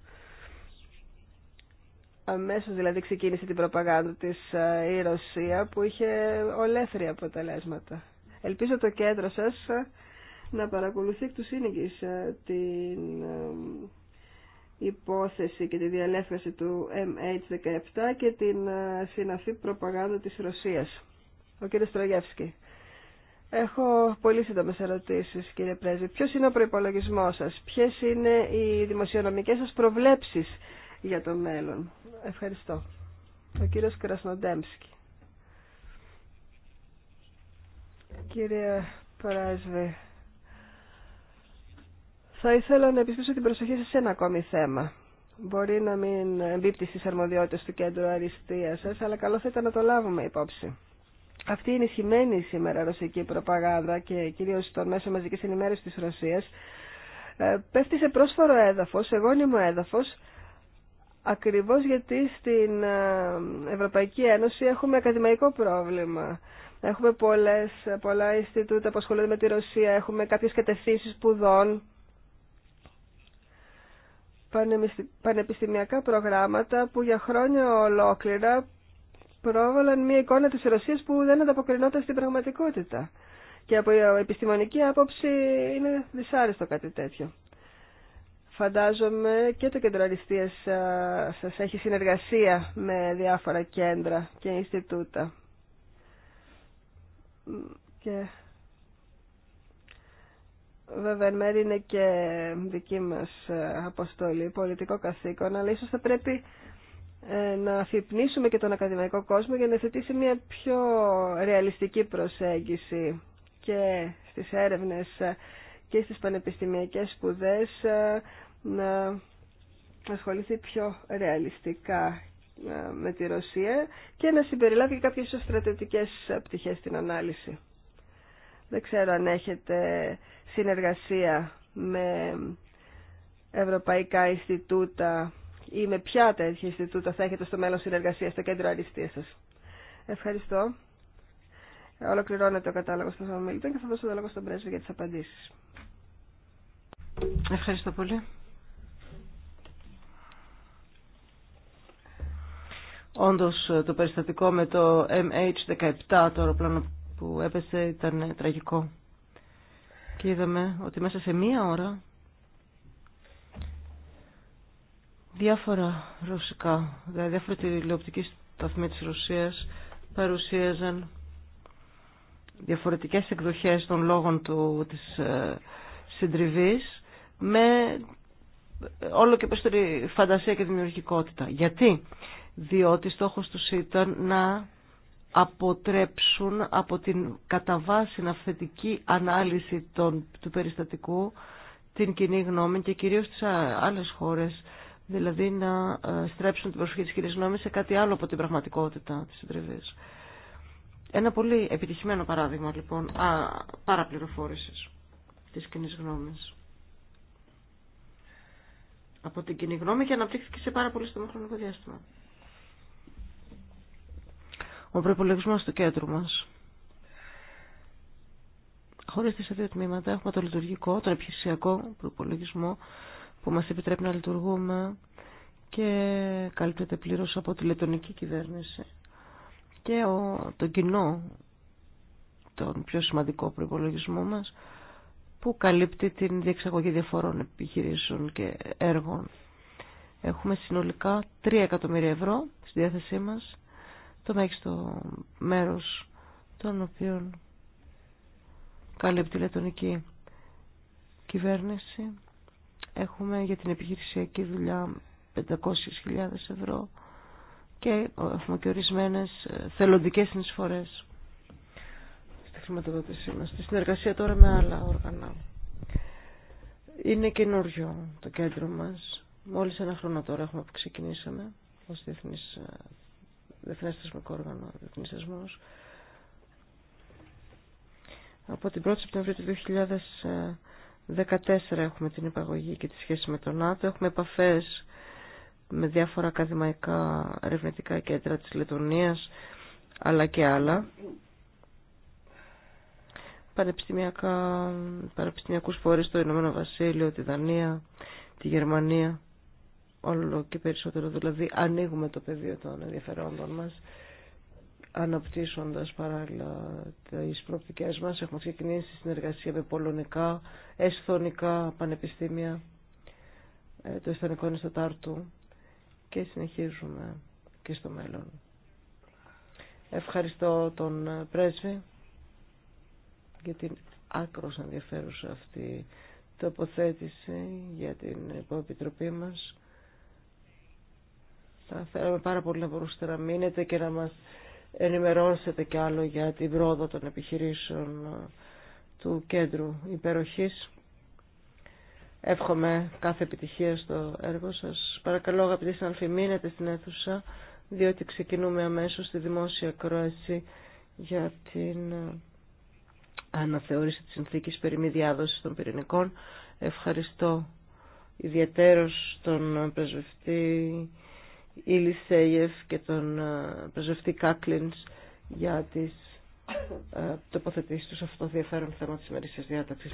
Αμέσως δηλαδή ξεκίνησε την προπαγάνδα της ε, η Ρωσία που είχε ολέθρια αποτελέσματα. Ελπίζω το κέντρο σας να παρακολουθεί εκ του ε, την ε, υπόθεση και τη διαλέφραση του MH17 και την ε, συναφή προπαγάνδα της Ρωσίας. Ο κύριος Τρογεύσκη. Έχω πολύ σύντομε ερωτήσει, κύριε Πρέσβη. Ποιο είναι ο προπολογισμό σα, ποιε είναι οι δημοσιονομικέ σα προβλέψει για το μέλλον. Ευχαριστώ. Ο κύριο Κρασνοντέμσκι. Κύριε Πρέσβη, θα ήθελα να επιστήσω την προσοχή σας σε ένα ακόμη θέμα. Μπορεί να μην εμπίπτει στι αρμοδιότητε του κέντρου αριστεία σα, αλλά καλό θα ήταν να το λάβουμε υπόψη. Αυτή η ενισχυμένη σήμερα ρωσική προπαγάνδα και κυρίω των μέσων μαζική ενημέρωση τη Ρωσία. Ε, πέφτει σε πρόσφορο έδαφο, σε γόνιμο έδαφος, ακριβώς γιατί στην ε, Ευρωπαϊκή Ένωση έχουμε ακαδημαϊκό πρόβλημα. Έχουμε πολλές, πολλά Ινστιτούτα που ασχολούνται με τη Ρωσία, έχουμε κάποιε κατευθύνσει σπουδών πανεπιστημιακά προγράμματα που για χρόνια ολόκληρα πρόβαλαν μια εικόνα της Ρωσίας που δεν ανταποκρινόταν στην πραγματικότητα. Και από επιστημονική άποψη είναι δυσάρεστο κάτι τέτοιο. Φαντάζομαι και το κέντρο αριστείας σας έχει συνεργασία με διάφορα κέντρα και Ινστιτούτα. Και Βέβαια, εν μέρει είναι και δική μας ε, αποστολή, πολιτικό καθήκον, αλλά ίσως θα πρέπει ε, να αφυπνίσουμε και τον ακαδημαϊκό κόσμο για να θετήσει μια πιο ρεαλιστική προσέγγιση και στις έρευνες ε, και στις πανεπιστημιακές σπουδές να ασχοληθεί πιο ρεαλιστικά με τη Ρωσία και να συμπεριλάβει κάποιες στρατιωτικές πτυχές στην ανάλυση. Δεν ξέρω αν έχετε συνεργασία με ευρωπαϊκά Ινστιτούτα ή με ποια τέτοια Ινστιτούτα θα έχετε στο μέλλον συνεργασία στο κέντρο αριστείας σας. Ευχαριστώ. Ολοκληρώνεται ο κατάλογο των ομιλητών και θα δώσω το λόγο στον πρέσβη για τι απαντήσει. Ευχαριστώ πολύ. Όντω το περιστατικό με το MH17, το αεροπλάνο που έπεσε ήταν τραγικό. Και είδαμε ότι μέσα σε μία ώρα διάφορα ρωσικά, δηλαδή διάφορα τηλεοπτική σταθμή της Ρωσίας παρουσίαζαν διαφορετικές εκδοχές των λόγων του, της ε, συντριβής με όλο και περισσότερη φαντασία και δημιουργικότητα. Γιατί? Διότι στόχος τους ήταν να αποτρέψουν από την κατά βάση αυθεντική ανάλυση των, του περιστατικού την κοινή γνώμη και κυρίως στις άλλες χώρες, δηλαδή να ε, στρέψουν την προσοχή της κοινή γνώμης σε κάτι άλλο από την πραγματικότητα της συντριβή. Ένα πολύ επιτυχημένο παράδειγμα λοιπόν α, παραπληροφόρησης της κοινή γνώμης. Από την κοινή γνώμη και αναπτύχθηκε σε πάρα πολύ στο χρονικό διάστημα ο προπολογισμό του κέντρου μα. Χωρί σε δύο τμήματα έχουμε το λειτουργικό, τον επιχειρησιακό προπολογισμό που μας επιτρέπει να λειτουργούμε και καλύπτεται πλήρως από τη λετωνική κυβέρνηση και ο, το κοινό, τον πιο σημαντικό προπολογισμό μας που καλύπτει την διεξαγωγή διαφορών επιχειρήσεων και έργων. Έχουμε συνολικά 3 εκατομμύρια ευρώ στη διάθεσή μας το μέγιστο μέρος των οποίων καλύπτει η λετωνική κυβέρνηση. Έχουμε για την επιχειρησιακή δουλειά 500.000 ευρώ και έχουμε και ορισμένε ε, θελοντικές συνεισφορές στη χρηματοδότησή μας. Στη συνεργασία τώρα με άλλα όργανα. Είναι καινούριο το κέντρο μας. Μόλις ένα χρόνο τώρα έχουμε που ξεκινήσαμε ως ε, διεθνέ Θεσμικό Όργανο, διεθνή θεσμό. Από την 1η Σεπτεμβρίου του 2014 έχουμε την υπαγωγή και τη σχέση με τον ΝΑΤΟ. Έχουμε επαφέ με διάφορα ακαδημαϊκά ερευνητικά κέντρα της Λετωνίας, αλλά και άλλα. Πανεπιστημιακά, πανεπιστημιακούς φορείς στο Ηνωμένο Βασίλειο, τη Δανία, τη Γερμανία όλο και περισσότερο δηλαδή ανοίγουμε το πεδίο των ενδιαφερόντων μας αναπτύσσοντας παράλληλα τις προοπτικές μας. Έχουμε ξεκινήσει συνεργασία με πολωνικά, εσθονικά πανεπιστήμια, ε, το στο Τάρτο και συνεχίζουμε και στο μέλλον. Ευχαριστώ τον πρέσβη για την άκρος ενδιαφέρουσα αυτή τοποθέτηση για την υποεπιτροπή μας θα θέλαμε πάρα πολύ να μπορούσατε να μείνετε και να μας ενημερώσετε κι άλλο για την πρόοδο των επιχειρήσεων ε, του κέντρου υπεροχής. Εύχομαι κάθε επιτυχία στο έργο σας. Παρακαλώ αγαπητοί συναλφοί, μείνετε στην αίθουσα, διότι ξεκινούμε αμέσως τη δημόσια κρόαση για την ε, αναθεώρηση της συνθήκης περί μη διάδοσης των πυρηνικών. Ευχαριστώ ιδιαίτερος τον πρεσβευτή Ηλισέγεφ και τον ε, πρεσβευτή Κάκλινς για τις τοποθετήσει τοποθετήσεις τους αυτό το ενδιαφέρον θέμα της ημερήσια διάταξης.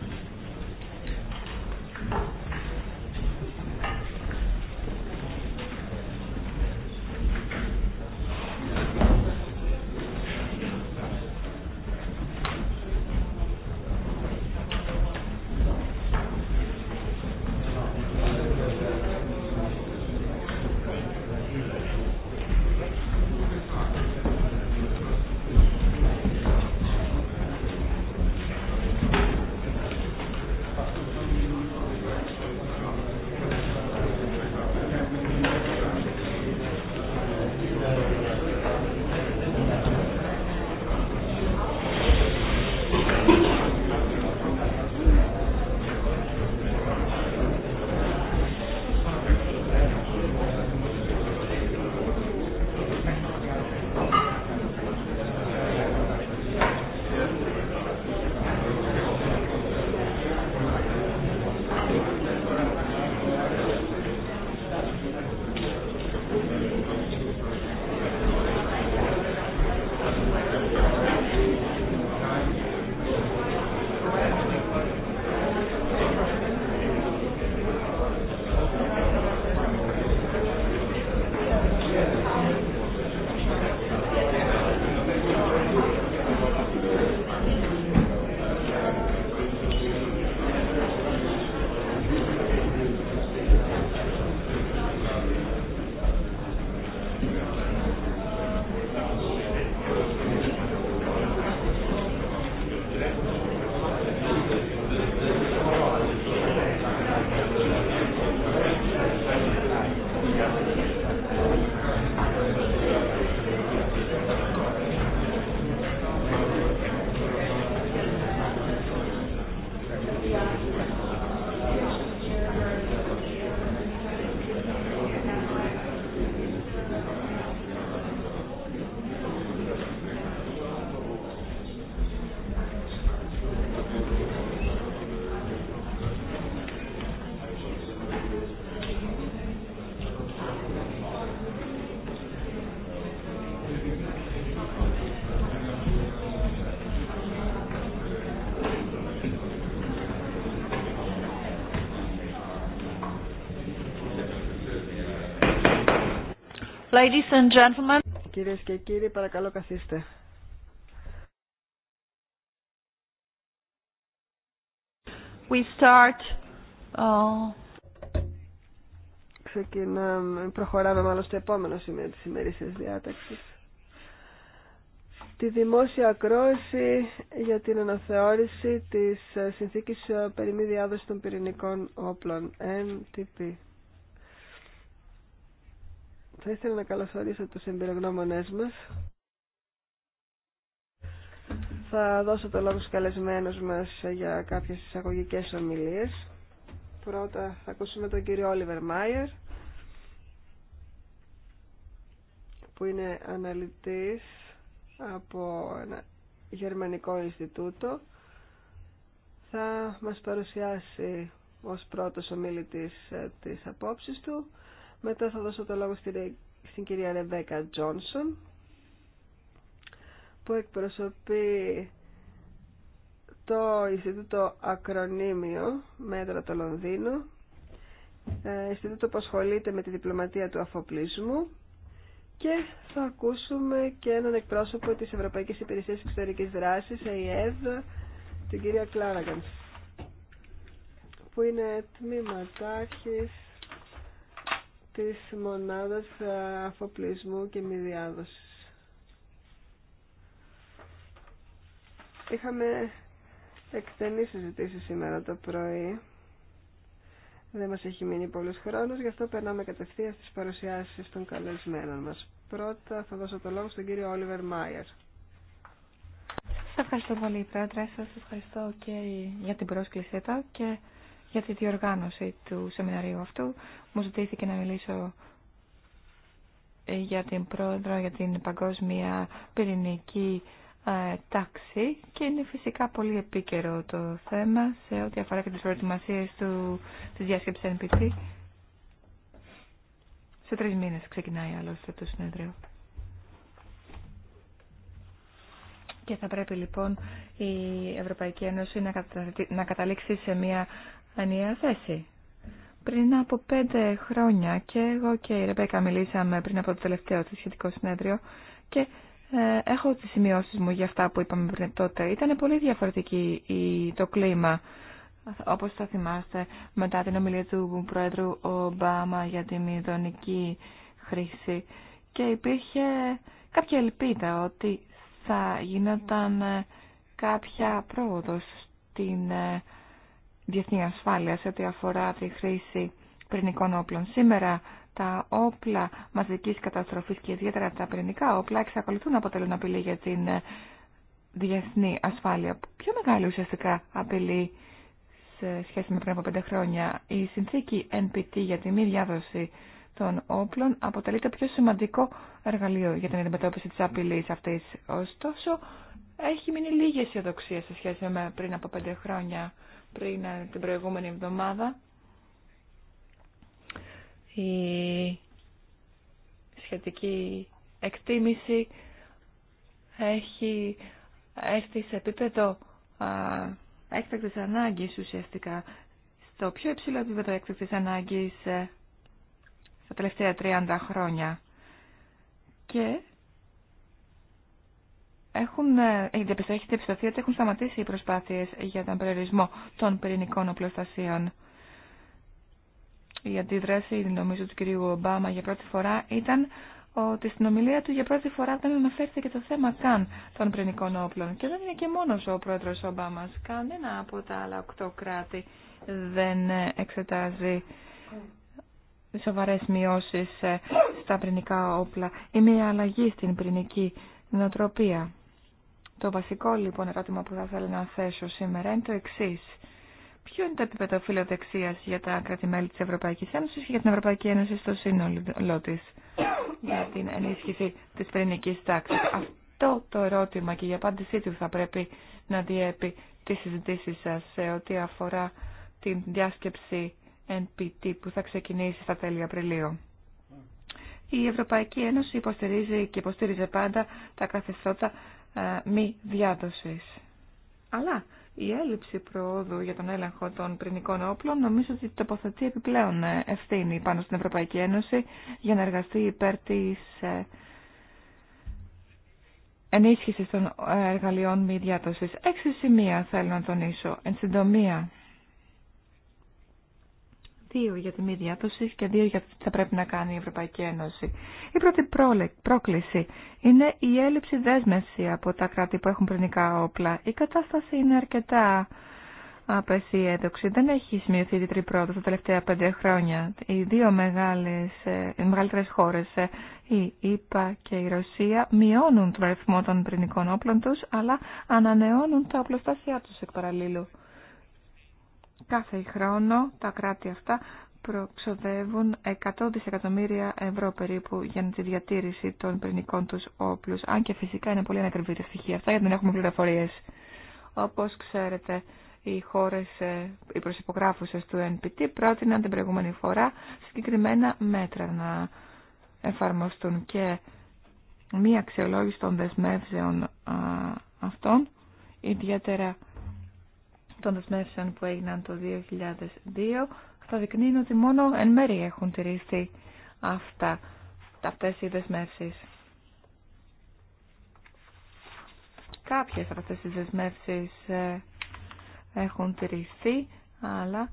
Ladies and gentlemen. Κυρίες και κύριοι, παρακαλώ καθίστε. We start. Uh, Ξεκινάμε, προχωράμε μάλλον στο επόμενο σημείο της ημερήσιας διάταξης. Τη δημόσια ακρόαση για την αναθεώρηση της συνθήκης ε, περί μη διάδοση των πυρηνικών όπλων, NTP. Θα ήθελα να καλωσορίσω τους εμπειρογνώμονές μας. Θα δώσω το λόγο στους καλεσμένους μας για κάποιες εισαγωγικές ομιλίες. Πρώτα θα ακούσουμε τον κύριο Όλιβερ Μάιερ, που είναι αναλυτής από ένα γερμανικό Ινστιτούτο. Θα μας παρουσιάσει ως πρώτος ομιλητής ε, τις απόψεις του μετά θα δώσω το λόγο στην κυρία Ρεβέκα Τζόνσον που εκπροσωπεί το Ινστιτούτο Ακρονίμιο Μέτρα το Λονδίνο ε, Ινστιτούτο που ασχολείται με τη διπλωματία του αφοπλισμού και θα ακούσουμε και έναν εκπρόσωπο της Ευρωπαϊκής Υπηρεσίας Εξωτερικής Δράσης, ΕΙΕΔ, την κυρία Κλάραγκαν, που είναι τμήματάρχης της μονάδας ε, αφοπλισμού και μη διάδοσης. Είχαμε εκτενή συζητήση σήμερα το πρωί. Δεν μας έχει μείνει πολλούς χρόνος, γι' αυτό περνάμε κατευθείαν στις παρουσιάσεις των καλεσμένων μας. Πρώτα θα δώσω το λόγο στον κύριο Όλιβερ Μάιερ. Σας ευχαριστώ πολύ, Πρόεδρε. Σας ευχαριστώ και για την πρόσκλησή του και για τη διοργάνωση του σεμιναρίου αυτού. Μου ζητήθηκε να μιλήσω για την πρόεδρο, για την παγκόσμια πυρηνική ε, τάξη και είναι φυσικά πολύ επίκαιρο το θέμα σε ό,τι αφορά και τις προετοιμασίες του, της διάσκεψης NPT. Σε τρεις μήνες ξεκινάει άλλωστε το συνέδριο. Και θα πρέπει λοιπόν η Ευρωπαϊκή Ένωση να, καταλήξει σε μια ενιαία θέση. Πριν από πέντε χρόνια και εγώ και η Ρεμπέκα μιλήσαμε πριν από το τελευταίο της σχετικό συνέδριο και ε, έχω τις σημειώσεις μου για αυτά που είπαμε πριν τότε. Ήταν πολύ διαφορετική το κλίμα, όπως θα θυμάστε, μετά την ομιλία του Πρόεδρου Ομπάμα για τη μηδονική χρήση και υπήρχε κάποια ελπίδα ότι θα γίνονταν ε, κάποια πρόοδος στην ε, διεθνή ασφάλεια σε ό,τι αφορά τη χρήση πυρηνικών όπλων. Σήμερα τα όπλα μαζικής καταστροφής και ιδιαίτερα τα πυρηνικά όπλα εξακολουθούν να αποτελούν απειλή για την ε, διεθνή ασφάλεια. Πιο μεγάλη ουσιαστικά απειλή σε σχέση με πριν από πέντε χρόνια. Η συνθήκη NPT για τη μη διάδοση των όπλων αποτελεί το πιο σημαντικό εργαλείο για την αντιμετώπιση της απειλή αυτής. Ωστόσο, έχει μείνει λίγη αισιοδοξία σε σχέση με πριν από πέντε χρόνια πριν ε, την προηγούμενη εβδομάδα. Η σχετική εκτίμηση έχει έρθει σε επίπεδο έκτακτης ανάγκης ουσιαστικά στο πιο υψηλό επίπεδο έκτακτης ανάγκης ε, στα τελευταία 30 χρόνια και έχουν, ε, έχετε ότι έχουν σταματήσει οι προσπάθειες για τον περιορισμό των πυρηνικών οπλοστασίων. Η αντίδραση, νομίζω, του κυρίου Ομπάμα για πρώτη φορά ήταν ότι στην ομιλία του για πρώτη φορά δεν αναφέρθηκε το θέμα καν των πυρηνικών όπλων. Και δεν είναι και μόνος ο πρόεδρος Ομπάμα. Κανένα από τα άλλα οκτώ κράτη δεν ε, εξετάζει σοβαρές μειώσεις ε, στα πυρηνικά όπλα ή μια αλλαγή στην πυρηνική νοοτροπία. Το βασικό λοιπόν ερώτημα που θα ήθελα να θέσω σήμερα είναι το εξή. Ποιο είναι το επίπεδο φιλοδεξία για τα κράτη-μέλη τη Ευρωπαϊκή Ένωση και για την Ευρωπαϊκή Ένωση στο σύνολό τη για την ενίσχυση τη πυρηνική τάξη. Αυτό το ερώτημα και η απάντησή του θα πρέπει να διέπει τις συζητήσεις σα σε ό,τι αφορά την διάσκεψη NPT που θα ξεκινήσει στα τέλη Απριλίου. Η Ευρωπαϊκή Ένωση υποστηρίζει και υποστηρίζει πάντα τα καθεστώτα ε, μη διάδοσης. Αλλά η έλλειψη προόδου για τον έλεγχο των πρινικών όπλων νομίζω ότι τοποθετεί επιπλέον ε, ευθύνη πάνω στην Ευρωπαϊκή Ένωση για να εργαστεί υπέρ της ε, ενίσχυσης των εργαλειών μη διάδοσης. Έξι σημεία θέλω να τονίσω. Εν συντομία, δύο για τη μη διάδοση και δύο για τι θα πρέπει να κάνει η Ευρωπαϊκή Ένωση. Η πρώτη πρόκληση είναι η έλλειψη δέσμευση από τα κράτη που έχουν πυρηνικά όπλα. Η κατάσταση είναι αρκετά απεσή έντοξη. Δεν έχει σημειωθεί την τρίπροδο τα τελευταία πέντε χρόνια. Οι δύο μεγάλες, χώρε. Ε, χώρες, ε, η ΙΠΑ και η Ρωσία, μειώνουν τον αριθμό των πυρηνικών όπλων τους, αλλά ανανεώνουν τα οπλοστάσια τους εκ παραλλήλου. Κάθε χρόνο τα κράτη αυτά προξοδεύουν 100 δισεκατομμύρια ευρώ περίπου για τη διατήρηση των πυρηνικών τους όπλους. Αν και φυσικά είναι πολύ ανακριβή τα στοιχεία αυτά γιατί δεν έχουμε πληροφορίες. Όπως ξέρετε, οι χώρες, ε, οι προσυπογράφουσες του NPT πρότειναν την προηγούμενη φορά συγκεκριμένα μέτρα να εφαρμοστούν και μία αξιολόγηση των δεσμεύσεων αυτών, ιδιαίτερα των δεσμεύσεων που έγιναν το 2002 θα δεικνύουν ότι μόνο εν μέρη έχουν τηρήσει αυτά, αυτές οι δεσμεύσεις. Κάποιες από αυτές τις δεσμεύσεις ε, έχουν τηρηθεί, αλλά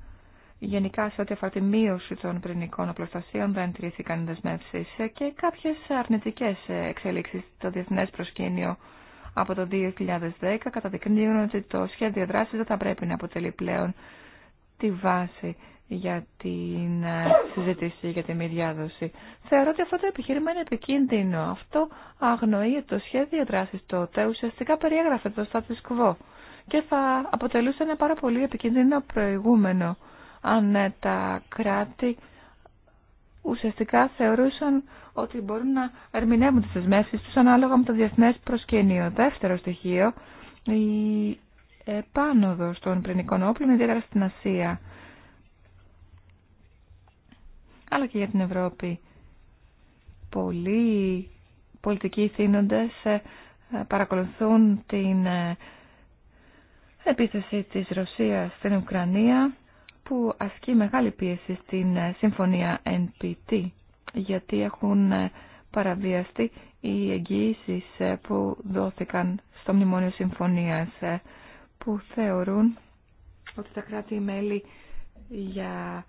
γενικά σε ό,τι αφορά τη μείωση των πυρηνικών οπλοστασίων δεν τηρήθηκαν οι δεσμεύσεις ε, και κάποιες αρνητικές ε, εξέλιξεις στο διεθνές προσκήνιο από το 2010 καταδεικνύουν ότι το σχέδιο δράσης δεν θα πρέπει να αποτελεί πλέον τη βάση για την ε, συζήτηση για τη μη διάδοση. Θεωρώ ότι αυτό το επιχείρημα είναι επικίνδυνο. Αυτό αγνοεί το σχέδιο δράσης τότε. Ουσιαστικά περιέγραφε το status quo και θα αποτελούσε ένα πάρα πολύ επικίνδυνο προηγούμενο αν ε, τα κράτη ουσιαστικά θεωρούσαν ότι μπορούν να ερμηνεύουν τις δεσμεύσεις τους ανάλογα με το διεθνές προσκήνιο. Δεύτερο στοιχείο, η επάνωδος των πυρηνικών όπλων, ιδιαίτερα στην Ασία, αλλά και για την Ευρώπη. Πολλοί πολιτικοί θύνοντες ε, ε, παρακολουθούν την ε, επίθεση της Ρωσίας στην Ουκρανία που ασκεί μεγάλη πίεση στην συμφωνία NPT γιατί έχουν ε, παραβιαστεί οι εγγυήσει ε, που δόθηκαν στο Μνημόνιο Συμφωνίας ε, που θεωρούν ότι τα κράτη-μέλη για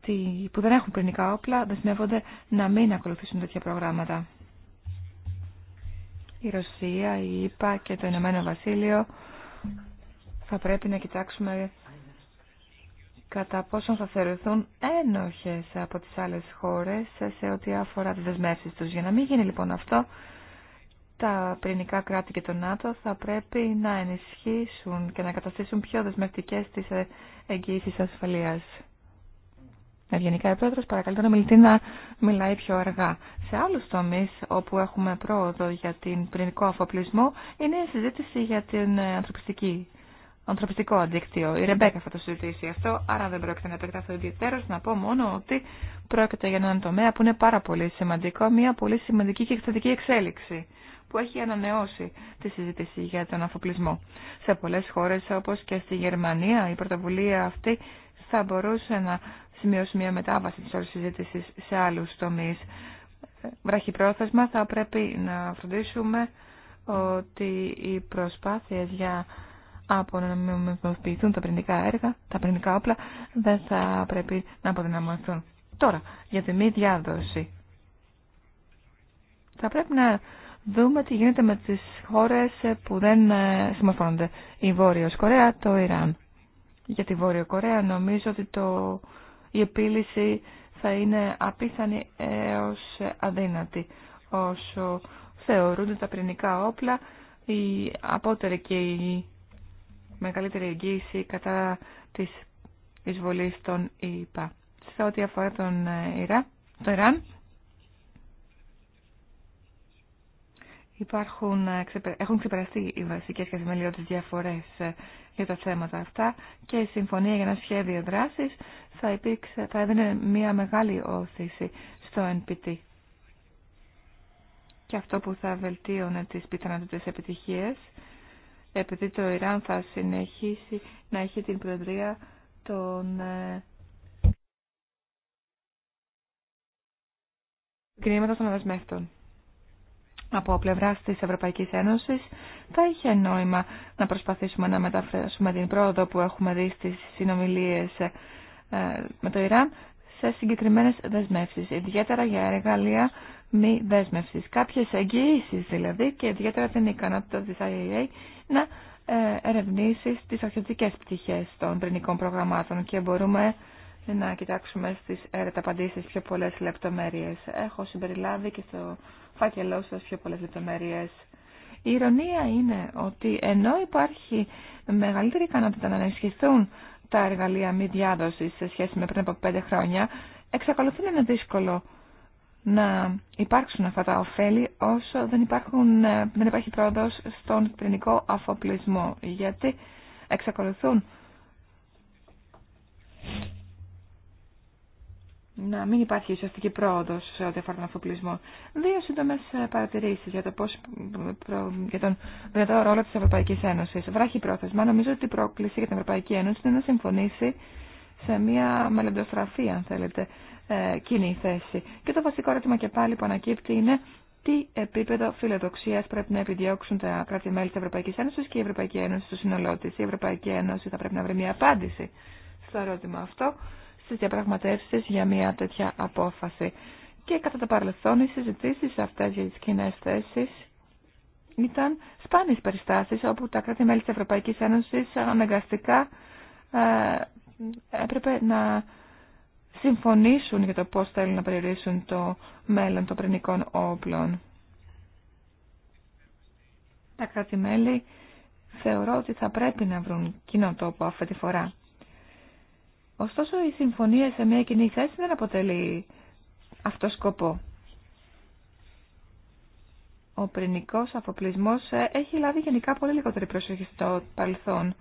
τη... που δεν έχουν πυρηνικά όπλα δεσμεύονται να μην ακολουθήσουν τέτοια προγράμματα. Η Ρωσία, η ΙΠΑ και το Ηνωμένο Βασίλειο θα πρέπει να κοιτάξουμε κατά πόσον θα θεωρηθούν ένοχες από τις άλλες χώρες σε ό,τι αφορά τις δεσμεύσεις τους. Για να μην γίνει λοιπόν αυτό, τα πυρηνικά κράτη και το ΝΑΤΟ θα πρέπει να ενισχύσουν και να καταστήσουν πιο δεσμευτικές τις εγγύησεις ασφαλείας. Ευγενικά, η πρόεδρος παρακαλεί τον ομιλητή να μιλάει πιο αργά. Σε άλλους τομείς όπου έχουμε πρόοδο για την πυρηνικό αφοπλισμό είναι η συζήτηση για την ε, ανθρωπιστική ανθρωπιστικό αντίκτυο. Η Ρεμπέκα θα το συζητήσει αυτό, άρα δεν πρόκειται να επεκταθώ ιδιαίτερω. Να πω μόνο ότι πρόκειται για έναν τομέα που είναι πάρα πολύ σημαντικό, μια πολύ σημαντική και εκθετική εξέλιξη που έχει ανανεώσει τη συζήτηση για τον αφοπλισμό. Σε πολλές χώρες όπως και στη Γερμανία η πρωτοβουλία αυτή θα μπορούσε να σημειώσει μια μετάβαση της όλης συζήτησης σε άλλους τομείς. Βραχυπρόθεσμα θα πρέπει να φροντίσουμε ότι οι προσπάθειες για από να μεμοποιηθούν τα πρινικά έργα, τα πυρηνικά όπλα, δεν θα πρέπει να αποδυναμωθούν. Τώρα, για τη μη διάδοση. Θα πρέπει να δούμε τι γίνεται με τις χώρες που δεν ε, συμμορφώνονται. Η Βόρειος Κορέα, το Ιράν. Για τη Βόρειο Κορέα νομίζω ότι το, η επίλυση θα είναι απίθανη έως αδύνατη. Όσο θεωρούνται τα πυρηνικά όπλα, η απότερη και η μεγαλύτερη εγγύηση κατά της εισβολής των ΙΠΑ. Σε ό,τι αφορά τον ε, Ιρά, το Ιράν, υπάρχουν, ε, έχουν ξεπεραστεί οι βασικές και θεμελιώτες διαφορές ε, για τα θέματα αυτά και η συμφωνία για ένα σχέδιο δράσης θα, υπήξε, θα έδινε μια μεγάλη όθηση στο NPT. Και αυτό που θα βελτίωνε τις πιθανότητες επιτυχίες επειδή το Ιράν θα συνεχίσει να έχει την προεδρία των ε, κινήματος των αδεσμεύτων. Από πλευρά τη Ευρωπαϊκή Ένωση θα είχε νόημα να προσπαθήσουμε να μεταφράσουμε την πρόοδο που έχουμε δει στι συνομιλίε ε, με το Ιράν σε συγκεκριμένε δεσμεύσει, ιδιαίτερα για εργαλεία μη δέσμευση. Κάποιε εγγυήσει, δηλαδή και ιδιαίτερα την ικανότητα τη IAA να ε, ερευνήσει τι αρχιωτικές πτυχέ των πυρηνικών προγραμμάτων και μπορούμε να κοιτάξουμε στι ερεταπαντήσει πιο πολλέ λεπτομέρειε. Έχω συμπεριλάβει και στο φάκελό σα πιο πολλέ λεπτομέρειε. Η ηρωνία είναι ότι ενώ υπάρχει μεγαλύτερη ικανότητα να ενισχυθούν τα εργαλεία μη διάδοση σε σχέση με πριν από πέντε χρόνια, εξακολουθεί να είναι δύσκολο να υπάρξουν αυτά τα ωφέλη όσο δεν, υπάρχουν, ε, δεν υπάρχει πρόοδος στον πυρηνικό αφοπλισμό. Γιατί εξακολουθούν να μην υπάρχει ουσιαστική πρόοδο σε ό,τι αφορά τον αφοπλισμό. Δύο σύντομε παρατηρήσει για, το πώς, για τον δυνατό ρόλο τη Ευρωπαϊκή Ένωση. Βράχει πρόθεσμα. Νομίζω ότι η πρόκληση για την Ευρωπαϊκή Ένωση είναι να συμφωνήσει σε μια μελλοντοστραφή, αν θέλετε, ε, κοινή θέση. Και το βασικό ερώτημα και πάλι που ανακύπτει είναι τι επίπεδο φιλοδοξία πρέπει να επιδιώξουν τα κράτη-μέλη τη Ευρωπαϊκή Ένωση και η Ευρωπαϊκή Ένωση στο σύνολό τη. Η Ευρωπαϊκή Ένωση θα πρέπει να βρει μια απάντηση στο ερώτημα αυτό στι διαπραγματεύσει για μια τέτοια απόφαση. Και κατά το παρελθόν, οι συζητήσει αυτέ για τι κοινέ θέσει ήταν σπάνιε περιστάσει όπου τα κράτη-μέλη τη Ευρωπαϊκή Ένωση αναγκαστικά ε, έπρεπε να συμφωνήσουν για το πώς θέλουν να περιορίσουν το μέλλον των πρινικών όπλων. Τα κράτη-μέλη θεωρώ ότι θα πρέπει να βρουν κοινό τόπο αυτή τη φορά. Ωστόσο, η συμφωνία σε μια κοινή θέση δεν αποτελεί αυτό σκοπό. Ο πρινικός αφοπλισμός ε, έχει λάβει γενικά πολύ λιγότερη προσοχή στο παρελθόν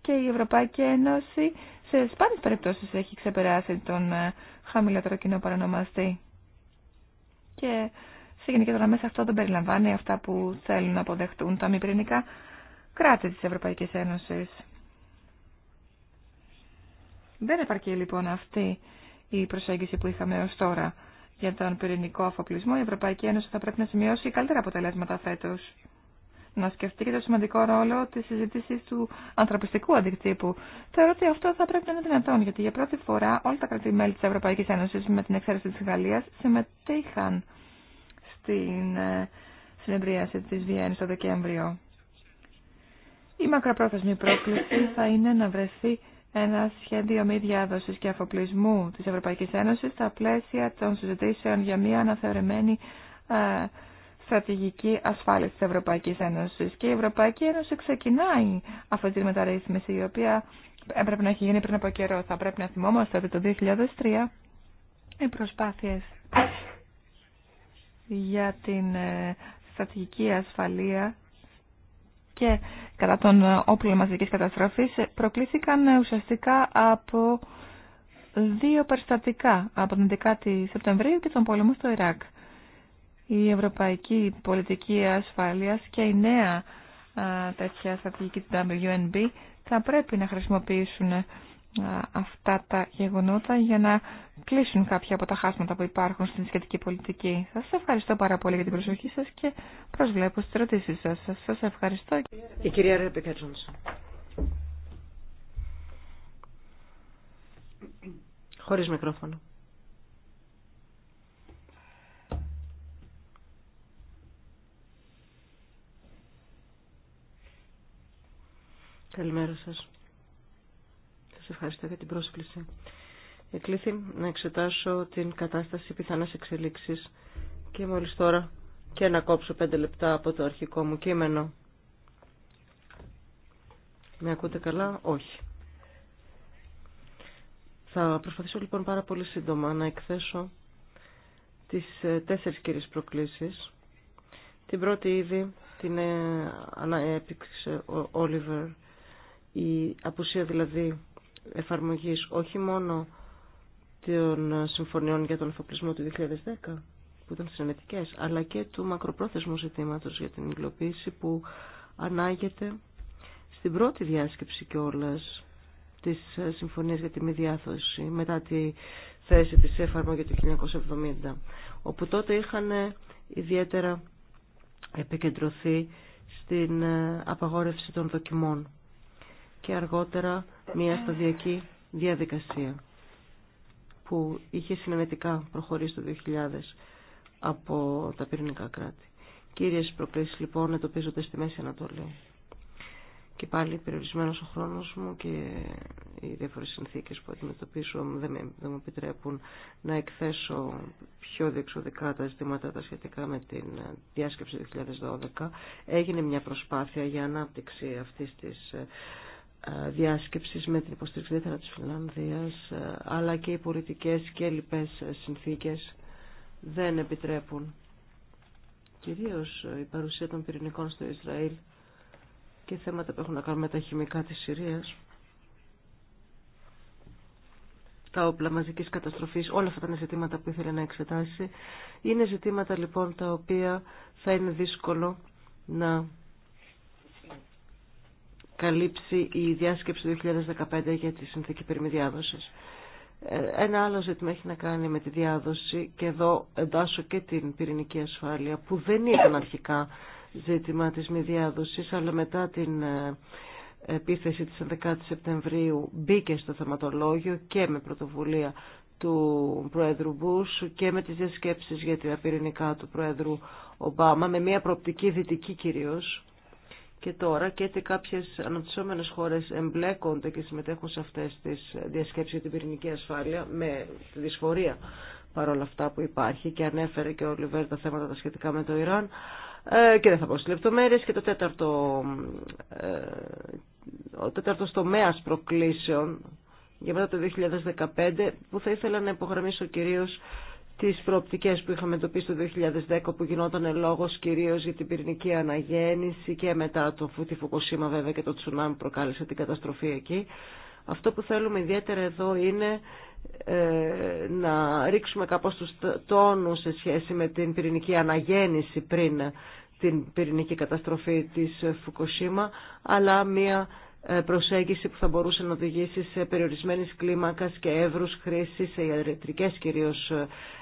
και η Ευρωπαϊκή Ένωση σε σπάνιες περιπτώσεις έχει ξεπεράσει τον ε, χαμηλότερο κοινό παρανομαστή. Και σε μέσα γραμμές αυτό δεν περιλαμβάνει αυτά που θέλουν να αποδεχτούν τα μη πυρηνικά κράτη της Ευρωπαϊκής Ένωσης. Δεν επαρκεί λοιπόν αυτή η προσέγγιση που είχαμε ως τώρα για τον πυρηνικό αφοπλισμό. Η Ευρωπαϊκή Ένωση θα πρέπει να σημειώσει καλύτερα αποτελέσματα φέτος να σκεφτεί και το σημαντικό ρόλο τη συζήτηση του ανθρωπιστικού αντικτύπου. Θεωρώ ότι αυτό θα πρέπει να είναι δυνατόν, γιατί για πρώτη φορά όλα τα κράτη-μέλη τη Ευρωπαϊκή Ένωση, με την εξαίρεση τη Γαλλία, συμμετείχαν στην ε, συνεδρίαση τη Βιέννη το Δεκέμβριο. Η μακροπρόθεσμη πρόκληση θα είναι να βρεθεί ένα σχέδιο μη διάδοση και αφοπλισμού τη Ευρωπαϊκή Ένωση στα πλαίσια των συζητήσεων για μια αναθεωρημένη ε, στρατηγική ασφάλεια της Ευρωπαϊκής Ένωσης και η Ευρωπαϊκή Ένωση ξεκινάει αυτή τη μεταρρύθμιση η οποία έπρεπε να έχει γίνει πριν από καιρό. Θα πρέπει να θυμόμαστε ότι το 2003 οι προσπάθειες για την ε, στρατηγική ασφαλεία και κατά τον ε, όπλο μαζικής καταστροφής προκλήθηκαν ε, ουσιαστικά από δύο περιστατικά από την 10η Σεπτεμβρίου και τον πόλεμο στο Ιράκ η ευρωπαϊκή πολιτική ασφάλειας και η νέα τέτοια στρατηγική του WNB θα πρέπει να χρησιμοποιήσουν αυτά τα γεγονότα για να κλείσουν κάποια από τα χάσματα που υπάρχουν στην σχετική πολιτική. Σας ευχαριστώ πάρα πολύ για την προσοχή σας και προσβλέπω στις ερωτήσεις σας. Σας ευχαριστώ. Η κυρία Ρεπίκα Τζόνσον. Χωρίς μικρόφωνο. Καλημέρα σας. Σας ευχαριστώ για την πρόσκληση. Εκλήθη να εξετάσω την κατάσταση πιθανές εξελίξεις και μόλις τώρα και να κόψω πέντε λεπτά από το αρχικό μου κείμενο. Με ακούτε καλά? Όχι. Θα προσπαθήσω λοιπόν πάρα πολύ σύντομα να εκθέσω τις ε, τέσσερις κύριες προκλήσεις. Την πρώτη ήδη την ε, αναέπηξε ο Όλιβερ η απουσία δηλαδή εφαρμογής όχι μόνο των συμφωνιών για τον εφοπλισμό του 2010 που ήταν συνενετικές αλλά και του μακροπρόθεσμου ζητήματος για την υλοποίηση που ανάγεται στην πρώτη διάσκεψη κιόλα της συμφωνίας για τη μη διάθεση μετά τη θέση της εφαρμογή του 1970 όπου τότε είχαν ιδιαίτερα επικεντρωθεί στην απαγόρευση των δοκιμών και αργότερα μια σταδιακή διαδικασία που είχε συνενετικά προχωρήσει το 2000 από τα πυρηνικά κράτη. Κύριες προκλήσεις λοιπόν εντοπίζονται στη Μέση Ανατολή. Και πάλι περιορισμένος ο χρόνος μου και οι διάφορες συνθήκες που αντιμετωπίσω δεν δεν μου επιτρέπουν να εκθέσω πιο διεξοδικά τα ζητήματα τα σχετικά με την ε, διάσκεψη 2012. Έγινε μια προσπάθεια για ανάπτυξη αυτής της ε, ε, διάσκεψης με την υποστήριξη δεύτερα της Φιλανδίας ε, αλλά και οι πολιτικές και λοιπές ε, συνθήκες δεν επιτρέπουν κυρίως η παρουσία των πυρηνικών στο Ισραήλ και θέματα που έχουν να κάνουν με τα χημικά της Συρίας τα όπλα μαζικής καταστροφής, όλα αυτά τα ζητήματα που ήθελε να εξετάσει. Είναι ζητήματα λοιπόν τα οποία θα είναι δύσκολο να καλύψει η διάσκεψη 2015 για τη συνθήκη περιμηδιάδοσης. Ε, ένα άλλο ζήτημα έχει να κάνει με τη διάδοση και εδώ εντάσσω και την πυρηνική ασφάλεια που δεν ήταν αρχικά ζήτημα της μη διάδοσης αλλά μετά την ε, επίθεση της 11 Σεπτεμβρίου μπήκε στο θεματολόγιο και με πρωτοβουλία του Πρόεδρου Μπούς και με τις διασκέψεις για τα πυρηνικά του Πρόεδρου Ομπάμα με μια προοπτική δυτική κυρίως και τώρα και έτσι κάποιες αναπτυσσόμενες χώρες εμπλέκονται και συμμετέχουν σε αυτές τις διασκέψεις για την πυρηνική ασφάλεια με τη δυσφορία παρόλα αυτά που υπάρχει και ανέφερε και ο Λιβέρ τα θέματα τα σχετικά με το Ιράν ε, και δεν θα πω στις λεπτομέρειες και το τέταρτο, ε, ο προκλήσεων για μετά το 2015 που θα ήθελα να υπογραμμίσω κυρίως τις προοπτικές που είχαμε εντοπίσει το 2010 που γινόταν λόγος κυρίως για την πυρηνική αναγέννηση και μετά το φούτι βέβαια και το τσουνάμι προκάλεσε την καταστροφή εκεί. Αυτό που θέλουμε ιδιαίτερα εδώ είναι ε, να ρίξουμε κάπως τους τόνους σε σχέση με την πυρηνική αναγέννηση πριν την πυρηνική καταστροφή της Φουκοσίμα, αλλά μια ε, προσέγγιση που θα μπορούσε να οδηγήσει σε περιορισμένη κλίμακα και εύρου χρήση, σε ιατρικέ κυρίω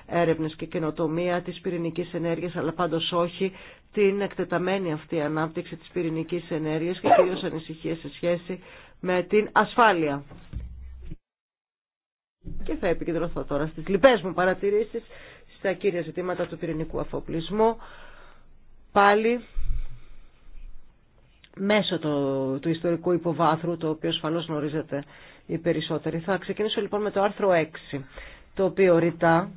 ε, έρευνε και καινοτομία της πυρηνικής ενέργειας, αλλά πάντως όχι την εκτεταμένη αυτή ανάπτυξη της πυρηνικής ενέργειας και κυρίως ανησυχίες σε σχέση με την ασφάλεια. Και θα επικεντρωθώ τώρα στι λοιπέ μου παρατηρήσει στα κύρια ζητήματα του πυρηνικού αφοπλισμού. Πάλι μέσω του, του ιστορικού υποβάθρου, το οποίο ασφαλώ γνωρίζετε οι περισσότεροι. Θα ξεκινήσω λοιπόν με το άρθρο 6, το οποίο ρητά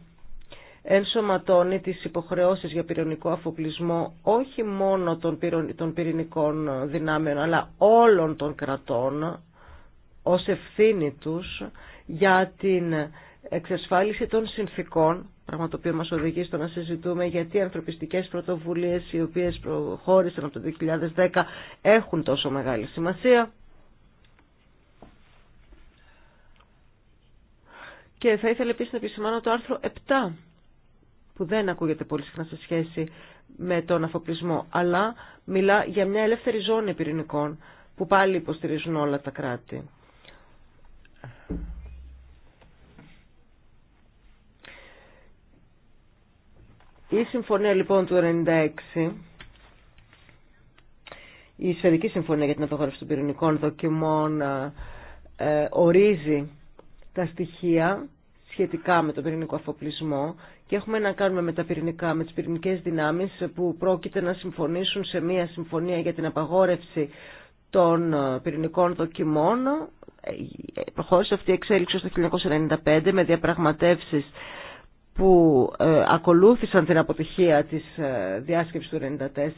ενσωματώνει τις υποχρεώσεις για πυρηνικό αφοπλισμό όχι μόνο των πυρηνικών δυνάμεων αλλά όλων των κρατών ως ευθύνη τους για την εξασφάλιση των συνθήκων, πράγμα το οποίο μας οδηγεί στο να συζητούμε γιατί ανθρωπιστικές πρωτοβουλίες οι οποίες προχώρησαν από το 2010 έχουν τόσο μεγάλη σημασία. Και θα ήθελα επίσης να επισημάνω το άρθρο 7 που δεν ακούγεται πολύ συχνά σε σχέση με τον αφοπλισμό, αλλά μιλά για μια ελεύθερη ζώνη πυρηνικών που πάλι υποστηρίζουν όλα τα κράτη. Η συμφωνία λοιπόν του 1996, η Σφαιρική Συμφωνία για την Απαγόρευση των Πυρηνικών Δοκιμών ε, ε, ορίζει τα στοιχεία σχετικά με τον πυρηνικό αφοπλισμό και έχουμε να κάνουμε με, τα πυρηνικά, με τις πυρηνικές δυνάμεις που πρόκειται να συμφωνήσουν σε μια συμφωνία για την απαγόρευση των ε, πυρηνικών δοκιμών. Προχώρησε αυτή η εξέλιξη στο 1995 με διαπραγματεύσεις που ε, ακολούθησαν την αποτυχία της ε, διάσκεψης του 1994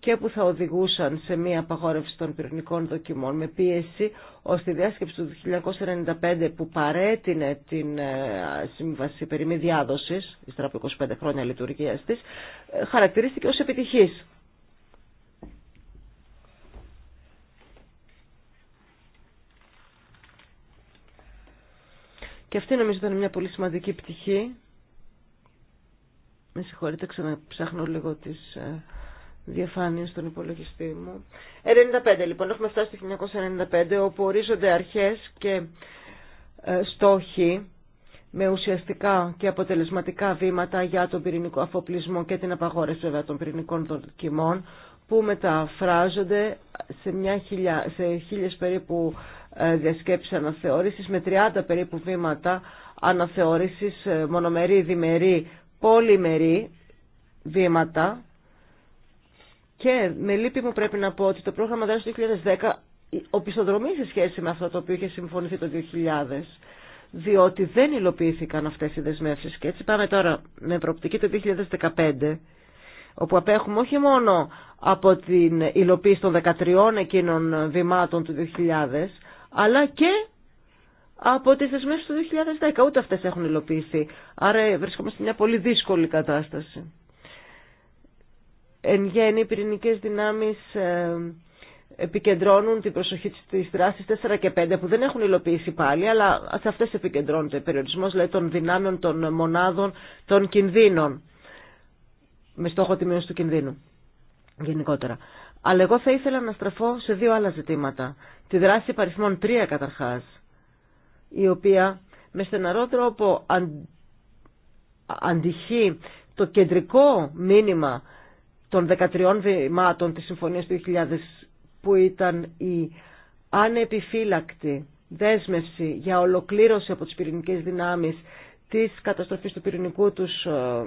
και που θα οδηγούσαν σε μία απαγόρευση των πυρηνικών δοκιμών με πίεση ώστε η διάσκεψη του 1995 που παρέτεινε την ε, σύμβαση περί μη διάδοσης, ύστερα από 25 χρόνια λειτουργίας της, χαρακτηρίστηκε ως επιτυχής. Και αυτή νομίζω ήταν μια πολύ σημαντική πτυχή με συγχωρείτε, ξαναψάχνω λίγο τις ε, διαφάνειε στον υπολογιστή μου. 95, λοιπόν, έχουμε φτάσει στο 1995, όπου ορίζονται αρχές και ε, στόχοι με ουσιαστικά και αποτελεσματικά βήματα για τον πυρηνικό αφοπλισμό και την απαγόρευση των πυρηνικών δοκιμών που μεταφράζονται σε, μια σε χίλιες περίπου ε, διασκέψεις αναθεώρησης με 30 περίπου βήματα αναθεώρησης μονομερή, διμερή, πολυμερή βήματα και με λύπη μου πρέπει να πω ότι το πρόγραμμα δράση του 2010 οπισθοδρομεί σε σχέση με αυτό το οποίο είχε συμφωνηθεί το 2000 διότι δεν υλοποιήθηκαν αυτές οι δεσμεύσεις και έτσι πάμε τώρα με προοπτική το 2015 όπου απέχουμε όχι μόνο από την υλοποίηση των 13 εκείνων βημάτων του 2000 αλλά και από τις δεσμεύσεις του 2010. Ούτε αυτές έχουν υλοποιηθεί. Άρα βρισκόμαστε σε μια πολύ δύσκολη κατάσταση. Εν γέννη, οι πυρηνικές δυνάμεις ε, επικεντρώνουν την προσοχή τη δράση 4 και 5 που δεν έχουν υλοποιήσει πάλι, αλλά σε αυτές επικεντρώνεται περιορισμός δηλαδή, των δυνάμεων, των μονάδων, των κινδύνων. Με στόχο τη μείωση του κινδύνου γενικότερα. Αλλά εγώ θα ήθελα να στραφώ σε δύο άλλα ζητήματα. Τη δράση παριθμών 3 καταρχάς η οποία με στεναρό τρόπο αντυχεί το κεντρικό μήνυμα των 13 βημάτων της Συμφωνίας του 2000 που ήταν η ανεπιφύλακτη δέσμευση για ολοκλήρωση από τις πυρηνικές δυνάμεις της καταστροφής του πυρηνικού τους ε,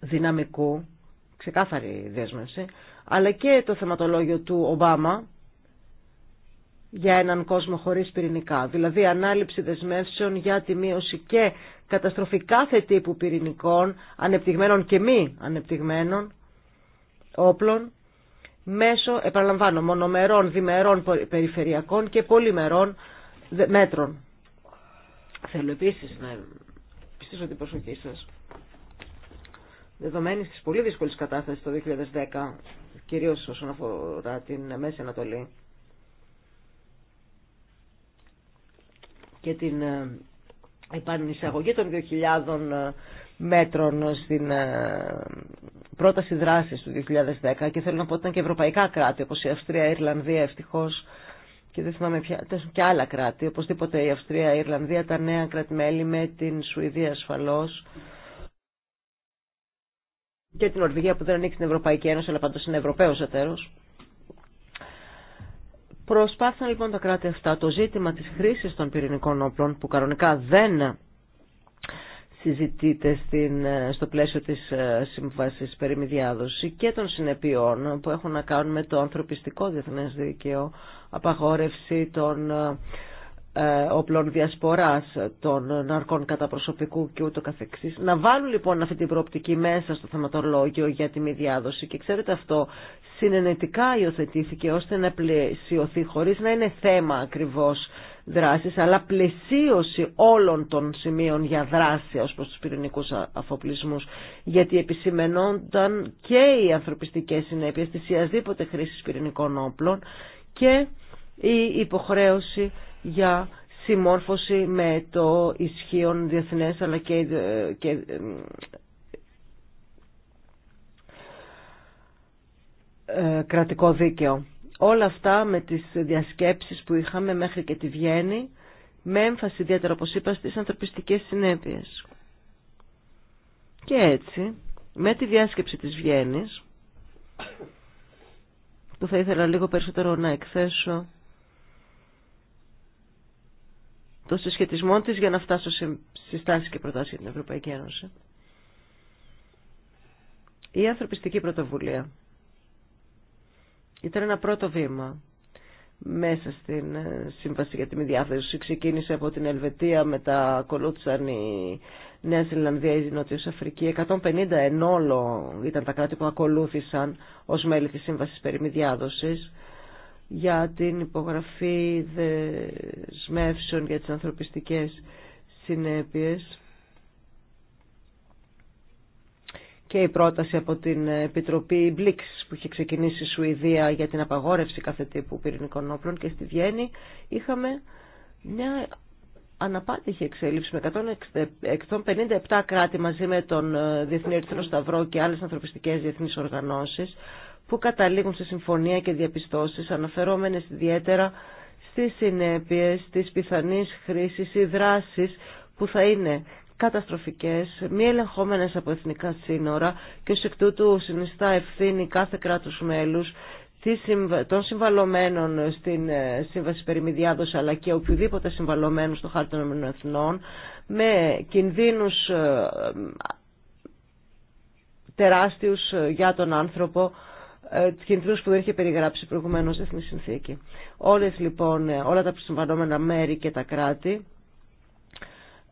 δυναμικού, ξεκάθαρη δέσμευση, αλλά και το θεματολόγιο του Ομπάμα για έναν κόσμο χωρίς πυρηνικά. Δηλαδή ανάληψη δεσμεύσεων για τη μείωση και καταστροφή κάθε τύπου πυρηνικών, ανεπτυγμένων και μη ανεπτυγμένων όπλων, μέσω, επαναλαμβάνω, μονομερών, διμερών, περιφερειακών και πολυμερών μέτρων. Θέλω επίσης να πιστήσω την προσοχή σας. Δεδομένη της πολύ δύσκολης κατάστασης το 2010, κυρίως όσον αφορά την Μέση Ανατολή, και την ε, επανεισαγωγή των 2.000 ε, μέτρων στην ε, πρόταση δράσης του 2010 και θέλω να πω ότι ήταν και ευρωπαϊκά κράτη όπως η Αυστρία, η Ιρλανδία ευτυχώς και δεν θυμάμαι πια, και άλλα κράτη, οπωσδήποτε η Αυστρία, η Ιρλανδία, τα νέα κρατημέλη με την Σουηδία ασφαλώς και την Ορβηγία που δεν ανοίξει την Ευρωπαϊκή Ένωση αλλά πάντως είναι Ευρωπαίος εταίρος. Προσπάθησαν λοιπόν τα κράτη αυτά το ζήτημα της χρήσης των πυρηνικών όπλων που κανονικά δεν συζητείται στο πλαίσιο της ε, σύμβασης περί μη και των συνεπειών που έχουν να κάνουν με το ανθρωπιστικό διεθνές δίκαιο, απαγόρευση των ε, όπλων διασποράς, των ναρκών κατά προσωπικού και ούτω καθεξής. Να βάλουν λοιπόν αυτή την προοπτική μέσα στο θεματολόγιο για τη μη διάδοση και ξέρετε αυτό συνενετικά υιοθετήθηκε ώστε να πλαισιωθεί χωρίς να είναι θέμα ακριβώς δράσης αλλά πλαισίωση όλων των σημείων για δράση ως προς τους πυρηνικούς αφοπλισμούς γιατί επισημενόνταν και οι ανθρωπιστικές συνέπειες ιασδήποτε χρήσης πυρηνικών όπλων και η υποχρέωση για συμμόρφωση με το ισχύον διεθνές αλλά και, ε, και ε, Ε, κρατικό δίκαιο. Όλα αυτά με τις διασκέψεις που είχαμε μέχρι και τη Βιέννη, με έμφαση ιδιαίτερα όπως είπα στις ανθρωπιστικές συνέπειες. Και έτσι, με τη διάσκεψη της Βιέννης, που θα ήθελα λίγο περισσότερο να εκθέσω το συσχετισμό της για να φτάσω σε συστάσεις και προτάσεις για την Ευρωπαϊκή Ένωση. Η ανθρωπιστική πρωτοβουλία ήταν ένα πρώτο βήμα μέσα στην ε, Σύμβαση για τη Μη Ξεκίνησε από την Ελβετία, μετά ακολούθησαν η Νέα Ζηλανδία, η Νότιο Αφρική. 150 εν όλο ήταν τα κράτη που ακολούθησαν ως μέλη της Σύμβασης περί Μη για την υπογραφή δεσμεύσεων για τις ανθρωπιστικές συνέπειες και η πρόταση από την Επιτροπή Μπλίξ που είχε ξεκινήσει η Σουηδία για την απαγόρευση κάθε τύπου πυρηνικών όπλων και στη Βιέννη είχαμε μια αναπάντηχη εξέλιξη με 157 κράτη μαζί με τον ε, Διεθνή Ερθρό Σταυρό και άλλες ανθρωπιστικές διεθνείς οργανώσεις που καταλήγουν σε συμφωνία και διαπιστώσεις αναφερόμενες ιδιαίτερα στις συνέπειες της πιθανής χρήσης ή δράσης που θα είναι καταστροφικές, μη ελεγχόμενες από εθνικά σύνορα και ω εκ τούτου συνιστά ευθύνη κάθε κράτους μέλους των συμβαλωμένων στην ε, Σύμβαση Περιμηδιάδος αλλά και οποιοδήποτε συμβαλωμένου στο Χάρτη των Εθνών με κινδύνους ε, τεράστιους για τον άνθρωπο ε, κινδύνους που δεν είχε περιγράψει προηγουμένως εθνική Συνθήκη. Όλες λοιπόν, όλα τα συμβαλώμενα μέρη και τα κράτη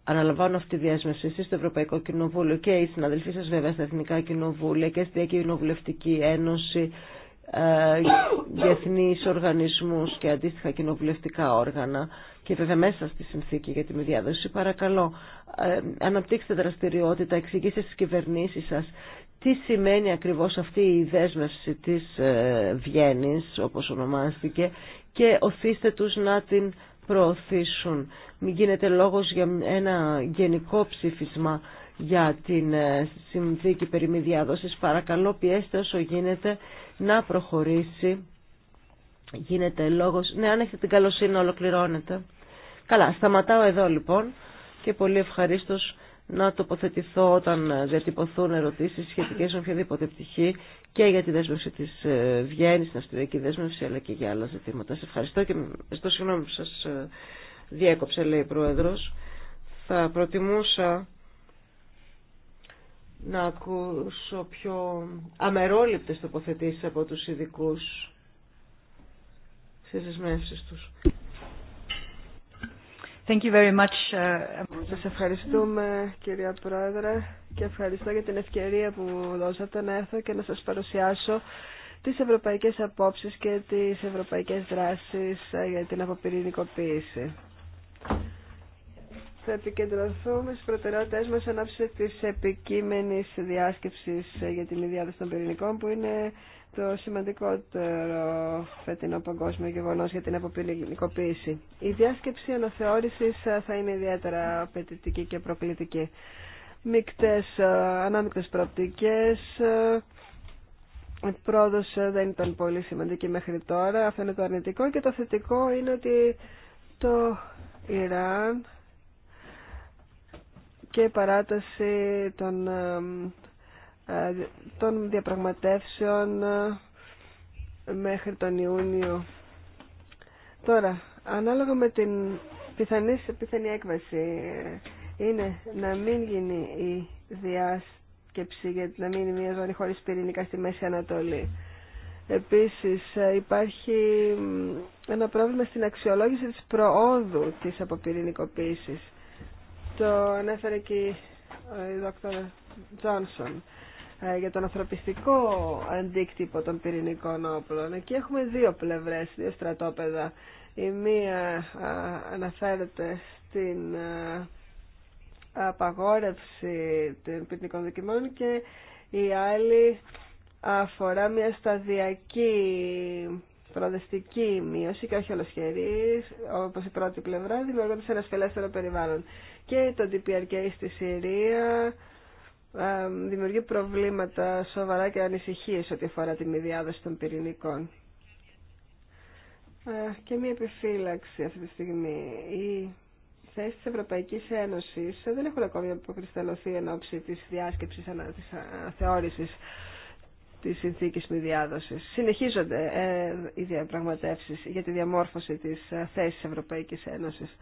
Αναλαμβάνω αυτή τη διάσμευση εσείς στο Ευρωπαϊκό Κοινοβούλιο και οι συναδελφοί σας βέβαια στα Εθνικά Κοινοβούλια και στη Διακοινοβουλευτική Ένωση ε, διεθνείς οργανισμούς και αντίστοιχα κοινοβουλευτικά όργανα και βέβαια μέσα στη συνθήκη για τη μη διάδοση παρακαλώ ε, αναπτύξτε δραστηριότητα, εξηγήστε στις κυβερνήσεις σας τι σημαίνει ακριβώς αυτή η δέσμευση της ε, Βιέννης όπως ονομάστηκε και οθήστε τους να την προωθήσουν. Μην γίνεται λόγος για ένα γενικό ψήφισμα για την ε, συνθήκη περί διάδοσης. Παρακαλώ πιέστε όσο γίνεται να προχωρήσει. Γίνεται λόγος. Ναι, αν έχετε την καλοσύνη να ολοκληρώνετε. Καλά, σταματάω εδώ λοιπόν και πολύ ευχαρίστως να τοποθετηθώ όταν διατυπωθούν ερωτήσεις σχετικές με οποιαδήποτε πτυχή και για τη δέσμευση της ε, Βιέννης, την αυστηριακή δέσμευση, αλλά και για άλλα ζητήματα. ευχαριστώ και στο συγγνώμη που σας ε, διέκοψε, λέει η Πρόεδρος. Θα προτιμούσα να ακούσω πιο αμερόληπτες τοποθετήσεις από τους ειδικού στις δεσμεύσεις τους. Thank you very much. Uh, σας ευχαριστούμε κυρία Πρόεδρε και ευχαριστώ για την ευκαιρία που δώσατε να έρθω και να σας παρουσιάσω τις ευρωπαϊκές απόψεις και τις ευρωπαϊκές δράσεις ε, για την αποπυρηνικοποίηση. Θα επικεντρωθούμε στις προτεραιότητες μας ανάψη τη επικείμενη διάσκεψη για την ιδιάδα των πυρηνικών που είναι το σημαντικότερο φετινό παγκόσμιο γεγονό για την αποπυρηνικοποίηση. Η διάσκεψη αναθεώρηση θα είναι ιδιαίτερα απαιτητική και προκλητική. Μικτές, ε, ανάμεικτε προοπτικέ. η ε, πρόοδος ε, δεν ήταν πολύ σημαντική μέχρι τώρα, αυτό είναι το αρνητικό και το θετικό είναι ότι το Ιράν και παράταση των, ε, των διαπραγματεύσεων ε, μέχρι τον Ιούνιο. Τώρα, ανάλογα με την πιθανή, πιθανή έκβαση ε, είναι να μην γίνει η διάσκεψη γιατί να μην είναι μια ζώνη χωρίς πυρηνικά στη Μέση Ανατολή. Επίσης υπάρχει ένα πρόβλημα στην αξιολόγηση της προόδου της αποπυρηνικοποίησης. Το ανέφερε και η δόκτωρα Τζόνσον ε, για τον ανθρωπιστικό αντίκτυπο των πυρηνικών όπλων. Εκεί έχουμε δύο πλευρές, δύο στρατόπεδα. Η μία ε, αναφέρεται στην ε, απαγόρευση των πυρηνικών δοκιμών και η άλλη αφορά μια σταδιακή προοδεστική μείωση και όχι ολοσχερή, όπως η πρώτη πλευρά, δημιουργώντας ένα ασφαλέστερο περιβάλλον και το DPRK στη Συρία ε, δημιουργεί προβλήματα σοβαρά και ανησυχίες ό,τι αφορά τη μη διάδοση των πυρηνικών. Ε, και μία επιφύλαξη αυτή τη στιγμή. Η θέση της Ευρωπαϊκής Ένωσης δεν έχουν ακόμη αποκρισταλωθεί εν ώψη της διάσκεψης της θεώρησης της συνθήκης μη διάδοσης. Συνεχίζονται ε, οι διαπραγματεύσεις για τη διαμόρφωση της θέσης Ευρωπαϊκής Ένωσης.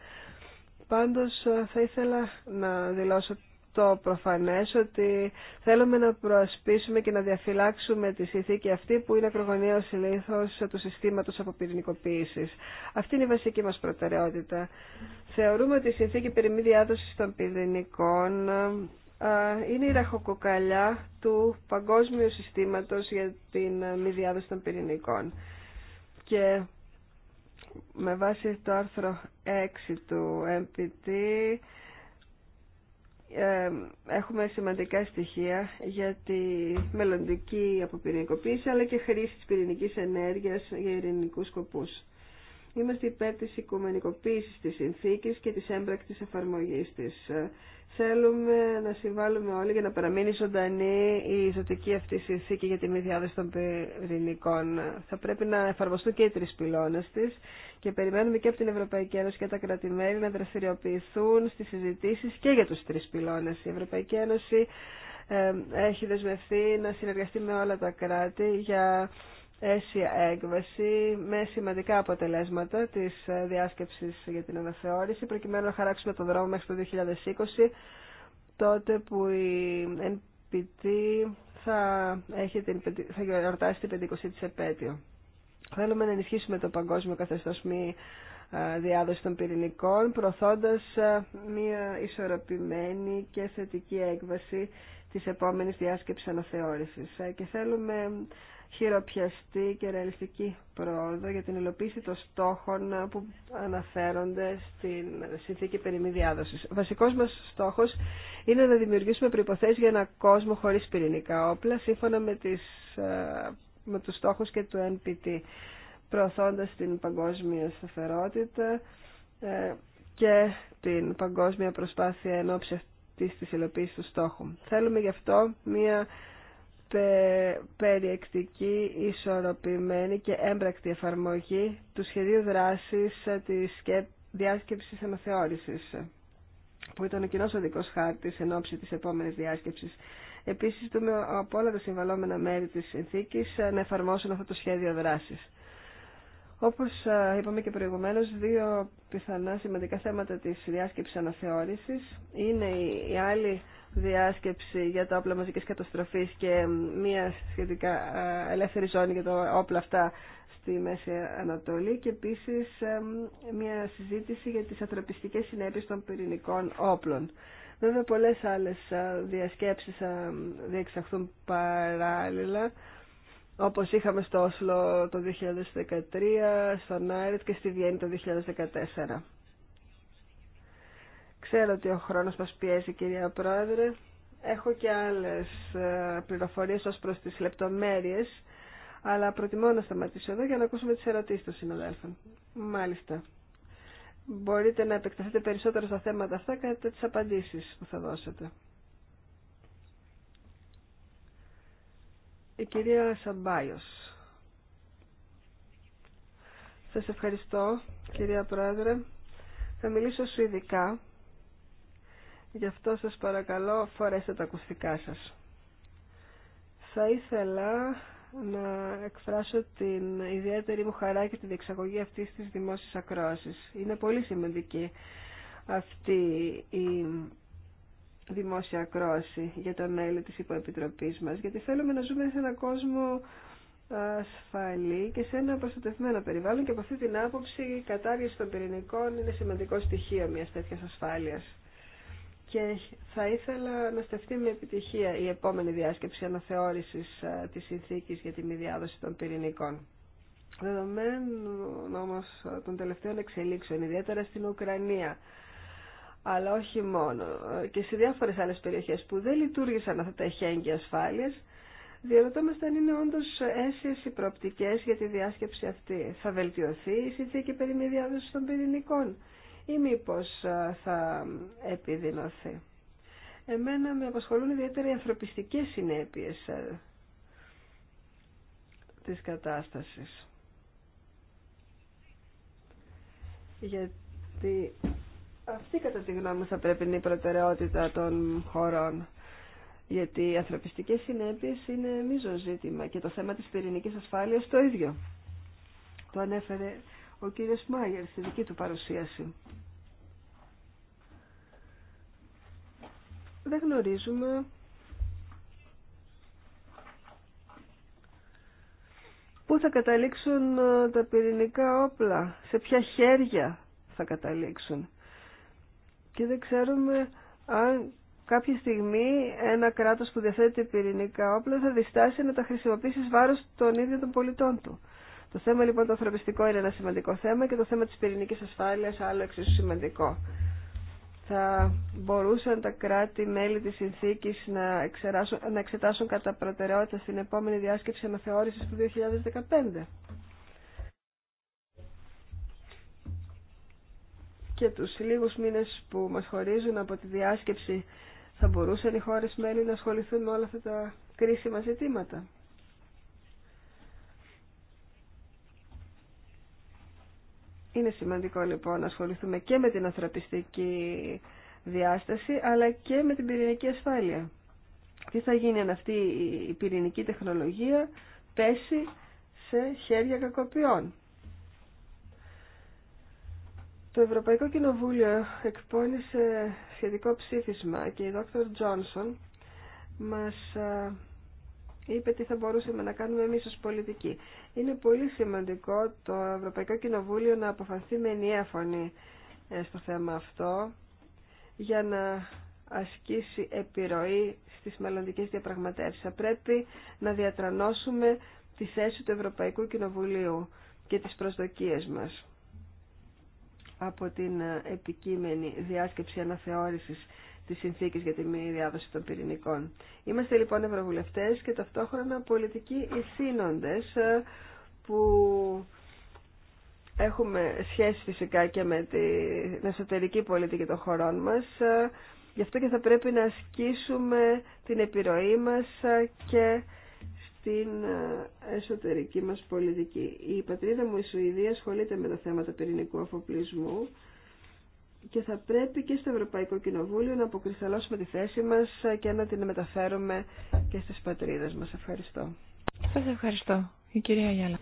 Πάντως ε, θα ήθελα να δηλώσω το προφανές ότι θέλουμε να προασπίσουμε και να διαφυλάξουμε τη συνθήκη αυτή που είναι ακρογωνία λήθος του συστήματος αποπυρηνικοποίησης. Αυτή είναι η βασική μας προτεραιότητα. Θεωρούμε ότι η συνθήκη περί μη διάδοσης των πυρηνικών ε, είναι η ραχοκοκαλιά του παγκόσμιου συστήματος για την ε, μη διάδοση των πυρηνικών. Και με βάση το άρθρο 6 του MPT ε, έχουμε σημαντικά στοιχεία για τη μελλοντική αποπυρηνικοποίηση αλλά και χρήση της πυρηνικής ενέργειας για ειρηνικούς σκοπούς. Είμαστε υπέρ της οικουμενικοποίησης της συνθήκης και της έμπρακτης εφαρμογής της. Θέλουμε να συμβάλλουμε όλοι για να παραμείνει ζωντανή η ζωτική αυτή συνθήκη για τη μη διάδοση των πυρηνικών. Θα πρέπει να εφαρμοστούν και οι τρει πυλώνε της και περιμένουμε και από την Ευρωπαϊκή Ένωση και τα κρατημέρη να δραστηριοποιηθούν στις συζητήσεις και για τους τρεις πυλώνες. Η Ευρωπαϊκή Ένωση ε, έχει δεσμευθεί να συνεργαστεί με όλα τα κράτη για αίσια έκβαση με σημαντικά αποτελέσματα της ε, διάσκεψης για την αναθεώρηση προκειμένου να χαράξουμε το δρόμο μέχρι το 2020 τότε που η NPT θα, έχει την, θα γιορτάσει την 50η επέτειο. Θέλουμε να ενισχύσουμε το παγκόσμιο καθεστώς μη ε, διάδοση των πυρηνικών προωθώντας ε, μια ισορροπημένη και θετική έκβαση της επόμενης διάσκεψης αναθεώρησης. Και θέλουμε χειροπιαστή και ρεαλιστική πρόοδο για την υλοποίηση των στόχων που αναφέρονται στην συνθήκη περιμή διάδοση. βασικό μα στόχο είναι να δημιουργήσουμε προποθέσει για ένα κόσμο χωρί πυρηνικά όπλα, σύμφωνα με, τις, ε, με του στόχου και του NPT, προωθώντα την παγκόσμια σταθερότητα ε, και την παγκόσμια προσπάθεια ενόψη αυτή τη υλοποίηση του στόχου. Θέλουμε γι' αυτό μία περιεκτική, ισορροπημένη και έμπρακτη εφαρμογή του σχεδίου δράσης ε, της διάσκεψης αναθεώρησης που ήταν ο κοινό οδικό χάρτη εν ώψη τη επόμενη διάσκεψη. Επίση, ζητούμε από όλα τα συμβαλόμενα μέρη τη συνθήκη ε, να εφαρμόσουν αυτό το σχέδιο δράση. Όπω ε, είπαμε και προηγουμένω, δύο πιθανά σημαντικά θέματα τη διάσκεψη αναθεώρηση είναι η άλλη διάσκεψη για τα όπλα μαζικής καταστροφής και μία σχετικά ελεύθερη ζώνη για τα όπλα αυτά στη Μέση Ανατολή και επίσης μία συζήτηση για τις ανθρωπιστικές συνέπειες των πυρηνικών όπλων. Βέβαια πολλές άλλες διασκέψεις θα διεξαχθούν παράλληλα όπως είχαμε στο Όσλο το 2013, στο Νάιρετ και στη Βιέννη το 2014. Ξέρω ότι ο χρόνος μας πιέζει κυρία Πρόεδρε. Έχω και άλλες ε, πληροφορίες ως προς τις λεπτομέρειες, αλλά προτιμώ να σταματήσω εδώ για να ακούσουμε τις ερωτήσεις των συναδέλφων. Μάλιστα. Μπορείτε να επεκταθείτε περισσότερο στα θέματα αυτά κατά τις απαντήσεις που θα δώσετε. Η κυρία Σαμπάιος. Σας ευχαριστώ, κυρία Πρόεδρε. Θα μιλήσω σου ειδικά Γι' αυτό σας παρακαλώ φορέστε τα ακουστικά σας. Θα ήθελα να εκφράσω την ιδιαίτερη μου χαρά και τη διεξαγωγή αυτής της δημόσιας ακρόασης. Είναι πολύ σημαντική αυτή η δημόσια ακρόαση για τα μέλη της υποεπιτροπής μας, γιατί θέλουμε να ζούμε σε έναν κόσμο ασφαλή και σε ένα προστατευμένο περιβάλλον και από αυτή την άποψη η κατάργηση των πυρηνικών είναι σημαντικό στοιχείο μιας τέτοιας ασφάλειας και θα ήθελα να στεφτεί με επιτυχία η επόμενη διάσκεψη αναθεώρησης ε, της συνθήκης για τη μη διάδοση των πυρηνικών. Δεδομένου όμως των τελευταίων εξελίξεων, ιδιαίτερα στην Ουκρανία, αλλά όχι μόνο, ε, και σε διάφορες άλλες περιοχές που δεν λειτουργήσαν αυτά τα εχέγγυα ασφάλεια, διαρωτώμαστε αν είναι όντως προοπτικές για τη διάσκεψη αυτή. Θα βελτιωθεί η συνθήκη περί μη διάδοση των πυρηνικών ή μήπως θα επιδεινωθεί. Εμένα με απασχολούν ιδιαίτερα οι ανθρωπιστικές συνέπειες της κατάστασης. Γιατί αυτή κατά τη γνώμη μου θα πρέπει να είναι η προτεραιότητα των χωρών. Γιατί οι ανθρωπιστικές συνέπειες είναι μιζο ζήτημα και το θέμα της πυρηνικής ασφάλειας το ίδιο. Το ανέφερε ο κύριος Μάγερ στη δική του παρουσίαση. Δεν γνωρίζουμε πού θα καταλήξουν ε, τα πυρηνικά όπλα, σε ποια χέρια θα καταλήξουν. Και δεν ξέρουμε αν κάποια στιγμή ένα κράτος που διαθέτει πυρηνικά όπλα θα διστάσει να τα χρησιμοποιήσει βάρος των ίδιων των πολιτών του. Το θέμα λοιπόν το ανθρωπιστικό είναι ένα σημαντικό θέμα και το θέμα της πυρηνικής ασφάλειας άλλο εξίσου σημαντικό. Θα μπορούσαν τα κράτη-μέλη της συνθήκης να, να εξετάσουν κατά προτεραιότητα στην επόμενη διάσκεψη αναθεώρησης του 2015. και τους λίγους μήνες που μας χωρίζουν από τη διάσκεψη θα μπορούσαν οι χώρες μέλη να ασχοληθούν με όλα αυτά τα κρίσιμα ζητήματα. Είναι σημαντικό λοιπόν να ασχοληθούμε και με την ανθρωπιστική διάσταση αλλά και με την πυρηνική ασφάλεια. Τι θα γίνει αν αυτή η πυρηνική τεχνολογία πέσει σε χέρια κακοποιών. Το Ευρωπαϊκό Κοινοβούλιο εκπώνησε σχετικό ψήφισμα και η Δόκτωρ Τζόνσον μας ε, είπε τι θα μπορούσαμε να κάνουμε εμείς ως πολιτικοί. Είναι πολύ σημαντικό το Ευρωπαϊκό Κοινοβούλιο να αποφανθεί με ενιαία φωνή ε, στο θέμα αυτό για να ασκήσει επιρροή στις μελλοντικές διαπραγματεύσεις. Θα πρέπει να διατρανώσουμε τη θέση του Ευρωπαϊκού Κοινοβουλίου και τις προσδοκίες μας από την επικείμενη διάσκεψη αναθεώρησης τις συνθήκες για τη μη των πυρηνικών. Είμαστε λοιπόν ευρωβουλευτές και ταυτόχρονα πολιτικοί ηθήνοντες ε, που έχουμε σχέση φυσικά και με την εσωτερική πολιτική των χωρών μας. Ε, γι' αυτό και θα πρέπει να ασκήσουμε την επιρροή μας ε, και στην εσωτερική μας πολιτική. Η πατρίδα μου η Σουηδία ασχολείται με τα θέματα πυρηνικού αφοπλισμού και θα πρέπει και στο Ευρωπαϊκό Κοινοβούλιο να αποκρισταλώσουμε τη θέση μας και να την μεταφέρουμε και στις πατρίδες μας. Ευχαριστώ. Σας ευχαριστώ. Η κυρία Γιάλα.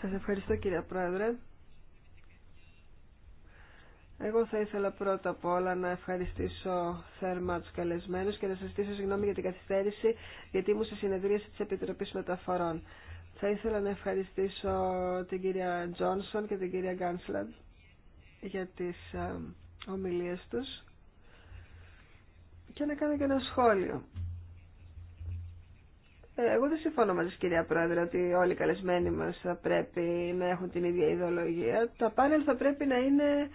Σας ευχαριστώ κυρία Πρόεδρε. Εγώ θα ήθελα πρώτα απ' όλα να ευχαριστήσω θέρμα τους καλεσμένους και να σας ζητήσω συγγνώμη για την καθυστέρηση γιατί ήμουν σε συνεδρίαση της Επιτροπής Μεταφορών. Θα ήθελα να ευχαριστήσω την κυρία Τζόνσον και την κυρία Γκάνσλαντ για τις ε, ομιλίες τους και να κάνω και ένα σχόλιο. Ε, εγώ δεν συμφωνώ μαζί σας κυρία Πρόεδρε ότι όλοι οι καλεσμένοι μας θα πρέπει να έχουν την ίδια ιδεολογία. Τα πάνελ θα πρέπει να είναι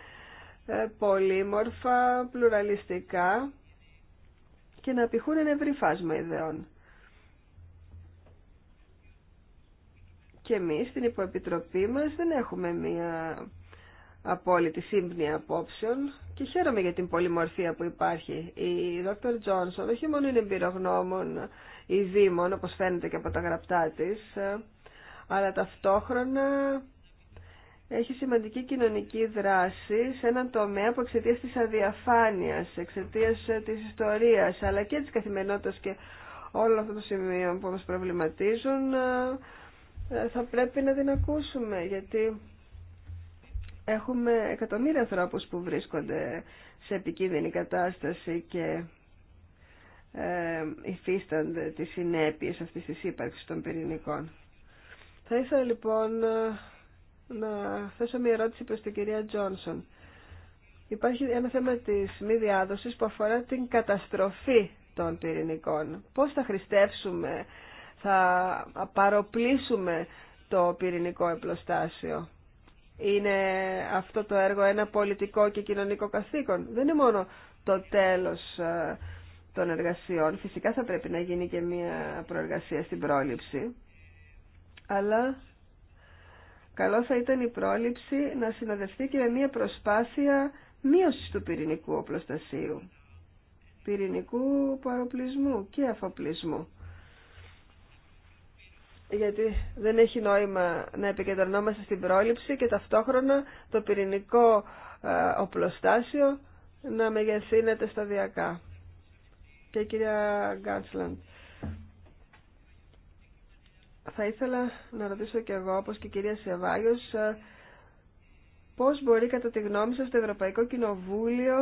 ε, πολύμορφα, πλουραλιστικά και να πηχούν ένα ευρύ φάσμα ιδεών. και εμείς στην υποεπιτροπή μας δεν έχουμε μία απόλυτη σύμπνοια απόψεων και χαίρομαι για την πολυμορφία που υπάρχει. Η Δόκτωρ Τζόνσον όχι μόνο είναι εμπειρογνώμων ή δήμων, όπως φαίνεται και από τα γραπτά της, αλλά ταυτόχρονα έχει σημαντική κοινωνική δράση σε έναν τομέα που εξαιτία της αδιαφάνειας, εξαιτία της ιστορίας, αλλά και της καθημερινότητας και όλων αυτών των σημείων που μας προβληματίζουν, ε, θα πρέπει να την ακούσουμε γιατί έχουμε εκατομμύρια ανθρώπους που βρίσκονται σε επικίνδυνη κατάσταση και ε, υφίστανται τις συνέπειες αυτής της ύπαρξης των πυρηνικών. Θα ήθελα λοιπόν να θέσω μια ερώτηση προς την κυρία Τζόνσον. Υπάρχει ένα θέμα της μη διάδοσης που αφορά την καταστροφή των πυρηνικών. Πώς θα χρηστεύσουμε θα παροπλήσουμε το πυρηνικό επλοστάσιο. Είναι αυτό το έργο ένα πολιτικό και κοινωνικό καθήκον. Δεν είναι μόνο το τέλος ε, των εργασιών. Φυσικά θα πρέπει να γίνει και μια προεργασία στην πρόληψη. Αλλά καλό θα ήταν η πρόληψη να συνοδευτεί και με μια προσπάθεια μείωσης του πυρηνικού οπλοστασίου. Πυρηνικού παροπλισμού και αφοπλισμού γιατί δεν έχει νόημα να επικεντρωνόμαστε στην πρόληψη και ταυτόχρονα το πυρηνικό ε, οπλοστάσιο να μεγεθύνεται σταδιακά. Και η κυρία Γκάτσλαντ. Θα ήθελα να ρωτήσω και εγώ, όπως και η κυρία Σεβάγιος, ε, πώς μπορεί κατά τη γνώμη σας το Ευρωπαϊκό Κοινοβούλιο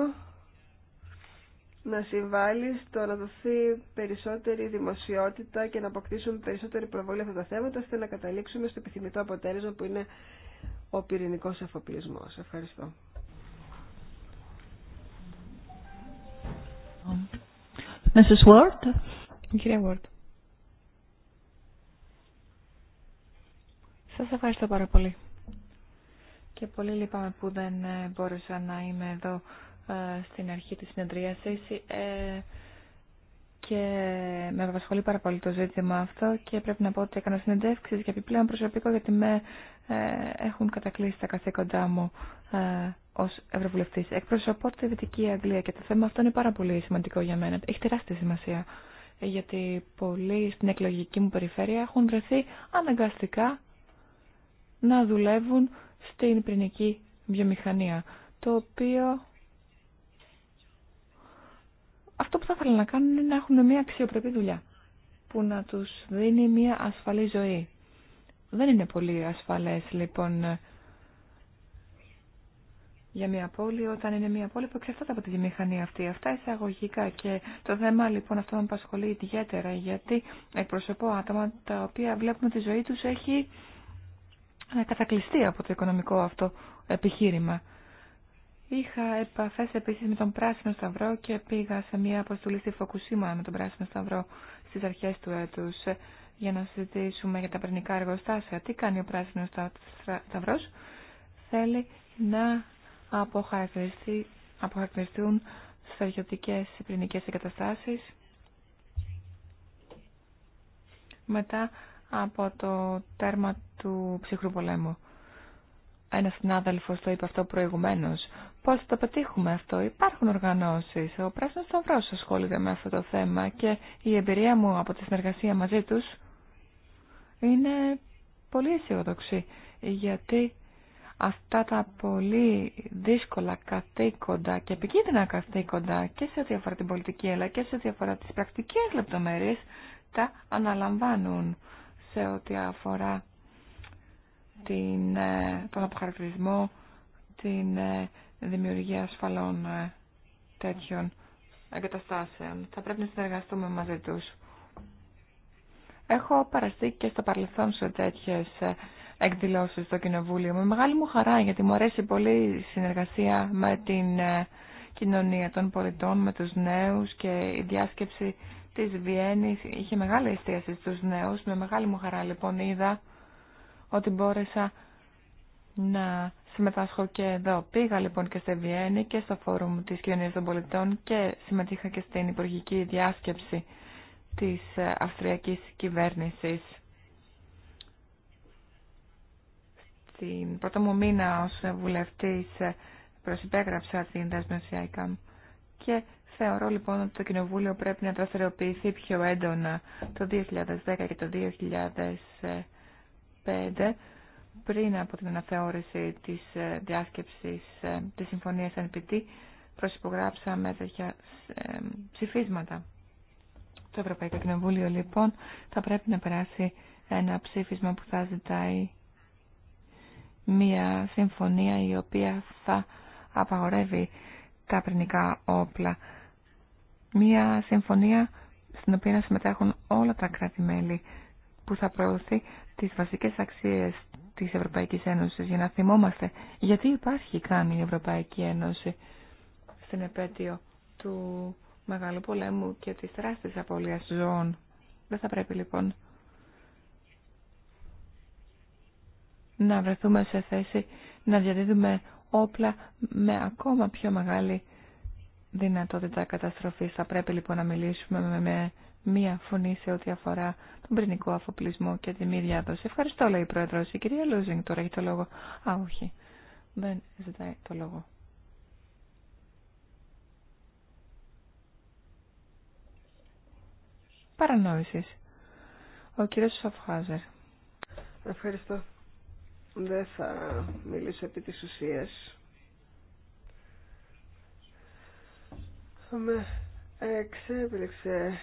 να συμβάλλει στο να δοθεί περισσότερη δημοσιότητα και να αποκτήσουν περισσότερη προβολή αυτά τα θέματα ώστε να καταλήξουμε στο επιθυμητό αποτέλεσμα που είναι ο πυρηνικός αφοπλισμός. Ευχαριστώ. Mrs. Ward. Ward. Σας ευχαριστώ πάρα πολύ. Και πολύ λυπάμαι που δεν ε, μπόρεσα να είμαι εδώ ε, στην αρχή της συνεδρίασης ε, και με απασχολεί πάρα πολύ το ζήτημα αυτό και πρέπει να πω ότι έκανα συνεντεύξεις και επιπλέον προσωπικό γιατί με ε, έχουν κατακλείσει τα καθήκοντά μου ε, ως Ευρωβουλευτής. Εκπροσωπώ τη Δυτική Αγγλία και το θέμα αυτό είναι πάρα πολύ σημαντικό για μένα. Έχει τεράστια σημασία γιατί πολλοί στην εκλογική μου περιφέρεια έχουν βρεθεί αναγκαστικά να δουλεύουν στην πυρηνική βιομηχανία, το οποίο αυτό που θα ήθελα να κάνουν είναι να έχουν μια αξιοπρεπή δουλειά που να τους δίνει μια ασφαλή ζωή. Δεν είναι πολύ ασφαλές λοιπόν για μια πόλη όταν είναι μια πόλη που εξαρτάται από τη μηχανή αυτή. Αυτά εισαγωγικά και το θέμα λοιπόν αυτό με απασχολεί ιδιαίτερα γιατί εκπροσωπώ άτομα τα οποία βλέπουμε ότι η ζωή τους έχει ε, κατακλειστεί από το οικονομικό αυτό επιχείρημα. Είχα επαφέ επίση με τον Πράσινο Σταυρό και πήγα σε μια αποστολή στη Φοκουσίμα με τον Πράσινο Σταυρό στι αρχέ του έτου για να συζητήσουμε για τα πυρηνικά εργοστάσια. Τι κάνει ο Πράσινο Σταυρό, θέλει να αποχαρακτηριστούν στρατιωτικέ πυρηνικέ εγκαταστάσει μετά από το τέρμα του ψυχρού πολέμου. Ένας συνάδελφος το είπε αυτό προηγουμένως πώς θα το πετύχουμε αυτό. Υπάρχουν οργανώσεις. Ο Πράσινος Σταυρός ασχολείται με αυτό το θέμα και η εμπειρία μου από τη συνεργασία μαζί τους είναι πολύ αισιοδοξή. Γιατί αυτά τα πολύ δύσκολα καθήκοντα και επικίνδυνα καθήκοντα και σε ό,τι αφορά την πολιτική αλλά και σε ό,τι αφορά τις πρακτικές λεπτομέρειες τα αναλαμβάνουν σε ό,τι αφορά την, ε, τον αποχαρακτηρισμό, την ε, δημιουργία ασφαλών ε, τέτοιων εγκαταστάσεων. Θα πρέπει να συνεργαστούμε μαζί τους. Έχω παραστεί και στο παρελθόν σε τέτοιες ε, εκδηλώσεις στο Κοινοβούλιο. Με μεγάλη μου χαρά, γιατί μου αρέσει πολύ η συνεργασία με την ε, κοινωνία των πολιτών, με τους νέους και η διάσκεψη της Βιέννης είχε μεγάλη εστίαση στους νέους. Με μεγάλη μου χαρά λοιπόν είδα ότι μπόρεσα να συμμετάσχω και εδώ. Πήγα λοιπόν και στη Βιέννη και στο Φόρουμ της Κοινωνίας των Πολιτών και συμμετείχα και στην Υπουργική Διάσκεψη της ε, Αυστριακής Κυβέρνησης. Στην πρώτο μου μήνα ως βουλευτής ε, προσυπέγραψα την δέσμευση ICAM και θεωρώ λοιπόν ότι το Κοινοβούλιο πρέπει να δραστηριοποιηθεί πιο έντονα το 2010 και το 2005 πριν από την αναθεώρηση της ε, διάσκεψης ε, της συμφωνίας NPT προσυπογράψαμε τέτοια ε, ψηφίσματα. Το Ευρωπαϊκό Κοινοβούλιο λοιπόν θα πρέπει να περάσει ένα ψήφισμα που θα ζητάει μια συμφωνία η οποία θα απαγορεύει τα πρινικά όπλα. Μια συμφωνία στην οποία να συμμετέχουν όλα τα κράτη-μέλη που θα προωθεί τις βασικές αξίες της Ευρωπαϊκής Ένωσης για να θυμόμαστε γιατί υπάρχει καν η Ευρωπαϊκή Ένωση στην επέτειο του Μεγάλου Πολέμου και της τεράστιας απώλειας ζώων. Δεν θα πρέπει λοιπόν να βρεθούμε σε θέση να διαδίδουμε όπλα με ακόμα πιο μεγάλη δυνατότητα καταστροφής. Θα πρέπει λοιπόν να μιλήσουμε με μία φωνή σε ό,τι αφορά τον πυρηνικό αφοπλισμό και τη μη διάδοση. Ευχαριστώ, λέει η Πρόεδρο. Η κυρία Λούζινγκ τώρα έχει το λόγο. Α, όχι. Δεν ζητάει το λόγο. Παρανόηση. Ο κύριο Σαφχάζερ. Ευχαριστώ. Δεν θα μιλήσω επί τη ουσία. Με εξέπληξε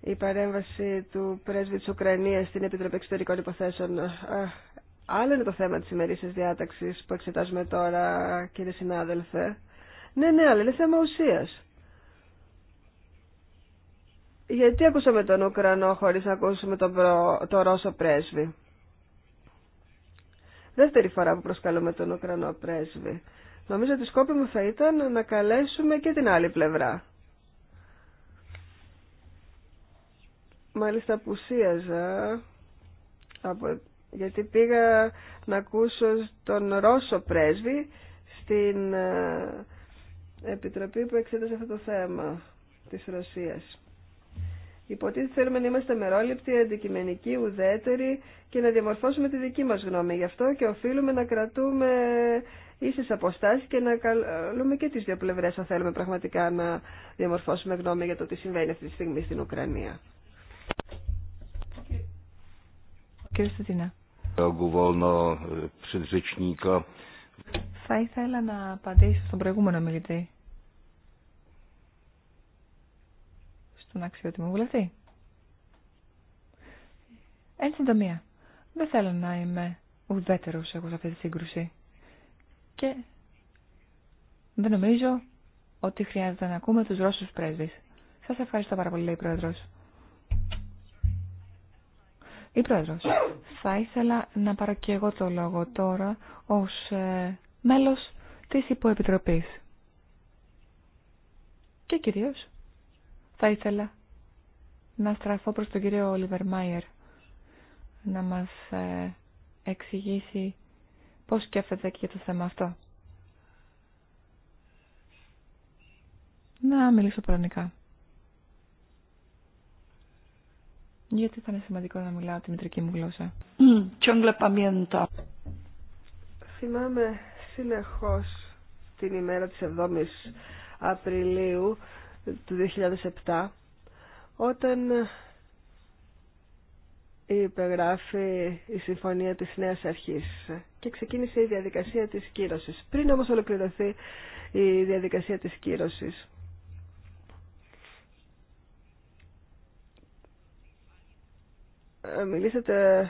η, παρέμβαση του πρέσβη της Ουκρανίας στην Επιτροπή Εξωτερικών Υποθέσεων. Άλλο είναι το θέμα της ημερήσιας διάταξης που εξετάζουμε τώρα, κύριε συνάδελφε. Ναι, ναι, αλλά είναι θέμα ουσίας. Γιατί ακούσαμε τον Ουκρανό χωρίς να ακούσουμε τον το Ρώσο πρέσβη. Δεύτερη φορά που προσκαλούμε τον Ουκρανό πρέσβη. Νομίζω ότι σκόπιμο θα ήταν να καλέσουμε και την άλλη πλευρά. μάλιστα απουσίαζα από, γιατί πήγα να ακούσω τον Ρώσο πρέσβη στην ε, επιτροπή που εξέτασε αυτό το θέμα της Ρωσίας. Υποτίθεται θέλουμε να είμαστε μερόληπτοι, αντικειμενικοί, ουδέτεροι και να διαμορφώσουμε τη δική μας γνώμη. Γι' αυτό και οφείλουμε να κρατούμε ίσες αποστάσεις και να καλούμε και τις δύο πλευρές αν θέλουμε πραγματικά να διαμορφώσουμε γνώμη για το τι συμβαίνει αυτή τη στιγμή στην Ουκρανία. Κύριε Στετίνα. Eh, Θα ήθελα να απαντήσω στον προηγούμενο μιλητή. Στον αξιότιμο βουλευτή. Εν συντομία, δεν θέλω να είμαι ουδέτερος εγώ σε αυτή τη σύγκρουση. Και δεν νομίζω ότι χρειάζεται να ακούμε τους Ρώσους πρέσβεις. Σας ευχαριστώ πάρα πολύ, λέει η Πρόεδρος. Η Πρόεδρος, θα ήθελα να πάρω και εγώ το λόγο τώρα ως ε, μέλος της Υποεπιτροπής. Και κυρίως θα ήθελα να στραφώ προς τον κύριο Όλιβερ Μάιερ να μας ε, εξηγήσει πώς σκέφτεται και για το θέμα αυτό. Να μιλήσω προνικά. γιατί θα είναι σημαντικό να μιλάω τη μητρική μου γλώσσα. Mm. Θυμάμαι συνεχώς την ημέρα της 7ης Απριλίου του 2007 όταν υπεγράφει η Συμφωνία της Νέας Αρχής και ξεκίνησε η διαδικασία της κύρωσης. Πριν όμως ολοκληρωθεί η διαδικασία της κύρωσης Ε, μιλήσατε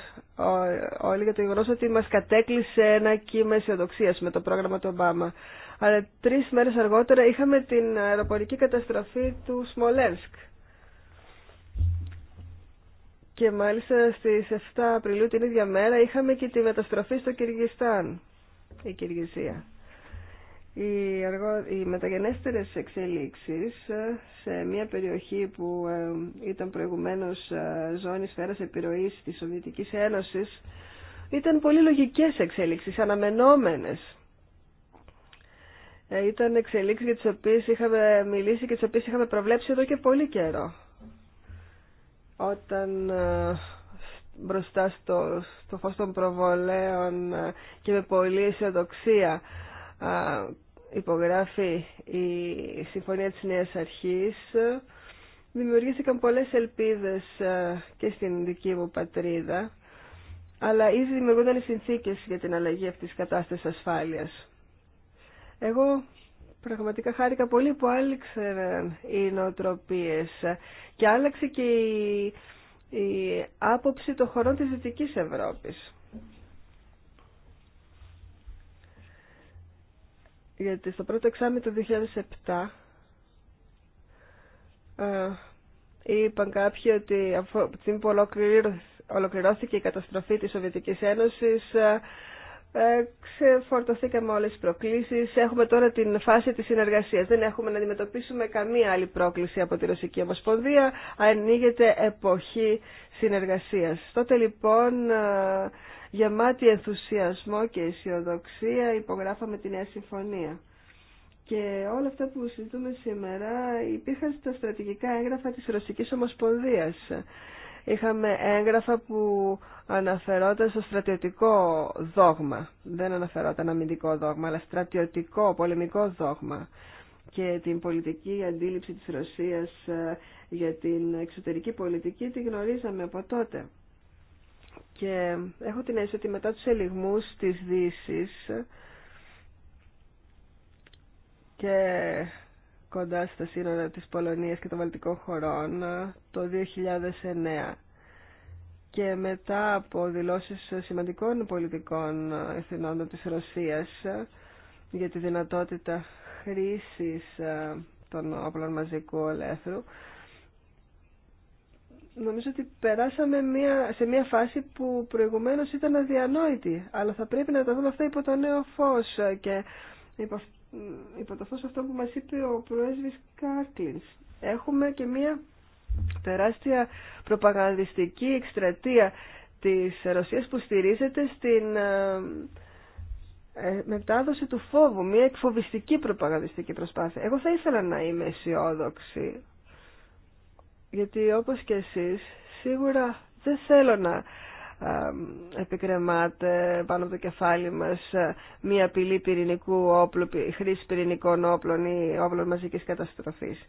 όλοι για το γεγονό ότι μας κατέκλυσε ένα κύμα αισιοδοξία με το πρόγραμμα του Ομπάμα. Αλλά τρεις μέρες αργότερα είχαμε την αεροπορική καταστροφή του Σμολένσκ. Και μάλιστα στις 7 Απριλίου την ίδια μέρα είχαμε και τη μεταστροφή στο Κυργιστάν, η Κυργισία οι, αργό... οι μεταγενέστερες εξελίξεις ε, σε μια περιοχή που ε, ήταν προηγουμένως ε, ζώνη σφαίρας επιρροής της Σοβιετικής Ένωσης ήταν πολύ λογικές εξελίξεις, αναμενόμενες. Ήταν εξελίξεις για τις οποίες είχαμε μιλήσει και τις οποίες είχαμε προβλέψει εδώ και πολύ καιρό. Όταν μπροστά στο, στο φως των προβολέων και με πολλή αισιοδοξία υπογράφει η Συμφωνία της Νέας Αρχής δημιουργήθηκαν πολλές ελπίδες ε, και στην δική μου πατρίδα αλλά ήδη δημιουργούνταν οι συνθήκες για την αλλαγή αυτής της κατάστασης ασφάλειας. Εγώ πραγματικά χάρηκα πολύ που άλλαξαν οι νοοτροπίες και άλλαξε και η, η άποψη των χωρών της Δυτικής Ευρώπης. γιατί στο πρώτο εξάμεινο του 2007 ε, είπαν κάποιοι ότι από την που ολοκληρώθηκε η καταστροφή της Σοβιετικής Ένωσης ε, ε, ξεφορτωθήκαμε όλες τις προκλήσεις. Έχουμε τώρα την φάση της συνεργασίας. Δεν έχουμε να αντιμετωπίσουμε καμία άλλη πρόκληση από τη Ρωσική Ομοσπονδία. Ανοίγεται εποχή συνεργασίας. Τότε λοιπόν ε, γεμάτη ενθουσιασμό και αισιοδοξία υπογράφαμε τη νέα συμφωνία. Και όλα αυτά που συζητούμε σήμερα υπήρχαν στα στρατηγικά έγγραφα της Ρωσικής Ομοσπονδίας. Είχαμε έγγραφα που αναφερόταν στο στρατιωτικό δόγμα. Δεν αναφερόταν αμυντικό δόγμα, αλλά στρατιωτικό, πολεμικό δόγμα και την πολιτική αντίληψη της Ρωσίας ε, για την εξωτερική πολιτική τη γνωρίζαμε από τότε. Και έχω την αίσθηση ότι μετά τους ελιγμούς της Δύση και κοντά στα σύνορα της Πολωνίας και των Βαλτικών χωρών το 2009 και μετά από δηλώσεις σημαντικών πολιτικών ευθυνόντων της Ρωσίας για τη δυνατότητα χρήσης των όπλων μαζικού ολέθρου νομίζω ότι περάσαμε μια, σε μια φάση που προηγουμένως ήταν αδιανόητη, αλλά θα πρέπει να τα δούμε αυτά υπό το νέο φως και υπό, το φως αυτό που μας είπε ο πρόεδρος Κάρκλινς. Έχουμε και μια τεράστια προπαγανδιστική εκστρατεία της Ρωσίας που στηρίζεται στην ε, ε, μετάδοση του φόβου, μια εκφοβιστική προπαγανδιστική προσπάθεια. Εγώ θα ήθελα να είμαι αισιόδοξη γιατί όπως και εσείς σίγουρα δεν θέλω να επικρεμάτε πάνω από το κεφάλι μας μία απειλή πυρηνικού όπλου, χρήση πυρηνικών όπλων ή όπλων μαζικής καταστροφής.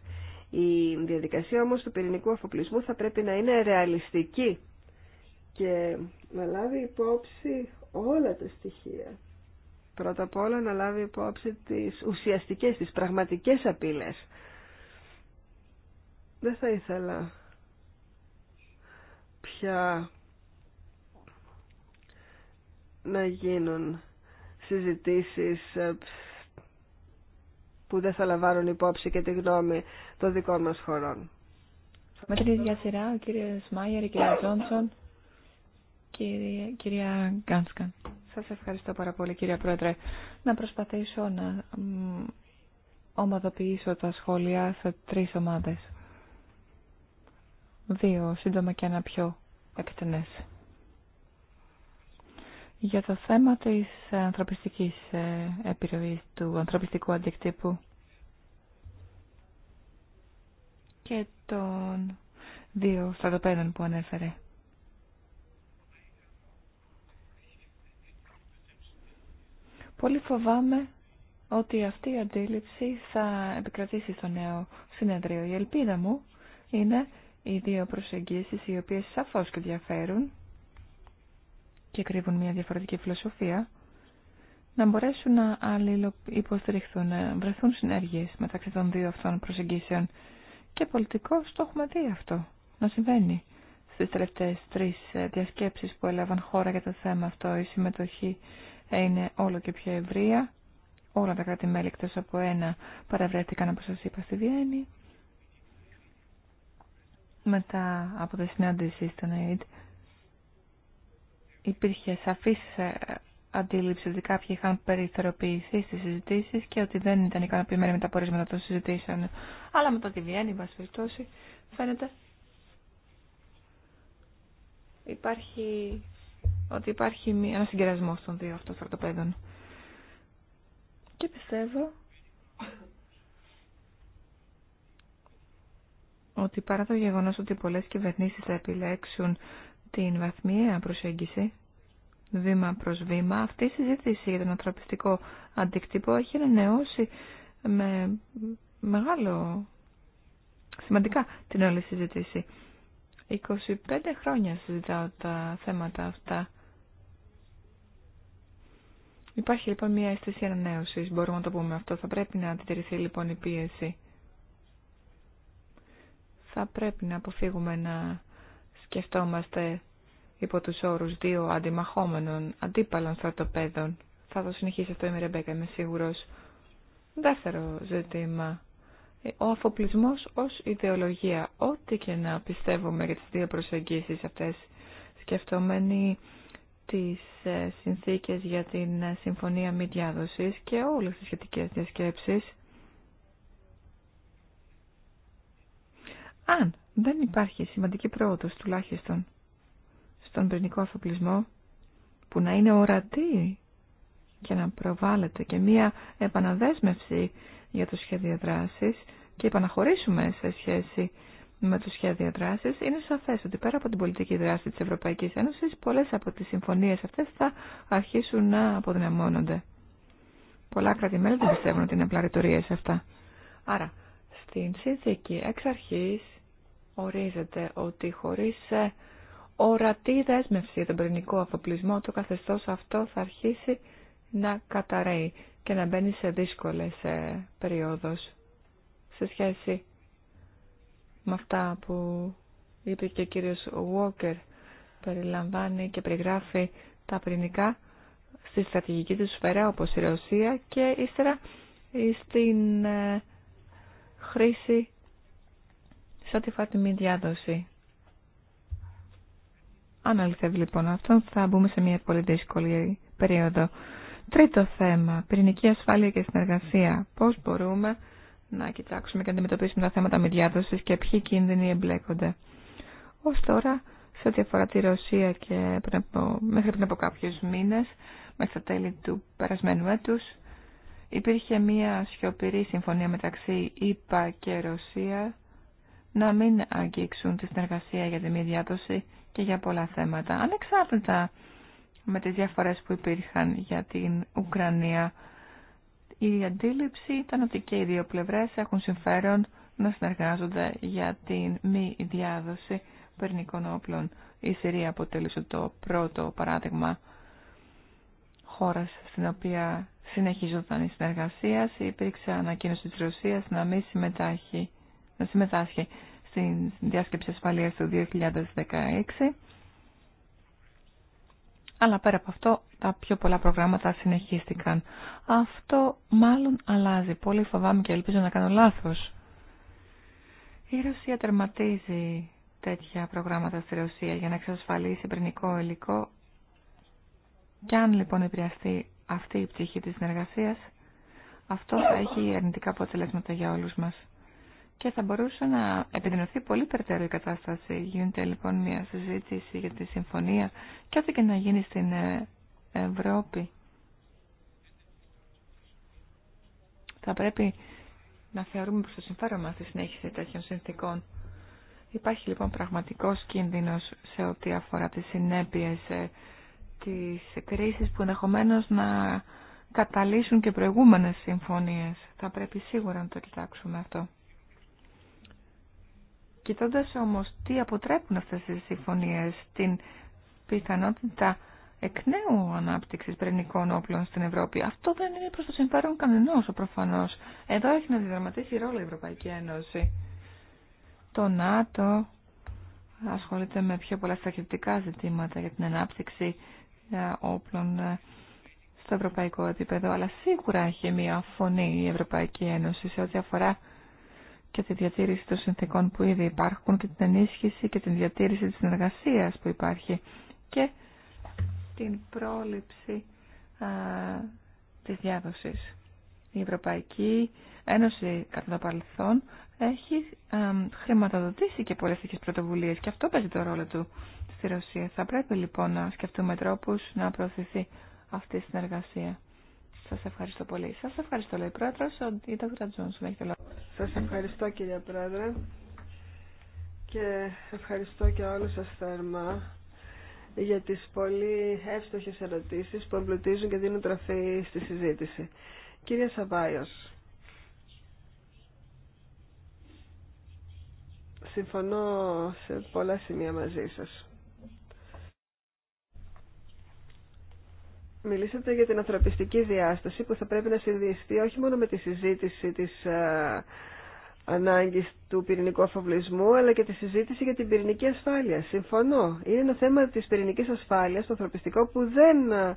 Η διαδικασία όμως του πυρηνικού αφοπλισμού θα πρέπει να είναι ρεαλιστική και να λάβει υπόψη όλα τα στοιχεία. Πρώτα απ' όλα να λάβει υπόψη τις ουσιαστικές, τις πραγματικές απειλές δεν θα ήθελα πια να γίνουν συζητήσεις ε, που δεν θα λαμβάνουν υπόψη και τη γνώμη των δικών μας χωρών. Με την ίδια σειρά, ο κύριος Μάιερ, η κυρία Τζόνσον, κυρία, κυρία Γκάνσκαν. Σας ευχαριστώ πάρα πολύ κυρία Πρόεδρε. Να προσπαθήσω να ομαδοποιήσω τα σχόλια σε τρεις ομάδες δύο σύντομα και ένα πιο εκτενές. Για το θέμα της ε, ανθρωπιστικής ε, επιρροής του ανθρωπιστικού αντικτύπου και των δύο στρατοπέδων που ανέφερε. Πολύ φοβάμαι ότι αυτή η αντίληψη θα επικρατήσει στο νέο συνεδρίο. Η ελπίδα μου είναι οι δύο προσεγγίσεις οι οποίες σαφώς και διαφέρουν και κρύβουν μια διαφορετική φιλοσοφία, να μπορέσουν να υποστηριχθούν, να βρεθούν συνέργειες μεταξύ των δύο αυτών προσεγγίσεων. Και πολιτικώς το έχουμε δει αυτό να συμβαίνει. Στις τελευταίες τρεις ε, διασκέψεις που έλαβαν χώρα για το θέμα αυτό, η συμμετοχή ε, είναι όλο και πιο ευρεία. Όλα τα κράτη-μέλη εκτός από ένα παραβρέθηκαν, όπως σας είπα, στη Βιέννη μετά από τη συνάντηση στον aid υπήρχε σαφής ε, αντίληψη ότι κάποιοι είχαν περιθεροποιηθεί στις συζητήσεις και ότι δεν ήταν ικανοποιημένοι με τα πορίσματα των συζητήσεων. Αλλά μετά τη Βιέννη, βάση περιπτώσει, φαίνεται υπάρχει, ότι υπάρχει ένα συγκερασμό των δύο αυτών στρατοπέδων. Και πιστεύω ότι παρά το γεγονός ότι πολλές κυβερνήσεις θα επιλέξουν την βαθμιαία προσέγγιση, βήμα προς βήμα, αυτή η συζήτηση για τον ανθρωπιστικό αντικτύπο έχει ανανεώσει με μεγάλο σημαντικά την όλη συζήτηση. 25 χρόνια συζητάω τα θέματα αυτά. Υπάρχει λοιπόν μια αίσθηση ανανέωσης, μπορούμε να το πούμε αυτό. Θα πρέπει να αντιτηρηθεί λοιπόν η πίεση θα πρέπει να αποφύγουμε να σκεφτόμαστε υπό τους όρους δύο αντιμαχόμενων, αντίπαλων στρατοπέδων. Θα το συνεχίσει αυτό η Μιρεμπέκα, είμαι σίγουρος. Δεύτερο ζήτημα. Ο αφοπλισμός ως ιδεολογία. Ό,τι και να πιστεύουμε για τις δύο προσεγγίσεις αυτές, σκεφτόμενοι τις ε, συνθήκες για την ε, Συμφωνία Μη και όλες τις σχετικές διασκέψεις, Αν δεν υπάρχει σημαντική πρόοδος τουλάχιστον στον πυρηνικό αφοπλισμό που να είναι ορατή και να προβάλλεται και μία επαναδέσμευση για το σχέδιο δράσης και επαναχωρήσουμε σε σχέση με το σχέδιο δράση, είναι σαφές ότι πέρα από την πολιτική δράση τη Ευρωπαϊκή Ένωση, πολλέ από τι συμφωνίε αυτέ θα αρχίσουν να αποδυναμώνονται. Πολλά κράτη-μέλη δεν πιστεύουν ότι είναι απλά αυτά. Άρα, στην συνθήκη εξ αρχή ορίζεται ότι χωρίς ε, ορατή δέσμευση για τον πυρηνικό αφοπλισμό το καθεστώς αυτό θα αρχίσει να καταραίει και να μπαίνει σε δύσκολες ε, περιόδους σε σχέση με αυτά που είπε και ο κύριος Walker περιλαμβάνει και περιγράφει τα πυρηνικά στη στρατηγική του σφαίρα όπως η Ρωσία και ύστερα στην ε, χρήση σε ό,τι τη μη διάδοση. Αν αληθεύει λοιπόν αυτό, θα μπούμε σε μια πολύ δύσκολη περίοδο. Τρίτο θέμα, πυρηνική ασφάλεια και συνεργασία. Πώς μπορούμε να κοιτάξουμε και να αντιμετωπίσουμε τα θέματα μη διάδοση και ποιοι κίνδυνοι εμπλέκονται. Ω τώρα, σε ό,τι αφορά τη Ρωσία και μέχρι πριν από κάποιου μήνε, μέχρι τα τέλη του περασμένου έτου, υπήρχε μια σιωπηρή συμφωνία μεταξύ ΙΠΑ και Ρωσία να μην αγγίξουν τη συνεργασία για τη μη διάδοση και για πολλά θέματα, ανεξάρτητα με τις διαφορές που υπήρχαν για την Ουκρανία. Η αντίληψη ήταν ότι και οι δύο πλευρές έχουν συμφέρον να συνεργάζονται για την μη διάδοση περνικών όπλων. Η Συρία αποτέλεσε το πρώτο παράδειγμα χώρας στην οποία συνεχίζονταν η συνεργασία. Υπήρξε ανακοίνωση της Ρωσίας να μην συμμετάχει να συμμετάσχει στην διάσκεψη ασφαλείας του 2016. Αλλά πέρα από αυτό, τα πιο πολλά προγράμματα συνεχίστηκαν. Αυτό μάλλον αλλάζει. Πολύ φοβάμαι και ελπίζω να κάνω λάθος. Η Ρωσία τερματίζει τέτοια προγράμματα στη Ρωσία για να εξασφαλίσει πυρηνικό υλικό. Κι αν λοιπόν επηρεαστεί αυτή η πτυχή της συνεργασίας, αυτό θα έχει αρνητικά αποτελέσματα για όλους μας και θα μπορούσε να επιδεινωθεί πολύ περαιτέρω η κατάσταση. Γίνεται λοιπόν μια συζήτηση για τη συμφωνία και ό,τι και να γίνει στην ε, Ευρώπη. Θα πρέπει να θεωρούμε προς το συμφέρον μας τη συνέχιση τέτοιων συνθήκων. Υπάρχει λοιπόν πραγματικός κίνδυνος σε ό,τι αφορά τις συνέπειες ε, της κρίσης που ενδεχομένω να καταλύσουν και προηγούμενες συμφωνίες. Θα πρέπει σίγουρα να το κοιτάξουμε αυτό. Κοιτώντας όμως τι αποτρέπουν αυτές τις συμφωνίες την πιθανότητα εκ νέου ανάπτυξη πυρηνικών όπλων στην Ευρώπη. Αυτό δεν είναι προ το συμφέρον κανενό, προφανώ. Εδώ έχει να διδραματίσει ρόλο η Ευρωπαϊκή Ένωση. Το ΝΑΤΟ ασχολείται με πιο πολλά στρατιωτικά ζητήματα για την ανάπτυξη ε, όπλων ε, στο ευρωπαϊκό επίπεδο, αλλά σίγουρα έχει μία φωνή η Ευρωπαϊκή Ένωση σε ό,τι αφορά και τη διατήρηση των συνθήκων που ήδη υπάρχουν και την ενίσχυση και την διατήρηση της συνεργασίας που υπάρχει και την πρόληψη α, της διάδοσης. Η Ευρωπαϊκή Ένωση κατά το παρελθόν έχει χρηματοδοτήσει και πολλές τέτοιες πρωτοβουλίες και αυτό παίζει το ρόλο του στη Ρωσία. Θα πρέπει λοιπόν να σκεφτούμε τρόπους να προωθηθεί αυτή η συνεργασία. Σας ευχαριστώ πολύ. Σας ευχαριστώ, λέει πρόεδρος. Ο Ντίτα σου έχει Σας ευχαριστώ, κύριε πρόεδρε. Και ευχαριστώ και όλου σα θερμά για τις πολύ εύστοχες ερωτήσεις που εμπλουτίζουν και δίνουν τροφή στη συζήτηση. Κύριε Σαβάιος, συμφωνώ σε πολλά σημεία μαζί σας. Μιλήσατε για την ανθρωπιστική διάσταση που θα πρέπει να συνδυαστεί όχι μόνο με τη συζήτηση της ε, ανάγκης του πυρηνικού αφοβλισμού, αλλά και τη συζήτηση για την πυρηνική ασφάλεια. Συμφωνώ. Είναι ένα θέμα της πυρηνικής ασφάλειας, το ανθρωπιστικό, που δεν ε,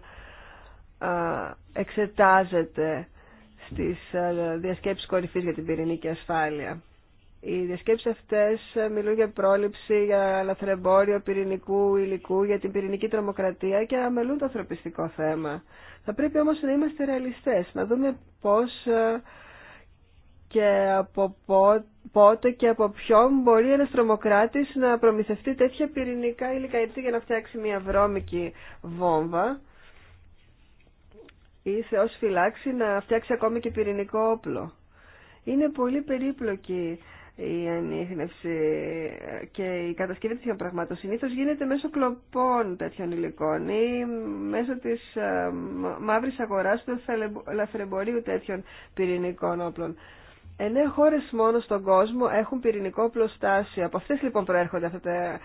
ε, εξετάζεται στις διασκέψεις κορυφής για την πυρηνική ασφάλεια. Οι διασκέψεις αυτέ μιλούν για πρόληψη, για λαθρεμπόριο πυρηνικού υλικού, για την πυρηνική τρομοκρατία και αμελούν το ανθρωπιστικό θέμα. Θα πρέπει όμω να είμαστε ρεαλιστέ να δούμε πώ ε, και από πότε και από ποιον μπορεί ένας τρομοκράτης να προμηθευτεί τέτοια πυρηνικά υλικά για να φτιάξει μια βρώμικη βόμβα ή θεός φυλάξη να φτιάξει ακόμη και πυρηνικό όπλο. Είναι πολύ περίπλοκη η ανείχνευση και η κατασκευή τέτοιων πραγμάτων γίνεται μέσω κλοπών τέτοιων υλικών ή μέσω τη ε, μαύρη αγοράς του ελαφρεμπορίου τέτοιων πυρηνικών όπλων. Εννέα χώρε μόνο στον κόσμο έχουν πυρηνικό πλωστάσιο. Από αυτές λοιπόν προέρχονται αυτά τα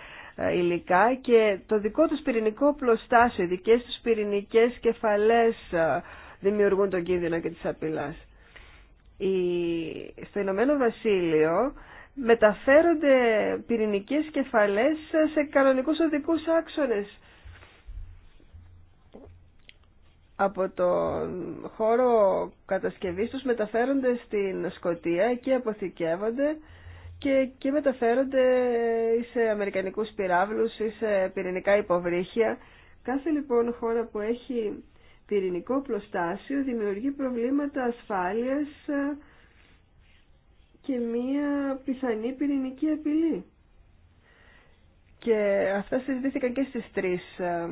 ε, υλικά και το δικό τους πυρηνικό πλωστάσιο, οι δικέ τους πυρηνικέ κεφαλές ε, δημιουργούν τον κίνδυνο και τι απειλέ στο Ηνωμένο Βασίλειο μεταφέρονται πυρηνικές κεφαλές σε κανονικούς οδικούς άξονες από τον χώρο κατασκευής τους μεταφέρονται στην Σκοτία και αποθηκεύονται και, και μεταφέρονται σε αμερικανικούς πυράβλους ή σε πυρηνικά υποβρύχια. Κάθε λοιπόν χώρα που έχει πυρηνικό πλωστάσιο δημιουργεί προβλήματα ασφάλειας ε, και μία πιθανή πυρηνική απειλή. Και αυτά συζητήθηκαν και στις τρεις ε,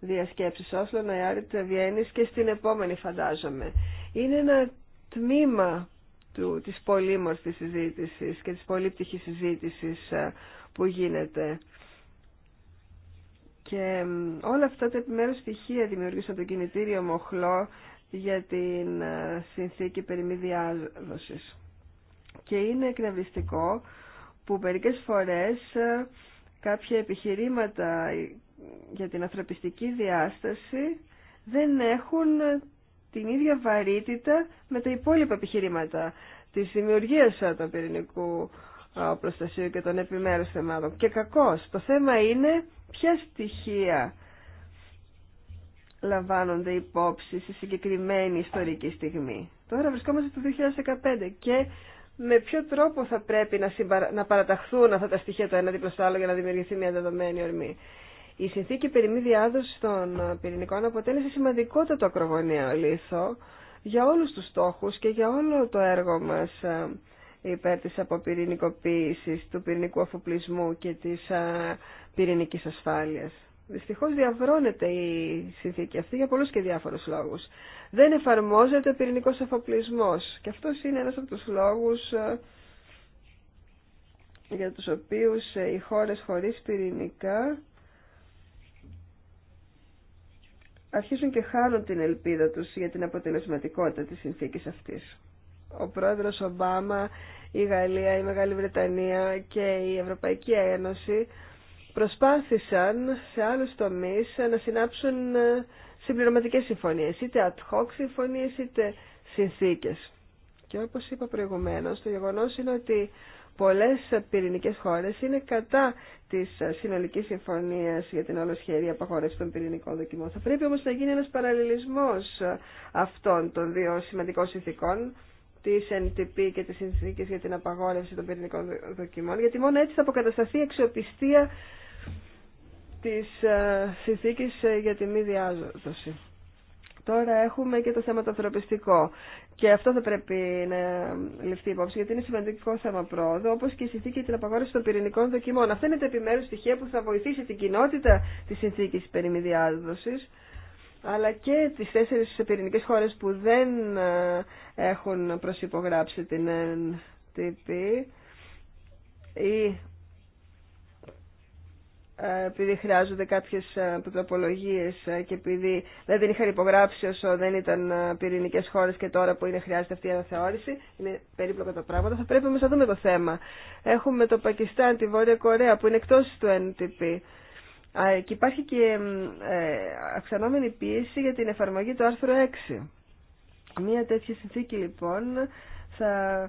διασκέψεις, Όσλο, Ναϊάρτ, Βιέννης και στην επόμενη φαντάζομαι. Είναι ένα τμήμα του, της πολύμορφης συζήτησης και της πολύπτυχης συζήτησης ε, που γίνεται. Και όλα αυτά τα επιμέρους στοιχεία δημιούργησαν το κινητήριο μοχλό για την ε, συνθήκη περί Και είναι εκνευριστικό που μερικές φορές ε, κάποια επιχειρήματα για την ανθρωπιστική διάσταση δεν έχουν ε, την ίδια βαρύτητα με τα υπόλοιπα επιχειρήματα της δημιουργίας των πυρηνικού προστασίου και των επιμέρους θεμάτων. Και κακώς. Το θέμα είναι Ποια στοιχεία λαμβάνονται υπόψη στη συγκεκριμένη ιστορική στιγμή. Τώρα βρισκόμαστε το 2015 και με ποιο τρόπο θα πρέπει να, να παραταχθούν αυτά τα στοιχεία το ένα δίπλα στο άλλο για να δημιουργηθεί μια δεδομένη ορμή. Η συνθήκη περί μη διάδοση των πυρηνικών αποτέλεσε σημαντικότατο ακρογωνιαίο λίθο για όλους τους στόχους και για όλο το έργο μας ε, υπέρ της αποπυρηνικοποίησης, του πυρηνικού αφοπλισμού και της ε, Πυρηνική ασφάλειας. Δυστυχώς διαβρώνεται η συνθήκη αυτή για πολλούς και διάφορους λόγους. Δεν εφαρμόζεται ο πυρηνικό εφοπλισμός και αυτός είναι ένας από τους λόγους ε, για τους οποίους ε, οι χώρες χωρίς πυρηνικά αρχίζουν και χάνουν την ελπίδα τους για την αποτελεσματικότητα της συνθήκης αυτής. Ο πρόεδρος Ομπάμα, η Γαλλία, η Μεγάλη Βρετανία και η Ευρωπαϊκή Ένωση προσπάθησαν σε άλλους τομείς να συνάψουν ε, συμπληρωματικές συμφωνίες, είτε ad hoc συμφωνίες είτε συνθήκες. Και όπως είπα προηγουμένως, το γεγονός είναι ότι πολλές πυρηνικές χώρες είναι κατά της ε, συνολικής συμφωνίας για την ολοσχερή απαγόρευση των πυρηνικών δοκιμών. Θα πρέπει όμως να γίνει ένας παραλληλισμός ε, αυτών των δύο σημαντικών συνθήκων, τη NTP και τη συνθήκη για την απαγόρευση των πυρηνικών δοκιμών, γιατί μόνο έτσι θα αποκατασταθεί η αξιοπιστία της ε, συνθήκης ε, για τη μη διάδοση. Τώρα έχουμε και το θέμα το ανθρωπιστικό. Και αυτό θα πρέπει να ληφθεί υπόψη, γιατί είναι σημαντικό θέμα πρόοδο, όπω και η συνθήκη την απαγόρευση των πυρηνικών δοκιμών. Αυτά είναι τα επιμέρου στοιχεία που θα βοηθήσει την κοινότητα τη συνθήκη περί διάδοσης αλλά και τι τέσσερι πυρηνικέ χώρε που δεν ε, έχουν προσυπογράψει την NTP ή επειδή χρειάζονται κάποιες ε, πρωτοπολογίες ε, και επειδή δεν είχαν υπογράψει όσο δεν ήταν ε, πυρηνικές χώρες και τώρα που είναι χρειάζεται αυτή η αναθεώρηση, είναι περίπλοκα τα πράγματα, θα πρέπει όμως να δούμε το θέμα. Έχουμε το Πακιστάν, τη Βόρεια Κορέα που είναι εκτός του NTP. Και υπάρχει και αυξανόμενη πίεση για την εφαρμογή του άρθρου 6. Μία τέτοια συνθήκη λοιπόν θα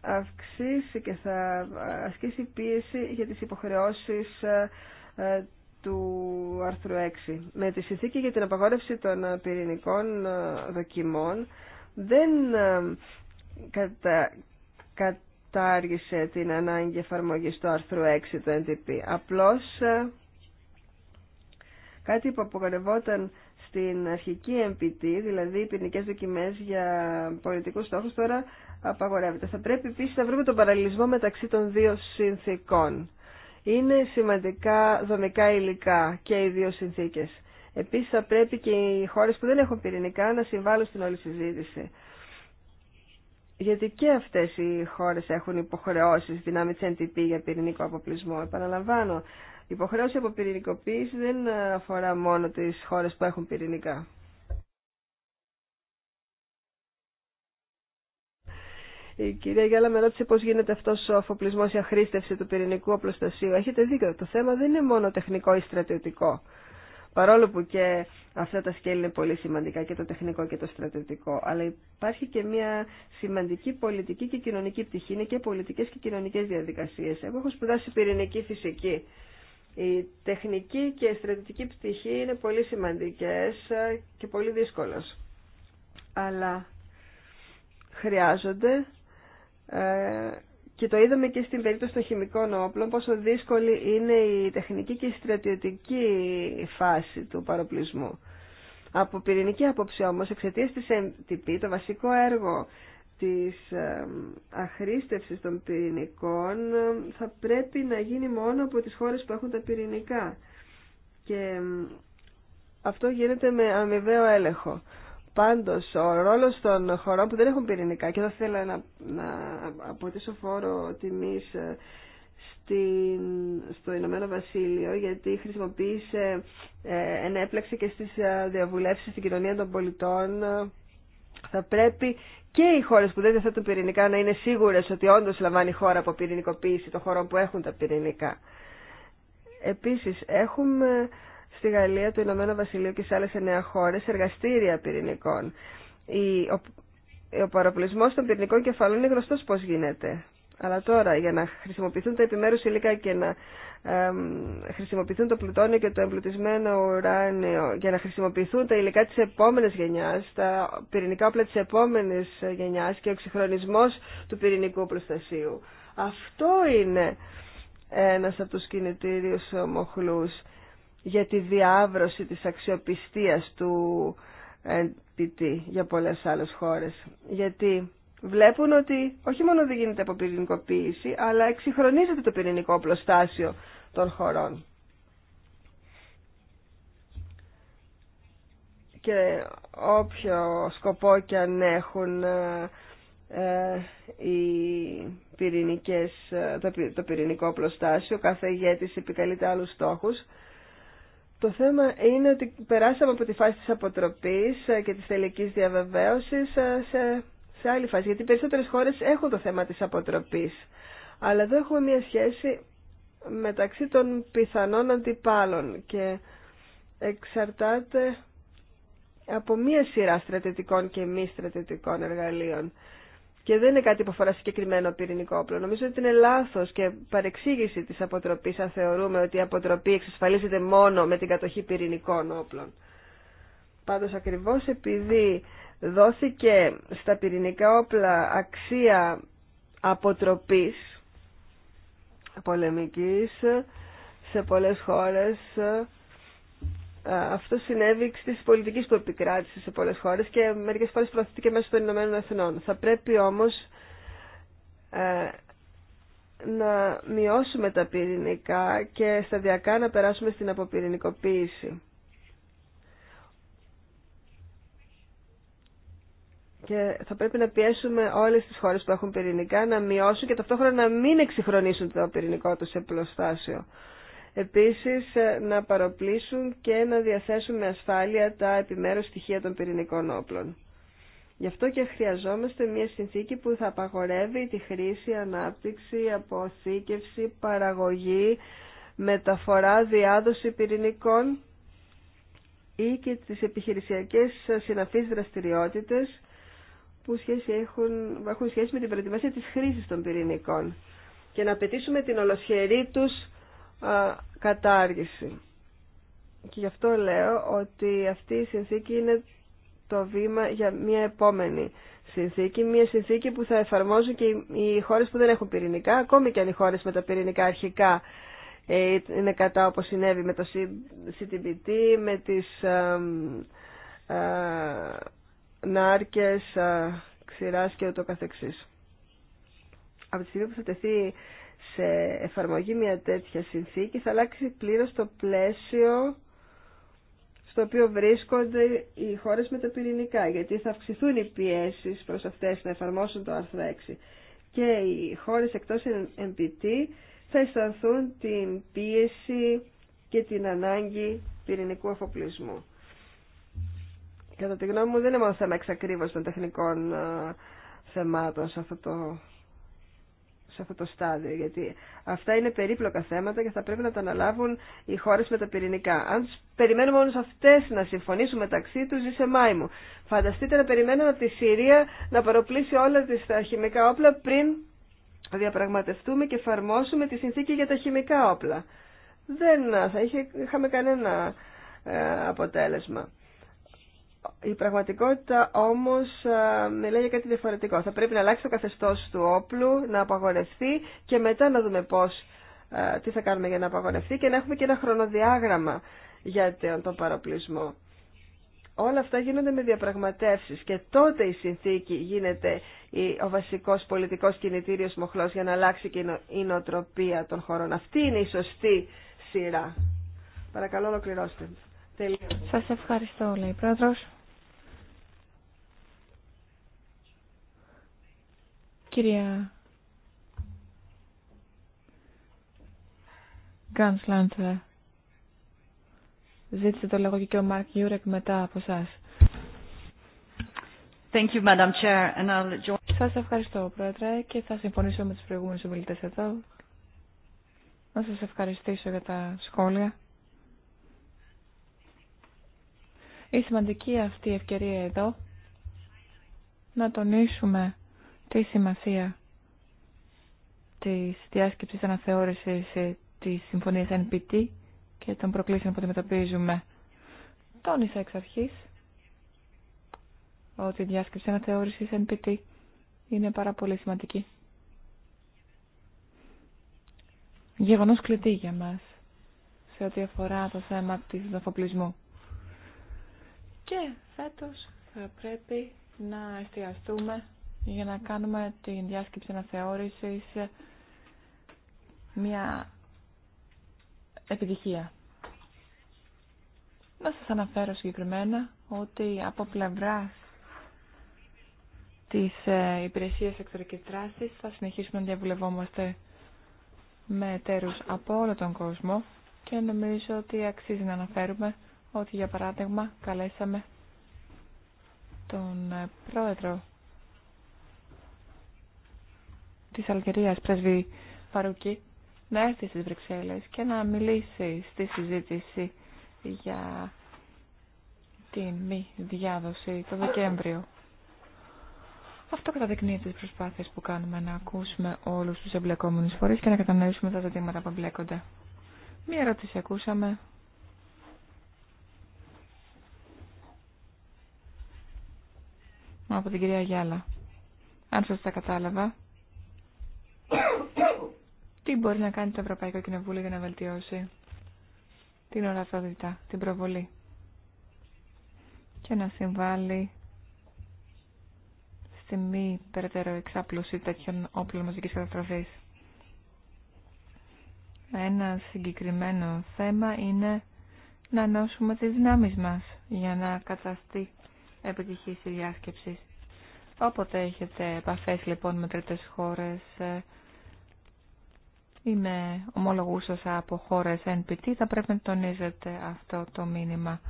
αυξήσει και θα ασκήσει πίεση για τις υποχρεώσεις ε, του άρθρου 6. Με τη συνθήκη για την απαγόρευση των ε, πυρηνικών ε, δοκιμών δεν κατα... κατάργησε την ανάγκη εφαρμογή του άρθρου 6 του NTP. Απλώς κάτι που απογορευόταν στην αρχική MPT, δηλαδή οι πυρηνικές δοκιμές για πολιτικούς στόχου τώρα απαγορεύεται. Θα πρέπει επίση να βρούμε τον παραλληλισμό μεταξύ των δύο συνθήκων είναι σημαντικά δομικά υλικά και οι δύο συνθήκε. Επίσης θα πρέπει και οι χώρες που δεν έχουν πυρηνικά να συμβάλλουν στην όλη συζήτηση. Γιατί και αυτές οι χώρες έχουν υποχρεώσει, δυνάμει τη NTP για πυρηνικό αποπλισμό. Επαναλαμβάνω, η υποχρέωση πυρηνικοποίηση δεν αφορά μόνο τις χώρες που έχουν πυρηνικά. Η ε, κυρία Γιάλα με ρώτησε πώ γίνεται αυτό ο αφοπλισμός, η αχρήστευση του πυρηνικού οπλοστασίου. Έχετε δίκιο, το θέμα δεν είναι μόνο τεχνικό ή στρατιωτικό. Παρόλο που και αυτά τα σκέλη είναι πολύ σημαντικά και το τεχνικό και το στρατιωτικό. Αλλά υπάρχει και μια σημαντική πολιτική και κοινωνική πτυχή. Είναι και πολιτικέ και κοινωνικέ διαδικασίε. Εγώ έχω σπουδάσει πυρηνική φυσική. Η τεχνική και η στρατιωτική πτυχή είναι πολύ σημαντικέ ε, και πολύ δύσκολε. Αλλά χρειάζονται ε, και το είδαμε και στην περίπτωση των χημικών όπλων πόσο δύσκολη είναι η τεχνική και η στρατιωτική φάση του παροπλισμού. Από πυρηνική άποψη όμως εξαιτίας της MTP το βασικό έργο της ε, αχρήστευσης των πυρηνικών ε, θα πρέπει να γίνει μόνο από τις χώρες που έχουν τα πυρηνικά. Και αυτό γίνεται με αμοιβαίο έλεγχο. Πάντω ο ρόλο των χωρών που δεν έχουν πυρηνικά και θα θέλω να, να αποτίσω φόρο τιμή ε, στο Ηνωμένο Βασίλειο γιατί χρησιμοποίησε, ε, και στις ε, διαβουλεύσεις στην κοινωνία των πολιτών ε, θα πρέπει και οι χώρες που δεν διαθέτουν πυρηνικά να είναι σίγουρες ότι όντω λαμβάνει η χώρα από πυρηνικοποίηση των χωρών που έχουν τα πυρηνικά. Επίσης, έχουμε στη Γαλλία, το Ηνωμένο Βασιλείο και σε άλλες εννέα χώρες εργαστήρια πυρηνικών. Η, ο, ο παραπλησμός των πυρηνικών κεφαλών είναι γνωστός πώς γίνεται. Αλλά τώρα για να χρησιμοποιηθούν τα επιμέρους υλικά και να ε, χρησιμοποιηθούν το πλουτόνιο και το εμπλουτισμένο ουράνιο για να χρησιμοποιηθούν τα υλικά της επόμενης γενιάς, τα πυρηνικά όπλα της επόμενης γενιάς και ο εξυγχρονισμός του πυρηνικού προστασίου. Αυτό είναι ένας από τους κινητήριους μοχλούς για τη διάβρωση της αξιοπιστίας του NPT για πολλές άλλες χώρες. Γιατί βλέπουν ότι όχι μόνο δεν γίνεται από πυρηνικοποίηση, αλλά εξυγχρονίζεται το πυρηνικό πλωστάσιο των χωρών. Και όποιο σκοπό και αν έχουν ε, ε, οι πυρηνικές, ε, το πυρηνικό πλωστάσιο, κάθε ηγέτης επικαλείται άλλους στόχους, το θέμα είναι ότι περάσαμε από τη φάση της αποτροπής ε, και της τελικής διαβεβαίωσης ε, σε, σε άλλη φάση, γιατί περισσότερες χώρες έχουν το θέμα της αποτροπής. Αλλά εδώ έχουμε μια σχέση μεταξύ των πιθανών αντιπάλων και εξαρτάται από μία σειρά στρατητικών και μη στρατητικών εργαλείων και δεν είναι κάτι που αφορά συγκεκριμένο πυρηνικό όπλο. Νομίζω ότι είναι λάθο και παρεξήγηση τη αποτροπή αν θεωρούμε ότι η αποτροπή εξασφαλίζεται μόνο με την κατοχή πυρηνικών όπλων. Πάντως ακριβώς επειδή δόθηκε στα πυρηνικά όπλα αξία αποτροπής πολεμική σε πολλές χώρες αυτό συνέβη τη πολιτική του επικράτησε σε πολλέ χώρε και μερικέ φορέ και μέσα των Ηνωμένων Εθνών. Θα πρέπει όμω ε, να μειώσουμε τα πυρηνικά και σταδιακά να περάσουμε στην αποπυρηνικοποίηση. Και θα πρέπει να πιέσουμε όλες τις χώρες που έχουν πυρηνικά να μειώσουν και ταυτόχρονα να μην εξυγχρονίσουν το πυρηνικό τους σε επίσης ε, να παροπλήσουν και να διαθέσουν με ασφάλεια τα επιμέρους στοιχεία των πυρηνικών όπλων. Γι' αυτό και χρειαζόμαστε μια συνθήκη που θα απαγορεύει τη χρήση, ανάπτυξη, αποθήκευση, παραγωγή, μεταφορά, διάδοση πυρηνικών ή και τις επιχειρησιακές συναφείς δραστηριότητες που, σχέση έχουν, έχουν σχέση με την προετοιμασία της χρήσης των πυρηνικών και να απαιτήσουμε την ολοσχερή τους ε, κατάργηση. Και γι' αυτό λέω ότι αυτή η συνθήκη είναι το βήμα για μια επόμενη συνθήκη, μια συνθήκη που θα εφαρμόζουν και οι χώρες που δεν έχουν πυρηνικά, ακόμη και αν οι χώρες με τα πυρηνικά αρχικά ε, είναι κατά όπως συνέβη με το CTBT, με τις α, α, ε, νάρκες, ξηράς και ούτω καθεξής. Από τη στιγμή που θα τεθεί σε εφαρμογή μια τέτοια συνθήκη θα αλλάξει πλήρως το πλαίσιο στο οποίο βρίσκονται οι χώρες με τα πυρηνικά, γιατί θα αυξηθούν οι πιέσεις προς αυτές να εφαρμόσουν το άρθρο 6 και οι χώρες εκτός MPT θα αισθανθούν την πίεση και την ανάγκη πυρηνικού αφοπλισμού. Κατά τη γνώμη μου δεν είναι μόνο θέμα εξακρίβωση των τεχνικών ε, θεμάτων σε αυτό το σε αυτό το στάδιο, γιατί αυτά είναι περίπλοκα θέματα και θα πρέπει να τα αναλάβουν οι χώρε με τα πυρηνικά. Αν του περιμένουμε όμω αυτές να συμφωνήσουν μεταξύ τους, ζήσε μου. Φανταστείτε να περιμένουμε από τη Συρία να παροπλήσει όλα τις, τα χημικά όπλα πριν διαπραγματευτούμε και εφαρμόσουμε τη συνθήκη για τα χημικά όπλα. Δεν θα είχε, είχαμε κανένα ε, αποτέλεσμα. Η πραγματικότητα όμως ε, μιλάει για κάτι διαφορετικό. Θα πρέπει να αλλάξει το καθεστώς του όπλου, να απαγορευτεί και μετά να δούμε πώς, ε, τι θα κάνουμε για να απαγορευτεί και να έχουμε και ένα χρονοδιάγραμμα για τον παροπλισμό. Όλα αυτά γίνονται με διαπραγματεύσεις και τότε η συνθήκη γίνεται ο βασικός πολιτικός κινητήριος μοχλός για να αλλάξει και η νοοτροπία των χωρών. Αυτή είναι η σωστή σειρά. Παρακαλώ ολοκληρώστε. Σας ευχαριστώ, λέει η Κυρία Γκάνσλαντ, ζήτησε το λόγο και ο Μάρκ Γιούρεκ μετά από εσά. Σας ευχαριστώ, Πρόεδρε, και θα συμφωνήσω με τους προηγούμενους ομιλητές εδώ. Να σας ευχαριστήσω για τα σχόλια. Η σημαντική αυτή ευκαιρία εδώ να τονίσουμε τη σημασία της διάσκεψης αναθεώρησης ε, της συμφωνίας NPT και των προκλήσεων που αντιμετωπίζουμε. Τόνισα εξ αρχής ότι η διάσκεψη αναθεώρησης NPT είναι πάρα πολύ σημαντική. Γεγονός κλειδί για μας σε ό,τι αφορά το θέμα της δοφοπλισμού. Και φέτος θα πρέπει να εστιαστούμε για να κάνουμε την διάσκεψη αναθεώρησης μια επιτυχία. Να σας αναφέρω συγκεκριμένα ότι από πλευρά της ε, υπηρεσίας εξωτερικής δράσης θα συνεχίσουμε να διαβουλευόμαστε με εταίρους από όλο τον κόσμο και νομίζω ότι αξίζει να αναφέρουμε ότι για παράδειγμα καλέσαμε τον ε, πρόεδρο τη Αλγερίας, πρέσβη Φαρουκή, να έρθει στι Βρυξέλλε και να μιλήσει στη συζήτηση για την μη διάδοση το Δεκέμβριο. Αυτό καταδεικνύει τις προσπάθειες που κάνουμε να ακούσουμε όλους τους εμπλεκόμενου φορείς και να κατανοήσουμε τα ζητήματα που εμπλέκονται. Μία ερώτηση ακούσαμε. Από την κυρία Γιάλα. Αν τα κατάλαβα, τι μπορεί να κάνει το Ευρωπαϊκό Κοινοβούλιο για να βελτιώσει την ορατότητα, την προβολή και να συμβάλλει στη μη περαιτέρω εξάπλωση τέτοιων όπλων μαζικής καταστροφής. Ένα συγκεκριμένο θέμα είναι να ενώσουμε τις δυνάμεις μας για να καταστεί επιτυχής η διάσκεψη. Όποτε έχετε επαφές λοιπόν με τρίτες χώρες, ε, είναι ομολογούσα από χώρες NPT, θα πρέπει να τονίζετε αυτό το μήνυμα.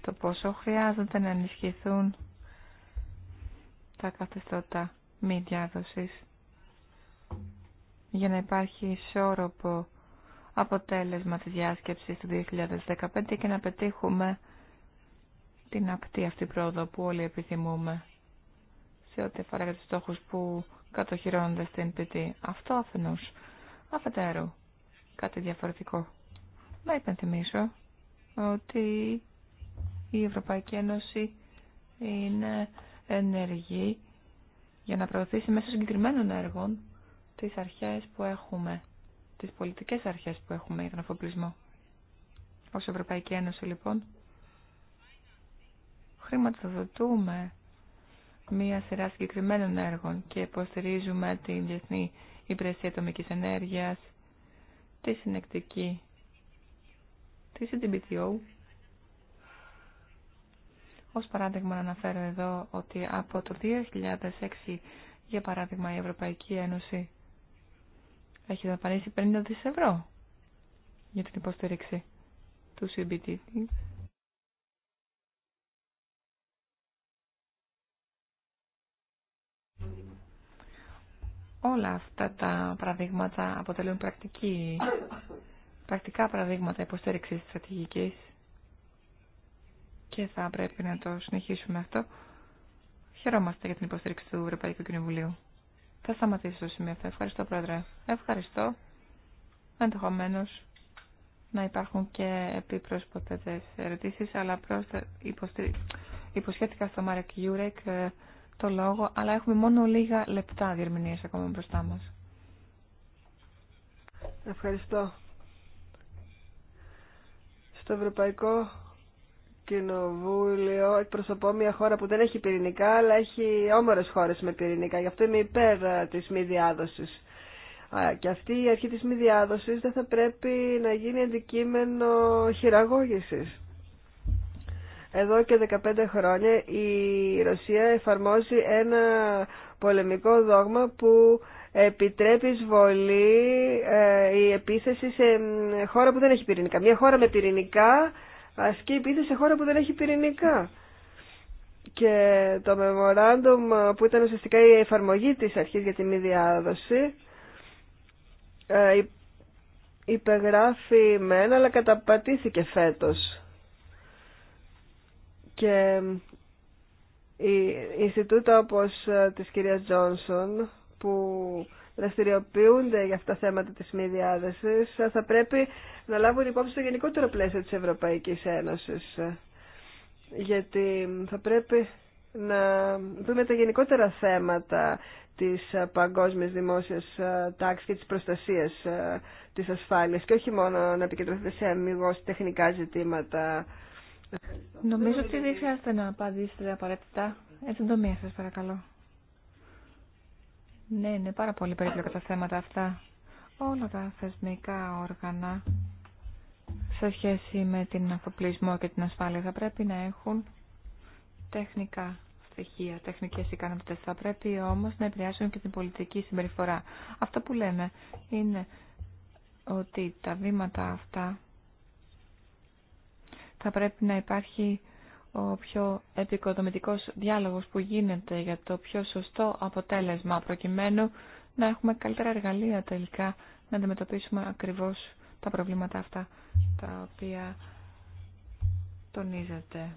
Το πόσο χρειάζεται να ενισχυθούν τα καθεστώτα μη διάδοσης για να υπάρχει ισόρροπο αποτέλεσμα της διάσκεψης του 2015 και να πετύχουμε την ακτή αυτή πρόοδο που όλοι επιθυμούμε σε ό,τι αφορά για τους στόχους που κατοχυρώνονται στην ΠΤ. Αυτό αφενός αφετέρου κάτι διαφορετικό. Να υπενθυμίσω ότι η Ευρωπαϊκή Ένωση είναι ενεργή για να προωθήσει μέσω συγκεκριμένων έργων τις αρχές που έχουμε, τις πολιτικές αρχές που έχουμε για τον αφοπλισμό. Ως Ευρωπαϊκή Ένωση λοιπόν χρηματοδοτούμε μία σειρά συγκεκριμένων έργων και υποστηρίζουμε την διεθνή η υπηρεσία ατομική ενέργειας, τη συνεκτική, τη CDBTO. Ως παράδειγμα να αναφέρω εδώ ότι από το 2006, για παράδειγμα, η Ευρωπαϊκή Ένωση έχει δαπανίσει 50 δις ευρώ για την υποστήριξη του CBT Όλα αυτά τα παραδείγματα αποτελούν πρακτική, πρακτικά παραδείγματα υποστήριξης στρατηγικής και θα πρέπει να το συνεχίσουμε αυτό. Χαιρόμαστε για την υποστήριξη του Ευρωπαϊκού Κοινοβουλίου. Θα σταματήσω στο σημείο αυτό. Ευχαριστώ, Πρόεδρε. Ευχαριστώ. Ενδεχομένω να υπάρχουν και επίπροσποτετές ερωτήσεις, αλλά υποσχέθηκα στο Μάρεκ Γιούρεκ ε, το λόγο, αλλά έχουμε μόνο λίγα λεπτά διερμηνίες ακόμα μπροστά μας. Ευχαριστώ. Στο Ευρωπαϊκό Κοινοβούλιο εκπροσωπώ μια χώρα που δεν έχει πυρηνικά, αλλά έχει όμορες χώρες με πυρηνικά. Γι' αυτό είμαι υπέρ της μη διάδοσης. Και αυτή η αρχή της μη διάδοσης δεν θα πρέπει να γίνει αντικείμενο χειραγώγησης. Εδώ και 15 χρόνια η Ρωσία εφαρμόζει ένα πολεμικό δόγμα που επιτρέπει εισβολή ε, η επίθεση σε χώρα που δεν έχει πυρηνικά. Μια χώρα με πυρηνικά ασκεί επίθεση σε χώρα που δεν έχει πυρηνικά. Και το memorandum που ήταν ουσιαστικά η εφαρμογή της αρχής για τη μη διάδοση ε, υπεγράφει μεν αλλά καταπατήθηκε φέτος. Και οι Ινστιτούτα όπως ε, της κυρίας Τζόνσον που δραστηριοποιούνται για αυτά τα θέματα της μη διάδεσης ε, θα πρέπει να λάβουν υπόψη το γενικότερο πλαίσιο της Ευρωπαϊκής Ένωσης. Ε, γιατί θα πρέπει να δούμε τα γενικότερα θέματα της παγκόσμιας δημόσιας τάξης και της προστασίας της ασφάλειας και όχι μόνο να επικεντρωθείτε σε αμυγός τεχνικά ζητήματα Νομίζω ότι δεν χρειάζεται να απαντήσετε απαραίτητα. Έτσι, μία σας παρακαλώ. Ναι, είναι πάρα πολύ περίπλοκα τα θέματα αυτά. Όλα τα θεσμικά όργανα σε σχέση με την αφοπλισμό και την ασφάλεια θα πρέπει να έχουν τεχνικά στοιχεία, τεχνικές ικανότητες. Θα πρέπει όμως να επηρεάσουν και την πολιτική συμπεριφορά. Αυτό που λέμε είναι ότι τα βήματα αυτά θα πρέπει να υπάρχει ο πιο επικοδομητικός διάλογος που γίνεται για το πιο σωστό αποτέλεσμα προκειμένου να έχουμε καλύτερα εργαλεία τελικά να αντιμετωπίσουμε ακριβώς τα προβλήματα αυτά τα οποία τονίζεται.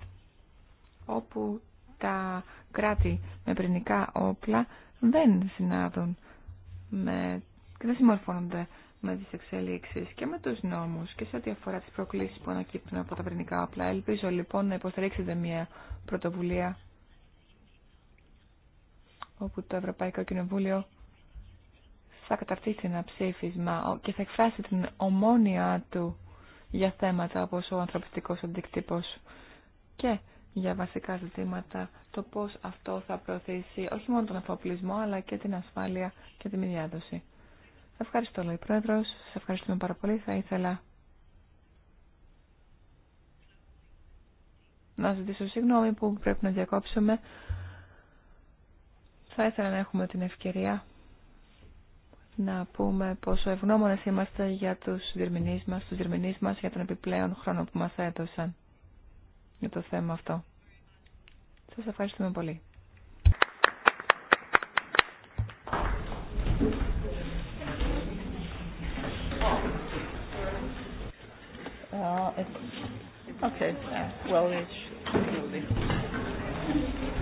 Όπου τα κράτη με πρινικά όπλα δεν συνάδουν με, και δεν συμμορφώνονται με τις εξελίξεις και με τους νόμους και σε ό,τι αφορά τις προκλήσεις που ανακύπτουν από τα πρινικά όπλα. Ελπίζω λοιπόν να υποστηρίξετε μια πρωτοβουλία όπου το Ευρωπαϊκό Κοινοβούλιο θα καταρτήσει ένα ψήφισμα και θα εκφράσει την ομόνια του για θέματα όπως ο ανθρωπιστικός αντικτύπος και για βασικά ζητήματα το πώς αυτό θα προωθήσει όχι μόνο τον αφοπλισμό αλλά και την ασφάλεια και τη μη διάδοση. Ευχαριστώ, λέει Πρόεδρο. Σα ευχαριστούμε πάρα πολύ. Θα ήθελα να ζητήσω συγγνώμη που πρέπει να διακόψουμε. Θα ήθελα να έχουμε την ευκαιρία να πούμε πόσο ευγνώμονες είμαστε για τους διερμηνείς μα, τους διερμηνείς μας για τον επιπλέον χρόνο που μας έδωσαν για το θέμα αυτό. Σας ευχαριστούμε πολύ.